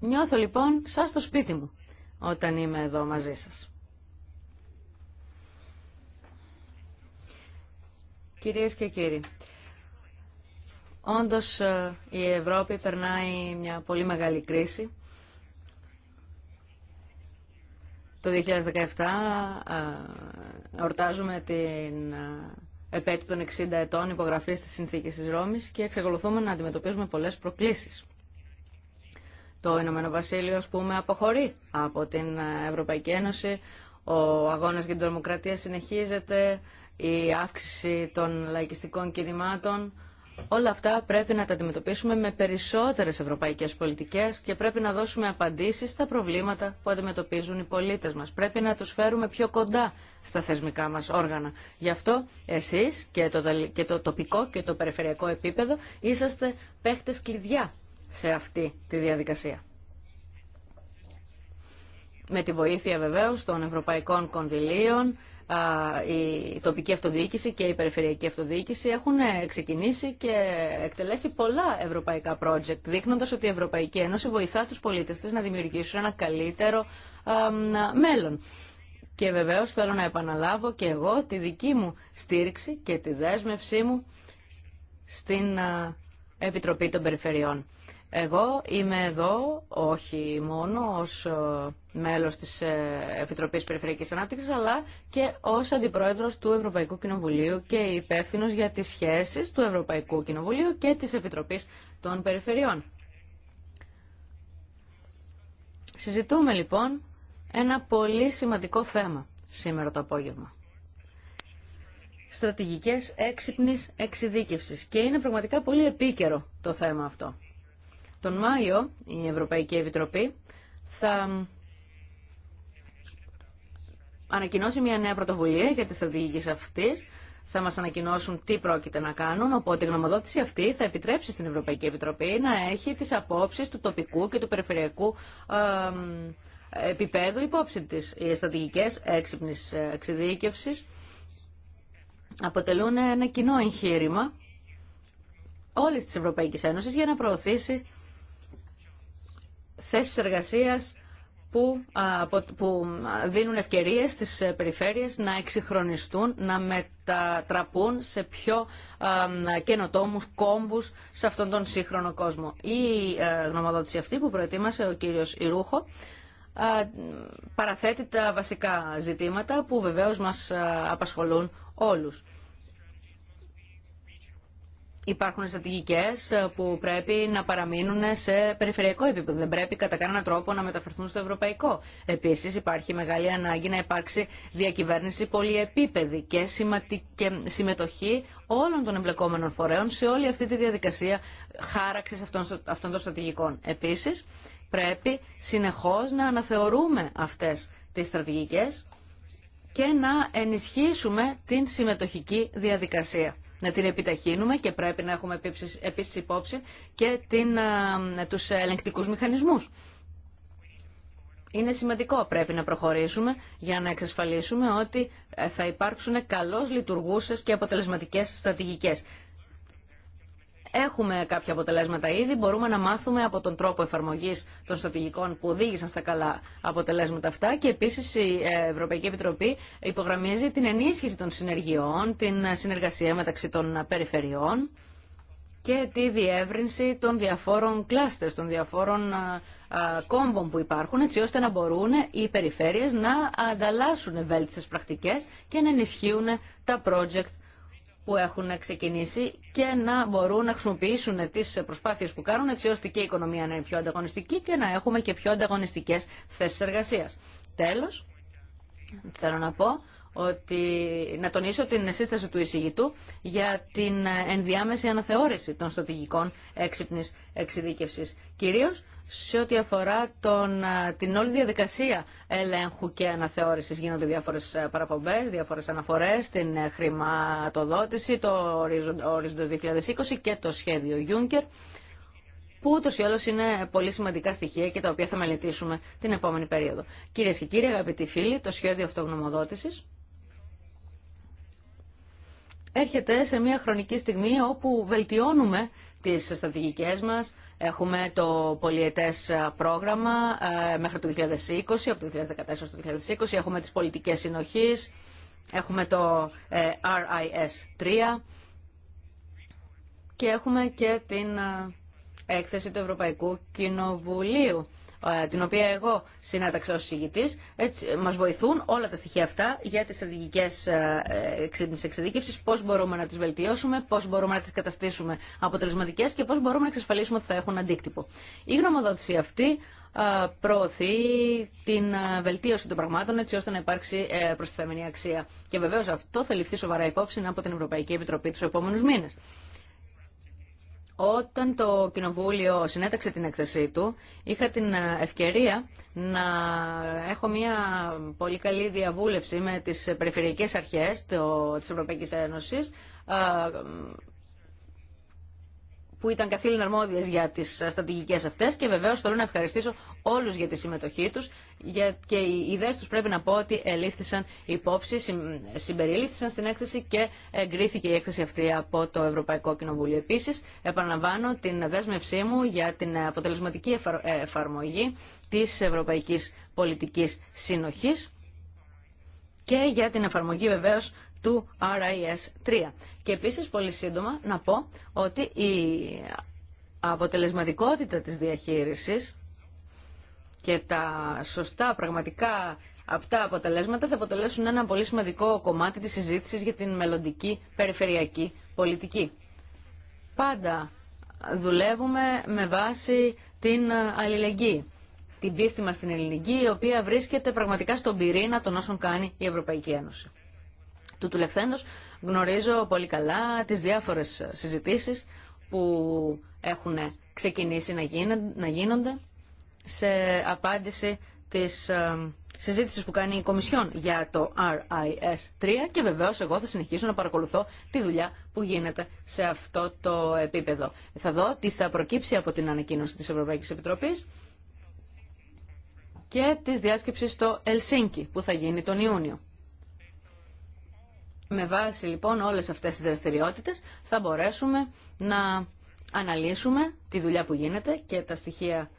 Νιώθω λοιπόν σαν στο σπίτι μου όταν είμαι εδώ μαζί σας. Κυρίες και κύριοι, όντως ε, η Ευρώπη περνάει μια πολύ μεγάλη κρίση Το 2017 ορτάζουμε την επέτειο των 60 ετών υπογραφής της Συνθήκης της Ρώμης και εξακολουθούμε να αντιμετωπίζουμε πολλές προκλήσεις. Το Ηνωμένο Βασίλειο, ας πούμε, αποχωρεί από την Ευρωπαϊκή Ένωση. Ο αγώνας για την δημοκρατία συνεχίζεται, η αύξηση των λαϊκιστικών κινημάτων. Όλα αυτά πρέπει να τα αντιμετωπίσουμε με περισσότερες ευρωπαϊκές πολιτικές και πρέπει να δώσουμε απαντήσεις στα προβλήματα που αντιμετωπίζουν οι πολίτες μας. Πρέπει να τους φέρουμε πιο κοντά στα θεσμικά μας όργανα. Γι' αυτό εσείς και το, τοπικό και το περιφερειακό επίπεδο είσαστε παίχτες κλειδιά σε αυτή τη διαδικασία. Με τη βοήθεια βεβαίως των ευρωπαϊκών κονδυλίων, η τοπική αυτοδιοίκηση και η περιφερειακή αυτοδιοίκηση έχουν ε, ξεκινήσει και εκτελέσει πολλά ευρωπαϊκά project, δείχνοντας ότι η Ευρωπαϊκή Ένωση βοηθά τους πολίτες της να δημιουργήσουν ένα καλύτερο μέλλον. Και βεβαίως θέλω να επαναλάβω και εγώ τη δική μου στήριξη και τη δέσμευσή μου στην Επιτροπή των Περιφερειών. Εγώ είμαι εδώ όχι μόνο ως μέλος της ε, Επιτροπή Περιφερειακής ανάπτυξη, αλλά και ως Αντιπρόεδρος του Ευρωπαϊκού Κοινοβουλίου και υπεύθυνο για τις σχέσεις του Ευρωπαϊκού Κοινοβουλίου και τη Επιτροπής των Περιφερειών. Συζητούμε λοιπόν ένα πολύ σημαντικό θέμα σήμερα το απόγευμα. Στρατηγικές έξυπνης εξειδίκευσης και είναι πραγματικά πολύ επίκαιρο το θέμα αυτό. Τον Μάιο η Ευρωπαϊκή Επιτροπή θα ανακοινώσει μια νέα πρωτοβουλία για τις στρατηγική αυτή. Θα μα ανακοινώσουν τι πρόκειται να κάνουν. Οπότε η γνωμοδότηση αυτή θα επιτρέψει στην Ευρωπαϊκή Επιτροπή να έχει τι απόψει του τοπικού και του περιφερειακού επίπεδου υπόψη τη. Οι στρατηγικέ έξυπνη ε, εξειδίκευση αποτελούν ένα κοινό εγχείρημα όλη τη Ευρωπαϊκή Ένωση για να προωθήσει θέσει εργασία που, δίνουν ευκαιρίες στις ε, περιφέρειες να εξυγχρονιστούν, να μετατραπούν σε πιο καινοτόμους κόμβους σε αυτόν τον σύγχρονο κόσμο. Η ε, γνωμοδότηση αυτή που προετοίμασε ο κύριος Ιρούχο παραθέτει τα βασικά ζητήματα που βεβαίως μας απασχολούν όλους. Υπάρχουν στρατηγικέ ε, που πρέπει να παραμείνουν σε περιφερειακό επίπεδο. Δεν πρέπει κατά κανέναν τρόπο να μεταφερθούν στο ευρωπαϊκό. Επίση, υπάρχει μεγάλη ανάγκη να υπάρξει διακυβέρνηση πολυεπίπεδη και συμμετοχή όλων των εμπλεκόμενων φορέων σε όλη αυτή τη διαδικασία χάραξη αυτών των στρατηγικών. Επίση, πρέπει συνεχώ να αναθεωρούμε αυτέ τι στρατηγικέ και να ενισχύσουμε την συμμετοχική διαδικασία να την επιταχύνουμε και πρέπει να έχουμε επίσης υπόψη και την, τους ελεγκτικούς μηχανισμούς. Είναι σημαντικό πρέπει να προχωρήσουμε για να εξασφαλίσουμε ότι ε, θα υπάρξουν καλώς λειτουργούσες και αποτελεσματικές στρατηγικές. Έχουμε κάποια αποτελέσματα ήδη, μπορούμε να μάθουμε από τον τρόπο εφαρμογή των στρατηγικών που οδήγησαν στα καλά αποτελέσματα αυτά και επίση η ε, Ευρωπαϊκή Επιτροπή υπογραμμίζει την ενίσχυση των συνεργειών, την συνεργασία μεταξύ των περιφερειών και τη διεύρυνση των διαφόρων κλάστερ, των διαφόρων κόμβων που υπάρχουν, έτσι ώστε να μπορούν οι περιφέρειες να ανταλλάσσουν ευέλικτε πρακτικές και να ενισχύουν τα project που έχουν ξεκινήσει και να μπορούν να χρησιμοποιήσουν τις προσπάθειες που κάνουν έτσι ώστε και η οικονομία να είναι πιο ανταγωνιστική και να έχουμε και πιο ανταγωνιστικές θέσεις εργασίας. Τέλος, θέλω να πω ότι να τονίσω την σύσταση του εισηγητού για την ενδιάμεση αναθεώρηση των στρατηγικών έξυπνης εξειδίκευσης. Κυρίως σε ό,τι αφορά τον, την όλη διαδικασία ελέγχου και αναθεώρησης. Γίνονται διάφορες παραπομπές, διάφορες αναφορές στην ε, χρηματοδότηση, το ορίζοντος 2020 και το σχέδιο Juncker που ούτως ή άλλω είναι πολύ σημαντικά στοιχεία και τα οποία θα μελετήσουμε την επόμενη περίοδο. Κυρίε και κύριοι, αγαπητοί φίλοι, το σχέδιο αυτογνωμοδότησης έρχεται σε μια χρονική στιγμή όπου βελτιώνουμε τι στρατηγικέ μα, Έχουμε το πολιετές ε, πρόγραμμα ε, μέχρι το 2020, από το 2014 στο 2020. Έχουμε τις πολιτικές συνοχής. Έχουμε το ε, RIS3 και έχουμε και την έκθεση του Ευρωπαϊκού Κοινοβουλίου ε, την οποία εγώ συνέταξα ως συγητής, έτσι μας βοηθούν όλα τα στοιχεία αυτά για τις στρατηγικές ε, ε, εξειδικεύσεις, πώς μπορούμε να τις βελτιώσουμε, πώς μπορούμε να τις καταστήσουμε αποτελεσματικές και πώς μπορούμε να εξασφαλίσουμε ότι θα έχουν αντίκτυπο. Η γνωμοδότηση αυτή προωθεί την βελτίωση των πραγμάτων έτσι ώστε να υπάρξει προστιθέμενη αξία. Και βεβαίως αυτό θα ληφθεί σοβαρά υπόψη από την Ευρωπαϊκή Επιτροπή τους επόμενους μήνες. Όταν το Κοινοβούλιο συνέταξε την έκθεσή του, είχα την ε, ευκαιρία να έχω μια πολύ καλή διαβούλευση με τις περιφερειακές αρχές της Ευρωπαϊκής Ένωσης ε, που ήταν καθήλυνα αρμόδιε για τι στρατηγικές αυτέ, και βεβαίω θέλω να ευχαριστήσω όλου για τη συμμετοχή του, και οι ιδέες τους πρέπει να πω ότι ελήφθησαν υπόψη, συμπεριλήφθησαν στην έκθεση και εγκρίθηκε η έκθεση αυτή από το Ευρωπαϊκό Κοινοβούλιο. Επίση, επαναλαμβάνω την δέσμευσή μου για την αποτελεσματική ε, εφαρμογή τη Ευρωπαϊκή πολιτική συνοχή και για την εφαρμογή βεβαίω του RIS 3. Και επίσης πολύ σύντομα να πω ότι η αποτελεσματικότητα της διαχείρισης και τα σωστά πραγματικά αυτά αποτελέσματα θα αποτελέσουν ένα πολύ σημαντικό κομμάτι της συζήτησης για την μελλοντική περιφερειακή πολιτική. Πάντα δουλεύουμε με βάση την αλληλεγγύη. Την πίστη μας στην ελληνική, η οποία βρίσκεται πραγματικά στον πυρήνα των όσων κάνει η Ευρωπαϊκή Ένωση του τουλεχθέντος γνωρίζω πολύ καλά τις διάφορες συζητήσεις που έχουν ξεκινήσει να να γίνονται σε απάντηση της ε, συζήτησης που κάνει η Κομισιόν για το RIS 3 και βεβαίως εγώ θα συνεχίσω να παρακολουθώ τη δουλειά που γίνεται σε αυτό το επίπεδο. Θα δω τι θα προκύψει από την ανακοίνωση της Ευρωπαϊκής Επιτροπής και της διάσκεψης στο Ελσίνκι που θα γίνει τον Ιούνιο. Με βάση λοιπόν όλες αυτές τις δραστηριότητες θα μπορέσουμε να αναλύσουμε τη δουλειά που γίνεται και τα στοιχεία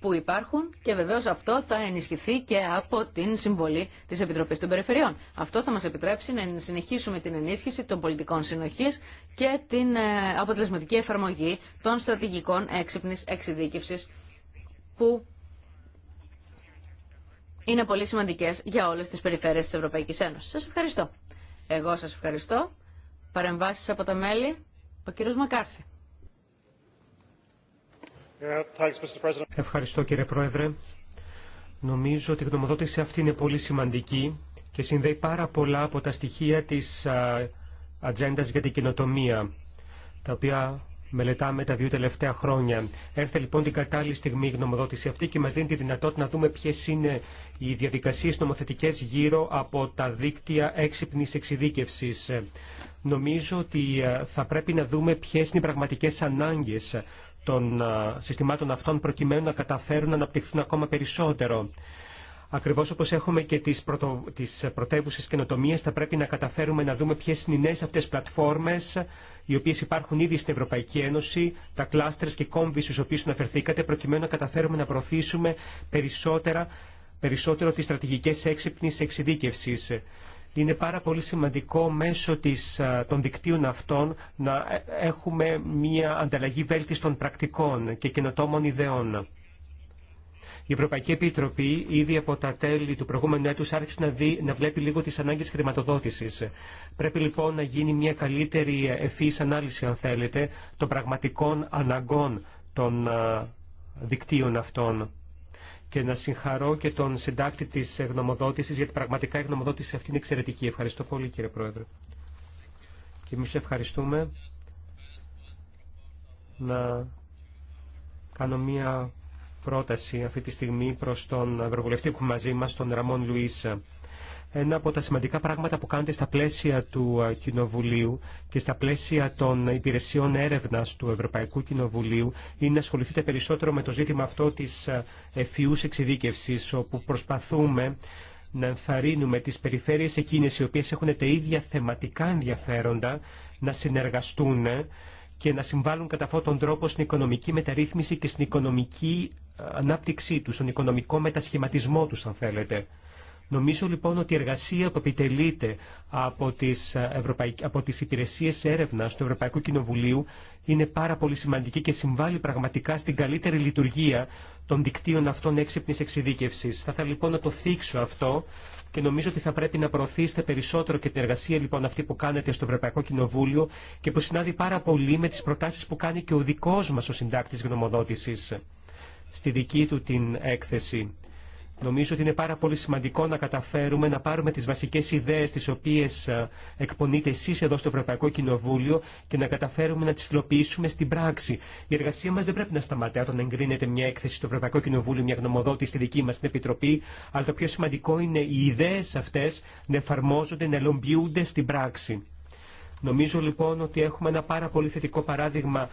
που υπάρχουν και βεβαίως αυτό θα ενισχυθεί και από την συμβολή της Επιτροπής των Περιφερειών. Αυτό θα μας επιτρέψει να συνεχίσουμε την ενίσχυση των πολιτικών συνοχής και την ε, αποτελεσματική εφαρμογή των στρατηγικών έξυπνης εξειδίκευσης είναι πολύ σημαντικές για όλες τις περιφέρειες τη Ευρωπαϊκής Ένωση. Σας ευχαριστώ. Εγώ σας ευχαριστώ. Παρεμβάσεις από τα μέλη. Ο κύριο Μακάρθη. Ευχαριστώ κύριε Πρόεδρε. Νομίζω ότι η γνωμοδότηση αυτή είναι πολύ σημαντική και συνδέει πάρα πολλά από τα στοιχεία της ατζέντα για την κοινοτομία, τα οποία μελετάμε τα δύο τελευταία χρόνια. Έρθε λοιπόν την κατάλληλη στιγμή η γνωμοδότηση αυτή και μας δίνει τη δυνατότητα να δούμε ποιες είναι οι διαδικασίες νομοθετικές γύρω από τα δίκτυα έξυπνης εξειδίκευσης. Νομίζω ότι ε, θα πρέπει να δούμε ποιες είναι οι πραγματικές ανάγκες των ε, συστημάτων αυτών προκειμένου να καταφέρουν να αναπτυχθούν ακόμα περισσότερο. Ακριβώ όπω έχουμε και τι πρωτο... πρωτεύουσε καινοτομίε, θα πρέπει να καταφέρουμε να δούμε ποιε είναι οι νέε αυτέ πλατφόρμε, οι οποίε υπάρχουν ήδη στην Ευρωπαϊκή Ένωση, τα κλάστερ και κόμβι στου οποίου αναφερθήκατε, προκειμένου να καταφέρουμε να προωθήσουμε περισσότερα, περισσότερο τι στρατηγικέ έξυπνη εξειδίκευση. Είναι πάρα πολύ σημαντικό μέσω της, των δικτύων αυτών να ε, έχουμε μια ανταλλαγή βέλτιστων πρακτικών και καινοτόμων ιδεών. Η Ευρωπαϊκή Επιτροπή ήδη από τα τέλη του προηγούμενου έτους άρχισε να, δει, να βλέπει λίγο τις ανάγκες χρηματοδότησης. Πρέπει λοιπόν να γίνει μια καλύτερη ευφύης ανάλυση, αν θέλετε, των πραγματικών αναγκών των δικτύων αυτών. Και να συγχαρώ και τον συντάκτη της γνωμοδότησης, γιατί πραγματικά η γνωμοδότηση αυτή είναι εξαιρετική. Ευχαριστώ πολύ κύριε Πρόεδρε. Και εμείς ευχαριστούμε να κάνω μία πρόταση αυτή τη στιγμή προς τον Ευρωβουλευτή που μαζί μας, τον Ραμόν Λουίσα. Ένα από τα σημαντικά πράγματα που κάνετε στα πλαίσια του ε, Κοινοβουλίου και στα πλαίσια των υπηρεσιών έρευνας του Ευρωπαϊκού Κοινοβουλίου είναι να ασχοληθείτε περισσότερο με το ζήτημα αυτό της εφιούς εξειδίκευσης, όπου προσπαθούμε να ενθαρρύνουμε τις περιφέρειες εκείνες οι οποίες έχουν τα ίδια θεματικά ενδιαφέροντα να συνεργαστούν και να συμβάλλουν κατά αυτόν τον τρόπο στην οικονομική μεταρρύθμιση και στην οικονομική ανάπτυξή του, στον οικονομικό μετασχηματισμό του, αν θέλετε. Νομίζω λοιπόν ότι η εργασία που επιτελείται από τις, ε, ευρωπαϊκ... από τις υπηρεσίες έρευνας του Ευρωπαϊκού Κοινοβουλίου είναι πάρα πολύ σημαντική και συμβάλλει πραγματικά στην καλύτερη λειτουργία των δικτύων αυτών έξυπνη εξειδίκευση. Θα ήθελα λοιπόν να το θίξω αυτό και νομίζω ότι θα πρέπει να προωθήσετε περισσότερο και την εργασία λοιπόν αυτή που κάνετε στο Ευρωπαϊκό Κοινοβούλιο και που συνάδει πάρα πολύ με τις προτάσεις που κάνει και ο δικός μας ο συντάκτης γνωμοδότησης στη δική του την έκθεση. Νομίζω ότι είναι πάρα πολύ σημαντικό να καταφέρουμε να πάρουμε τις βασικές ιδέες τις οποίες ε, εκπονείτε εσείς εδώ στο Ευρωπαϊκό Κοινοβούλιο και να καταφέρουμε να τις υλοποιήσουμε στην πράξη. Η εργασία μας δεν πρέπει να σταματά όταν εγκρίνεται μια έκθεση στο Ευρωπαϊκό Κοινοβούλιο, μια γνωμοδότηση στη δική μας την Επιτροπή, αλλά το πιο σημαντικό είναι οι ιδέες αυτές να εφαρμόζονται, να ελομπιούνται στην πράξη. Νομίζω λοιπόν ότι έχουμε ένα πάρα πολύ θετικό παράδειγμα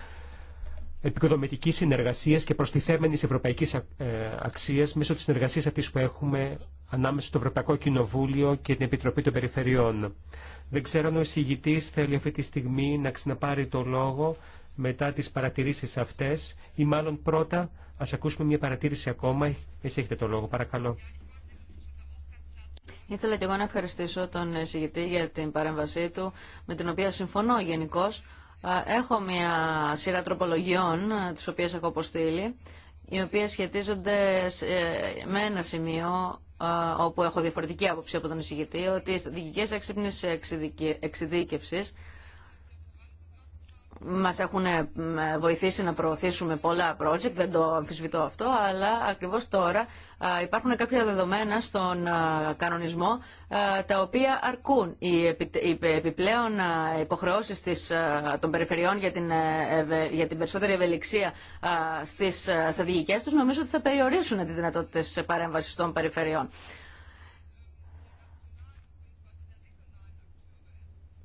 επικοδομητική συνεργασία και προστιθέμενη ευρωπαϊκή ε, αξία μέσω τη συνεργασία αυτή που έχουμε ανάμεσα στο Ευρωπαϊκό Κοινοβούλιο και την Επιτροπή των Περιφερειών. Δεν ξέρω αν ο εισηγητή θέλει αυτή τη στιγμή να ξαναπάρει το λόγο μετά τι παρατηρήσει αυτέ ή μάλλον πρώτα α ακούσουμε μια παρατήρηση ακόμα. Εσύ έχετε το λόγο, παρακαλώ. Ήθελα και εγώ να ευχαριστήσω τον εισηγητή για την παρέμβασή του, με την οποία συμφωνώ γενικώ. Έχω μια σειρά τροπολογιών, τις οποίες έχω αποστείλει, οι οποίες σχετίζονται ε, με ένα σημείο όπου έχω διαφορετική άποψη από τον εισηγητή, ότι οι στρατηγικές έξυπνες εξειδίκευσης μας έχουν βοηθήσει να προωθήσουμε πολλά project, δεν το αμφισβητώ αυτό, αλλά ακριβώς τώρα υπάρχουν κάποια δεδομένα στον κανονισμό τα οποία αρκούν. Οι επιπλέον υποχρεώσεις των περιφερειών για την, ε, για την περισσότερη ευελιξία στις στρατηγικές τους νομίζω ότι θα περιορίσουν τις δυνατότητες παρέμβασης των περιφερειών.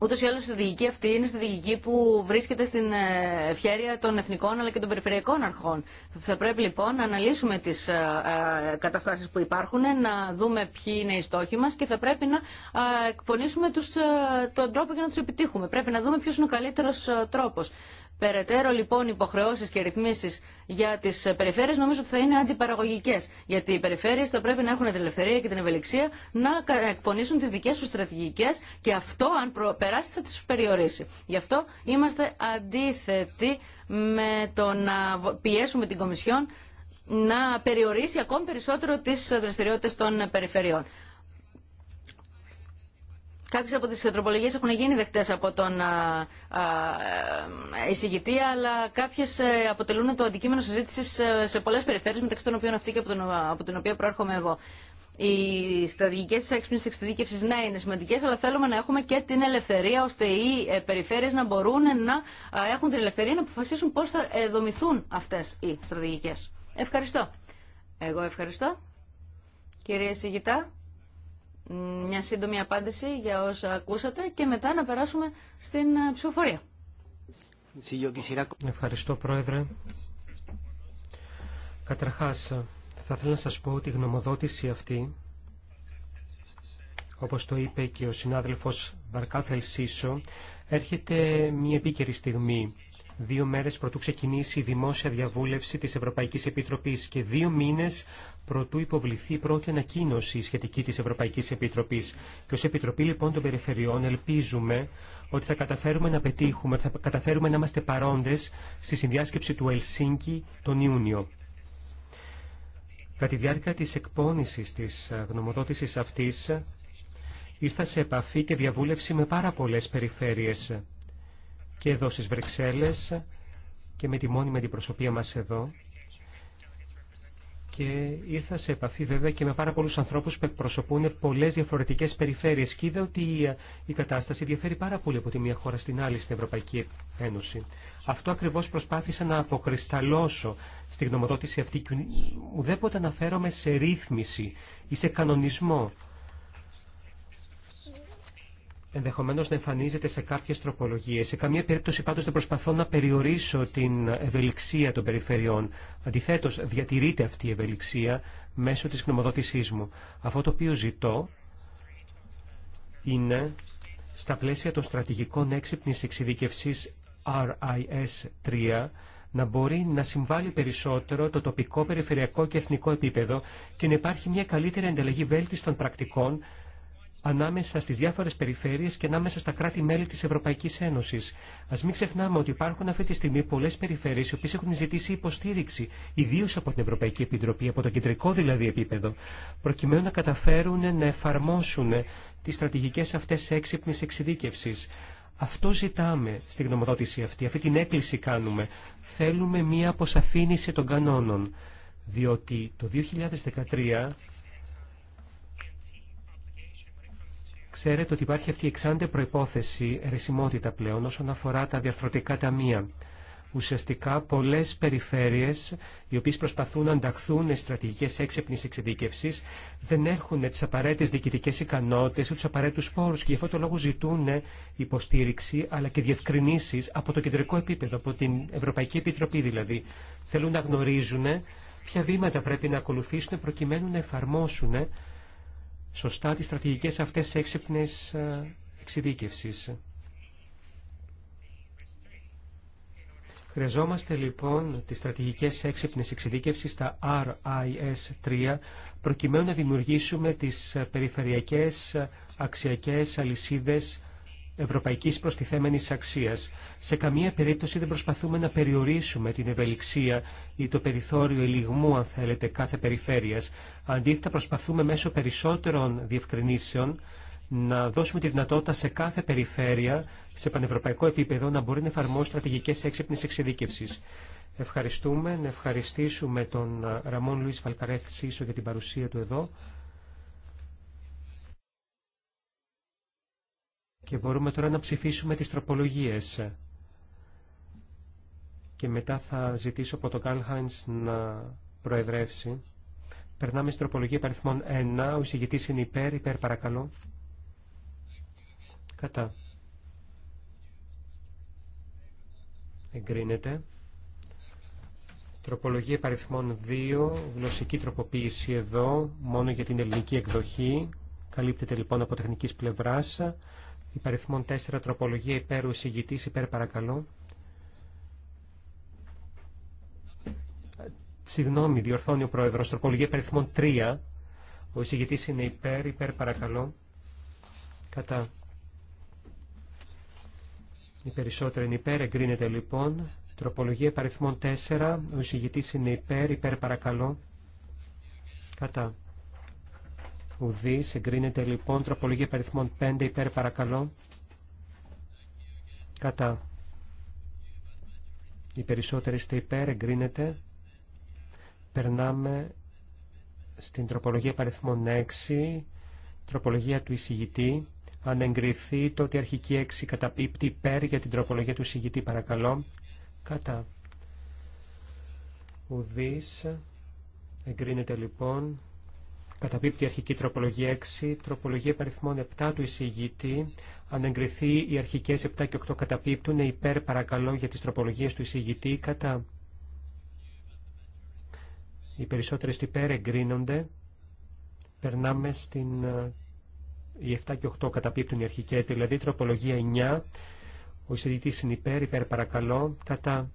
Ούτω ή άλλω η στρατηγική αυτή είναι στρατηγική που βρίσκεται στην ε, ευχέρεια των εθνικών αλλά και των περιφερειακών αρχών. Θα πρέπει λοιπόν να αναλύσουμε τι ε, ε, καταστάσει που υπάρχουν, να δούμε ποιοι είναι οι στόχοι μα και θα πρέπει να εκπονήσουμε τους, τον τρόπο για να του επιτύχουμε. Πρέπει να δούμε ποιο είναι ο καλύτερο τρόπο περαιτέρω λοιπόν υποχρεώσει και ρυθμίσει για τι περιφέρειε νομίζω ότι θα είναι αντιπαραγωγικέ. Γιατί οι περιφέρειε θα πρέπει να έχουν την ελευθερία και την ευελιξία να εκπονήσουν τι δικέ του στρατηγικέ και αυτό, αν περάσει, θα τι περιορίσει. Γι' αυτό είμαστε αντίθετοι με το να πιέσουμε την Κομισιόν να περιορίσει ακόμη περισσότερο τι δραστηριότητε των περιφερειών. Κάποιες από τις τροπολογίες έχουν γίνει δεκτές από τον ε, εισηγητή, αλλά κάποιες ε, αποτελούν το αντικείμενο συζήτησης ε, σε πολλές περιφέρειες, μεταξύ των οποίων αυτή και από, τον, από την οποία προέρχομαι εγώ. Οι στρατηγικέ τη έξυπνη εξειδίκευση ναι είναι σημαντικέ, αλλά θέλουμε να έχουμε και την ελευθερία ώστε οι περιφέρειες να μπορούν να έχουν την ελευθερία να αποφασίσουν πώ θα δομηθούν αυτέ οι στρατηγικέ. Ευχαριστώ. Εγώ ευχαριστώ. Κυρία Σιγητά, μια σύντομη απάντηση για όσα ακούσατε και μετά να περάσουμε στην ε, ψηφοφορία. Ευχαριστώ Πρόεδρε. Καταρχάς, θα ήθελα να σας πω ότι η γνωμοδότηση αυτή, όπως το είπε και ο συνάδελφος Βαρκάθελ Σίσο, έρχεται μια επίκαιρη στιγμή δύο μέρες προτού ξεκινήσει η δημόσια διαβούλευση της Ευρωπαϊκής Επιτροπής και δύο μήνες προτού υποβληθεί η πρώτη ανακοίνωση σχετική της Ευρωπαϊκής Επιτροπής. Και ως Επιτροπή λοιπόν των Περιφερειών ελπίζουμε ότι θα καταφέρουμε να πετύχουμε, θα καταφέρουμε να είμαστε παρόντες στη συνδιάσκεψη του Ελσίνκη τον Ιούνιο. Κατά τη διάρκεια της εκπόνησης της γνωμοδότησης αυτής, ήρθα σε επαφή και διαβούλευση με πάρα πολλές περιφέρειες και εδώ στις Βρυξέλλες και με τη μόνιμη αντιπροσωπεία μας εδώ. Και ήρθα σε επαφή βέβαια και με πάρα πολλούς ανθρώπους που εκπροσωπούν πολλές διαφορετικές περιφέρειες και είδα ότι η κατάσταση διαφέρει πάρα πολύ από τη μία χώρα στην άλλη στην Ευρωπαϊκή Ένωση. Αυτό ακριβώς προσπάθησα να αποκρισταλώσω στη γνωμοδότηση αυτή και ουδέποτε αναφέρομαι σε ρύθμιση ή σε κανονισμό ενδεχομένως να εμφανίζεται σε κάποιες τροπολογίες. Σε καμία περίπτωση πάντως δεν προσπαθώ να περιορίσω την ευελιξία των περιφερειών. Αντιθέτως, διατηρείται αυτή η ευελιξία μέσω της γνωμοδότησής μου. Αυτό το οποίο ζητώ είναι στα πλαίσια των στρατηγικών έξυπνης εξειδικευσής RIS3 να μπορεί να συμβάλλει περισσότερο το τοπικό, περιφερειακό και εθνικό επίπεδο και να υπάρχει μια καλύτερη ανταλλαγή βέλτιστων πρακτικών ανάμεσα στις διάφορες περιφέρειες και ανάμεσα στα κράτη-μέλη της Ευρωπαϊκής Ένωσης. Ας μην ξεχνάμε ότι υπάρχουν αυτή τη στιγμή πολλές περιφέρειες οι οποίες έχουν ζητήσει υποστήριξη, ιδίως από την Ευρωπαϊκή Επιτροπή, από το κεντρικό δηλαδή επίπεδο, προκειμένου να καταφέρουν να εφαρμόσουν τις στρατηγικές αυτές έξυπνης εξειδίκευση. Αυτό ζητάμε στη γνωμοδότηση αυτή, αυτή την έκκληση κάνουμε. Θέλουμε μία αποσαφήνιση των κανόνων, διότι το 2013 Ξέρετε ότι υπάρχει αυτή η εξάντε προϋπόθεση ρεσιμότητα πλέον όσον αφορά τα διαρθρωτικά ταμεία. Ουσιαστικά πολλές περιφέρειες οι οποίες προσπαθούν να ανταχθούν στρατηγικές έξυπνης εξειδίκευσης δεν έχουν τις απαραίτητες διοικητικές ικανότητες ή τους απαραίτητους πόρου και γι' αυτό το λόγο ζητούν υποστήριξη αλλά και διευκρινήσεις από το κεντρικό επίπεδο, από την Ευρωπαϊκή Επιτροπή δηλαδή. Θέλουν να γνωρίζουν ποια βήματα πρέπει να ακολουθήσουν προκειμένου να εφαρμόσουν σωστά τις στρατηγικές αυτές έξυπνες ε, εξειδίκευσης. Χρειαζόμαστε λοιπόν τις στρατηγικές έξυπνες εξειδίκευσης, τα RIS3, προκειμένου να δημιουργήσουμε τις ε, περιφερειακές ε, αξιακές αλυσίδες ευρωπαϊκής προστιθέμενης αξίας. Σε καμία περίπτωση δεν προσπαθούμε να περιορίσουμε την ευελιξία ή το περιθώριο ελιγμού, αν θέλετε, κάθε περιφέρειας. Αντίθετα, προσπαθούμε μέσω περισσότερων διευκρινήσεων να δώσουμε τη δυνατότητα σε κάθε περιφέρεια, σε πανευρωπαϊκό επίπεδο, να μπορεί να εφαρμόσει στρατηγικές έξυπνης εξειδίκευσης. Ευχαριστούμε, να ευχαριστήσουμε τον ε, Ραμόν Λουίς Βαλκαρέφ για την παρουσία του εδώ. Και μπορούμε τώρα να ψηφίσουμε τις τροπολογίες. Και μετά θα ζητήσω από τον Καλχάινς να προεδρεύσει. Περνάμε στην τροπολογία παριθμών 1. Ο εισηγητής είναι υπέρ. Υπέρ παρακαλώ. Κατά. Εγκρίνεται. Τροπολογία παριθμών 2, γλωσσική τροποποίηση εδώ, μόνο για την ελληνική εκδοχή. Καλύπτεται λοιπόν από τεχνικής πλευράς υπεριθμών 4 τροπολογία υπέρ ο υπέρ παρακαλώ. Συγγνώμη, διορθώνει ο Πρόεδρος. Τροπολογία υπεριθμών 3. Ο εισηγητής είναι υπέρ, υπέρ παρακαλώ. Κατά. Οι περισσότεροι είναι υπέρ, εγκρίνεται λοιπόν. Τροπολογία υπεριθμών 4. Ο εισηγητής είναι υπέρ, υπέρ παρακαλώ. Κατά. Ουδή εγκρίνεται λοιπόν τροπολογία περιθμών 5 υπέρ παρακαλώ. Κατά. Οι περισσότεροι είστε υπέρ, εγκρίνεται. Περνάμε στην τροπολογία παριθμών 6, τροπολογία του εισηγητή. Αν εγκριθεί τότε αρχική 6 καταπίπτει υπέρ για την τροπολογία του εισηγητή παρακαλώ. Κατά. Ουδής. Εγκρίνεται λοιπόν Καταπίπτει η αρχική τροπολογία 6, τροπολογία παριθμών 7 του εισηγητή. Αν εγκριθεί οι αρχικέ 7 και 8 καταπίπτουν, ε, υπέρ παρακαλώ για τι τροπολογίε του εισηγητή κατά. Οι περισσότερε υπέρ εγκρίνονται. Περνάμε στην... Ε, οι 7 και 8 καταπίπτουν οι αρχικέ, δηλαδή τροπολογία 9. Ο εισηγητή είναι υπέρ, υπέρ παρακαλώ, κατά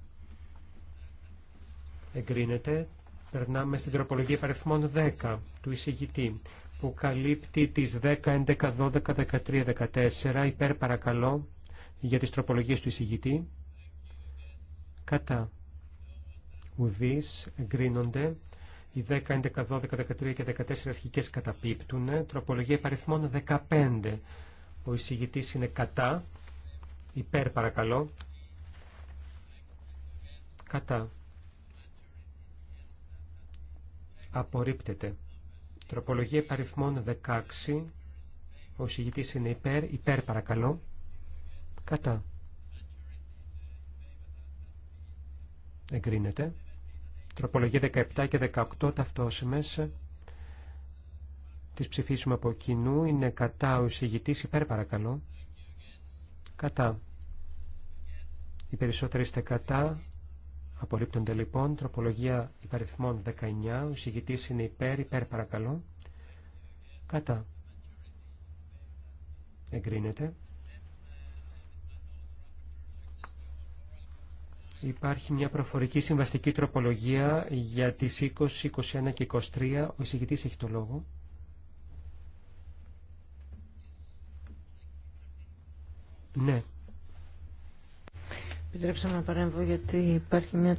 εγκρίνεται. Περνάμε στην τροπολογία αριθμών 10 του εισηγητή που καλύπτει τις 10, 11, 12, 13, 14 υπέρ παρακαλώ για τις τροπολογίες του εισηγητή κατά ουδείς εγκρίνονται οι 10, 11, 12, 13 και 14 αρχικές καταπίπτουν τροπολογία υπαριθμών 15 ο εισηγητής είναι κατά υπέρ παρακαλώ κατά απορρίπτεται. Τροπολογία υπαριθμών 16. Ο συγητής είναι υπέρ. Υπέρ παρακαλώ. Κατά. Εγκρίνεται. Τροπολογία 17 και 18 ταυτόσιμες. Τις ψηφίσουμε από κοινού. Είναι κατά ο συγητής. Υπέρ παρακαλώ. Κατά. Οι περισσότεροι είστε κατά. Απορρίπτονται λοιπόν τροπολογία υπαριθμών 19, ο συγητής είναι υπέρ, υπέρ παρακαλώ. Κατά. Εγκρίνεται. Υπάρχει μια προφορική συμβαστική τροπολογία για τις 20, 21 και 23. Ο εισηγητής έχει το λόγο. Ναι. Επιτρέψτε να παρέμβω γιατί υπάρχει μια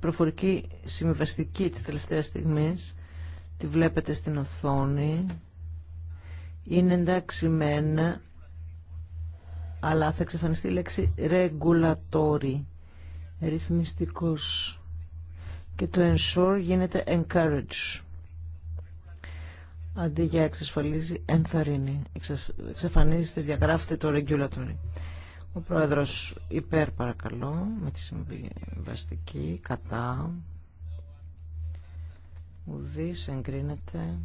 προφορική συμβαστική της τελευταίας στιγμής. Τη βλέπετε στην οθόνη. Είναι εντάξει μεν, αλλά θα εξαφανιστεί η λέξη regulatory, ρυθμιστικός. Και το ensure γίνεται encourage. Αντί για εξασφαλίζει, ενθαρρύνει. Εξαφανίζεται, διαγράφεται το regulatory. Ο πρόεδρος υπέρ παρακαλώ με τη συμβαστική κατά ουδής εγκρίνεται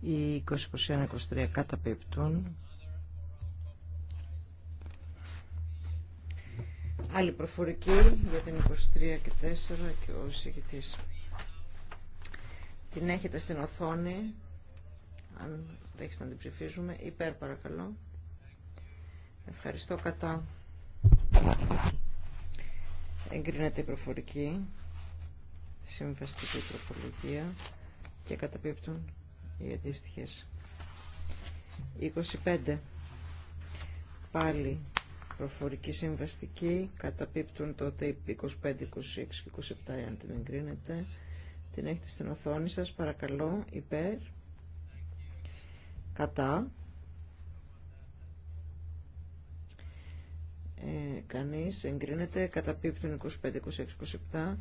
οι 20-21-23 καταπίπτουν άλλη προφορική για την 23 και 4 και ο συγκητής την έχετε στην οθόνη αν δέχεστε να την ψηφίζουμε υπέρ παρακαλώ Ευχαριστώ κατά. Εγκρίνεται η προφορική, συμβαστική τροπολογία και καταπίπτουν οι αντίστοιχε. 25. Πάλι προφορική συμβαστική, καταπίπτουν τότε 25, 26 και 27 αν την εγκρίνεται. Την έχετε στην οθόνη σας, παρακαλώ, υπέρ, κατά, κανείς, εγκρίνεται, πίπτων 25, 26, 27,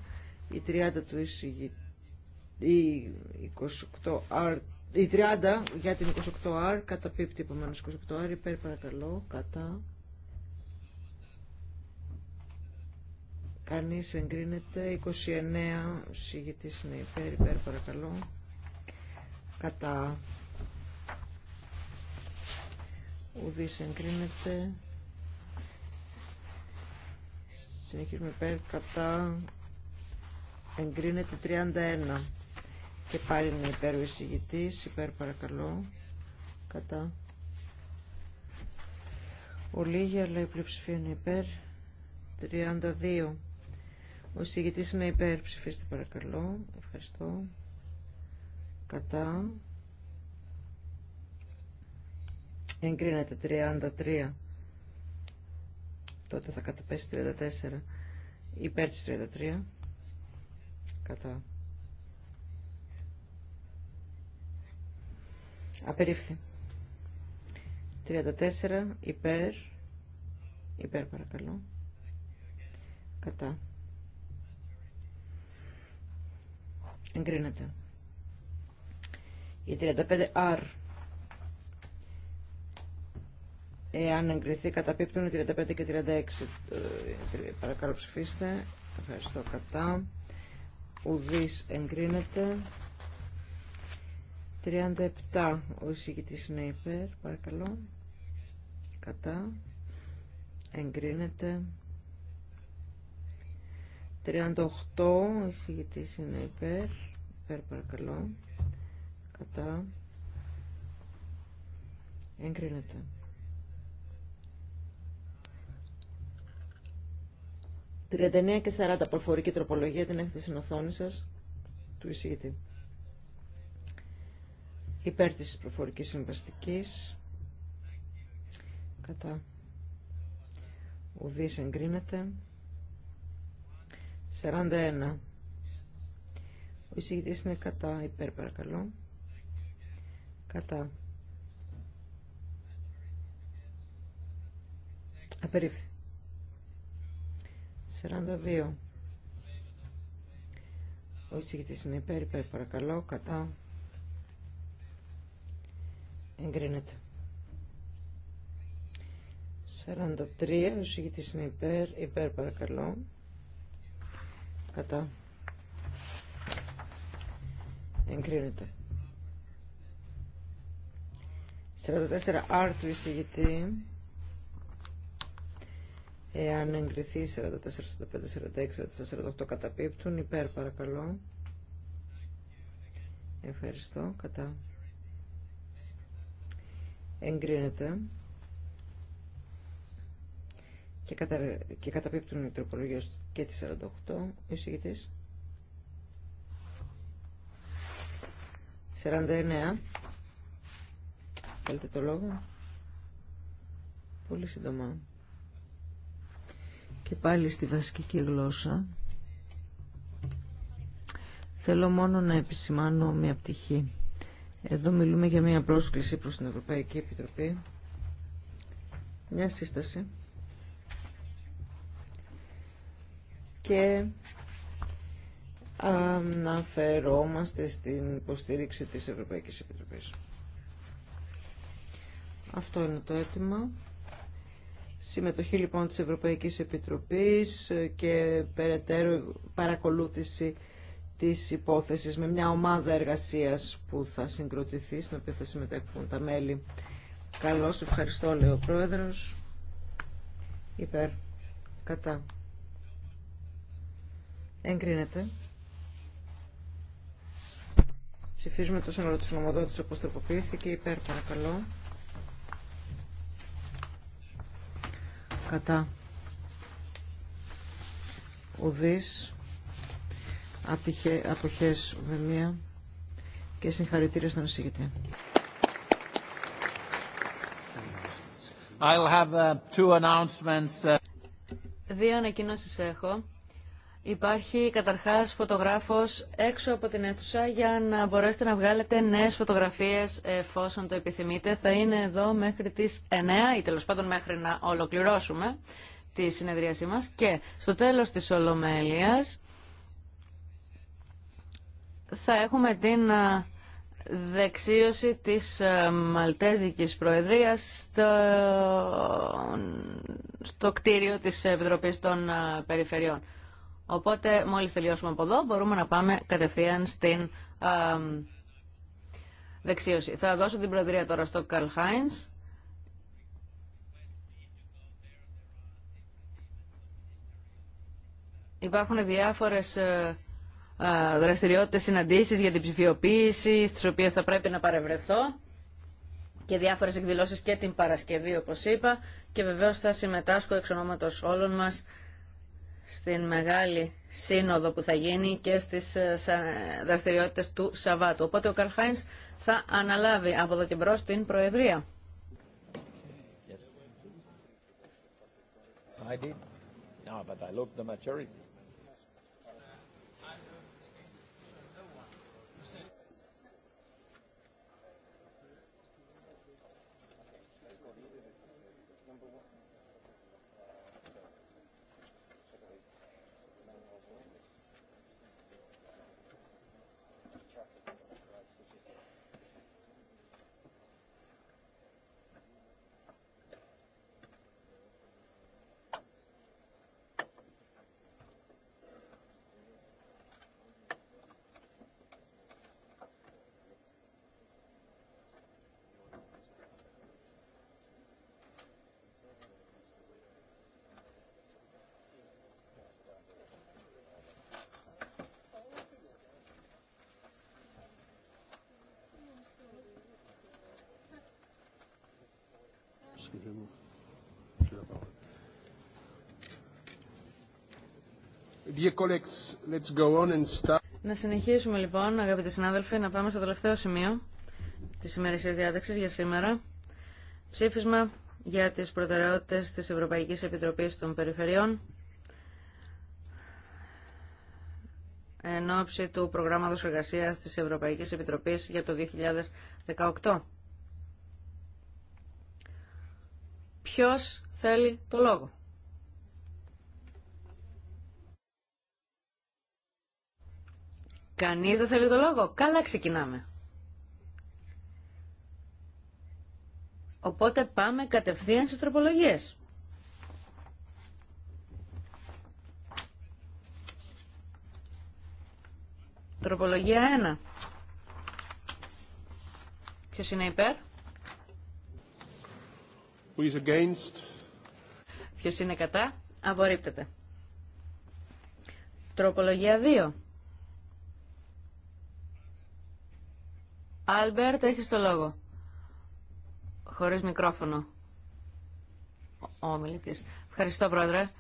η 30 του εισηγητή, η 28R, η 30 για την 28R, καταπίπτει επομένως 28R, υπέρ παρακαλώ, κατά. Κανείς εγκρίνεται, 29 συγητής είναι υπέρ, υπέρ παρακαλώ, κατά. Ουδής εγκρίνεται, Συνεχίζουμε πέρα κατά εγκρίνεται 31 και πάλι είναι υπέρ ο εισηγητής, υπέρ παρακαλώ, κατά. Ο Λίγη, αλλά η πλειοψηφία είναι υπέρ, 32. Ο εισηγητής είναι υπέρ, ψηφίστε παρακαλώ, ευχαριστώ, κατά. Εγκρίνεται 33 τότε θα καταπέσει 34 υπέρ της 33 κατά απερίφθη 34 υπέρ υπέρ παρακαλώ κατά εγκρίνεται η 35R Εάν εγκριθεί καταπίπτουν 35 και 36. Ε, παρακαλώ ψηφίστε. Ευχαριστώ κατά. Ουδής εγκρίνεται. 37 ο εισηγητής είναι υπέρ. Παρακαλώ. Κατά. Εγκρίνεται. 38 ο εισηγητής είναι υπέρ. Υπέρ παρακαλώ. Κατά. Εγκρίνεται. 39 και 40 προφορική τροπολογία την έχετε στην οθόνη σας του εισηγητή. Υπέρ της προφορικής συμβαστικής κατά ουδής εγκρίνεται 41 ο εισηγητής είναι κατά υπέρ παρακαλώ κατά απερίφθη 42. Ο εισηγητής είναι υπέρ, υπέρ παρακαλώ, κατά. Εγκρίνεται. 43. Ο εισηγητής είναι υπέρ, υπέρ παρακαλώ. Κατά. Εγκρίνεται. 44 άρτου εισηγητή Εάν εγκριθεί 44, 45, 46, 48 καταπίπτουν, υπέρ παρακαλώ. Ευχαριστώ. Κατά. Εγκρίνεται. Και, κατα... και καταπίπτουν οι τροπολογίες και τη 48. Ο εισηγητής. 49. Θέλετε το λόγο. Πολύ σύντομα και πάλι στη βασική γλώσσα. Θέλω μόνο να επισημάνω μια πτυχή. Εδώ μιλούμε για μια πρόσκληση προς την Ευρωπαϊκή Επιτροπή, μια σύσταση και αναφερόμαστε στην υποστήριξη της Ευρωπαϊκής Επιτροπής. Αυτό είναι το αίτημα. Συμμετοχή λοιπόν της Ευρωπαϊκής Επιτροπής και περαιτέρω παρακολούθηση της υπόθεσης με μια ομάδα εργασίας που θα συγκροτηθεί, στην οποία θα συμμετέχουν τα μέλη. Καλώς, ευχαριστώ, λέει ο Πρόεδρος. Υπέρ. Κατά. Εγκρίνεται. Ψηφίζουμε το σύνολο της νομοδότησης όπως τροποποιήθηκε. Υπέρ, παρακαλώ. κατά ουδής αποχές ουδεμία και συγχαρητήρια στον εισηγητή. Uh, uh, Δύο ανακοινώσεις έχω. Υπάρχει καταρχάς φωτογράφος έξω από την αίθουσα για να μπορέσετε να βγάλετε νέες φωτογραφίες εφόσον το επιθυμείτε. Θα είναι εδώ μέχρι τις 9 ή τέλος πάντων μέχρι να ολοκληρώσουμε τη συνεδρίασή μας και στο τέλος της Ολομέλειας θα έχουμε την ε, δεξίωση της ε, Μαλτέζικης Προεδρίας στο, κτίριο της Επιτροπής των ε, Περιφερειών. Οπότε μόλις τελειώσουμε από εδώ μπορούμε να πάμε κατευθείαν στην α, δεξίωση. Θα δώσω την προεδρία τώρα στο Καρλ Χάινς. Υπάρχουν διάφορες α, ε, ε, δραστηριότητες, συναντήσεις για την ψηφιοποίηση, στις οποίες θα πρέπει να παρευρεθώ και διάφορες εκδηλώσεις και την Παρασκευή, όπως είπα, και βεβαίως θα συμμετάσχω εξ ονόματος όλων μας στην μεγάλη σύνοδο που θα γίνει και στις ε, δραστηριότητες του Σαββάτου. Οπότε ο Καρχάινς θα αναλάβει από εδώ και μπρος την Προεδρία. Να συνεχίσουμε λοιπόν, αγαπητοί συνάδελφοι, να πάμε στο τελευταίο σημείο τη ημερησία διάταξη για σήμερα. Ψήφισμα για τι προτεραιότητε τη Ευρωπαϊκή Επιτροπή των Περιφερειών εν ώψη του προγράμματο εργασία τη Ευρωπαϊκή Επιτροπή για το 2018. Ποιος θέλει το λόγο. Κανείς δεν θέλει το λόγο. Καλά ξεκινάμε. Οπότε πάμε κατευθείαν στις τροπολογίες. Τροπολογία 1. Ποιος είναι υπέρ? Ποιος είναι κατά. Απορρίπτεται. Τροπολογία 2. Άλμπερτ, έχεις το λόγο. Χωρίς μικρόφωνο. Ο ομιλητής. Ευχαριστώ, Πρόεδρε. Ε,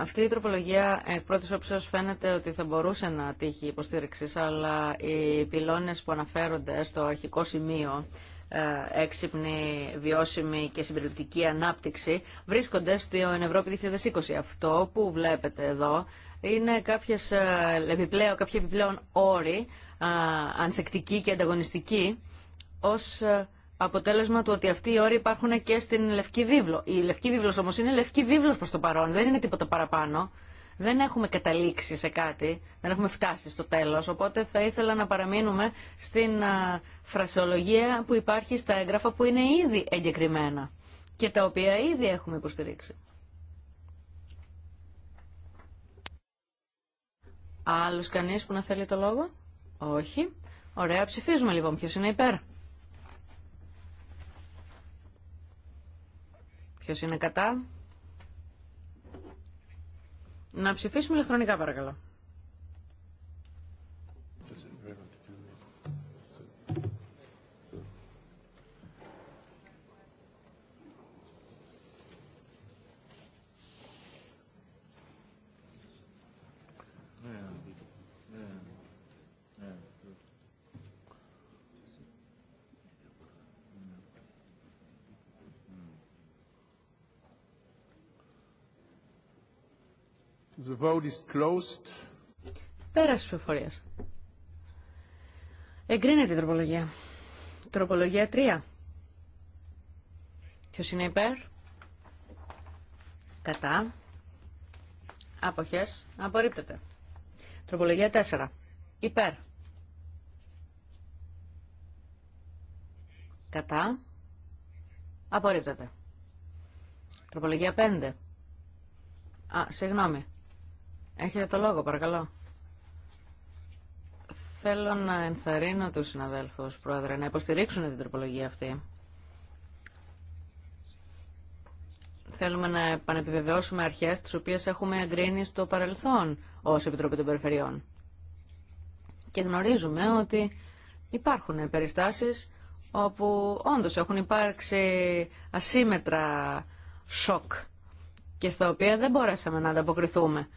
αυτή η τροπολογία εκ πρώτη όψη φαίνεται ότι θα μπορούσε να τύχει υποστήριξη, αλλά οι πυλώνε που αναφέρονται στο αρχικό σημείο ε, έξυπνη, βιώσιμη και συμπεριληπτική ανάπτυξη βρίσκονται στην Ευρώπη 2020. Αυτό που βλέπετε εδώ είναι κάποιες, ε, επιπλέον, κάποιοι επιπλέον όροι ε, ανθεκτικοί και ανταγωνιστικοί ως αποτέλεσμα του ότι αυτοί οι όροι υπάρχουν και στην Λευκή Βίβλο. Η Λευκή Βίβλος όμως είναι Λευκή Βίβλος προς το παρόν, δεν είναι τίποτα παραπάνω. Δεν έχουμε καταλήξει σε κάτι, δεν έχουμε φτάσει στο τέλος, οπότε θα ήθελα να παραμείνουμε στην φρασιολογία που υπάρχει στα έγγραφα που είναι ήδη εγκεκριμένα και τα οποία ήδη έχουμε υποστηρίξει. Άλλος κανείς που να θέλει το λόγο? Όχι. Ωραία, ψηφίζουμε λοιπόν. Ποιος είναι υπέρ? Ποιος είναι κατά? Να ψηφίσουμε ηλεκτρονικά παρακαλώ. The vote is closed. Πέρας Εγκρίνεται η τροπολογία. Τροπολογία 3. Ποιο είναι υπέρ. Κατά. Αποχές. Απορρίπτεται. Τροπολογία 4. Υπέρ. Κατά. Απορρίπτεται. Τροπολογία 5. Α, συγγνώμη. Έχετε το λόγο, παρακαλώ. Θέλω να ενθαρρύνω τους συναδέλφους, Πρόεδρε, να υποστηρίξουν την τροπολογία αυτή. Θέλουμε να επανεπιβεβαιώσουμε αρχές τις οποίες έχουμε εγκρίνει στο παρελθόν ως Επιτροπή των Περιφερειών. Και γνωρίζουμε ότι υπάρχουν περιστάσεις όπου όντως έχουν υπάρξει ασύμετρα σοκ και στα οποία δεν μπορέσαμε να ανταποκριθούμε.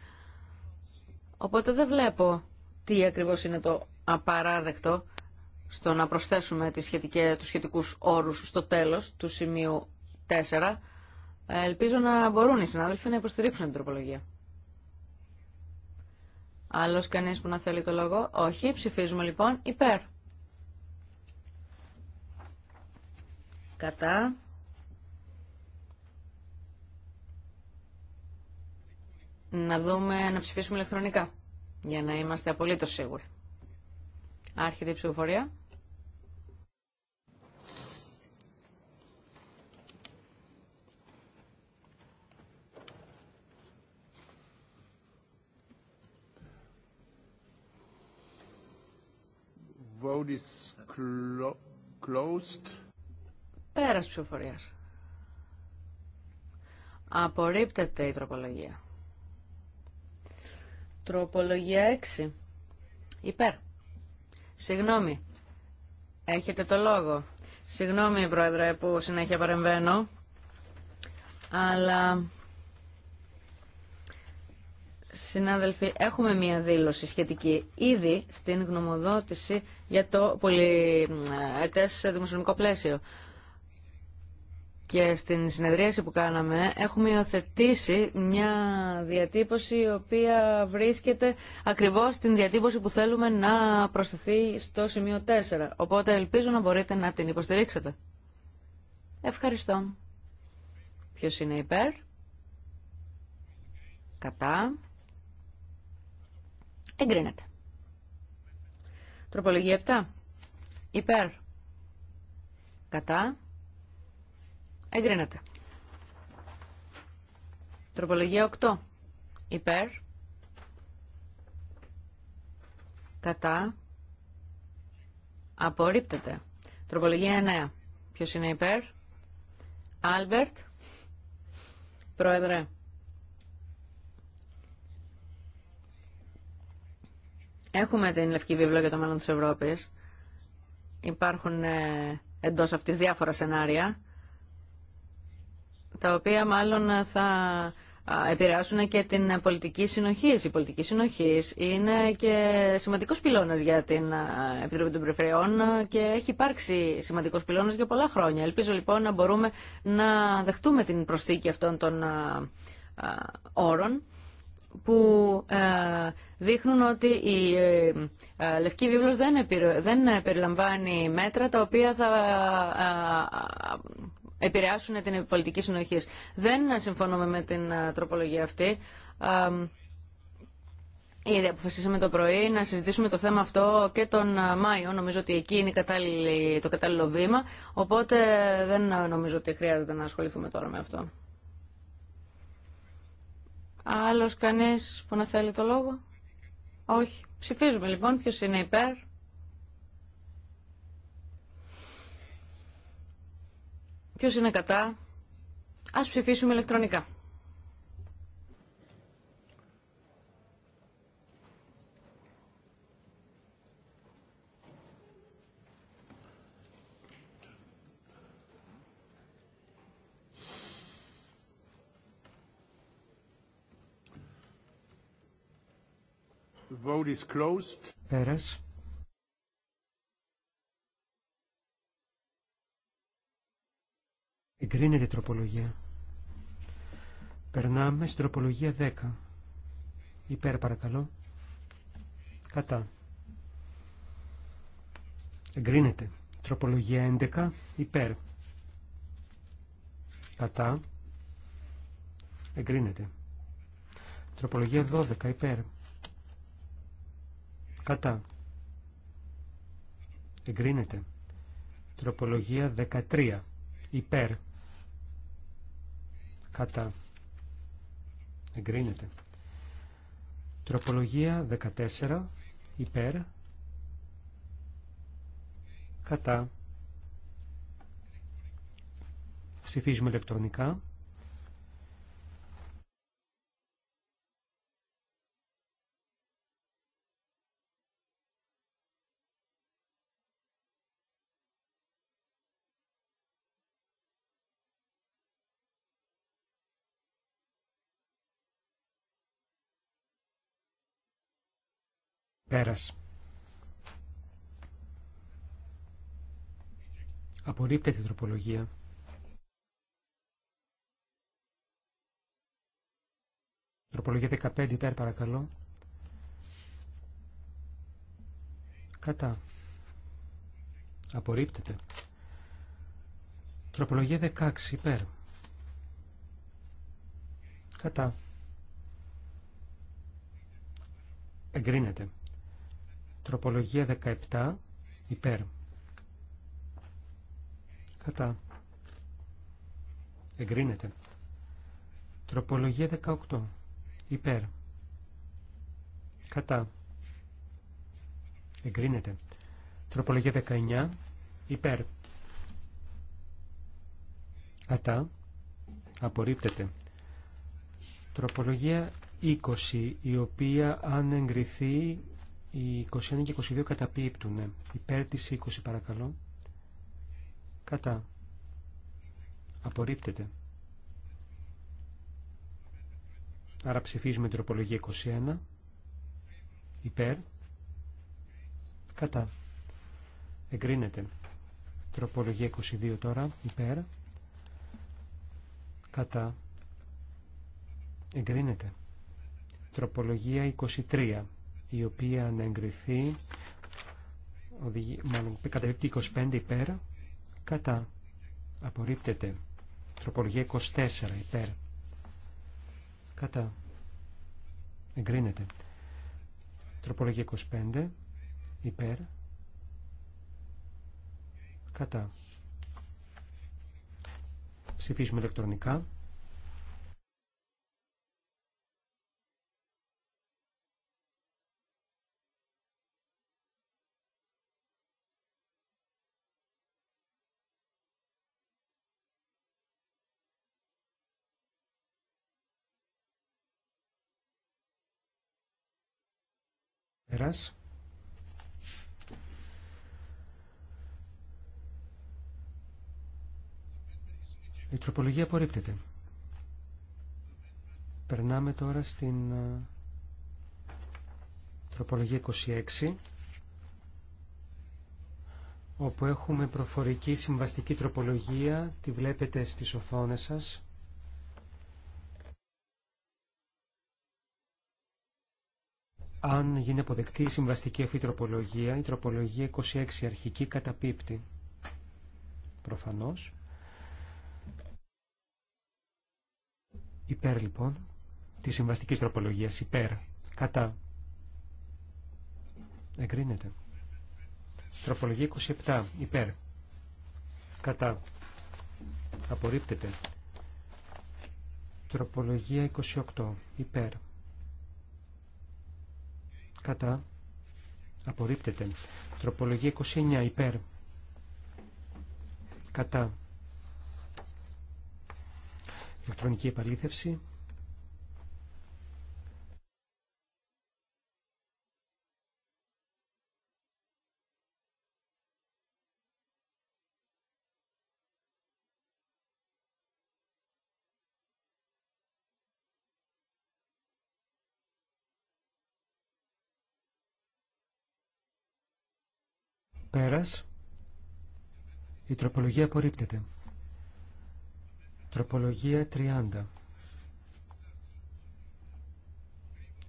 Οπότε δεν βλέπω τι ακριβώς είναι το απαράδεκτο στο να προσθέσουμε τις σχετικές, τους σχετικούς όρους στο τέλος του σημείου 4. Ε, ελπίζω να μπορούν οι συνάδελφοι να υποστηρίξουν την τροπολογία. Άλλος κανείς που να θέλει το λόγο. Όχι, ψηφίζουμε λοιπόν υπέρ. Κατά. να δούμε, να ψηφίσουμε ηλεκτρονικά, για να είμαστε απολύτως σίγουροι. Άρχεται η ψηφοφορία. Vote is clo closed. Πέρας ψηφοφορίας. Απορρίπτεται η τροπολογία. Τροπολογία 6. Υπέρ. Συγγνώμη. Έχετε το λόγο. Συγγνώμη, Πρόεδρε, που συνέχεια παρεμβαίνω. Αλλά... Συνάδελφοι, έχουμε μία δήλωση σχετική ήδη στην γνωμοδότηση για το πολυετές ε, δημοσιονομικό πλαίσιο και στην συνεδρίαση που κάναμε έχουμε υιοθετήσει μια διατύπωση η οποία βρίσκεται ακριβώς στην διατύπωση που θέλουμε να προσθεθεί στο σημείο 4. Οπότε ελπίζω να μπορείτε να την υποστηρίξετε. Ευχαριστώ. Ποιος είναι υπέρ? Κατά. Εγκρίνεται. Τροπολογία 7. Υπέρ. Κατά. Εγκρίνεται. Τροπολογία 8. Υπέρ. Κατά. Απορρίπτεται. Τροπολογία 9. Ποιος είναι υπέρ. Άλμπερτ. Πρόεδρε. Έχουμε την Λευκή Βίβλο για το μέλλον της Ευρώπης. Υπάρχουν ε, εντός αυτής διάφορα σενάρια τα οποία μάλλον θα επηρεάσουν και την πολιτική συνοχή. Η πολιτική συνοχή είναι και σημαντικός πυλώνας για την Επιτροπή των Περιφερειών και έχει υπάρξει σημαντικός πυλώνας για πολλά χρόνια. Ελπίζω λοιπόν να μπορούμε να δεχτούμε την προσθήκη αυτών των όρων που ε, δείχνουν ότι η ε, ε, Λευκή Βίβλος δεν περιλαμβάνει μέτρα τα οποία θα επηρεάσουν την πολιτική συνοχή. Δεν συμφωνούμε με την τροπολογία αυτή. Ήδη αποφασίσαμε το πρωί να συζητήσουμε το θέμα αυτό και τον Μάιο. Νομίζω ότι εκεί είναι το κατάλληλο βήμα. Οπότε δεν νομίζω ότι χρειάζεται να ασχοληθούμε τώρα με αυτό. Άλλος κανείς που να θέλει το λόγο. Όχι. Ψηφίζουμε λοιπόν ποιος είναι υπέρ. Ποιος είναι κατά. Ας ψηφίσουμε ηλεκτρονικά. vote is closed. Πέρας. Εγκρίνεται η τροπολογία. Περνάμε στην τροπολογία 10. Υπέρ παρακαλώ. Κατά. Εγκρίνεται. Τροπολογία 11. Υπέρ. Κατά. Εγκρίνεται. Τροπολογία 12. Υπέρ. Κατά. Εγκρίνεται. Τροπολογία 13. Υπέρ κατά εγκρίνεται τροπολογία 14 υπέρ κατά ψηφίζουμε ηλεκτρονικά Πέρας. Απορρίπτεται η τροπολογία. Τροπολογία 15 υπέρ παρακαλώ. Κατά. Απορρίπτεται. Τροπολογία 16 υπέρ. Κατά. Εγκρίνεται. Τροπολογία 17 υπέρ. Κατά. Εγκρίνεται. Τροπολογία 18 υπέρ. Κατά. Εγκρίνεται. Τροπολογία 19 υπέρ. Κατά. Απορρίπτεται. Τροπολογία 20 η οποία αν εγκριθεί οι 21 και 22 καταπίπτουν. Υπέρ της 20 παρακαλώ. Κατά. Απορρίπτεται. Άρα ψηφίζουμε την τροπολογία 21. Υπέρ. Κατά. Εγκρίνεται. Τροπολογία 22 τώρα. Υπέρ. Κατά. Εγκρίνεται. Τροπολογία 23 η οποία να εγκριθεί οδηγεί, μάλλον 25 υπέρ κατά απορρίπτεται τροπολογία 24 υπέρ κατά εγκρίνεται τροπολογία 25 υπέρ κατά ψηφίζουμε ηλεκτρονικά Η τροπολογία απορρίπτεται. Περνάμε τώρα στην ε, τροπολογία 26 όπου έχουμε προφορική συμβαστική τροπολογία, τη βλέπετε στις οθόνες σας. Αν γίνει αποδεκτή η συμβαστική αυτή τροπολογία, η τροπολογία 26 αρχική καταπίπτει. Προφανώς. Υπέρ λοιπόν τη συμβαστική τροπολογία. Υπέρ. Κατά. Εγκρίνεται. Τροπολογία 27. Υπέρ. Κατά. Απορρίπτεται. Τροπολογία 28. Υπέρ. Κατά. Απορρίπτεται. Τροπολογία 29 υπέρ. Κατά. Ηλεκτρονική επαλήθευση. Η τροπολογία απορρίπτεται. Τροπολογία 30.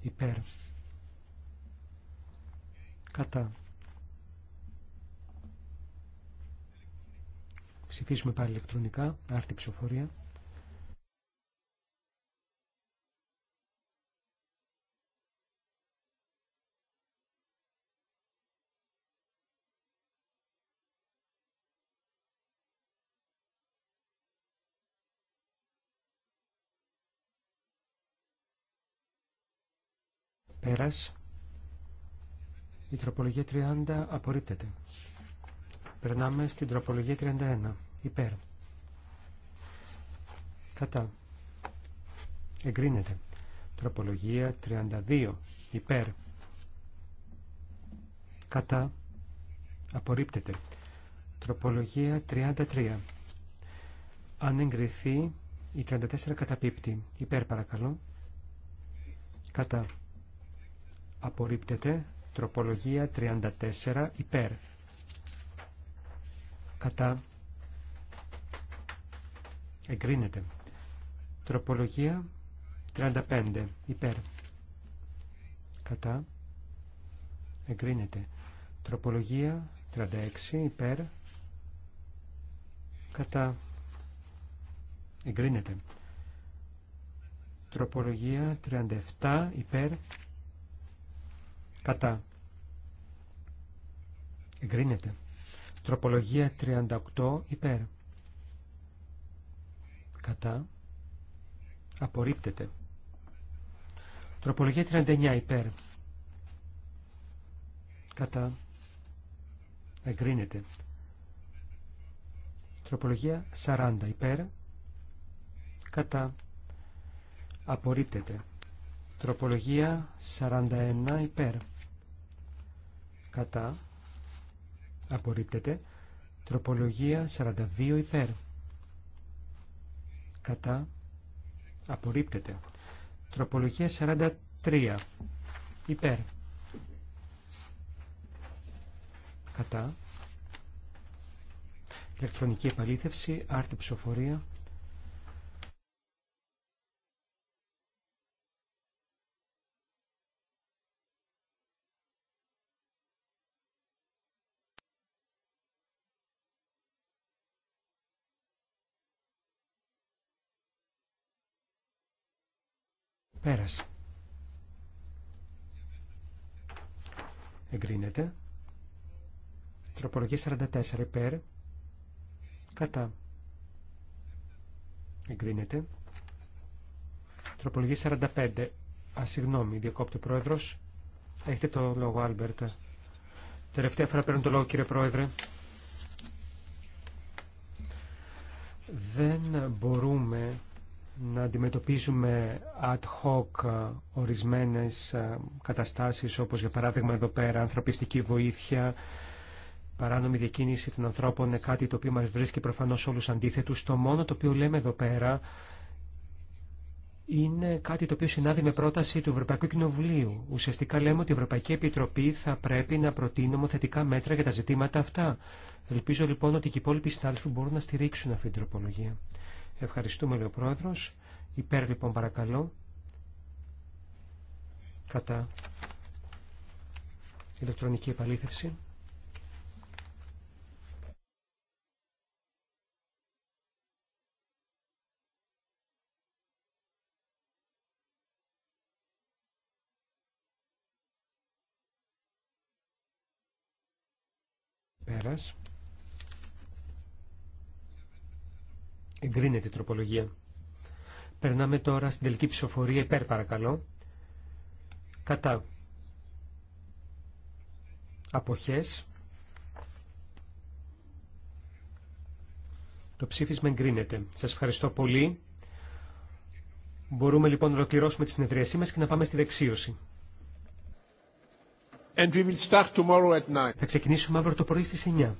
Υπέρ. Κατά. Ψηφίσουμε πάλι ηλεκτρονικά. Άρτη ψηφοφορία. Πέρα. Η τροπολογία 30 απορρίπτεται. Περνάμε στην τροπολογία 31. Υπέρ. Κατά. Εγκρίνεται. Τροπολογία 32. Υπέρ. Κατά. Απορρίπτεται. Τροπολογία 33. Αν εγκριθεί η 34 καταπίπτει. Υπέρ παρακαλώ. Κατά απορρίπτεται. Τροπολογία 34 υπέρ. Κατά. Εγκρίνεται. Τροπολογία 35 υπέρ. Κατά. Εγκρίνεται. Τροπολογία 36 υπέρ. Κατά. Εγκρίνεται. Τροπολογία 37 υπέρ. Κατά. Εγκρίνεται. Τροπολογία 38 υπέρ. Κατά. Απορρίπτεται. Τροπολογία 39 υπέρ. Κατά. Εγκρίνεται. Τροπολογία 40 υπέρ. Κατά. Απορρίπτεται. Τροπολογία 41 υπέρ κατά απορρίπτεται τροπολογία 42 υπέρ κατά απορρίπτεται τροπολογία 43 υπέρ κατά ηλεκτρονική επαλήθευση άρτη ψηφοφορία Πέρασε. Εγκρίνεται. Τροπολογία 44 υπέρ. Κατά. Εγκρίνεται. Τροπολογία 45. Α, συγγνώμη, διακόπτει ο πρόεδρο. Έχετε το λόγο, Άλμπερτ. Τελευταία φορά παίρνω το λόγο, κύριε πρόεδρε. Δεν μπορούμε να αντιμετωπίζουμε ad hoc ε, ορισμένες ε, καταστάσεις όπως για παράδειγμα εδώ πέρα ανθρωπιστική βοήθεια, παράνομη διακίνηση των ανθρώπων είναι κάτι το οποίο μας βρίσκει προφανώς όλους αντίθετους. Το μόνο το οποίο λέμε εδώ πέρα είναι κάτι το οποίο συνάδει με πρόταση του Ευρωπαϊκού Κοινοβουλίου. Ουσιαστικά λέμε ότι η Ευρωπαϊκή Επιτροπή θα πρέπει να προτείνει νομοθετικά μέτρα για τα ζητήματα αυτά. Ελπίζω λοιπόν ότι και οι υπόλοιποι συνάδελφοι μπορούν να στηρίξουν αυτή την τροπολογία. Ευχαριστούμε, λέει ο πρόεδρο. Υπέρ, λοιπόν, παρακαλώ. Κατά. Ηλεκτρονική επαλήθευση. Πέρας. Εγκρίνεται η τροπολογία. Περνάμε τώρα στην τελική ψηφοφορία υπέρ παρακαλώ. Κατά. Αποχές. Το ψήφισμα εγκρίνεται. Σας ευχαριστώ πολύ. Μπορούμε λοιπόν να ολοκληρώσουμε τη συνεδρίασή μας και να πάμε στη δεξίωση. Θα ξεκινήσουμε αύριο το πρωί στις 9.